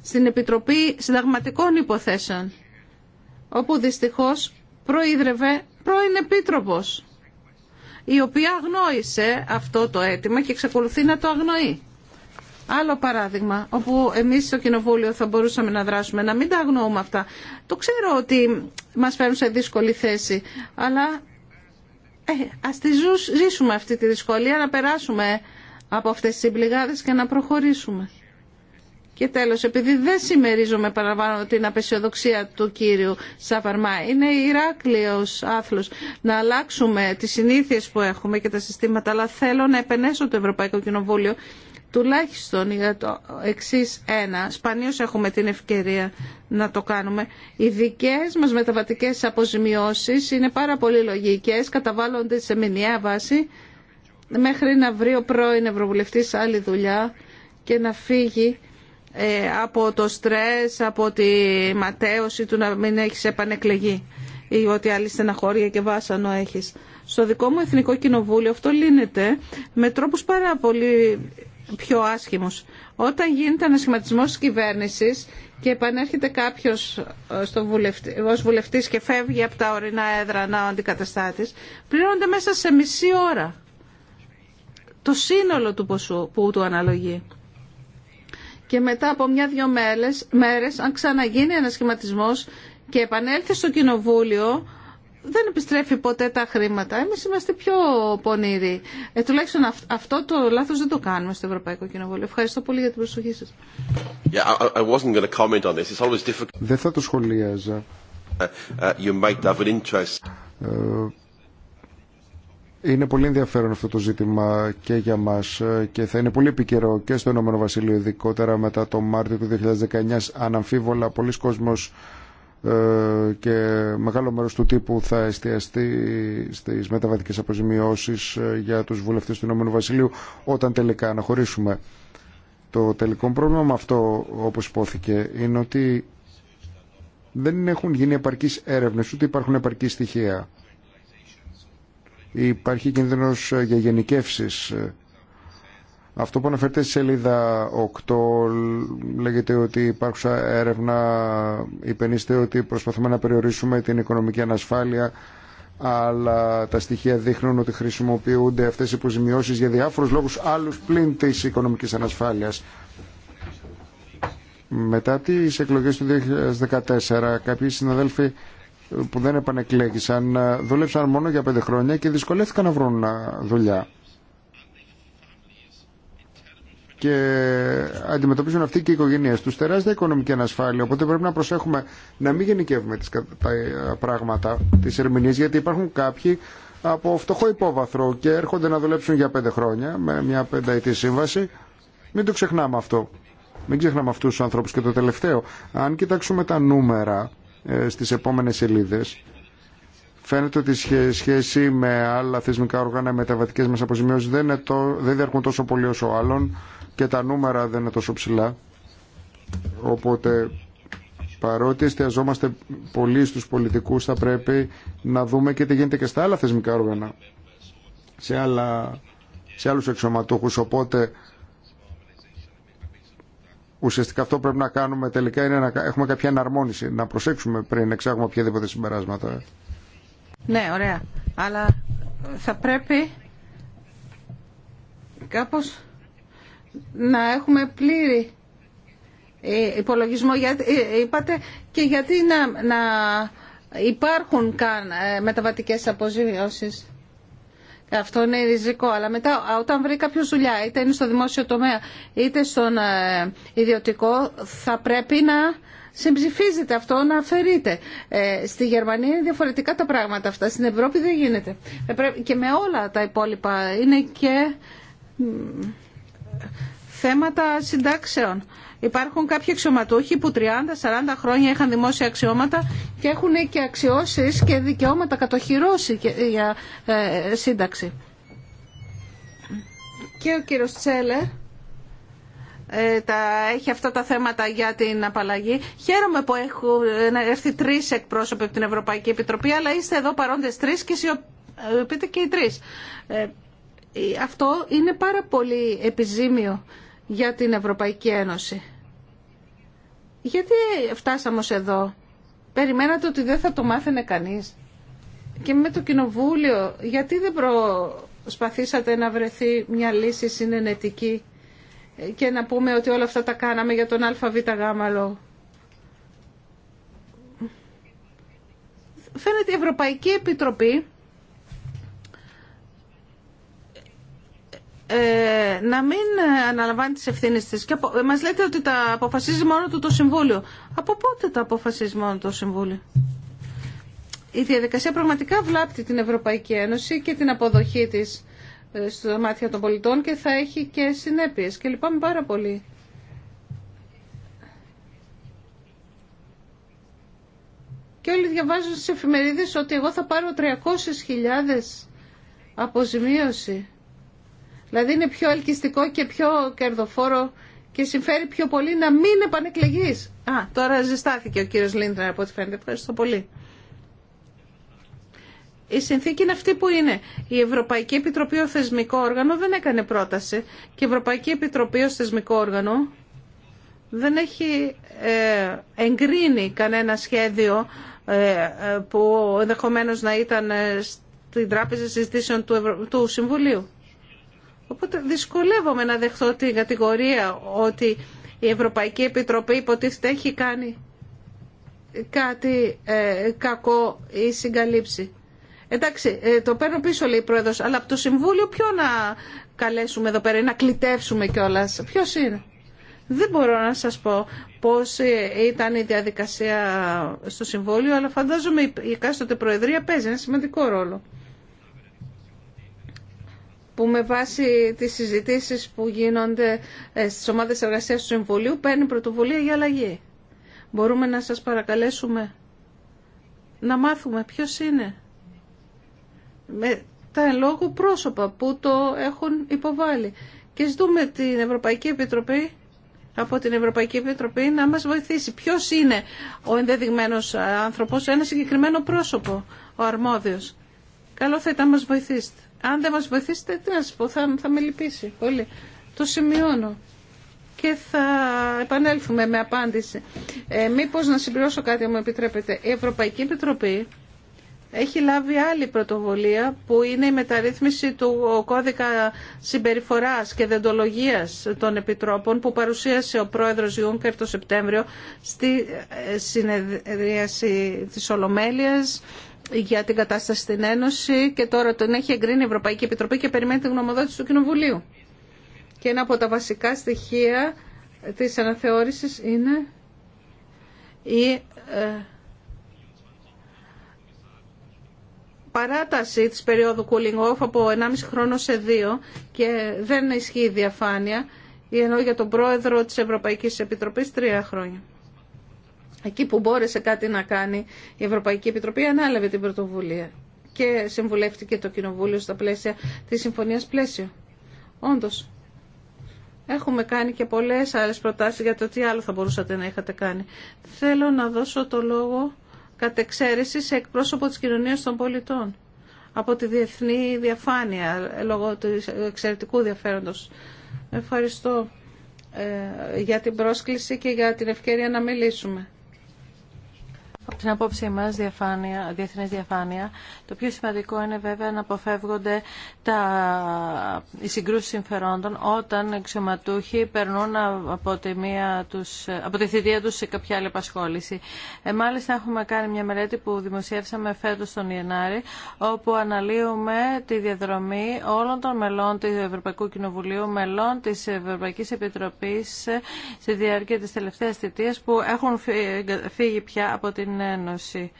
στην Επιτροπή Συνταγματικών Υποθέσεων, όπου δυστυχώς προείδρευε πρώην Επίτροπος, η οποία αγνόησε αυτό το αίτημα και εξακολουθεί να το αγνοεί. Άλλο παράδειγμα, όπου εμείς στο Κοινοβούλιο θα μπορούσαμε να δράσουμε, να μην τα αγνοούμε αυτά. Το ξέρω ότι μας φέρνουν σε δύσκολη θέση, αλλά ε, ας τη ζήσουμε αυτή τη δυσκολία, να περάσουμε από αυτές τις συμπληγάδες και να προχωρήσουμε. Και τέλος, επειδή δεν συμμερίζομαι παραπάνω την απεσιοδοξία του κύριου Σαφαρμά, είναι Ηράκλειος άθλος να αλλάξουμε τις συνήθειες που έχουμε και τα συστήματα, αλλά θέλω να επενέσω το Ευρωπαϊκό Κοινοβούλιο τουλάχιστον για το εξή ένα, σπανίως έχουμε την ευκαιρία να το κάνουμε, οι δικές μας μεταβατικές αποζημιώσεις είναι πάρα πολύ λογικές, καταβάλλονται σε μηνιαία βάση, μέχρι να βρει ο πρώην Ευρωβουλευτής άλλη δουλειά και να φύγει ε, από το στρες, από τη ματέωση του να μην έχεις επανεκλεγεί ή ότι άλλη στεναχώρια και βάσανο έχεις. Στο δικό μου Εθνικό Κοινοβούλιο αυτό λύνεται με τρόπους πάρα πολύ πιο άσχημους. Όταν γίνεται ανασχηματισμός της κυβέρνησης και επανέρχεται κάποιος ε, στο βουλευτή, ως βουλευτής και φεύγει από τα ορεινά έδρανα ο αντικαταστάτης, πληρώνονται μέσα σε μισή ώρα το σύνολο του ποσού που του αναλογεί και μετά από μια-δυο μέρες, αν ξαναγίνει ένα σχηματισμός και επανέλθει στο κοινοβούλιο, δεν επιστρέφει ποτέ τα χρήματα. Εμείς είμαστε πιο πονηροί. Ε, τουλάχιστον αυτό το λάθος δεν το κάνουμε στο Ευρωπαϊκό Κοινοβούλιο. Ευχαριστώ πολύ για την προσοχή σας. Yeah, Δεν θα το σχολίαζα. Uh, uh, you might have an interest. Ε, είναι πολύ ενδιαφέρον αυτό το ζήτημα και για μας ε, και θα είναι πολύ επικαιρό και στο Ηνωμένο Βασίλειο ειδικότερα μετά το Μάρτιο του 2019 αναμφίβολα πολλοί κόσμος ε, και μεγάλο μέρος του τύπου θα εστιαστεί στις μεταβατικές αποζημιώσεις ε, για τους βουλευτές του Ηνωμένου Βασιλείου όταν τελικά αναχωρήσουμε. Το τελικό πρόβλημα με αυτό όπως υπόθηκε είναι ότι δεν έχουν γίνει επαρκείς έρευνες ούτε υπάρχουν επαρκείς στοιχεία υπάρχει κίνδυνος ε, για γενικεύσεις. Ε, αυτό που αναφέρεται στη σελίδα 8 λέγεται ότι υπάρχουσα έρευνα υπενίστε ότι προσπαθούμε να περιορίσουμε την οικονομική ανασφάλεια αλλά τα στοιχεία δείχνουν ότι χρησιμοποιούνται αυτές οι υποζημιώσεις για διάφορους λόγους άλλους πλην της οικονομικής ανασφάλειας. Μετά τις εκλογές του 2014 κάποιοι συναδέλφοι που δεν επανεκλέγησαν δούλεψαν μόνο για πέντε χρόνια και δυσκολεύτηκαν να βρουν δουλειά. Και αντιμετωπίζουν αυτοί και οι οικογένειε του τεράστια οικονομική ανασφάλεια. Οπότε πρέπει να προσέχουμε να μην γενικεύουμε τις, τα ε, πράγματα, τι ερμηνείε, γιατί υπάρχουν κάποιοι από φτωχό υπόβαθρο και έρχονται να δουλέψουν για πέντε χρόνια με μια πενταετή σύμβαση. Μην το ξεχνάμε αυτό. Μην ξεχνάμε αυτού του ανθρώπου. Και το τελευταίο, αν κοιτάξουμε τα νούμερα ε, στις επόμενες σελίδες. Φαίνεται ότι η σχέση με άλλα θεσμικά όργανα με μεταβατικές μας αποζημιώσεις δεν, το, δεν διαρκούν τόσο πολύ όσο άλλων και τα νούμερα δεν είναι τόσο ψηλά. Οπότε παρότι εστιαζόμαστε πολύ στους πολιτικούς θα πρέπει να δούμε και τι γίνεται και στα άλλα θεσμικά όργανα σε, άλλα, σε άλλους εξωματούχους οπότε Ουσιαστικά αυτό πρέπει να κάνουμε τελικά είναι να έχουμε κάποια εναρμόνιση, να προσέξουμε πριν εξάγουμε οποιαδήποτε συμπεράσματα. Ναι, ωραία. Αλλά θα πρέπει κάπως να έχουμε πλήρη ε, υπολογισμό. Ε, είπατε και γιατί να, να υπάρχουν καν ε, μεταβατικές αποζημιώσεις. Αυτό είναι ριζικό. Αλλά μετά, όταν βρει κάποιο δουλειά, είτε είναι στο δημόσιο τομέα, είτε στον ε, ιδιωτικό, θα πρέπει να συμψηφίζεται αυτό, να αφαιρείται. Ε, στη Γερμανία είναι διαφορετικά τα πράγματα αυτά. Στην Ευρώπη δεν γίνεται. Ε, και με όλα τα υπόλοιπα είναι και θέματα συντάξεων. Υπάρχουν κάποιοι αξιωματούχοι που 30-40 χρόνια είχαν δημόσια αξιώματα και έχουν και αξιώσεις και δικαιώματα κατοχυρώσει ε, για ε, σύνταξη. Και ο κύριος Τσέλερ ε, τα, έχει αυτά τα θέματα για την απαλλαγή. Χαίρομαι που έχουν έρθει τρει εκπρόσωποι από την Ευρωπαϊκή Επιτροπή, αλλά είστε εδώ παρόντε τρει και σιωπείτε και οι τρει. αυτό είναι πάρα πολύ επιζήμιο για την Ευρωπαϊκή Ένωση. Γιατί φτάσαμε ως εδώ. Περιμένατε ότι δεν θα το μάθαινε κανείς. Και με το κοινοβούλιο, γιατί δεν προσπαθήσατε να βρεθεί μια λύση συνενετική και να πούμε ότι όλα αυτά τα κάναμε για τον ΑΒΓ. Φαίνεται η Ευρωπαϊκή Επιτροπή Ε, να μην ε, αναλαμβάνει τις ευθύνες της. Και ε, Μας λέτε ότι τα αποφασίζει μόνο του το Συμβούλιο. Από πότε τα αποφασίζει μόνο το Συμβούλιο. Η διαδικασία πραγματικά βλάπτει την Ευρωπαϊκή Ένωση και την αποδοχή της στα μάτια των πολιτών και θα έχει και συνέπειες και λυπάμαι πάρα πολύ. Και όλοι διαβάζουν στις εφημερίδες ότι εγώ θα πάρω 300.000 αποζημίωση. Δηλαδή είναι πιο ελκυστικό και πιο κερδοφόρο και συμφέρει πιο πολύ να μην επανεκλεγεί. Α, τώρα ζεστάθηκε ο κύριο Λίντρα από ό,τι φαίνεται. Ευχαριστώ πολύ. Η συνθήκη είναι αυτή που είναι. Η Ευρωπαϊκή Επιτροπή ο θεσμικό όργανο δεν έκανε πρόταση και η Ευρωπαϊκή Επιτροπή ως θεσμικό όργανο δεν έχει ε, εγκρίνει κανένα σχέδιο ε, ε, που ενδεχομένω να ήταν στην Τράπεζα Συζητήσεων του Συμβουλίου. Οπότε δυσκολεύομαι να δεχθώ την κατηγορία ότι η Ευρωπαϊκή Επιτροπή υποτίθεται έχει κάνει κάτι ε, κακό ή συγκαλύψει. Εντάξει, ε, το παίρνω πίσω λέει η Πρόεδρος, αλλά από το Συμβούλιο ποιο να καλέσουμε εδώ πέρα, να κλητεύσουμε κιόλα. Ποιο είναι. Δεν μπορώ να σας πω πώς ε, ήταν η διαδικασία στο Συμβούλιο, αλλά φαντάζομαι η εκάστοτε Προεδρία παίζει ένα σημαντικό ρόλο που με βάση τις συζητήσεις που γίνονται ε, στις ομάδες εργασίας του Συμβουλίου παίρνει πρωτοβουλία για αλλαγή. Μπορούμε να σας παρακαλέσουμε να μάθουμε ποιος είναι με τα λόγω πρόσωπα που το έχουν υποβάλει. Και ζητούμε την Ευρωπαϊκή Επιτροπή από την Ευρωπαϊκή Επιτροπή να μας βοηθήσει. Ποιος είναι ο ενδεδειγμένος άνθρωπος, ένα συγκεκριμένο πρόσωπο, ο αρμόδιος. Καλό θα ήταν να μας βοηθήσετε αν δεν μας βοηθήσετε, τι να σας πω, θα, με λυπήσει πολύ. Το σημειώνω και θα επανέλθουμε με απάντηση. Ε, μήπως να συμπληρώσω κάτι, αν μου επιτρέπετε. Η Ευρωπαϊκή Επιτροπή έχει λάβει άλλη πρωτοβολία που είναι η μεταρρύθμιση του κώδικα συμπεριφοράς και δεντολογίας των επιτρόπων που παρουσίασε ο πρόεδρος Ιούνκερ το Σεπτέμβριο στη ε, συνεδρίαση της Ολομέλειας για την κατάσταση στην Ένωση και τώρα τον έχει εγκρίνει η Ευρωπαϊκή Επιτροπή και περιμένει την γνωμοδότηση του Κοινοβουλίου. Και ένα από τα βασικά στοιχεία της αναθεώρησης είναι η ε, παράταση της περίοδου cooling off από 1,5 χρόνο σε 2 και δεν ισχύει η διαφάνεια, ενώ για τον πρόεδρο της Ευρωπαϊκής Επιτροπής 3 χρόνια εκεί που μπόρεσε κάτι να κάνει η Ευρωπαϊκή Επιτροπή ανάλαβε την πρωτοβουλία και συμβουλεύτηκε το Κοινοβούλιο στα πλαίσια της Συμφωνίας Πλαίσιο. Όντως, έχουμε κάνει και πολλές άλλες προτάσεις για το τι άλλο θα μπορούσατε να είχατε κάνει. Θέλω να δώσω το λόγο κατ' εξαίρεση σε εκπρόσωπο της κοινωνίας των πολιτών από τη διεθνή διαφάνεια λόγω του εξαιρετικού ενδιαφέροντος. Ευχαριστώ ε, για την πρόσκληση και για την ευκαιρία να μιλήσουμε. Από την απόψη μας, διαφάνεια, διεθνής διαφάνεια, το πιο σημαντικό είναι βέβαια να αποφεύγονται τα, οι συγκρούσεις συμφερόντων όταν εξωματούχοι περνούν από τη, μία τους, από τη θητεία τους σε κάποια άλλη απασχόληση. Ε, μάλιστα έχουμε κάνει μια μελέτη που δημοσιεύσαμε φέτος τον Ιενάρη, όπου αναλύουμε τη διαδρομή όλων των μελών του Ευρωπαϊκού Κοινοβουλίου, μελών της Ευρωπαϊκής Επιτροπής ε, στη διάρκεια της τελευταίας θητείας που έχουν φύγει πια από την Ένωση.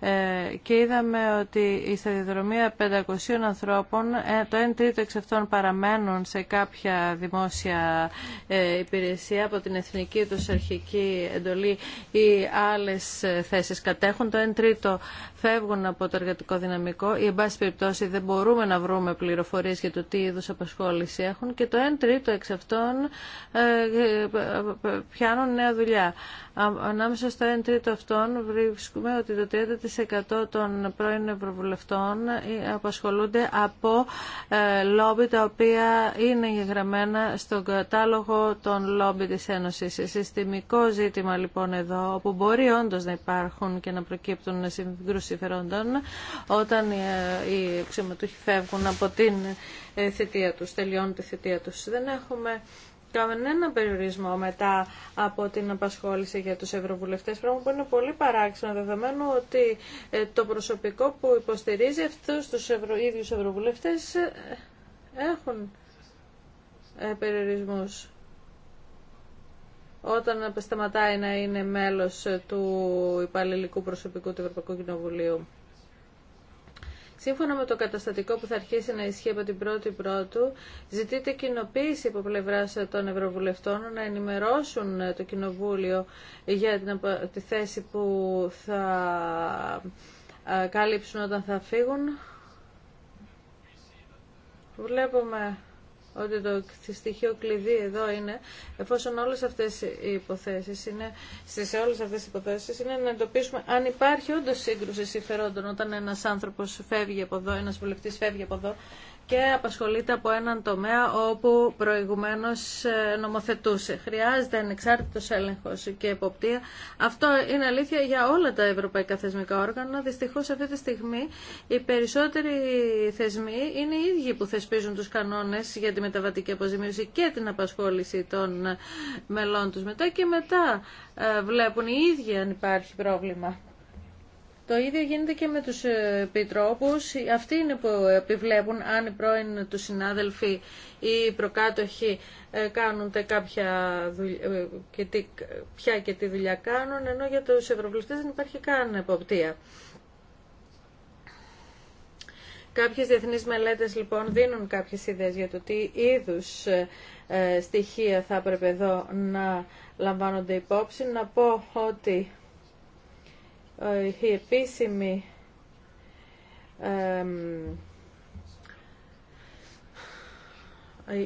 Ε, και είδαμε ότι η σταδιοδρομία 500 ανθρώπων, ε, το 1 τρίτο εξ αυτών παραμένουν σε κάποια δημόσια ε, υπηρεσία από την εθνική τους αρχική εντολή ή άλλες θέσεις κατέχουν, το 1 τρίτο φεύγουν από το εργατικό δυναμικό ή εν πάση περιπτώσει δεν μπορούμε να βρούμε πληροφορίες για το τι είδους απασχόληση έχουν και το 1 τρίτο εξ αυτών πιάνουν νέα δουλειά. Ανάμεσα στο 1 τρίτο αυτών βρίσκουμε ότι το 100 των πρώην Ευρωβουλευτών ε, απασχολούνται από ε, λόμπι τα οποία είναι γεγραμμένα στον κατάλογο των λόμπι της Ένωσης. Συστημικό ζήτημα λοιπόν εδώ, όπου μπορεί όντως να υπάρχουν και να προκύπτουν συγκρούσεις συμφερόντων όταν ε, οι ξεματούχοι φεύγουν από την θητεία τους, τελειώνουν τη θητεία τους. Δεν έχουμε ένα περιορισμό μετά από την απασχόληση για τους ευρωβουλευτές, πράγμα που είναι πολύ παράξενο δεδομένου ότι ε, το προσωπικό που υποστηρίζει αυτούς τους ευρω... ίδιους ευρωβουλευτές ε, έχουν ε, περιορισμούς όταν σταματάει να είναι μέλος του υπαλληλικού προσωπικού του Ευρωπαϊκού Κοινοβουλίου. Σύμφωνα με το καταστατικό που θα αρχίσει να ισχύει από την 1η Πρώτου, ζητείται κοινοποίηση από πλευρά των Ευρωβουλευτών να ενημερώσουν το Κοινοβούλιο για τη θέση που θα κάλυψουν όταν θα φύγουν. Βλέπουμε ότι το στοιχείο κλειδί εδώ είναι, εφόσον όλες αυτές οι υποθέσεις είναι, σε όλες αυτές οι υποθέσεις είναι να εντοπίσουμε αν υπάρχει όντω σύγκρουση συμφερόντων όταν ένας άνθρωπος φεύγει από εδώ, ένας βουλευτής φεύγει από εδώ και απασχολείται από έναν τομέα όπου προηγουμένως ε, νομοθετούσε. Χρειάζεται ανεξάρτητος έλεγχος και εποπτεία. Αυτό είναι αλήθεια για όλα τα ευρωπαϊκά θεσμικά όργανα. Δυστυχώς αυτή τη στιγμή οι περισσότεροι θεσμοί είναι οι ίδιοι που θεσπίζουν τους κανόνες για τη μεταβατική αποζημίωση και την απασχόληση των ε, μελών τους μετά και μετά ε, βλέπουν οι ίδιοι αν υπάρχει πρόβλημα. Το ίδιο γίνεται και με τους επιτρόπους. Αυτοί είναι που επιβλέπουν αν οι πρώην του συνάδελφοι ή οι προκάτοχοι ε, κάνουν κάποια ε, και τι, ποια και τι δουλειά κάνουν, ενώ για τους ευρωβουλευτές δεν υπάρχει καν εποπτεία. Κάποιες διεθνείς μελέτες λοιπόν δίνουν κάποιες ιδέες για το τι είδους ε, στοιχεία θα έπρεπε εδώ να λαμβάνονται υπόψη. Να πω ότι ε, η επίσημη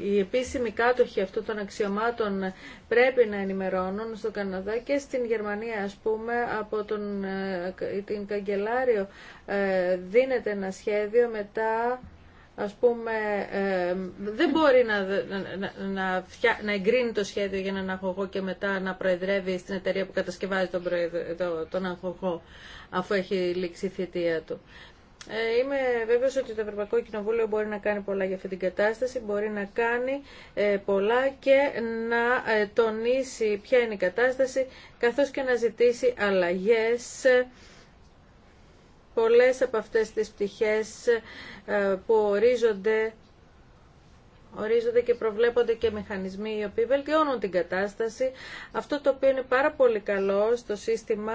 οι επίσημοι κάτοχοι αυτών των αξιωμάτων πρέπει να ενημερώνουν στο Καναδά και στην Γερμανία ας πούμε από τον, ε, την Καγκελάριο ε, δίνεται ένα σχέδιο μετά ας πούμε, ε, δεν μπορεί να, να, να, να, εγκρίνει το σχέδιο για έναν αγωγό και μετά να προεδρεύει στην εταιρεία που κατασκευάζει τον, προεδρε... τον αγωγό αφού έχει λήξει η θητεία του. Ε, είμαι βέβαιος ότι το Ευρωπαϊκό Κοινοβούλιο μπορεί να κάνει πολλά για αυτή την κατάσταση, μπορεί να κάνει ε, πολλά και να ε, τονίσει ποια είναι η κατάσταση, καθώς και να ζητήσει αλλαγές πολλές από αυτές τις πτυχές ε, που ορίζονται Ορίζονται και προβλέπονται και μηχανισμοί οι οποίοι βελτιώνουν την κατάσταση. Αυτό το οποίο είναι πάρα πολύ καλό στο σύστημα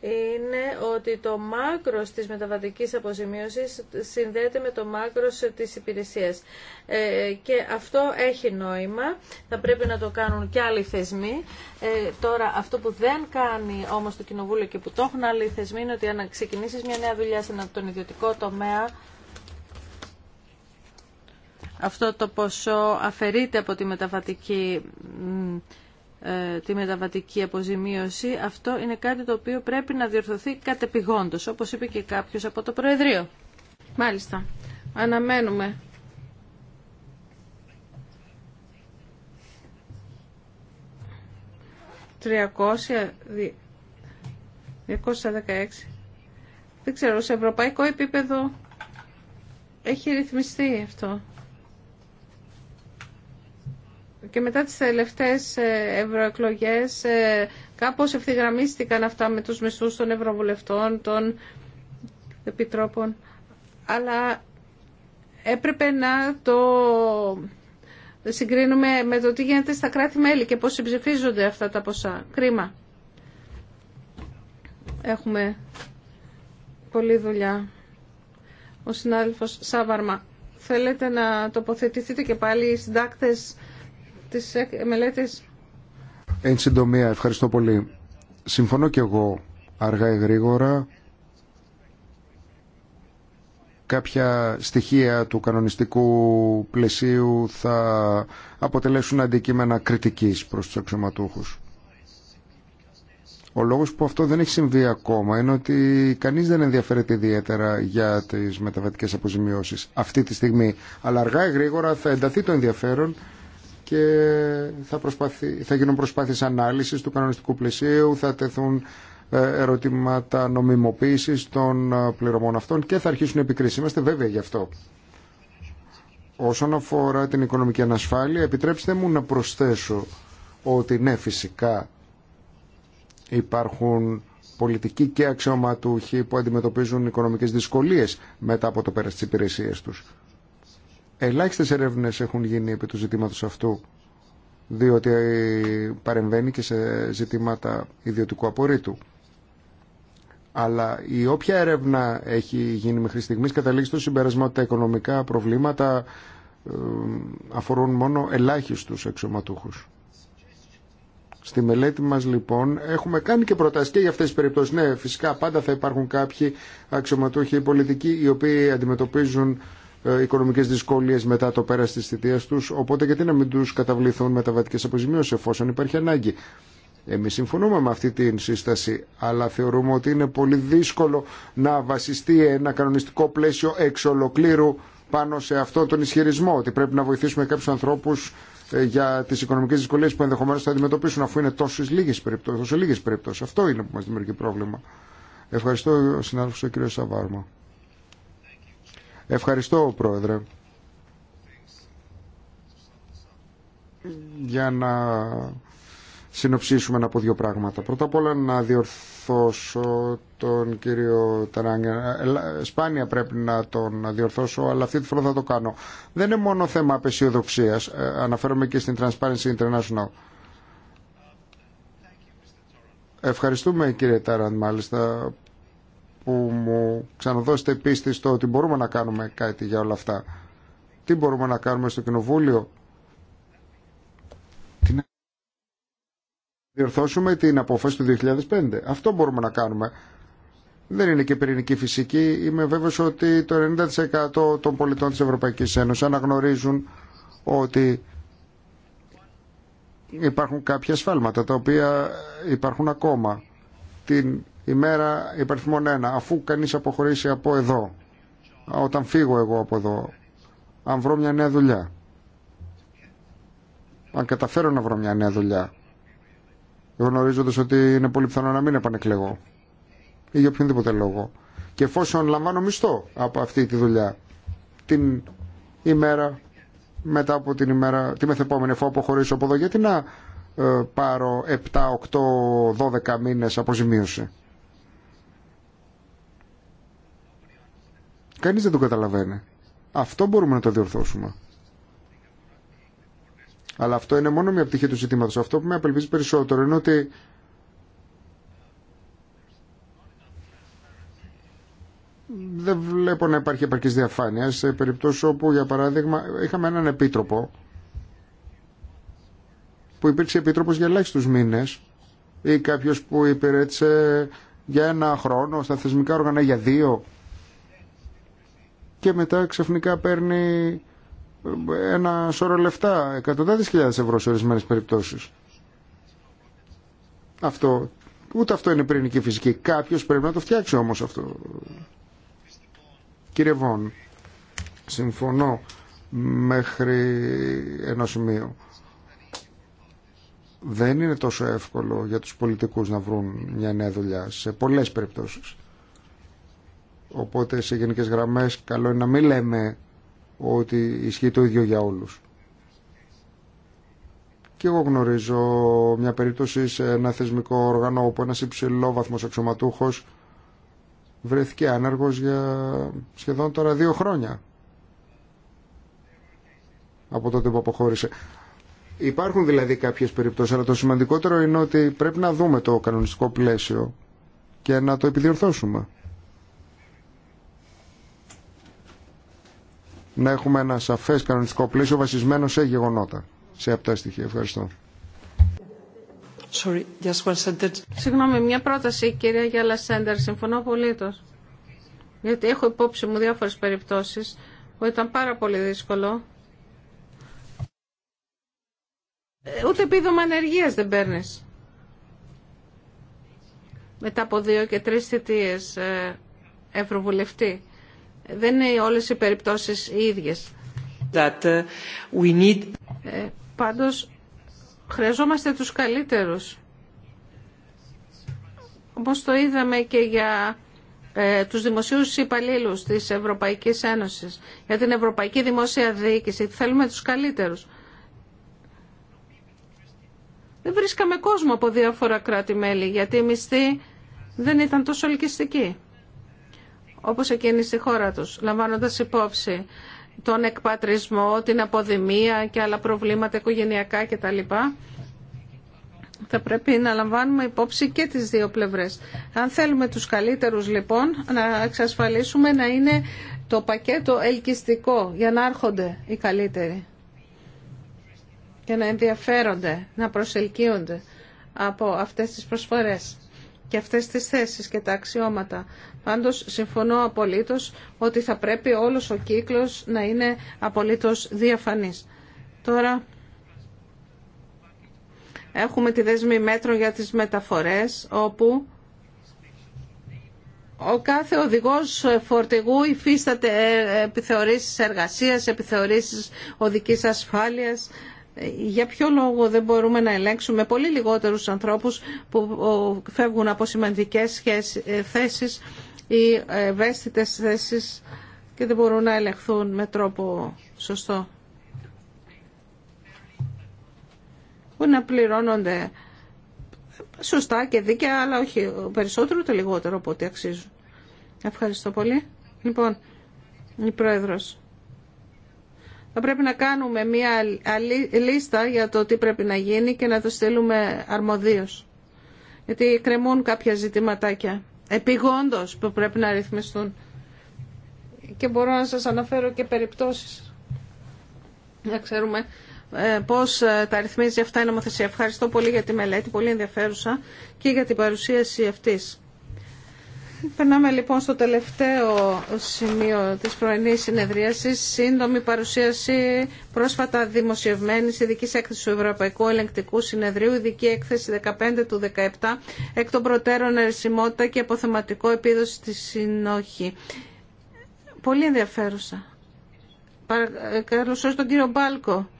είναι ότι το μάκρος της μεταβατικής αποζημίωσης συνδέεται με το μάκρος της υπηρεσίας. Ε, και αυτό έχει νόημα. Θα πρέπει να το κάνουν και άλλοι θεσμοί. Ε, τώρα αυτό που δεν κάνει όμως το Κοινοβούλιο και που το έχουν άλλοι θεσμοί είναι ότι αν ξεκινήσεις μια νέα δουλειά σε τον ιδιωτικό τομέα αυτό το ποσό αφαιρείται από τη μεταβατική, ε, τη μεταβατική αποζημίωση, αυτό είναι κάτι το οποίο πρέπει να διορθωθεί κατεπηγόντως, όπως είπε και κάποιος από το Προεδρείο. Μάλιστα. Αναμένουμε. Τριακόσια... 216. Δεν ξέρω, σε ευρωπαϊκό επίπεδο έχει ρυθμιστεί αυτό και μετά τις τελευταίες ε, ευρωεκλογές ε, κάπως ευθυγραμμίστηκαν αυτά με τους μισούς των ευρωβουλευτών, των επιτρόπων. Αλλά έπρεπε να το συγκρίνουμε με το τι γίνεται στα κράτη-μέλη και πώς συμψηφίζονται αυτά τα ποσά. Κρίμα. Έχουμε πολλή δουλειά. Ο συνάδελφος Σάβαρμα, θέλετε να τοποθετηθείτε και πάλι οι συντάκτες Εν συντομία, ευχαριστώ πολύ. Συμφωνώ και εγώ αργά ή γρήγορα κάποια στοιχεία του κανονιστικού πλαισίου θα αποτελέσουν αντικείμενα κριτικής προς τους αξιωματούχους. Ο λόγος που αυτό δεν έχει συμβεί ακόμα είναι ότι κανείς δεν ενδιαφέρεται ιδιαίτερα για τις μεταβατικές αποζημιώσεις αυτή τη στιγμή. Αλλά αργά ή γρήγορα θα ενταθεί το ενδιαφέρον και θα, θα γίνουν προσπάθειες ανάλυσης του κανονιστικού πλαισίου, θα τεθούν ε, ερωτήματα νομιμοποίησης των ε, πληρωμών αυτών και θα αρχίσουν επικρίσεις. Είμαστε βέβαιοι γι' αυτό. Όσον αφορά την οικονομική ανασφάλεια, επιτρέψτε μου να προσθέσω ότι ναι, φυσικά υπάρχουν πολιτικοί και αξιωματούχοι που αντιμετωπίζουν οικονομικές δυσκολίες μετά από το πέρας της υπηρεσίας τους. Ελάχιστες ερεύνες έχουν γίνει επί του ζητήματος αυτού, διότι ε, παρεμβαίνει και σε ζητήματα ιδιωτικού απορρίτου. Αλλά η όποια έρευνα έχει γίνει μέχρι στιγμής καταλήγει στο συμπέρασμα ότι τα οικονομικά προβλήματα ε, αφορούν μόνο ελάχιστους αξιωματούχους Στη μελέτη μας λοιπόν έχουμε κάνει και προτάσεις και για αυτές τις περιπτώσεις. Ναι, φυσικά πάντα θα υπάρχουν κάποιοι αξιωματούχοι πολιτικοί οι οποίοι αντιμετωπίζουν ε, οικονομικέ δυσκολίε μετά το πέρα τη θητεία του, οπότε γιατί να μην του καταβληθούν μεταβατικέ αποζημιώσεις εφόσον υπάρχει ανάγκη. Εμεί συμφωνούμε με αυτή την σύσταση, αλλά θεωρούμε ότι είναι πολύ δύσκολο να βασιστεί ένα κανονιστικό πλαίσιο εξ ολοκλήρου πάνω σε αυτό τον ισχυρισμό, ότι πρέπει να βοηθήσουμε κάποιου ανθρώπους ε, για τι οικονομικέ δυσκολίε που ενδεχομένω θα αντιμετωπίσουν αφού είναι τόσε λίγε, περιπτώσει. Αυτό είναι που μα δημιουργεί πρόβλημα. Ευχαριστώ, συνάδελφο, ο Σαβάρμα. Ευχαριστώ, Πρόεδρε. Για να συνοψίσουμε να πω δύο πράγματα. Πρώτα απ' όλα να διορθώσω τον κύριο Ταράγγεν. Σπάνια πρέπει να τον διορθώσω, αλλά αυτή τη φορά θα το κάνω. Δεν είναι μόνο θέμα απεσιοδοξίας. Ε, αναφέρομαι και στην Transparency International. Ευχαριστούμε κύριε Τάραντ μάλιστα που μου ξαναδώσετε πίστη στο ότι μπορούμε να κάνουμε κάτι για όλα αυτά. Τι μπορούμε να κάνουμε στο Κοινοβούλιο. Να διορθώσουμε την απόφαση του 2005. Αυτό μπορούμε να κάνουμε. Δεν είναι και πυρηνική φυσική. Είμαι βέβαιος ότι το 90% των πολιτών της Ευρωπαϊκής Ένωσης αναγνωρίζουν ότι υπάρχουν κάποια σφάλματα τα οποία υπάρχουν ακόμα. Την ημέρα υπαριθμών 1, αφού κανείς αποχωρήσει από εδώ, όταν φύγω εγώ από εδώ, αν βρω μια νέα δουλειά, αν καταφέρω να βρω μια νέα δουλειά, γνωρίζοντα ότι είναι πολύ πιθανό να μην επανεκλεγώ ή για οποιονδήποτε λόγο. Και εφόσον λαμβάνω μισθό από αυτή τη δουλειά, την ημέρα μετά από την ημέρα, τη μεθεπόμενη, εφού αποχωρήσω από εδώ, γιατί να ε, πάρω 7, 8, 12 μήνες αποζημίωση. Κανείς δεν το καταλαβαίνει. Αυτό μπορούμε να το διορθώσουμε. Αλλά αυτό είναι μόνο μια πτυχή του ζήτηματο. Αυτό που με απελπίζει περισσότερο είναι ότι δεν βλέπω να υπάρχει επαρκής διαφάνεια σε περιπτώσεις όπου για παράδειγμα είχαμε έναν επίτροπο που υπήρξε επίτροπος για ελάχιστου μήνες ή κάποιος που υπηρέτησε για ένα χρόνο στα θεσμικά όργανα για δύο και μετά ξαφνικά παίρνει ε, ένα σώρο λεφτά, εκατοντάδες χιλιάδες ευρώ σε ορισμένε περιπτώσεις. Αυτό, ούτε αυτό είναι πυρηνική φυσική. Κάποιος πρέπει να το φτιάξει όμως αυτό. Κύριε Βόν, συμφωνώ μέχρι ένα σημείο. Δεν είναι τόσο εύκολο για τους πολιτικούς να βρουν μια νέα δουλειά σε πολλές περιπτώσεις. Οπότε σε γενικές γραμμές καλό είναι να μην λέμε ότι ισχύει το ίδιο για όλους. Και εγώ γνωρίζω μια περίπτωση σε ένα θεσμικό όργανο όπου ένας υψηλόβαθμος αξιωματούχος βρέθηκε άνεργος για σχεδόν τώρα δύο χρόνια από τότε που αποχώρησε. Υπάρχουν δηλαδή κάποιες περιπτώσεις, αλλά το σημαντικότερο είναι ότι πρέπει να δούμε το κανονιστικό πλαίσιο και να το επιδιορθώσουμε. να έχουμε ένα σαφές κανονιστικό πλαίσιο βασισμένο σε γεγονότα, σε αυτά στοιχεία. Ευχαριστώ. Συγγνώμη, μια πρόταση, κυρία Γιάλα Σέντερ, συμφωνώ πολύ. Γιατί έχω υπόψη μου διάφορες περιπτώσεις που ήταν πάρα πολύ δύσκολο. Ε, ούτε επίδομα ανεργίας δεν παίρνει. Μετά από δύο και τρεις θητείες ε, ευρωβουλευτή. Δεν είναι όλες οι περιπτώσεις οι ίδιες. That uh, ε, πάντως, χρειαζόμαστε τους καλύτερους. Όπως το είδαμε και για ε, τους δημοσίους υπαλλήλους της Ευρωπαϊκής Ένωσης, για την Ευρωπαϊκή Δημόσια Διοίκηση. Θέλουμε τους καλύτερους. Δεν βρίσκαμε κόσμο από διάφορα κράτη-μέλη, γιατί οι μισθοί δεν ήταν τόσο ελκυστικοί όπως εκείνη στη χώρα τους, λαμβάνοντας υπόψη τον εκπατρισμό, την αποδημία και άλλα προβλήματα οικογενειακά κτλ. Θα πρέπει να λαμβάνουμε υπόψη και τις δύο πλευρές. Αν θέλουμε τους καλύτερους λοιπόν να εξασφαλίσουμε να είναι το πακέτο ελκυστικό για να έρχονται οι καλύτεροι και να ενδιαφέρονται, να προσελκύονται από αυτές τις προσφορές και αυτές τις θέσεις και τα αξιώματα Πάντως συμφωνώ απολύτως ότι θα πρέπει όλος ο κύκλος να είναι απολύτως διαφανής. Τώρα έχουμε τη δέσμη μέτρων για τις μεταφορές όπου ο κάθε οδηγός φορτηγού υφίσταται επιθεωρήσεις εργασίας, επιθεωρήσεις οδικής ασφάλειας. Για ποιο λόγο δεν μπορούμε να ελέγξουμε πολύ λιγότερους ανθρώπους που φεύγουν από σημαντικές θέσεις οι ευαίσθητες θέσεις και δεν μπορούν να ελεγχθούν με τρόπο σωστό. Που να πληρώνονται σωστά και δίκαια, αλλά όχι περισσότερο ούτε λιγότερο από ό,τι αξίζουν. Ευχαριστώ πολύ. Λοιπόν, η Πρόεδρος. Θα πρέπει να κάνουμε μία λίστα για το τι πρέπει να γίνει και να το στείλουμε αρμοδίως. Γιατί κρεμούν κάποια ζητηματάκια επιγόντως που πρέπει να ρυθμιστούν. Και μπορώ να σας αναφέρω και περιπτώσεις. Να ξέρουμε ε, πώς ε, τα ρυθμίζει αυτά η νομοθεσία. Ευχαριστώ πολύ για τη μελέτη, πολύ ενδιαφέρουσα και για την παρουσίαση αυτής. Περνάμε λοιπόν στο τελευταίο σημείο της πρωινής συνεδρίασης, σύντομη παρουσίαση πρόσφατα δημοσιευμένης ειδικής έκθεσης του Ευρωπαϊκού Ελεγκτικού Συνεδρίου, ειδική έκθεση 15 του 17, εκ των προτέρων αρισιμότητα και αποθεματικό επίδοση στη συνόχη. Πολύ ενδιαφέρουσα. Καλωσορίζω τον κύριο Μπάλκο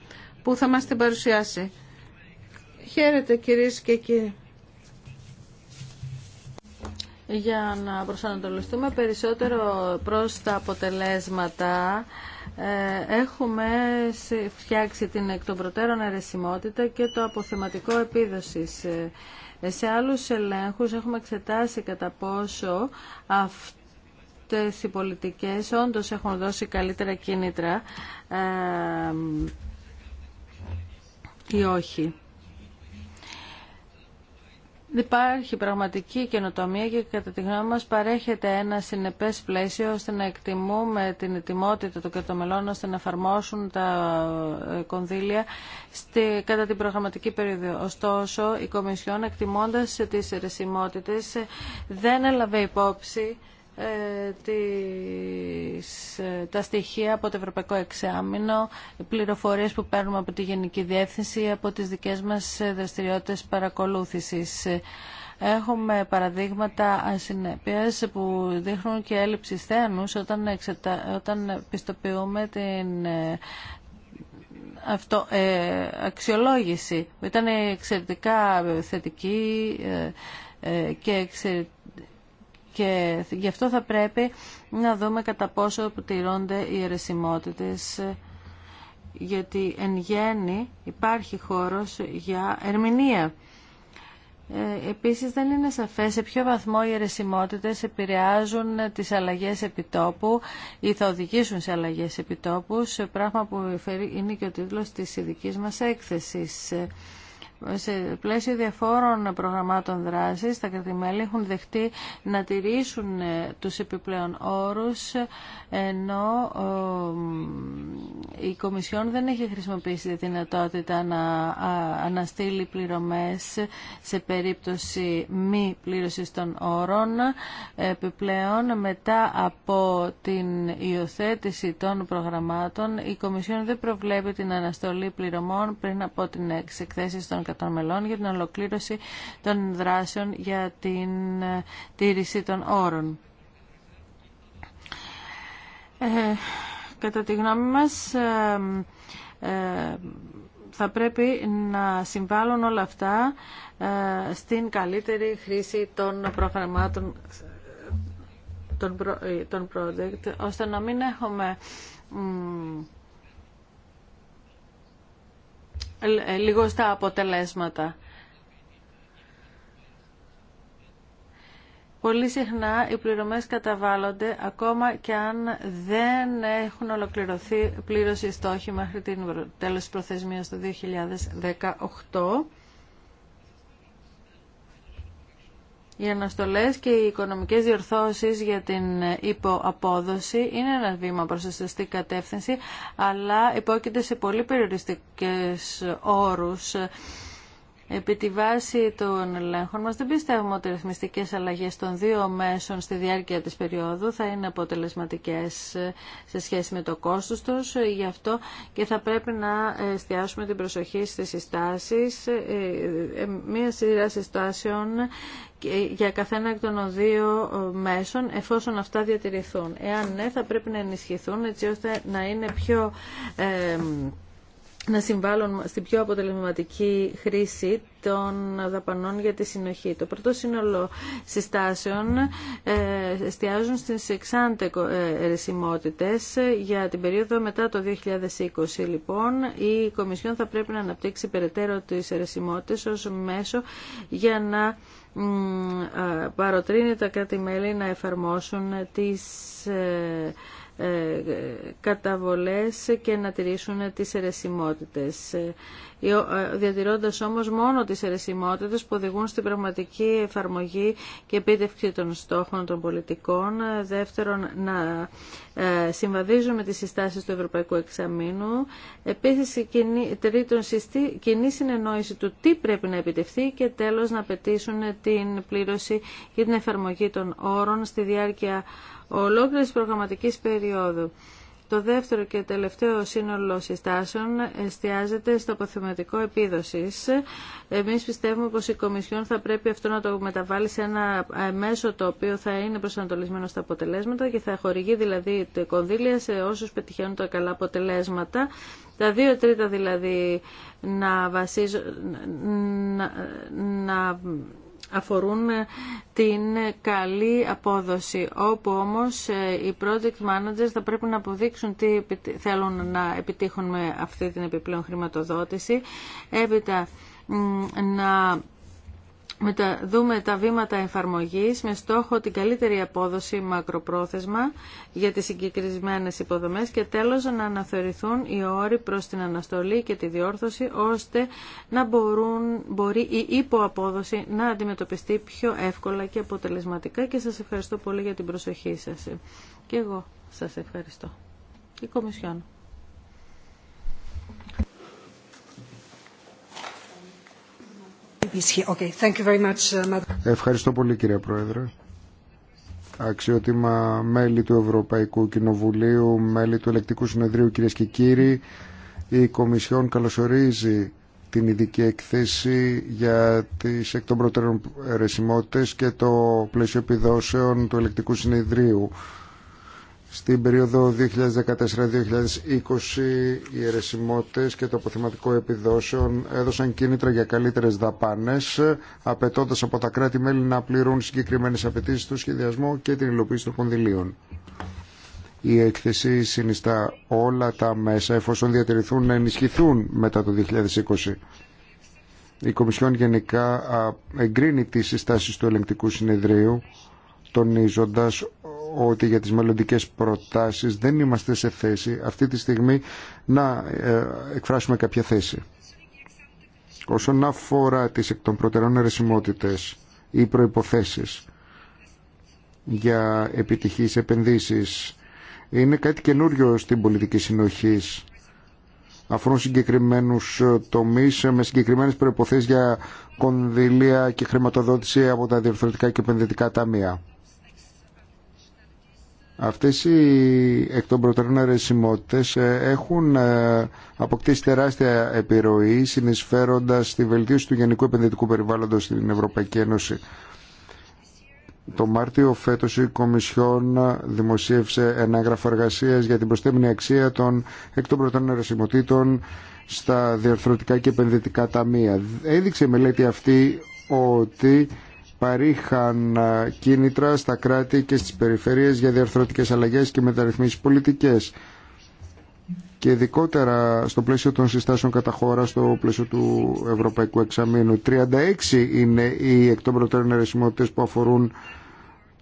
που θα μας την παρουσιάσει. Χαίρετε κυρίες και κύριοι για να προσανατολιστούμε περισσότερο προς τα αποτελέσματα ε, έχουμε φτιάξει την εκ των προτέρων αρεσιμότητα και το αποθεματικό επίδοσης. Ε, σε άλλους ελέγχους έχουμε εξετάσει κατά πόσο αυτές οι πολιτικές όντως έχουν δώσει καλύτερα κίνητρα ε, ή όχι. Υπάρχει πραγματική καινοτομία και κατά τη γνώμη μας παρέχεται ένα συνεπές πλαίσιο ώστε να εκτιμούμε την ετοιμότητα των κρατομελών ώστε να εφαρμόσουν τα ε, κονδύλια στη, κατά την προγραμματική περίοδο. Ωστόσο, η Κομισιόν εκτιμώντας τις ερεσιμότητες δεν έλαβε υπόψη ε, ε, τα στοιχεία από το Ευρωπαϊκό Εξάμεινο, πληροφορίες που παίρνουμε από τη Γενική Διεύθυνση, από τις δικές μας ε, δραστηριότητες παρακολούθησης. Έχουμε παραδείγματα ασυνέπειας που δείχνουν και έλλειψη θένους όταν, όταν πιστοποιούμε την αυτό, ε, αξιολόγηση. Ήταν εξαιρετικά θετική και εξαιρετικά και γι' αυτό θα πρέπει να δούμε κατά πόσο αποτηρώνται οι αιρεσιμότητες γιατί εν γέννη υπάρχει χώρος για ερμηνεία. Ε, επίσης δεν είναι σαφές σε ποιο βαθμό οι αιρεσιμότητες επηρεάζουν τις αλλαγές επιτόπου ή θα οδηγήσουν σε αλλαγές επιτόπου, πράγμα που είναι και ο τίτλος της ειδικής μας έκθεσης σε πλαίσιο διαφόρων προγραμμάτων δράσης, τα κρατημέλη έχουν δεχτεί να τηρήσουν ε, τους επιπλέον όρους, ενώ η Κομισιόν δεν έχει χρησιμοποιήσει τη δυνατότητα να αναστείλει πληρωμές σε περίπτωση μη πλήρωσης των όρων. Επιπλέον, μετά από την υιοθέτηση των προγραμμάτων, η Κομισιόν δεν προβλέπει την αναστολή πληρωμών πριν από την εξεκθέση των των μελών για την ολοκλήρωση των δράσεων για την ε, τήρηση των όρων. Ε, κατά τη γνώμη μας, ε, ε, θα πρέπει να συμβάλλουν όλα αυτά στην καλύτερη χρήση των προγραμμάτων των project, ώστε να μην έχουμε ε, λίγο στα αποτελέσματα. Πολύ συχνά οι πληρωμές καταβάλλονται ακόμα και αν δεν έχουν ολοκληρωθεί πλήρωση οι στόχοι μέχρι την τέλος προθεσμίας του 2018. Οι αναστολέ και οι οικονομικές διορθώσεις για την υποαπόδοση είναι ένα βήμα προ τη σωστή κατεύθυνση, αλλά υπόκειται σε πολύ περιοριστικές όρους Επί τη βάση των ελέγχων μας δεν πιστεύουμε ότι οι ρυθμιστικές αλλαγές των δύο μέσων στη διάρκεια της περίοδου θα είναι αποτελεσματικές ε, σε σχέση με το κόστος τους. Ε, γι' αυτό και θα πρέπει να εστιάσουμε την προσοχή στις συστάσεις, ε, μία σειρά συστάσεων για καθένα εκ των δύο μέσων εφόσον αυτά διατηρηθούν. Εάν ναι θα πρέπει να ενισχυθούν έτσι ώστε να είναι πιο να συμβάλλουν στην πιο αποτελεσματική χρήση των δαπανών για τη συνοχή. Το πρώτο σύνολο συστάσεων ε, εστιάζουν στις εξάντε ε, ερεσιμότητες για την περίοδο μετά το 2020. Λοιπόν, η Κομισιόν θα πρέπει να αναπτύξει περαιτέρω τις ερεσιμότητες ως μέσο για να παροτρύνει τα κράτη-μέλη να εφαρμόσουν τις ε, ε, καταβολές και να τηρήσουν τις αιρεσιμότητες ε, ε, διατηρώντας όμως μόνο τις αιρεσιμότητες που οδηγούν στην πραγματική εφαρμογή και επίτευξη των στόχων των πολιτικών. Δεύτερον, να συμβαδίζουν με τις συστάσεις του Ευρωπαϊκού Εξαμήνου. Επίσης, τρίτον, κοινή συνεννόηση του τι πρέπει να επιτευχθεί και τέλος να πετήσουν την πλήρωση και την εφαρμογή των όρων στη διάρκεια ολόκληρης προγραμματικής περίοδου. Το δεύτερο και τελευταίο σύνολο συστάσεων εστιάζεται στο αποθεματικό επίδοσης. Εμείς πιστεύουμε πως η Κομισιόν θα πρέπει αυτό να το μεταβάλει σε ένα ε, μέσο το οποίο θα είναι προσανατολισμένο στα αποτελέσματα και θα χορηγεί δηλαδή κονδύλια σε όσους πετυχαίνουν τα καλά αποτελέσματα. Τα δύο τρίτα δηλαδή να βασίζουν... να αφορούν ε, την καλή απόδοση, όπου όμως ε, οι project managers θα πρέπει να αποδείξουν τι θέλουν να επιτύχουν με αυτή την επιπλέον χρηματοδότηση, έπειτα να μετα, δούμε τα βήματα εφαρμογής με στόχο την καλύτερη απόδοση μακροπρόθεσμα για τις συγκεκριμένες υποδομές και τέλος να αναθεωρηθούν οι όροι προς την αναστολή και τη διόρθωση ώστε να μπορούν, μπορεί η υποαπόδοση να αντιμετωπιστεί πιο εύκολα και αποτελεσματικά και σας ευχαριστώ πολύ για την προσοχή σας. Και εγώ σας ευχαριστώ. Uh, Ευχαριστώ πολύ κύριε Πρόεδρε. Αξιότιμα μέλη του Ευρωπαϊκού Κοινοβουλίου, μέλη του Ελεκτικού Συνεδρίου κύριε και κύριοι, η Κομισιόν καλωσορίζει την ειδική εκθέση για τις εκ των προτεραιών και το πλαίσιο επιδόσεων του Ελεκτικού Συνεδρίου στην περίοδο 2014-2020 οι αιρεσιμότητες και το αποθηματικό επιδόσεων έδωσαν κίνητρα για καλύτερες δαπάνες, απαιτώντας από τα κράτη-μέλη να πληρούν συγκεκριμένες απαιτήσει του σχεδιασμού και την υλοποίηση των κονδυλίων. Η έκθεση συνιστά όλα τα μέσα εφόσον διατηρηθούν να ενισχυθούν μετά το 2020. Η Κομισιόν γενικά εγκρίνει τις συστάσεις του ελεγκτικού συνεδρίου τονίζοντας ότι για τις μελλοντικές προτάσεις δεν είμαστε σε θέση αυτή τη στιγμή να ε, εκφράσουμε κάποια θέση. Όσον αφορά τις εκ των προτεραιών αιρεσιμότητες ή προϋποθέσεις για επιτυχείς επενδύσεις, είναι κάτι καινούριο στην πολιτική συνοχής αφορούν συγκεκριμένου ε, τομεί ε, με συγκεκριμένε προϋποθέσεις για κονδυλία και χρηματοδότηση από τα διευθυντικά και επενδυτικά ταμεία. Αυτές οι εκ των προτεραιών αρεσιμότητες ε, έχουν ε, αποκτήσει τεράστια επιρροή συνεισφέροντας στη βελτίωση του γενικού επενδυτικού περιβάλλοντος στην Ευρωπαϊκή Ένωση. Το Μάρτιο φέτος η Κομισιόν δημοσίευσε ένα έγγραφο εργασία για την προστέμινη αξία των εκ των προτεραιών αρεσιμοτήτων στα διαρθρωτικά και επενδυτικά ταμεία. Έδειξε η μελέτη αυτή ότι παρήχαν ε, κίνητρα στα κράτη και στις περιφέρειες για διαρθρωτικές αλλαγές και μεταρρυθμίσεις πολιτικές και ειδικότερα στο πλαίσιο των συστάσεων κατά χώρα στο πλαίσιο του Ευρωπαϊκού Εξαμήνου. 36 είναι οι εκ των προτέρων αιρεσιμότητες που αφορούν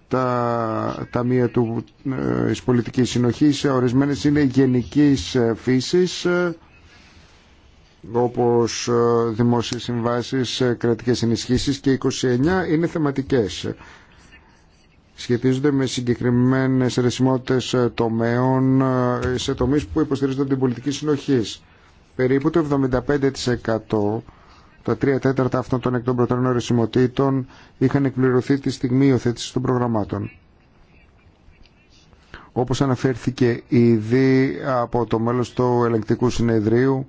τα ταμεία του, ε, της πολιτικής συνοχής. Ορισμένες είναι γενικής ε, φύσης, όπως ε, δημόσιες συμβάσεις, ε, κρατικές ενισχύσεις και 29 είναι θεματικές. Σχετίζονται με συγκεκριμένες ερεσιμότητες ε, τομέων σε τομείς που υποστηρίζονται την πολιτική συνοχή. Περίπου το 75% τα τρία τέταρτα αυτών των εκ των προτέρων αιρεσιμοτήτων είχαν εκπληρωθεί τη στιγμή υιοθέτηση των προγραμμάτων. Όπως αναφέρθηκε ήδη από το μέλος του ελεγκτικού συνεδρίου,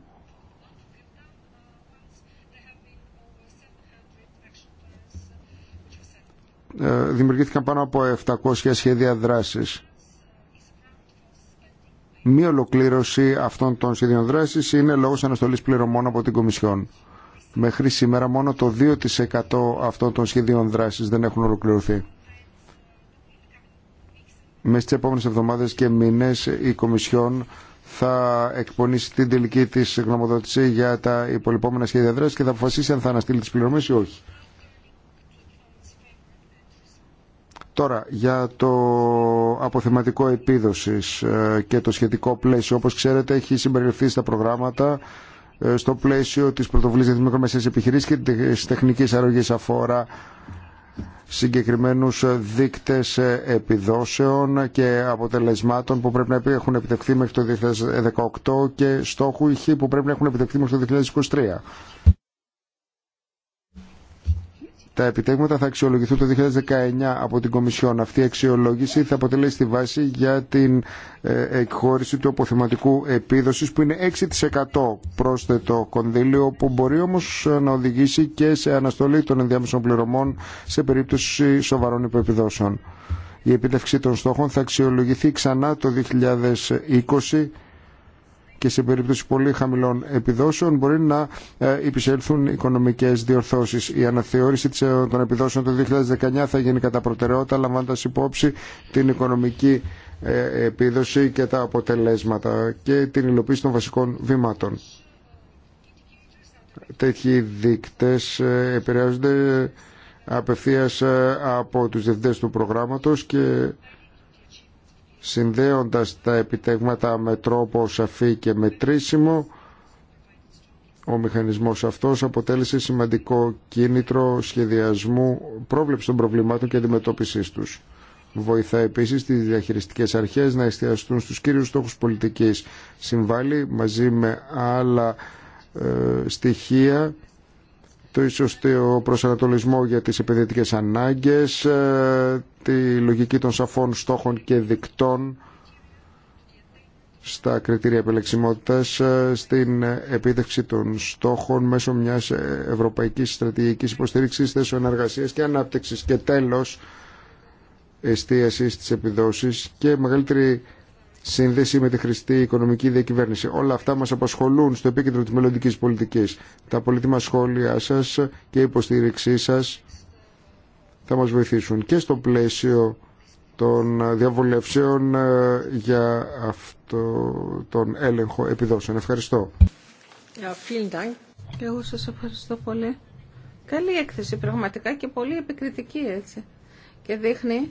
Ε, δημιουργήθηκαν πάνω από 700 σχέδια δράσης. Μη ολοκλήρωση αυτών των σχεδίων δράσης είναι λόγος αναστολής πληρωμών από την Κομισιόν. Μέχρι σήμερα μόνο το 2% αυτών των σχεδίων δράσης δεν έχουν ολοκληρωθεί. Μέσα στις επόμενες εβδομάδες και μήνες η Κομισιόν θα εκπονήσει την τελική της γνωμοδότηση για τα υπολοιπόμενα σχέδια δράσης και θα αποφασίσει αν θα αναστείλει τις πληρωμές ή όχι. Τώρα, για το αποθεματικό επίδοσης ε, και το σχετικό πλαίσιο, όπως ξέρετε, έχει συμπεριληφθεί στα προγράμματα ε, στο πλαίσιο της πρωτοβουλίας για τις μικρομεσαίες και της τεχνικής αρρωγής αφορά συγκεκριμένους δείκτες ε, επιδόσεων και αποτελεσμάτων που πρέπει να έχουν επιτευχθεί μέχρι το 2018 και στόχου ηχή που πρέπει να έχουν επιτευχθεί μέχρι το 2023. Τα επιτέγματα θα αξιολογηθούν το 2019 από την Κομισιόν. Αυτή η αξιολόγηση θα αποτελεί τη βάση για την ε, εκχώρηση του αποθεματικού επίδοσης που είναι 6% πρόσθετο κονδύλιο που μπορεί όμως ε, να οδηγήσει και σε αναστολή των ενδιάμεσων πληρωμών σε περίπτωση σοβαρών υποεπιδόσων. Η επίτευξη των στόχων θα αξιολογηθεί ξανά το 2020 και σε περίπτωση πολύ χαμηλών επιδόσεων μπορεί να ε, υπησέλθουν οικονομικές διορθώσεις. Η αναθεώρηση ε, των επιδόσεων το 2019 θα γίνει κατά προτεραιότητα λαμβάνοντας υπόψη την οικονομική ε, επίδοση και τα αποτελέσματα και την υλοποίηση των βασικών βήματων. Τέτοιοι δείκτες επηρεάζονται απευθείας από τους διευθυντές του προγράμματος και συνδέοντας τα επιτέγματα με τρόπο σαφή και μετρήσιμο. Ο μηχανισμός αυτός αποτέλεσε σημαντικό κίνητρο σχεδιασμού πρόβλεψης των προβλημάτων και αντιμετώπισης τους. Βοηθά επίσης τις διαχειριστικές αρχές να εστιαστούν στους κύριους στόχους πολιτικής. Συμβάλλει μαζί με άλλα ε, στοιχεία το ίσως προσανατολισμό για τις επενδυτικές ανάγκες, ε, τη λογική των σαφών στόχων και δικτών στα κριτήρια επιλεξιμότητας, ε, στην επίτευξη των στόχων μέσω μιας ευρωπαϊκής στρατηγικής υποστήριξης θέσεων εργασίας και ανάπτυξης και τέλος εστίαση της επιδόσεις και μεγαλύτερη σύνδεση με τη χρηστή οικονομική διακυβέρνηση. Όλα αυτά μας απασχολούν στο επίκεντρο της μελλοντική πολιτικής. Τα πολύτιμα σχόλιά σας και η υποστήριξή σας θα μας βοηθήσουν και στο πλαίσιο των διαβουλεύσεων ε, για αυτό τον έλεγχο επιδόσεων. Ευχαριστώ. Και εγώ σας ευχαριστώ πολύ. Καλή έκθεση πραγματικά και πολύ επικριτική έτσι. Και δείχνει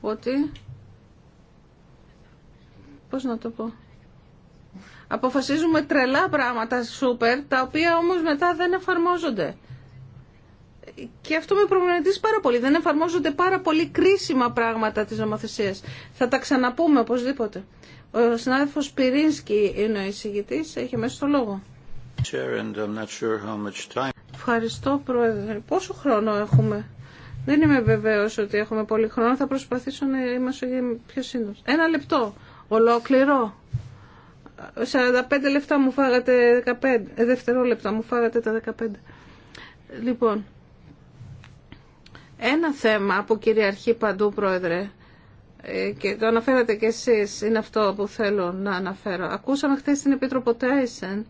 ότι πώς να το πω, αποφασίζουμε τρελά πράγματα σούπερ, τα οποία όμως μετά δεν εφαρμόζονται. Και αυτό με προβληματίζει πάρα πολύ. Δεν εφαρμόζονται πάρα πολύ κρίσιμα πράγματα της νομοθεσίας. Θα τα ξαναπούμε οπωσδήποτε. Ο συνάδελφος Πυρίνσκι είναι ο εισηγητής, έχει μέσα το λόγο. Ευχαριστώ Πρόεδρε. Πόσο χρόνο έχουμε. Δεν είμαι βεβαίως ότι έχουμε πολύ χρόνο. Θα προσπαθήσω να είμαι πιο σύντομος. Ένα λεπτό ολόκληρο. 45 λεπτά μου φάγατε 15, ε, δευτερόλεπτα μου φάγατε τα 15. Λοιπόν, ένα θέμα που κυριαρχεί παντού, Πρόεδρε, ε, και το αναφέρατε κι εσείς, είναι αυτό που θέλω να αναφέρω. Ακούσαμε χθε την Επίτροπο Τέισεν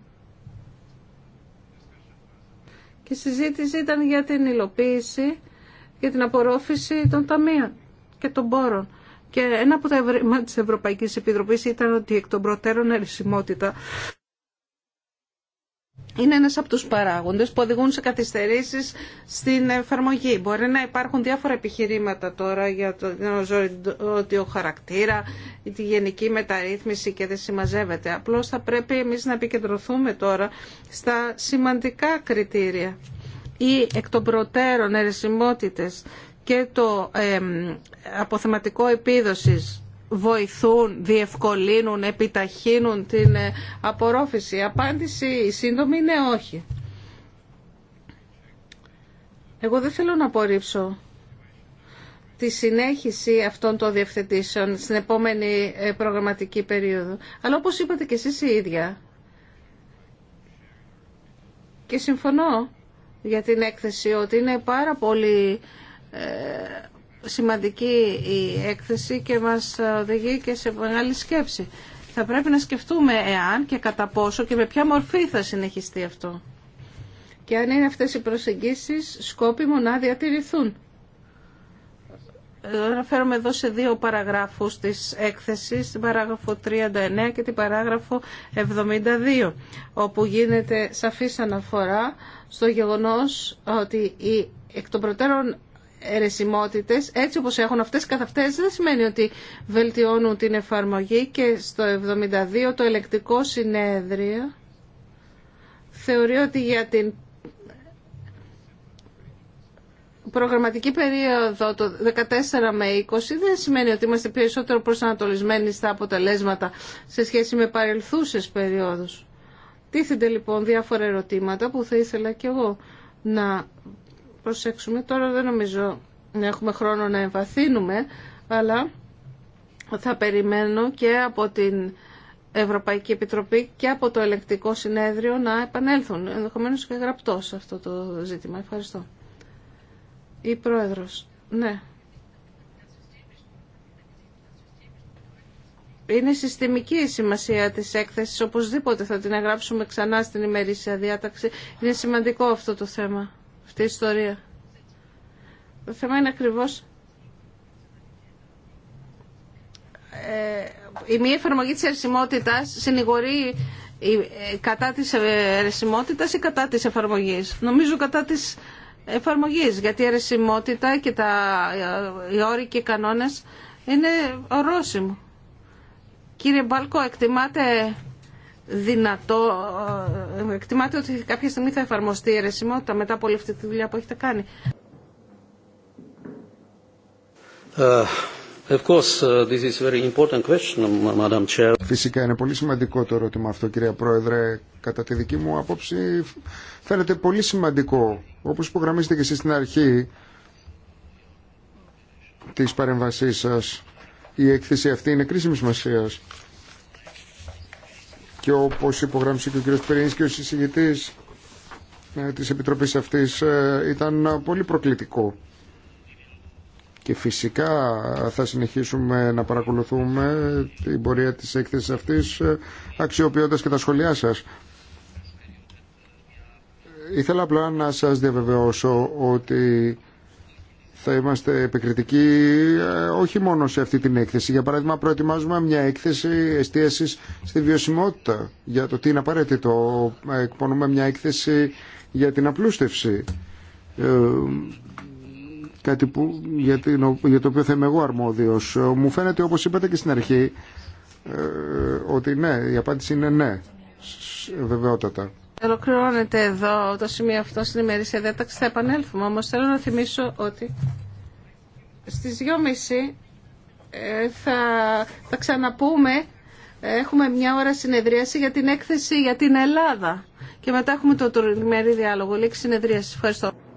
και η συζήτηση ήταν για την υλοποίηση και την απορρόφηση των ταμείων και των πόρων. Και ένα από τα ευρήματα της Ευρωπαϊκής Επιτροπής ήταν ότι εκ των προτέρων ερησιμότητα είναι ένας από τους παράγοντες που οδηγούν σε καθυστερήσεις στην εφαρμογή. Μπορεί να υπάρχουν διάφορα επιχειρήματα τώρα για το ο χαρακτήρα ή τη γενική μεταρρύθμιση και δεν συμμαζεύεται. Απλώς θα πρέπει εμείς να επικεντρωθούμε τώρα στα σημαντικά κριτήρια ή εκ των προτέρων ερεσιμότητες και το αποθεματικό επίδοσης βοηθούν, διευκολύνουν, επιταχύνουν την ε, απορρόφηση. Η απάντηση η σύντομη είναι όχι. Εγώ δεν θέλω να απορρίψω τη συνέχιση αυτών των διευθετήσεων στην επόμενη ε, προγραμματική περίοδο. Αλλά όπως είπατε και εσείς η ίδια, και συμφωνώ για την έκθεση ότι είναι πάρα πολύ ε, σημαντική η έκθεση και μας οδηγεί και σε μεγάλη σκέψη. Θα πρέπει να σκεφτούμε εάν και κατά πόσο και με ποια μορφή θα συνεχιστεί αυτό. Και αν είναι αυτές οι προσεγγίσεις σκόπιμο να διατηρηθούν. Ε, αναφέρομαι εδώ σε δύο παραγράφους της έκθεσης, την παράγραφο 39 και την παράγραφο 72, όπου γίνεται σαφής αναφορά στο γεγονός ότι η εκ των προτέρων ερεσιμότητες. έτσι όπως έχουν αυτές καθ' αυτές, δεν σημαίνει ότι βελτιώνουν την εφαρμογή και στο 72 το ελεκτικό συνέδριο θεωρεί ότι για την προγραμματική περίοδο το 14 με 20 δεν σημαίνει ότι είμαστε περισσότερο προσανατολισμένοι στα αποτελέσματα σε σχέση με παρελθούσες περιόδους. Τίθενται λοιπόν διάφορα ερωτήματα που θα ήθελα και εγώ να προσέξουμε. Τώρα δεν νομίζω να έχουμε χρόνο να εμβαθύνουμε, αλλά θα περιμένω και από την Ευρωπαϊκή Επιτροπή και από το Ελεκτικό Συνέδριο να επανέλθουν, ενδεχομένως και γραπτό σε αυτό το ζήτημα. Ευχαριστώ. Η Πρόεδρος. Ναι. Είναι συστημική η σημασία της έκθεσης, οπωσδήποτε θα την εγγράψουμε ξανά στην ημερήσια διάταξη. Είναι σημαντικό αυτό το θέμα αυτή η ιστορία. Το θέμα είναι ακριβώς ε, η μία εφαρμογή της ερεσιμότητας συνηγορεί ε, κατά της ερεσιμότητας ή κατά της εφαρμογής. Νομίζω κατά της εφαρμογής, γιατί η κατα της εφαρμογης νομιζω κατα της εφαρμογης γιατι η αρισιμοτητα και τα, ε, οι όροι και οι κανόνες είναι ορόσημο. Κύριε Μπάλκο, εκτιμάτε δυνατό, ε, ε, εκτιμάται ότι κάποια στιγμή θα εφαρμοστεί η αιρεσιμότητα μετά από όλη αυτή τη δουλειά που έχετε κάνει. Uh, course, uh, this is very important question, Madam Chair. Φυσικά είναι πολύ σημαντικό το ερώτημα αυτό κυρία Πρόεδρε. Κατά τη δική μου απόψη φαίνεται πολύ σημαντικό. Όπως υπογραμμίσετε και εσείς στην αρχή της παρεμβασής σας, η έκθεση αυτή είναι κρίσιμη σημασία και όπω υπογράμμισε και ο κ. Περίνης ο συζητητής ε, της Επιτροπής αυτής ε, ήταν πολύ προκλητικό. Και φυσικά θα συνεχίσουμε να παρακολουθούμε την πορεία της έκθεσης αυτής ε, αξιοποιώντας και τα σχολιά σας. Ήθελα απλά να σας διαβεβαιώσω ότι θα είμαστε επικριτικοί ε, όχι μόνο σε αυτή την έκθεση. Για παράδειγμα, προετοιμάζουμε μια έκθεση εστίασης στη βιωσιμότητα για το τι είναι απαραίτητο. Εκπονούμε μια έκθεση για την απλούστευση. Ε, κάτι που, για, την, για το οποίο θα είμαι εγώ αρμόδιο. Μου φαίνεται, όπως είπατε και στην αρχή, ε, ότι ναι, η απάντηση είναι ναι, βεβαιότατα. Ολοκληρώνεται εδώ το σημείο αυτό στην ημερήσια διάταξη. Θα επανέλθουμε Όμω, Θέλω να θυμίσω ότι στις 2.30 ε, θα, θα ξαναπούμε έχουμε μια ώρα συνεδρίαση για την έκθεση για την Ελλάδα και μετά έχουμε το τριμερή διάλογο. Λήξη συνεδρίαση. Ευχαριστώ.